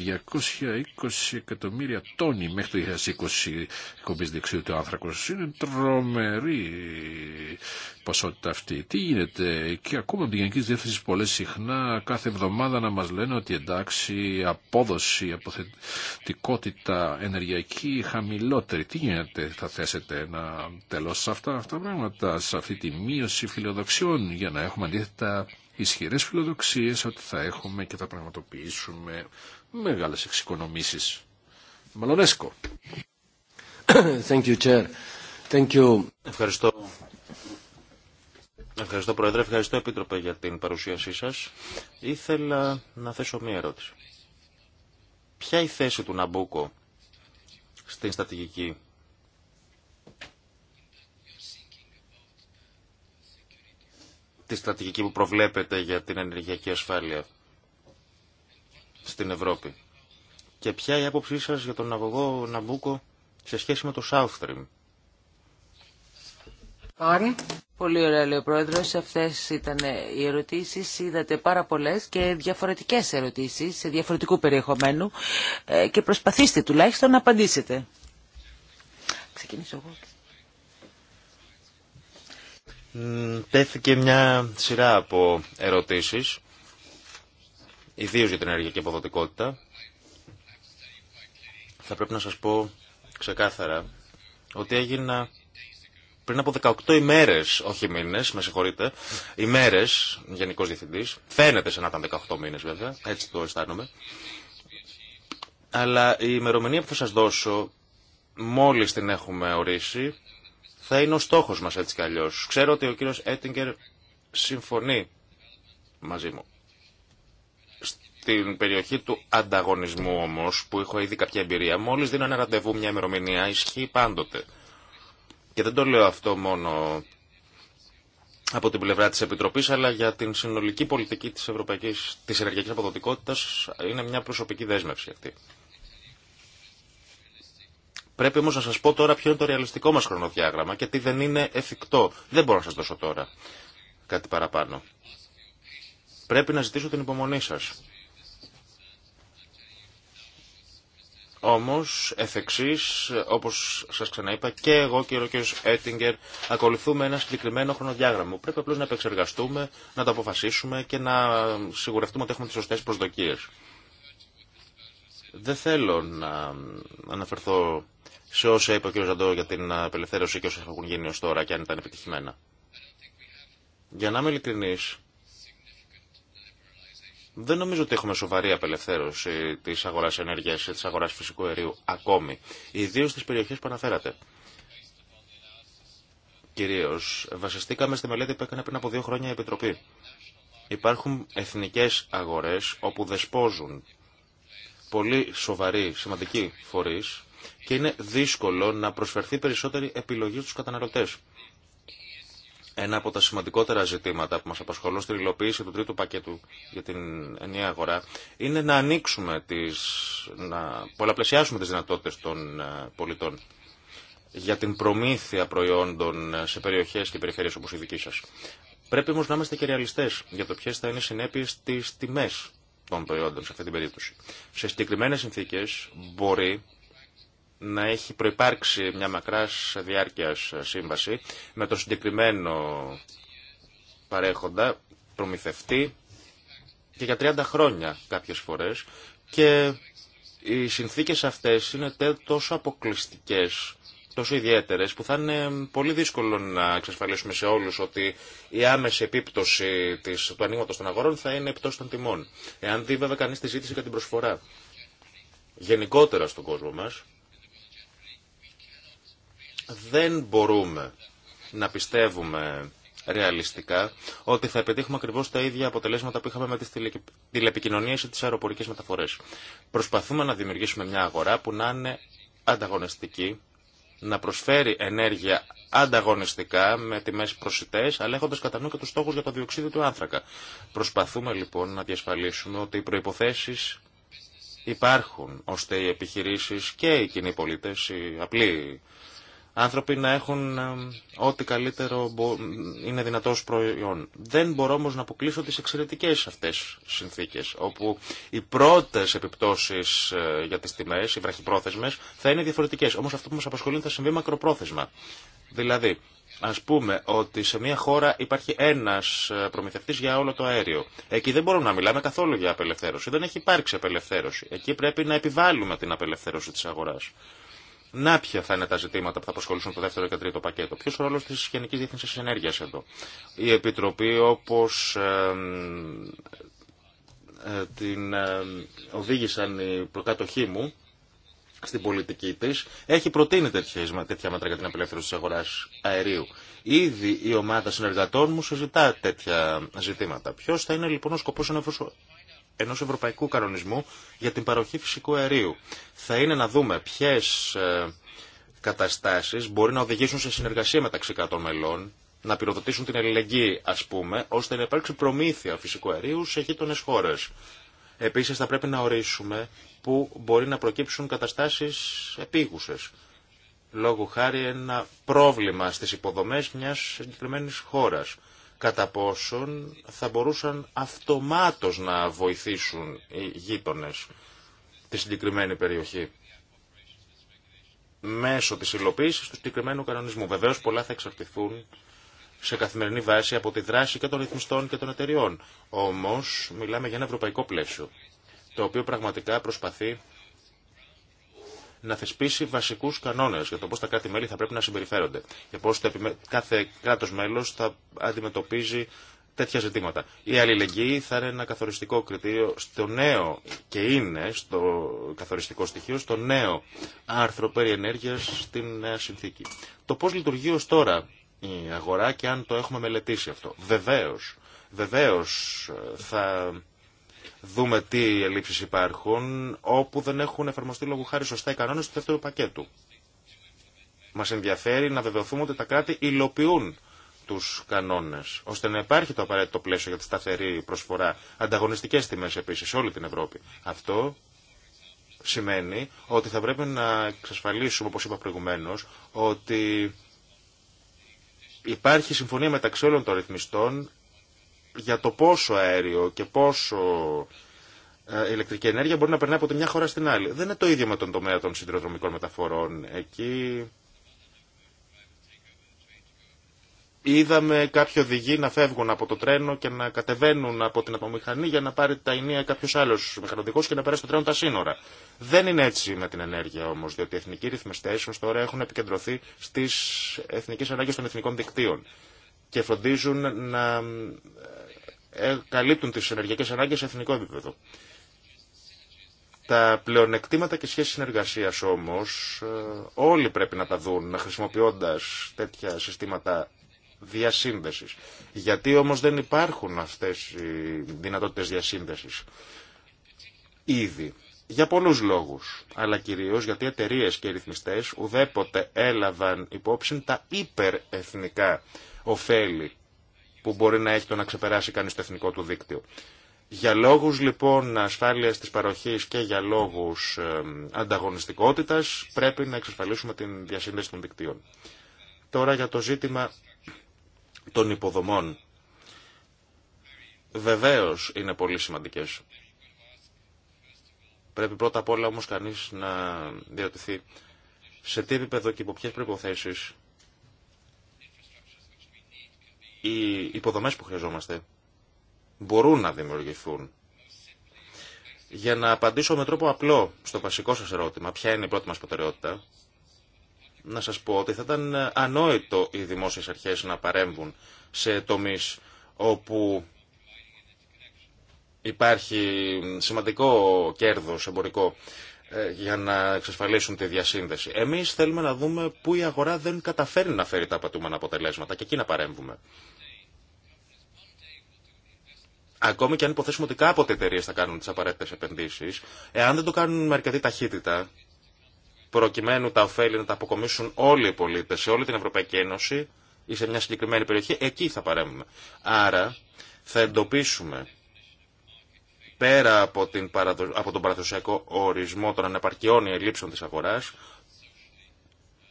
220 εκατομμύρια τόνοι μέχρι το 2020 κομπής δεξιού του άνθρακος είναι τρομερή ποσότητα αυτή. Τι γίνεται και ακούμε από την Γενική Διεύθυνση πολλές συχνά κάθε εβδομάδα να μας λένε ότι εντάξει απόδοση, αποθετικότητα ενεργειακή χαμηλότερη. Τι γίνεται, θα θέσετε ένα τέλος σε αυτά, τα πράγματα, σε αυτή τη μείωση φιλοδοξιών για να έχουμε αντίθετα ισχυρέ φιλοδοξίε ότι θα έχουμε και θα πραγματοποιήσουμε μεγάλες εξοικονομήσεις. Μαλονέσκο. Thank you, Chair. Thank you. Ευχαριστώ. Ευχαριστώ Πρόεδρε, ευχαριστώ Επίτροπε για την παρουσίασή σας. Ήθελα να θέσω μία ερώτηση. Ποια η θέση του Ναμπούκο στην στρατηγική τη στρατηγική που προβλέπεται για την ενεργειακή ασφάλεια στην Ευρώπη. Και ποια η άποψή σας για τον αγωγό Ναμπούκο σε σχέση με το South Stream. Πολύ ωραία λέει ο Πρόεδρος. Αυτές ήταν οι ερωτήσεις. Είδατε πάρα πολλές και διαφορετικές ερωτήσεις σε διαφορετικού περιεχομένου ε, και προσπαθήστε τουλάχιστον να απαντήσετε. Ξεκινήσω εγώ. Τέθηκε μια σειρά από ερωτήσεις, ιδίω για την ενεργειακή αποδοτικότητα. Θα πρέπει να σας πω ξεκάθαρα ότι έγινα πριν από 18 ημέρε, όχι μήνε, με συγχωρείτε, ημέρε, Γενικό Διευθυντή, φαίνεται σαν να ήταν 18 μήνε βέβαια, έτσι το αισθάνομαι. Αλλά η ημερομηνία που θα σα δώσω, μόλι την έχουμε ορίσει, θα είναι ο στόχο μα έτσι κι αλλιώ. Ξέρω ότι ο κύριο Έτιγκερ συμφωνεί μαζί μου. Στην περιοχή του ανταγωνισμού όμως, που έχω ήδη κάποια εμπειρία, μόλις δίνω ένα ραντεβού μια ημερομηνία, ισχύει πάντοτε. Και δεν το λέω αυτό μόνο από την πλευρά της Επιτροπής, αλλά για την συνολική πολιτική της, ευρωπαϊκής, της ενεργειακής αποδοτικότητας είναι μια προσωπική δέσμευση αυτή. Πρέπει όμως να σας πω τώρα ποιο είναι το ρεαλιστικό μας χρονοδιάγραμμα και τι δεν είναι εφικτό. Δεν μπορώ να σας δώσω τώρα κάτι παραπάνω. Πρέπει να ζητήσω την υπομονή σας. Όμως, εφ' εξής, όπως σας ξαναείπα και εγώ και ο κ. Έτιγκερ ακολουθούμε ένα συγκεκριμένο χρονοδιάγραμμα. Πρέπει απλώς να επεξεργαστούμε, να το αποφασίσουμε και να σιγουρευτούμε ότι έχουμε τις σωστές προσδοκίες. Δεν θέλω να αναφερθώ σε όσα είπε ο κ. Ζαντό για την απελευθέρωση και όσα έχουν γίνει ως τώρα και αν ήταν επιτυχημένα. Για να είμαι ειλικρινής, δεν νομίζω ότι έχουμε σοβαρή απελευθέρωση τη αγορά ενέργεια και τη αγορά φυσικού αερίου ακόμη. Ιδίω στι περιοχέ που αναφέρατε. Κυρίω βασιστήκαμε στη μελέτη που έκανε πριν από δύο χρόνια η Επιτροπή. Υπάρχουν εθνικέ αγορέ όπου δεσπόζουν πολύ σοβαροί, σημαντικοί φορεί και είναι δύσκολο να προσφερθεί περισσότερη επιλογή στους καταναλωτέ. Ένα από τα σημαντικότερα ζητήματα που μας απασχολούν στην υλοποίηση του τρίτου πακέτου για την ενιαία αγορά είναι να ανοίξουμε τις, να πολλαπλασιάσουμε τις δυνατότητες των ε, πολιτών για την προμήθεια προϊόντων ε, σε περιοχές και περιφέρειες όπως η δική σας. Πρέπει όμως να είμαστε και ρεαλιστές για το ποιες θα είναι οι συνέπειες στις τιμές των προϊόντων σε αυτή την περίπτωση. Σε συγκεκριμένες συνθήκες μπορεί να έχει προϋπάρξει μια μακράς διάρκειας σύμβαση με το συγκεκριμένο παρέχοντα, προμηθευτή και για 30 χρόνια κάποιες φορές και οι συνθήκες αυτές είναι τόσο αποκλειστικές τόσο ιδιαίτερες, που θα είναι πολύ δύσκολο να εξασφαλίσουμε σε όλους ότι η άμεση επίπτωση της, του ανοίγματο των αγορών θα είναι επίπτωση των τιμών. Εάν δει βέβαια κανείς τη ζήτηση για την προσφορά γενικότερα στον κόσμο μας, δεν μπορούμε να πιστεύουμε ρεαλιστικά ότι θα επιτύχουμε ακριβώς τα ίδια αποτελέσματα που είχαμε με τις τηλεπικοινωνίες ή τις αεροπορικές μεταφορές. Προσπαθούμε να δημιουργήσουμε μια αγορά που να είναι ανταγωνιστική, να προσφέρει ενέργεια ανταγωνιστικά με τιμές προσιτές, αλλά έχοντας κατά νου και τους στόχους για το διοξείδιο του άνθρακα. Προσπαθούμε λοιπόν να διασφαλίσουμε ότι οι προϋποθέσεις υπάρχουν, ώστε οι επιχειρήσεις και οι κοινοί πολίτες, οι απλοί άνθρωποι να έχουν ε, ό,τι καλύτερο είναι δυνατό προϊόν. Δεν μπορώ όμω να αποκλείσω τι εξαιρετικέ αυτέ συνθήκε, όπου οι πρώτε επιπτώσει ε, για τι τιμέ, οι βραχυπρόθεσμε, θα είναι διαφορετικέ. Όμω αυτό που μα απασχολεί θα συμβεί μακροπρόθεσμα. Δηλαδή, α πούμε ότι σε μια χώρα υπάρχει ένα ε, προμηθευτή για όλο το αέριο. Εκεί δεν μπορούμε να μιλάμε καθόλου για απελευθέρωση. Δεν έχει υπάρξει απελευθέρωση. Εκεί πρέπει να επιβάλλουμε την απελευθέρωση τη αγορά. Να ποια θα είναι τα ζητήματα που θα απασχολήσουν το δεύτερο και τρίτο πακέτο. Ποιο ο ρόλο τη Γενική Διεθνή Ενέργεια εδώ. Η Επιτροπή όπω ε, την οδήγησαν οι προκάτοχοί μου στην πολιτική τη, έχει προτείνει τέτοια, τέτοια μέτρα για την απελευθέρωση τη αγορά αερίου. Ήδη η ομάδα συνεργατών μου συζητά τέτοια ζητήματα. Ποιο θα είναι λοιπόν ο σκοπό ενός ευρωπαϊκού κανονισμού για την παροχή φυσικού αερίου. Θα είναι να δούμε ποιες ε, καταστάσεις μπορεί να οδηγήσουν σε συνεργασία μεταξύ κρατών μελών, να πυροδοτήσουν την ελληνική ας πούμε, ώστε να υπάρξει προμήθεια φυσικού αερίου σε γείτονε χώρε. Επίσης θα πρέπει να ορίσουμε που μπορεί να προκύψουν καταστάσεις επίγουσες. Λόγω χάρη ένα πρόβλημα στις υποδομές μιας συγκεκριμένης χώρας κατά πόσον θα μπορούσαν αυτομάτως να βοηθήσουν οι γείτονες τη συγκεκριμένη περιοχή μέσω της υλοποίησης του συγκεκριμένου κανονισμού. Βεβαίως πολλά θα εξαρτηθούν σε καθημερινή βάση από τη δράση και των ρυθμιστών και των εταιριών. Όμως μιλάμε για ένα ευρωπαϊκό πλαίσιο, το οποίο πραγματικά προσπαθεί να θεσπίσει βασικού κανόνε για το πώ τα κράτη-μέλη θα πρέπει να συμπεριφέρονται και πώ κάθε κράτο-μέλο θα αντιμετωπίζει τέτοια ζητήματα. Η αλληλεγγύη θα είναι ένα καθοριστικό κριτήριο στο νέο και είναι στο καθοριστικό στοιχείο στο νέο άρθρο περί ενέργειας στην νέα συνθήκη. Το πώς λειτουργεί ως τώρα η αγορά και αν το έχουμε μελετήσει αυτό. Βεβαίως, βεβαίως ε, θα δούμε τι ελλείψεις υπάρχουν, όπου δεν έχουν εφαρμοστεί λόγω χάρη σωστά οι κανόνες του δεύτερου πακέτου. Μας ενδιαφέρει να βεβαιωθούμε ότι τα κράτη υλοποιούν τους κανόνες, ώστε να υπάρχει το απαραίτητο πλαίσιο για τη σταθερή προσφορά, ανταγωνιστικές τιμές επίσης σε όλη την Ευρώπη. Αυτό σημαίνει ότι θα πρέπει να εξασφαλίσουμε, όπως είπα προηγουμένως, ότι υπάρχει συμφωνία μεταξύ όλων των ρυθμιστών για το πόσο αέριο και πόσο ε, ηλεκτρική ενέργεια μπορεί να περνάει από τη μια χώρα στην άλλη. Δεν είναι το ίδιο με τον τομέα των συντηροδρομικών μεταφορών. Εκεί είδαμε κάποιοι οδηγοί να φεύγουν από το τρένο και να κατεβαίνουν από την απομηχανή για να πάρει τα ενία κάποιο άλλο μηχανοδικό και να περάσει το τρένο τα σύνορα. Δεν είναι έτσι με την ενέργεια όμω, διότι οι εθνικοί ρυθμιστέ ω τώρα έχουν επικεντρωθεί στι εθνικέ ανάγκε των εθνικών δικτύων και φροντίζουν να ε, καλύπτουν τις ενεργειακές ανάγκες σε εθνικό επίπεδο. Τα πλεονεκτήματα και σχέσεις συνεργασίας όμως ε, όλοι πρέπει να τα δουν χρησιμοποιώντας τέτοια συστήματα διασύνδεσης. Γιατί όμως δεν υπάρχουν αυτές οι δυνατότητες διασύνδεσης ήδη. Για πολλούς λόγους, αλλά κυρίως γιατί εταιρείε και ρυθμιστές ουδέποτε έλαβαν υπόψη τα υπερεθνικά ωφέλη που μπορεί να έχει το να ξεπεράσει κανείς το εθνικό του δίκτυο. Για λόγους λοιπόν ασφάλειας της παροχής και για λόγους ανταγωνιστικότητας πρέπει να εξασφαλίσουμε την διασύνδεση των δικτύων. Τώρα για το ζήτημα των υποδομών. Βεβαίως είναι πολύ σημαντικές. Πρέπει πρώτα απ' όλα όμως κανείς να διατηθεί σε τι επίπεδο και υπό ποιες προϋποθέσεις οι υποδομές που χρειαζόμαστε μπορούν να δημιουργηθούν. Για να απαντήσω με τρόπο απλό στο βασικό σας ερώτημα, ποια είναι η πρώτη μας προτεραιότητα, να σας πω ότι θα ήταν ανόητο οι δημόσιες αρχές να παρέμβουν σε τομείς όπου υπάρχει σημαντικό κέρδος εμπορικό ε, για να εξασφαλίσουν τη διασύνδεση. Εμείς θέλουμε να δούμε πού η αγορά δεν καταφέρει να φέρει τα απατούμενα αποτελέσματα και εκεί να παρέμβουμε. Ακόμη και αν υποθέσουμε ότι κάποτε εταιρείε θα κάνουν τι απαραίτητε επενδύσει, εάν δεν το κάνουν με αρκετή ταχύτητα, προκειμένου τα ωφέλη να τα αποκομίσουν όλοι οι πολίτε σε όλη την Ευρωπαϊκή Ένωση ή σε μια συγκεκριμένη περιοχή, εκεί θα παρέμβουμε. Άρα θα εντοπίσουμε πέρα από, την από τον παραδοσιακό ορισμό των ανεπαρκειών ή ελλείψεων της αγοράς,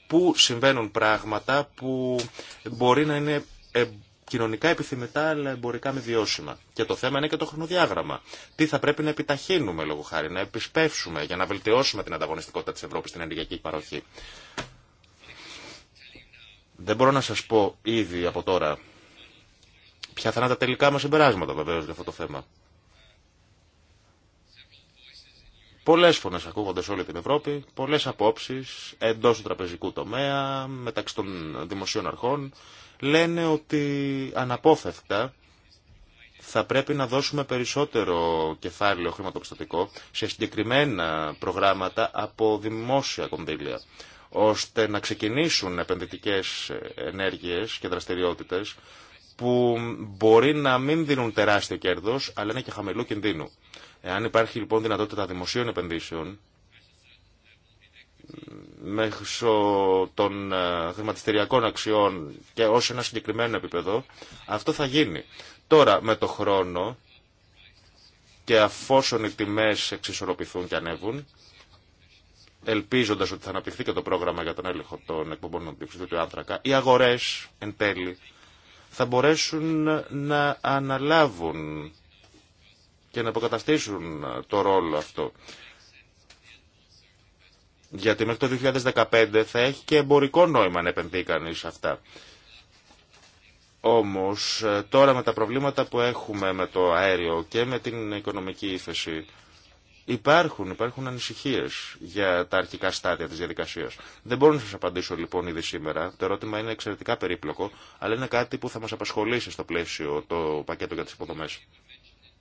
που συμβαίνουν πράγματα που μπορεί να είναι κοινωνικά επιθυμητά αλλά εμπορικά με βιώσιμα. Και το θέμα είναι και το χρονοδιάγραμμα. Τι θα πρέπει να επιταχύνουμε λόγω χάρη, να επισπεύσουμε για να βελτιώσουμε την ανταγωνιστικότητα της Ευρώπης στην ενεργειακή παροχή. Δεν μπορώ να σας πω ήδη από τώρα ποια θα είναι τα τελικά μας συμπεράσματα βεβαίως για αυτό το θέμα. Πολλές φωνές ακούγονται σε όλη την Ευρώπη, πολλές απόψεις εντός του τραπεζικού τομέα, μεταξύ των δημοσίων αρχών, λένε ότι αναπόφευκτα θα πρέπει να δώσουμε περισσότερο κεφάλαιο χρηματοπιστωτικό σε συγκεκριμένα προγράμματα από δημόσια κονδύλια, ώστε να ξεκινήσουν επενδυτικές ενέργειες και δραστηριότητες που μπορεί να μην δίνουν τεράστιο κέρδος, αλλά είναι και χαμηλού κινδύνου. Εάν υπάρχει λοιπόν δυνατότητα δημοσίων επενδύσεων, μέχρι των ε, χρηματιστηριακών αξιών και ως ένα συγκεκριμένο επίπεδο, αυτό θα γίνει. Τώρα, με το χρόνο και αφόσον οι τιμές εξισορροπηθούν και ανέβουν, ελπίζοντας ότι θα αναπτυχθεί και το πρόγραμμα για τον έλεγχο των εκπομπών του άνθρακα, οι αγορές εν τέλει θα μπορέσουν να αναλάβουν και να αποκαταστήσουν ε, το ρόλο αυτό. Γιατί μέχρι το 2015 θα έχει και εμπορικό νόημα να επενδύει κανεί αυτά. Όμως ε, τώρα με τα προβλήματα που έχουμε με το αέριο και με την οικονομική ύφεση υπάρχουν, υπάρχουν ανησυχίες για τα αρχικά στάδια της διαδικασίας. Δεν μπορώ να σας απαντήσω λοιπόν ήδη σήμερα. Το ερώτημα είναι εξαιρετικά περίπλοκο, αλλά είναι κάτι που θα μας απασχολήσει στο πλαίσιο το πακέτο για τις υποδομές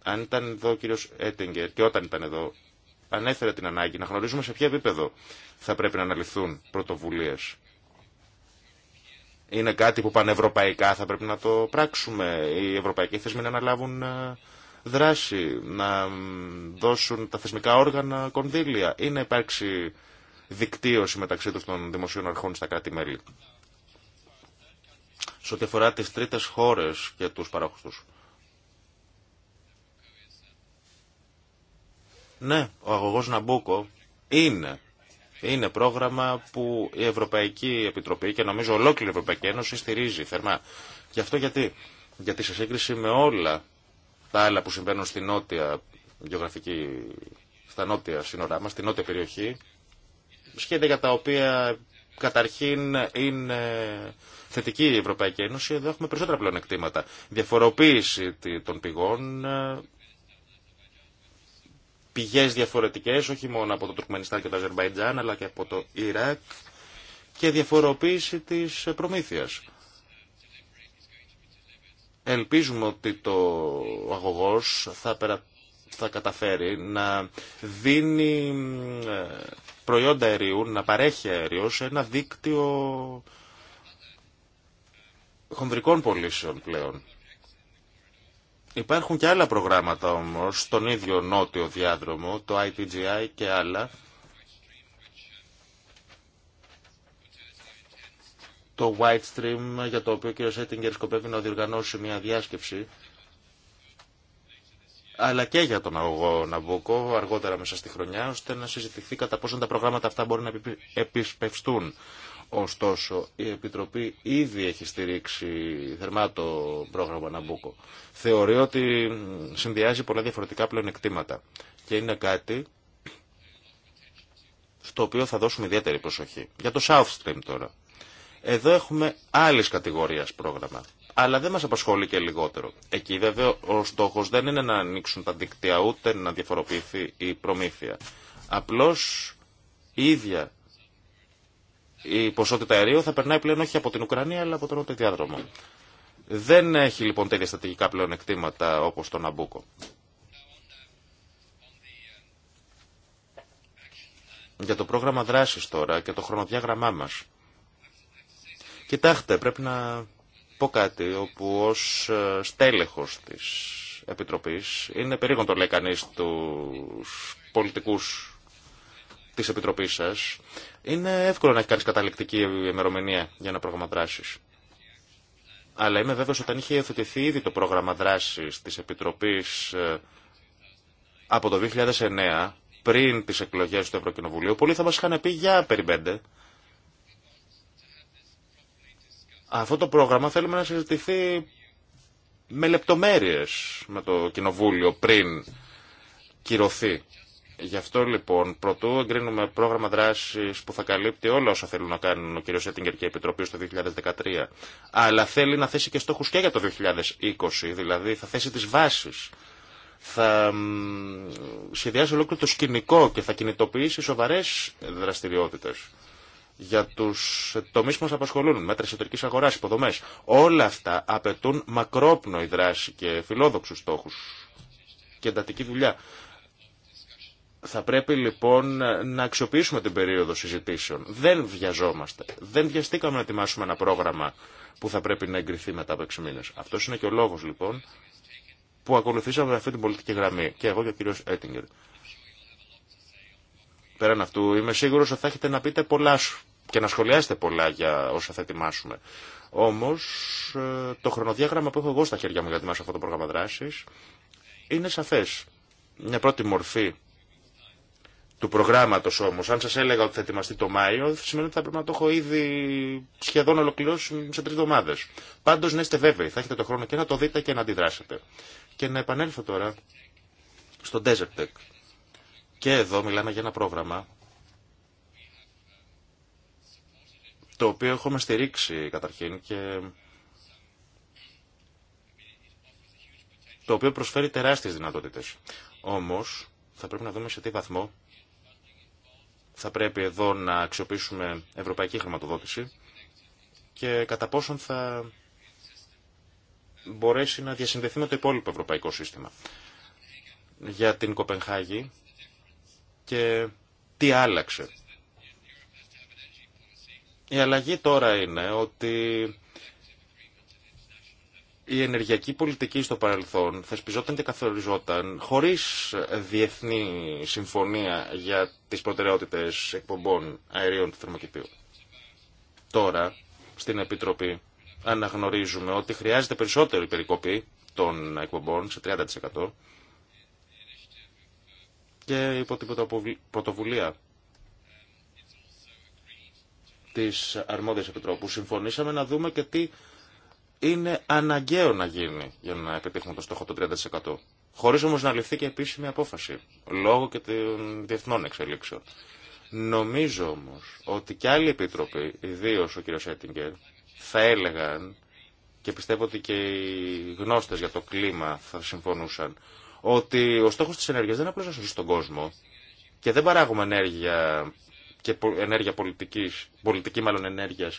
αν ήταν εδώ ο κύριο Έτεγκερ και όταν ήταν εδώ, ανέφερε την ανάγκη να γνωρίζουμε σε ποιο επίπεδο θα πρέπει να αναλυθούν πρωτοβουλίες. Είναι κάτι που πανευρωπαϊκά θα πρέπει να το πράξουμε. Οι ευρωπαϊκοί θεσμοί να αναλάβουν ε, δράση, να δώσουν τα θεσμικά όργανα κονδύλια ή να υπάρξει δικτύωση μεταξύ τους των δημοσίων αρχών στα κράτη-μέλη. Σε ό,τι αφορά τις τρίτες χώρες και τους παρόχους τους. Ναι, ο αγωγός Ναμπούκο είναι είναι πρόγραμμα που η Ευρωπαϊκή Επιτροπή και νομίζω ολόκληρη η Ευρωπαϊκή Ένωση στηρίζει θερμά. Γι' αυτό γιατί. Γιατί σε σύγκριση με όλα τα άλλα που συμβαίνουν στην νότια γεωγραφική, στα νότια σύνορά μας, στην νότια περιοχή, σχέδια για τα οποία καταρχήν είναι θετική η Ευρωπαϊκή Ένωση, εδώ έχουμε περισσότερα πλεονεκτήματα. Διαφοροποίηση των πηγών, πηγές διαφορετικές, όχι μόνο από το Τουρκμενιστάν και το Αζερβαϊτζάν, αλλά και από το Ιράκ και διαφοροποίηση της προμήθειας. Ελπίζουμε ότι το αγωγός θα, θα καταφέρει να δίνει ε, προϊόντα αερίου, να παρέχει αέριο σε ένα δίκτυο χονδρικών πωλήσεων πλέον. Υπάρχουν και άλλα προγράμματα όμως, στον ίδιο νότιο διάδρομο, το ITGI και άλλα, το White Stream για το οποίο ο κ. Σέτιγκερ σκοπεύει να διοργανώσει μια διάσκεψη αλλά και για τον αγωγό Ναμπούκο αργότερα μέσα στη χρονιά ώστε να συζητηθεί κατά πόσο τα προγράμματα αυτά μπορούν να επισπευστούν. Ωστόσο, η Επιτροπή ήδη έχει στηρίξει θερμά το πρόγραμμα Ναμπούκο. Θεωρεί ότι συνδυάζει πολλά διαφορετικά πλεονεκτήματα και είναι κάτι στο οποίο θα δώσουμε ιδιαίτερη προσοχή. Για το South Stream τώρα. Εδώ έχουμε άλλη κατηγορία πρόγραμμα. Αλλά δεν μα απασχολεί και λιγότερο. Εκεί βέβαια ο στόχο δεν είναι να ανοίξουν τα δίκτυα ούτε να διαφοροποιηθεί η προμήθεια. Απλώ η ίδια η ποσότητα αερίου θα περνάει πλέον όχι από την Ουκρανία αλλά από τον Νότιο Διάδρομο. Δεν έχει λοιπόν τέτοια στατηγικά πλέον εκτήματα όπως το Αμπούκο. Για το πρόγραμμα δράσης τώρα και το χρονοδιάγραμμά μας. Κοιτάξτε, πρέπει να πω κάτι όπου ως ε, στέλεχος της Επιτροπής είναι περίγοντο λέει κανείς τους πολιτικούς της Επιτροπής σα είναι εύκολο να έχει κάνει καταληκτική ημερομηνία για ένα πρόγραμμα δράση. Αλλά είμαι ότι όταν είχε υιοθετηθεί ήδη το πρόγραμμα δράση της Επιτροπής ε, από το 2009, πριν τι εκλογέ του Ευρωκοινοβουλίου, πολλοί θα μα είχαν πει για περιπέντε. Αυτό το πρόγραμμα θέλουμε να συζητηθεί με λεπτομέρειες με το Κοινοβούλιο πριν κυρωθεί Γι' αυτό λοιπόν, πρωτού εγκρίνουμε πρόγραμμα δράση που θα καλύπτει όλα όσα θέλουν να κάνουν ο κ. Σέτιγκερ και η Επιτροπή στο 2013, αλλά θέλει να θέσει και στόχου και για το 2020, δηλαδή θα θέσει τι βάσει. Θα σχεδιάσει ολόκληρο το σκηνικό και θα κινητοποιήσει σοβαρέ δραστηριότητε για του τομεί που μα απασχολούν, μέτρα εσωτερική αγορά, υποδομέ. Όλα αυτά απαιτούν μακρόπνοη δράση και φιλόδοξου στόχου και εντατική δουλειά. Θα πρέπει λοιπόν να αξιοποιήσουμε την περίοδο συζητήσεων. Δεν βιαζόμαστε. Δεν βιαστήκαμε να ετοιμάσουμε ένα πρόγραμμα που θα πρέπει να εγκριθεί μετά από έξι μήνε. Αυτό είναι και ο λόγο λοιπόν που ακολουθήσαμε αυτή την πολιτική γραμμή. Και εγώ και ο κύριο Έτιγκερ. Πέραν αυτού, είμαι σίγουρο ότι θα έχετε να πείτε πολλά και να σχολιάσετε πολλά για όσα θα ετοιμάσουμε. Όμω, ε, το χρονοδιάγραμμα που έχω εγώ στα χέρια μου για να ετοιμάσω αυτό το πρόγραμμα δράση είναι σαφέ. Μια πρώτη μορφή του προγράμματος όμως. Αν σας έλεγα ότι θα ετοιμαστεί το Μάιο, σημαίνει ότι θα πρέπει να το έχω ήδη σχεδόν ολοκληρώσει σε τρεις εβδομάδες. Πάντως να είστε βέβαιοι, θα έχετε το χρόνο και να το δείτε και να αντιδράσετε. Και να επανέλθω τώρα στο Desert Tech. Και εδώ μιλάμε για ένα πρόγραμμα το οποίο έχουμε στηρίξει καταρχήν και το οποίο προσφέρει τεράστιες δυνατότητες. Όμως θα πρέπει να δούμε σε τι βαθμό θα πρέπει εδώ να αξιοποιήσουμε ευρωπαϊκή χρηματοδότηση και κατά πόσον θα μπορέσει να διασυνδεθεί με το υπόλοιπο ευρωπαϊκό σύστημα. Για την Κοπενχάγη και τι άλλαξε. Η αλλαγή τώρα είναι ότι η ενεργειακή πολιτική στο παρελθόν θεσπιζόταν και καθοριζόταν χωρίς διεθνή συμφωνία για τις προτεραιότητες εκπομπών αερίων του θερμοκηπίου. Τώρα, στην Επιτροπή, αναγνωρίζουμε ότι χρειάζεται περισσότερη περικοπή των εκπομπών σε 30% και υπό την πρωτοβουλία της αρμόδιας επιτρόπου συμφωνήσαμε να δούμε και τι είναι αναγκαίο να γίνει για να επιτύχουμε το στόχο των 30%. Χωρί όμω να ληφθεί και επίσημη απόφαση, λόγω και των διεθνών εξελίξεων. Νομίζω όμω ότι και άλλοι επίτροποι, ιδίω ο κ. Έτιγκερ, θα έλεγαν και πιστεύω ότι και οι γνώστε για το κλίμα θα συμφωνούσαν ότι ο στόχο τη ενέργεια δεν απλώ να σωθεί στον κόσμο και δεν παράγουμε ενέργεια και ενέργεια πολιτικής, πολιτική μάλλον ενέργεια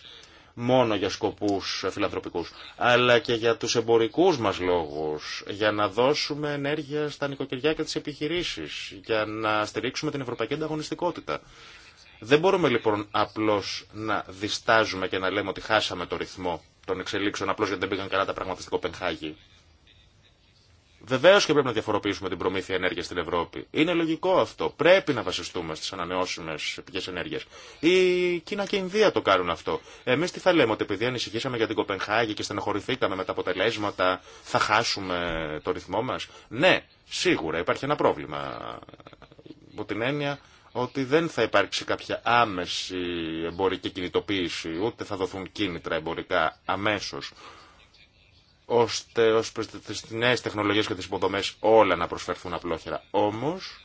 μόνο για σκοπούς φιλανθρωπικούς, αλλά και για τους εμπορικούς μας λόγους, για να δώσουμε ενέργεια στα νοικοκυριά και τις επιχειρήσεις, για να στηρίξουμε την ευρωπαϊκή ανταγωνιστικότητα. Δεν μπορούμε λοιπόν απλώς να διστάζουμε και να λέμε ότι χάσαμε το ρυθμό των εξελίξεων απλώς γιατί δεν πήγαν καλά τα πράγματα στην Βεβαίω και πρέπει να διαφοροποιήσουμε την προμήθεια ενέργεια στην Ευρώπη. Είναι λογικό αυτό. Πρέπει να βασιστούμε στι ανανεώσιμε πηγέ ενέργεια. Η Κίνα και η Ινδία το κάνουν αυτό. Εμεί τι θα λέμε, ότι επειδή ανησυχήσαμε για την Κοπενχάγη και στενοχωρηθήκαμε με τα αποτελέσματα, θα χάσουμε το ρυθμό μα. Ναι, σίγουρα υπάρχει ένα πρόβλημα. Υπό την έννοια ότι δεν θα υπάρξει κάποια άμεση εμπορική κινητοποίηση, ούτε θα δοθούν κίνητρα εμπορικά αμέσω ώστε ως προς τις νέες τεχνολογίες και τις υποδομές όλα να προσφερθούν απλόχερα. Όμως,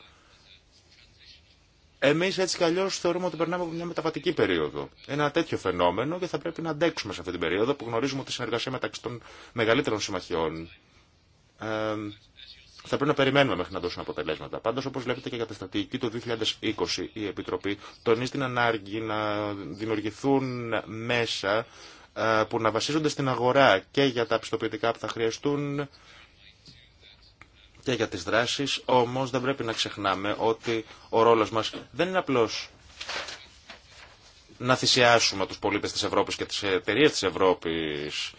εμείς έτσι κι αλλιώς θεωρούμε ότι περνάμε από μια μεταβατική περίοδο. Ένα τέτοιο φαινόμενο και θα πρέπει να αντέξουμε σε αυτή την περίοδο που γνωρίζουμε ότι η συνεργασία μεταξύ των μεγαλύτερων συμμαχιών ε, θα πρέπει να περιμένουμε μέχρι να δώσουν αποτελέσματα. Πάντω, όπω βλέπετε και για τη στρατηγική του 2020, η Επιτροπή τονίζει την ανάγκη να δημιουργηθούν μέσα ε, που να βασίζονται στην αγορά και για τα πιστοποιητικά που θα χρειαστούν και για τις δράσεις, όμως δεν πρέπει να ξεχνάμε ότι ο ρόλος μας δεν είναι απλώς να θυσιάσουμε τους πολίτες της Ευρώπης και τις εταιρείε της Ευρώπης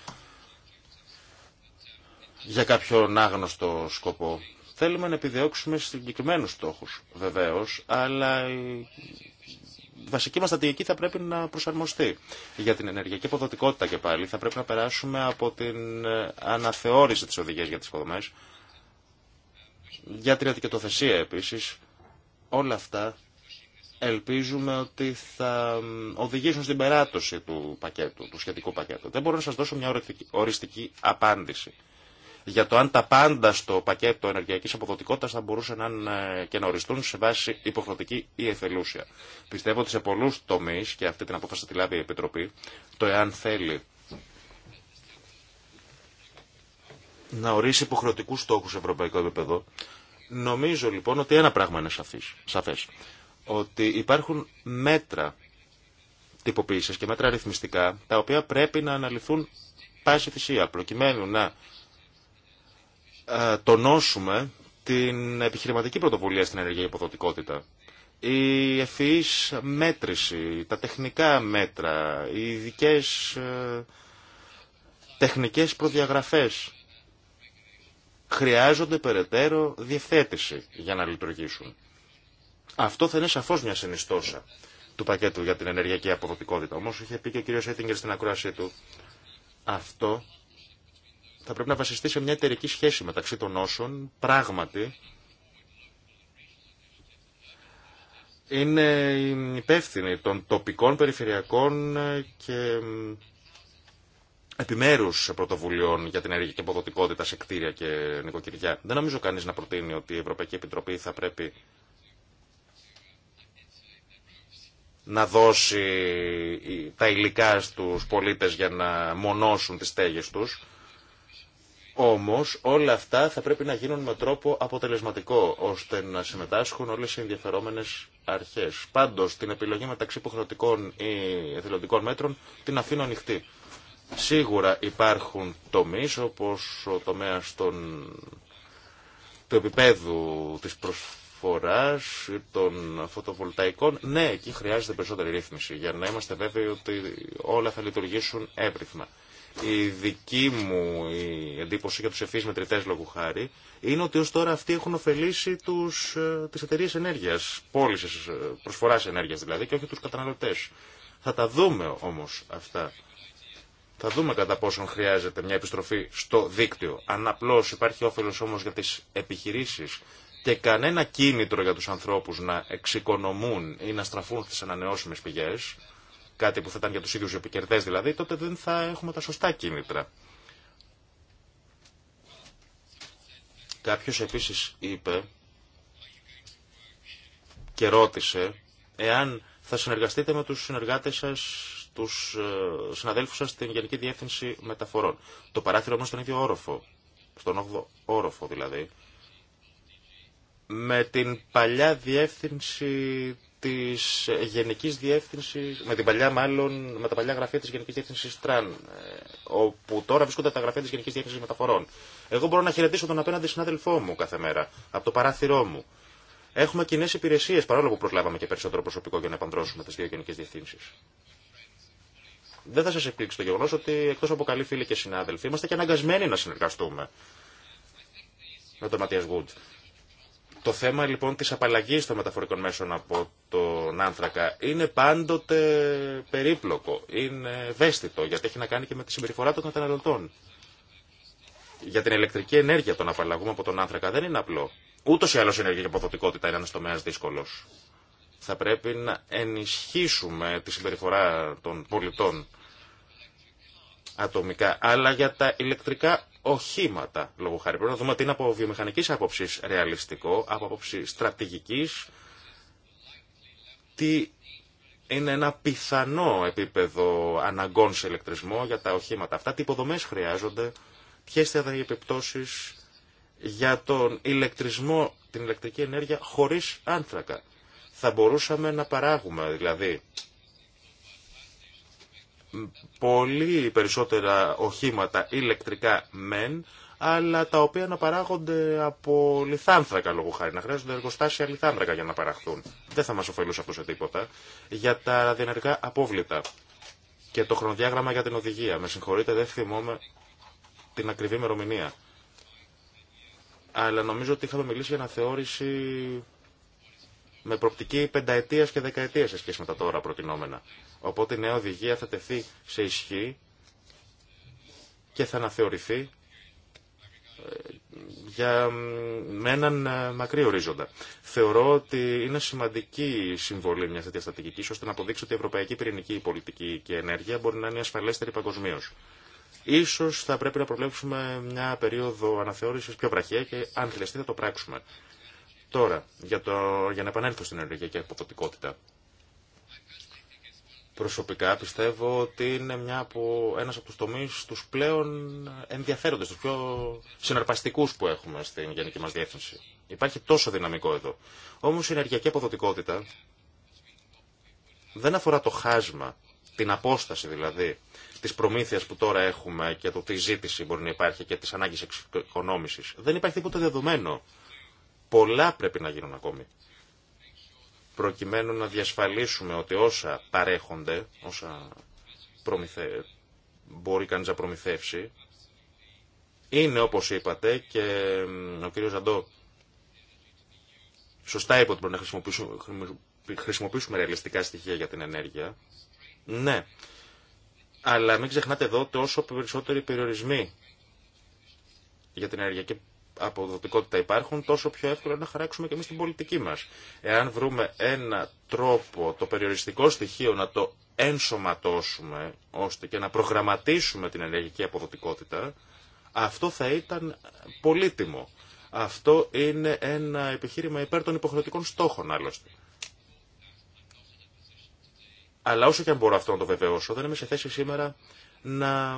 για κάποιον άγνωστο σκοπό. Θέλουμε να επιδιώξουμε συγκεκριμένους στόχους, βεβαίως, αλλά βασική μας στρατηγική θα πρέπει να προσαρμοστεί για την ενεργειακή αποδοτικότητα και πάλι. Θα πρέπει να περάσουμε από την ε, αναθεώρηση της οδηγίας για τις υποδομές, για την ατικετοθεσία επίσης. Όλα αυτά ελπίζουμε ότι θα οδηγήσουν στην περάτωση του πακέτου, του σχετικού πακέτου. Δεν μπορώ να σας δώσω μια οριστική απάντηση για το αν τα πάντα στο πακέτο ενεργειακή αποδοτικότητα θα μπορούσαν ε, να οριστούν σε βάση υποχρεωτική ή εθελούσια. Πιστεύω ότι σε πολλού τομεί και αυτή την απόφαση θα τη λάβει η Επιτροπή, το εάν θέλει να ορίσει υποχρεωτικού στόχου σε ευρωπαϊκό επίπεδο, νομίζω λοιπόν ότι ένα πράγμα είναι σαφέ Ότι υπάρχουν μέτρα τυποποίηση και μέτρα αριθμιστικά, τα οποία πρέπει να αναλυθούν πάση θυσία, προκειμένου να ε, τονώσουμε την επιχειρηματική πρωτοβουλία στην ενεργειακή υποδοτικότητα. Η ευφυής μέτρηση, τα τεχνικά μέτρα, οι ειδικέ ε, τεχνικές προδιαγραφές χρειάζονται περαιτέρω διευθέτηση για να λειτουργήσουν. Αυτό θα είναι σαφώς μια συνιστόσα του πακέτου για την ενεργειακή αποδοτικότητα. Όμως είχε πει και ο κ. Έτιγκερ στην ακρόασή του αυτό θα πρέπει να βασιστεί σε μια εταιρική σχέση μεταξύ των όσων πράγματι είναι υπεύθυνοι των τοπικών, περιφερειακών και επιμέρους πρωτοβουλειών για την ενεργειακή αποδοτικότητα σε κτίρια και νοικοκυριά. Δεν νομίζω κανείς να προτείνει ότι η Ευρωπαϊκή Επιτροπή θα πρέπει να δώσει τα υλικά στους πολίτες για να μονώσουν τις στέγες τους. Όμως όλα αυτά θα πρέπει να γίνουν με τρόπο αποτελεσματικό, ώστε να συμμετάσχουν όλες οι ενδιαφερόμενες αρχές. Πάντως, την επιλογή μεταξύ υποχρεωτικών ή εθελοντικών μέτρων την αφήνω ανοιχτή. Σίγουρα υπάρχουν τομείς, όπως ο τομέας των... του επίπεδου της προσφοράς ή των φωτοβολταϊκών. Ναι, εκεί χρειάζεται περισσότερη ρύθμιση, για να είμαστε βέβαιοι ότι όλα θα λειτουργήσουν έμπριθμα η δική μου η εντύπωση για τους ευφύς μετρητές λόγου χάρη είναι ότι ως τώρα αυτοί έχουν ωφελήσει τους, ε, τις εταιρείες ενέργειας, πώλησης, ε, προσφοράς ενέργειας δηλαδή και όχι τους καταναλωτές. Θα τα δούμε όμως αυτά. Θα δούμε κατά πόσον χρειάζεται μια επιστροφή στο δίκτυο. Αν απλώς υπάρχει όφελος όμως για τις επιχειρήσεις και κανένα κίνητρο για τους ανθρώπους να εξοικονομούν ή να στραφούν στις ανανεώσιμες πηγές, κάτι που θα ήταν για τους ίδιους επικερδές δηλαδή, τότε δεν θα έχουμε τα σωστά κίνητρα. Κάποιος επίσης είπε και ρώτησε εάν θα συνεργαστείτε με τους συνεργάτες σας, τους ε, συναδέλφους σας στην Γενική Διεύθυνση Μεταφορών. Το παράθυρο όμως στον ίδιο όροφο, στον 8ο όροφο δηλαδή, με την παλιά διεύθυνση Τη γενική διεύθυνση, με, την παλιά, μάλλον, με τα παλιά γραφεία τη Γενική διεύθυνση Τραν, ε, όπου τώρα βρίσκονται τα γραφεία τη Γενική διεύθυνση Μεταφορών. Εγώ μπορώ να χαιρετήσω τον απέναντι συνάδελφό μου κάθε μέρα, από το παράθυρό μου. Έχουμε κοινέ υπηρεσίε, παρόλο που προσλάβαμε και περισσότερο προσωπικό για να επαντρώσουμε τι δύο γενικέ διευθύνσει. Δεν θα σα εκπλήξει το γεγονό ότι εκτό από καλοί φίλοι και συνάδελφοι, είμαστε και αναγκασμένοι να συνεργαστούμε με τον Ματία Γκουτ. Το θέμα λοιπόν της απαλλαγής των μεταφορικών μέσων από τον άνθρακα είναι πάντοτε περίπλοκο, είναι ευαίσθητο, γιατί έχει να κάνει και με τη συμπεριφορά των καταναλωτών. Για την ηλεκτρική ενέργεια τον απαλλαγούμε από τον άνθρακα δεν είναι απλό. Ούτως ή άλλως η ενέργεια και αποδοτικότητα είναι ένας τομέας δύσκολος. Θα πρέπει να ενισχύσουμε τη συμπεριφορά των πολιτών ατομικά, αλλά για τα ηλεκτρικά οχήματα, λόγω χάρη. Πρέπει να δούμε τι είναι από βιομηχανική άποψη ρεαλιστικό, από άποψη στρατηγική, τι είναι ένα πιθανό επίπεδο αναγκών σε ηλεκτρισμό για τα οχήματα αυτά, τι υποδομέ χρειάζονται, ποιε θα ήταν οι επιπτώσει για τον ηλεκτρισμό, την ηλεκτρική ενέργεια χωρί άνθρακα. Θα μπορούσαμε να παράγουμε δηλαδή πολύ περισσότερα οχήματα ηλεκτρικά μεν, αλλά τα οποία να παράγονται από λιθάνθρακα λόγω χάρη, να χρειάζονται εργοστάσια λιθάνθρακα για να παραχθούν. Δεν θα μας ωφελούσε αυτό σε τίποτα. Για τα ραδιενεργά απόβλητα και το χρονοδιάγραμμα για την οδηγία. Με συγχωρείτε, δεν θυμόμαι την ακριβή ημερομηνία. Αλλά νομίζω ότι είχαμε μιλήσει για αναθεώρηση με προπτική πενταετίας και δεκαετίας σε σχέση με τα τώρα προτινόμενα. Οπότε η νέα οδηγία θα τεθεί σε ισχύ και θα αναθεωρηθεί ε, για, με έναν ε, μακρύ ορίζοντα. Θεωρώ ότι είναι σημαντική συμβολή μια τέτοια στρατηγική ώστε να αποδείξει ότι η ευρωπαϊκή πυρηνική πολιτική και ενέργεια μπορεί να είναι ασφαλέστερη παγκοσμίω. Ίσως θα πρέπει να προβλέψουμε μια περίοδο αναθεώρησης πιο βραχία και αν χρειαστεί θα το πράξουμε. Τώρα, για, το, για να επανέλθω στην ενεργειακή αποδοτικότητα. Προσωπικά πιστεύω ότι είναι μια από, ένας από τους τομείς τους πλέον ενδιαφέροντες, τους πιο συναρπαστικούς που έχουμε στην γενική μας διεύθυνση. Υπάρχει τόσο δυναμικό εδώ. Όμως η ενεργειακή αποδοτικότητα δεν αφορά το χάσμα, την απόσταση δηλαδή, της προμήθειας που τώρα έχουμε και το τι ζήτηση μπορεί να υπάρχει και της ανάγκης εξοικονόμησης. Δεν υπάρχει τίποτα δεδομένο. Πολλά πρέπει να γίνουν ακόμη προκειμένου να διασφαλίσουμε ότι όσα παρέχονται, όσα μπορεί κανείς να προμηθεύσει, είναι όπως είπατε και ο κύριος Ζαντό σωστά είπε ότι πρέπει να χρησιμοποιήσουμε, χρησιμοποιήσουμε ρεαλιστικά στοιχεία για την ενέργεια. Ναι, αλλά μην ξεχνάτε εδώ ότι όσο περισσότεροι περιορισμοί για την ενεργειακή αποδοτικότητα υπάρχουν, τόσο πιο εύκολα να χαράξουμε και εμεί την πολιτική μας. Εάν βρούμε ένα τρόπο το περιοριστικό στοιχείο να το ενσωματώσουμε, ώστε και να προγραμματίσουμε την ενεργειακή αποδοτικότητα, αυτό θα ήταν πολύτιμο. Αυτό είναι ένα επιχείρημα υπέρ των υποχρεωτικών στόχων άλλωστε. Αλλά όσο και αν μπορώ αυτό να το βεβαιώσω, δεν είμαι σε θέση σήμερα να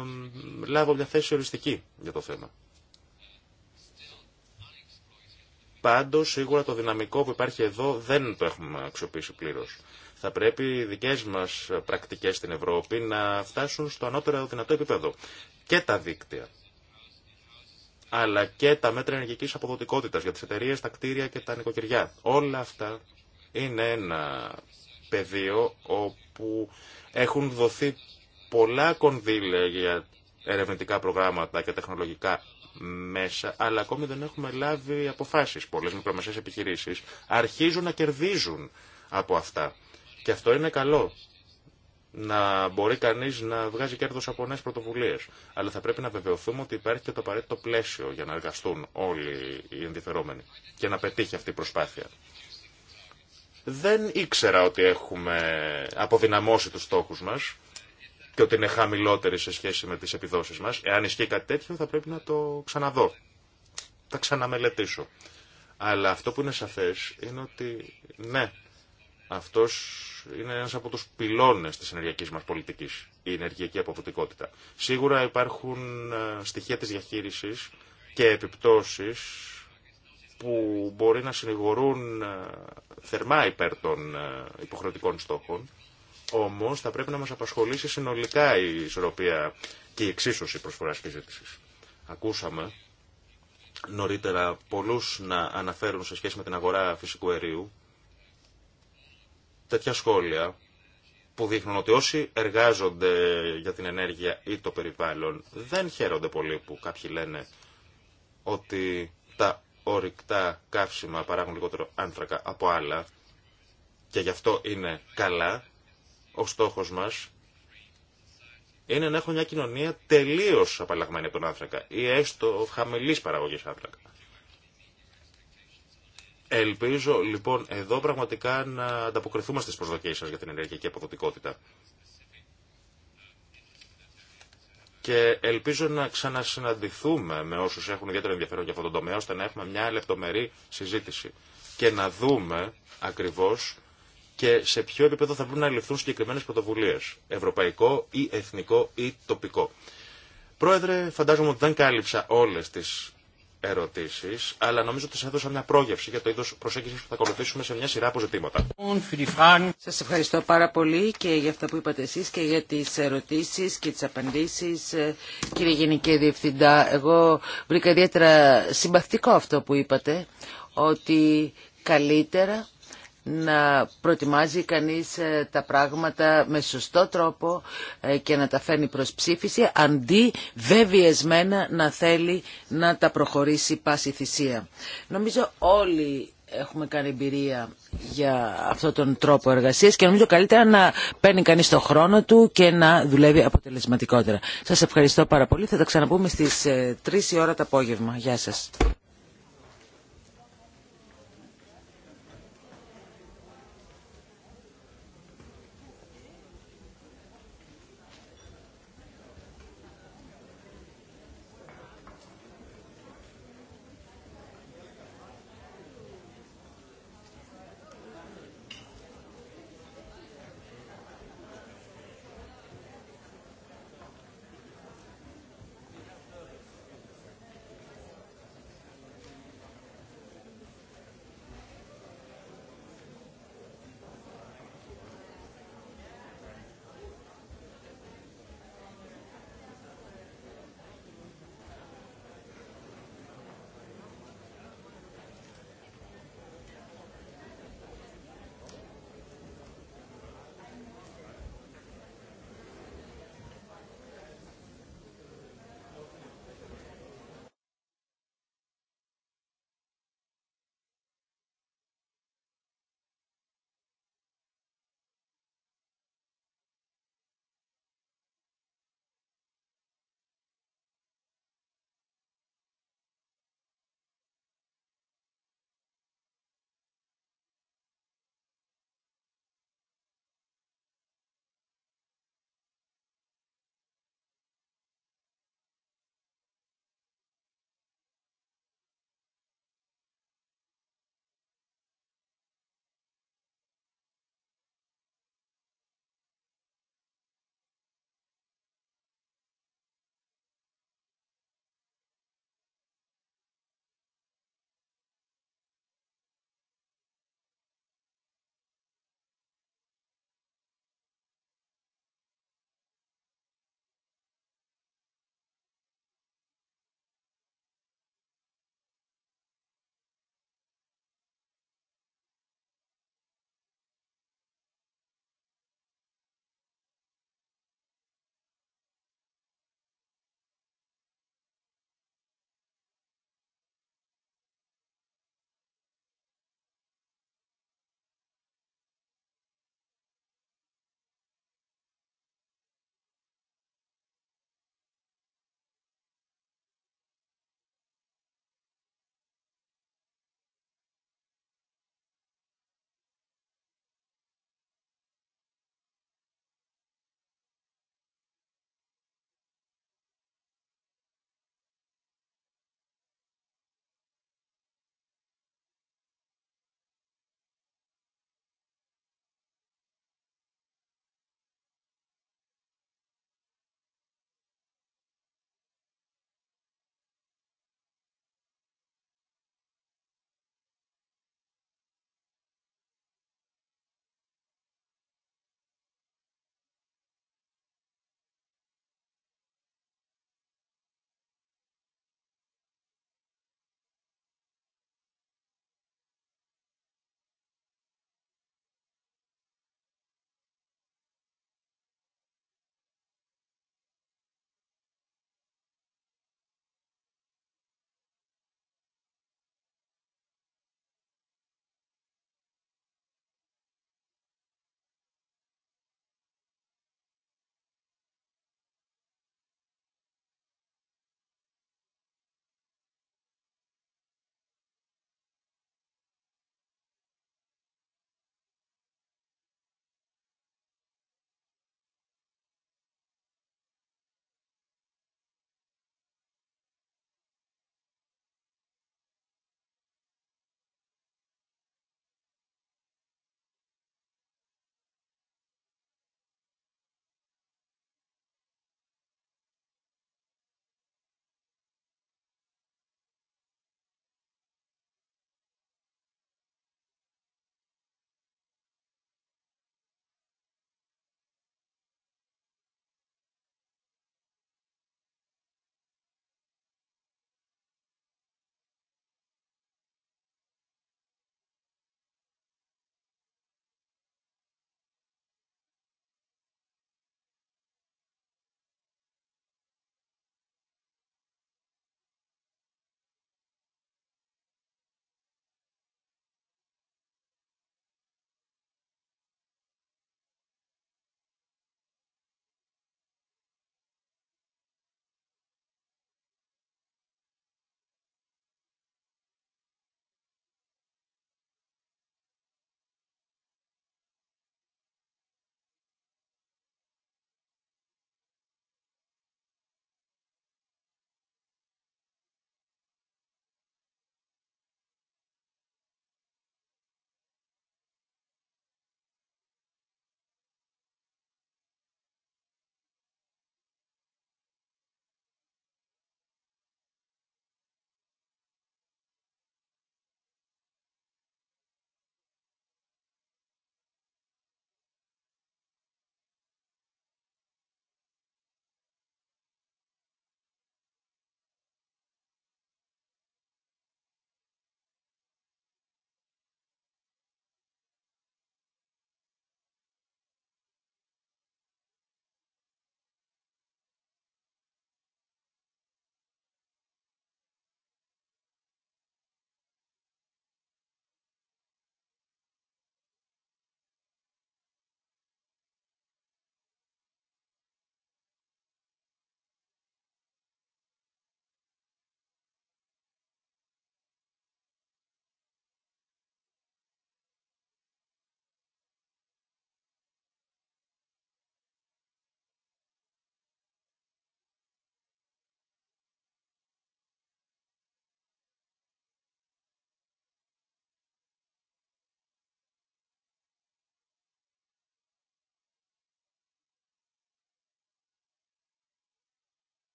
λάβω μια θέση οριστική για το θέμα. Πάντω σίγουρα το δυναμικό που υπάρχει εδώ δεν το έχουμε αξιοποιήσει πλήρως. Θα πρέπει οι δικέ μας πρακτικές στην Ευρώπη να φτάσουν στο ανώτερο δυνατό επίπεδο. Και τα δίκτυα, αλλά και τα μέτρα ενεργικής αποδοτικότητας για τις εταιρείε, τα κτίρια και τα νοικοκυριά. Όλα αυτά είναι ένα πεδίο όπου έχουν δοθεί πολλά κονδύλια για ερευνητικά προγράμματα και τεχνολογικά μέσα, αλλά ακόμη δεν έχουμε λάβει αποφάσεις. Πολλές μικρομεσαίες επιχειρήσεις αρχίζουν να κερδίζουν από αυτά. Και αυτό είναι καλό. Να μπορεί κανείς να βγάζει κέρδος από νέες πρωτοβουλίες. Αλλά θα πρέπει να βεβαιωθούμε ότι υπάρχει και το απαραίτητο πλαίσιο για να εργαστούν όλοι οι ενδιαφερόμενοι και να πετύχει αυτή η προσπάθεια. Δεν ήξερα ότι έχουμε αποδυναμώσει τους στόχους μας και ότι είναι χαμηλότερη σε σχέση με τις επιδόσεις μας. Εάν ισχύει κάτι τέτοιο θα πρέπει να το ξαναδώ. Θα ξαναμελετήσω. Αλλά αυτό που είναι σαφές είναι ότι ναι, αυτός είναι ένας από τους πυλώνες της ενεργειακής μας πολιτικής, η ενεργειακή αποδοτικότητα. Σίγουρα υπάρχουν ε, στοιχεία της διαχείρισης και επιπτώσεις που μπορεί να συνηγορούν ε, θερμά υπέρ των ε, υποχρεωτικών στόχων, όμως θα πρέπει να μας απασχολήσει συνολικά η ισορροπία και η εξίσωση προσφορά και ζήτηση. Ακούσαμε νωρίτερα πολλού να αναφέρουν σε σχέση με την αγορά φυσικού αερίου τέτοια σχόλια που δείχνουν ότι όσοι εργάζονται για την ενέργεια ή το περιβάλλον δεν χαίρονται πολύ που κάποιοι λένε ότι τα ορυκτά καύσιμα παράγουν λιγότερο άνθρακα από άλλα και γι' αυτό είναι καλά, ο στόχος μας είναι να έχουμε μια κοινωνία τελείως απαλλαγμένη από τον άνθρακα ή έστω χαμηλής παραγωγής άνθρακα. Ελπίζω λοιπόν εδώ πραγματικά να ανταποκριθούμε στις προσδοκίες σας για την ενεργειακή αποδοτικότητα. Και ελπίζω να ξανασυναντηθούμε με όσους έχουν ιδιαίτερο ενδιαφέρον για αυτόν τον τομέα, ώστε να έχουμε μια λεπτομερή συζήτηση και να δούμε ακριβώς και σε ποιο επίπεδο θα μπορούν να ληφθούν συγκεκριμένε πρωτοβουλίε. Ευρωπαϊκό ή εθνικό ή τοπικό. Πρόεδρε, φαντάζομαι ότι δεν κάλυψα όλε τι ερωτήσει, αλλά νομίζω ότι σα έδωσα μια πρόγευση για το είδο προσέγγιση που θα ακολουθήσουμε σε μια σειρά από ζητήματα. Σα ευχαριστώ πάρα πολύ και για αυτά που είπατε εσεί και για τι ερωτήσει και τι απαντήσει. Ε, κύριε Γενική Διευθυντά, εγώ βρήκα ιδιαίτερα συμπαθητικό αυτό που είπατε, ότι καλύτερα να προετοιμάζει κανείς ε, τα πράγματα με σωστό τρόπο ε, και να τα φέρνει προς ψήφιση αντί βεβαιεσμένα να θέλει να τα προχωρήσει πάση θυσία. Νομίζω όλοι έχουμε κάνει εμπειρία για αυτόν τον τρόπο εργασίας και νομίζω καλύτερα να παίρνει κανείς το χρόνο του και να δουλεύει αποτελεσματικότερα. Σας ευχαριστώ πάρα πολύ. Θα τα ξαναπούμε στις 3 ε, η ώρα το απόγευμα. Γεια σας.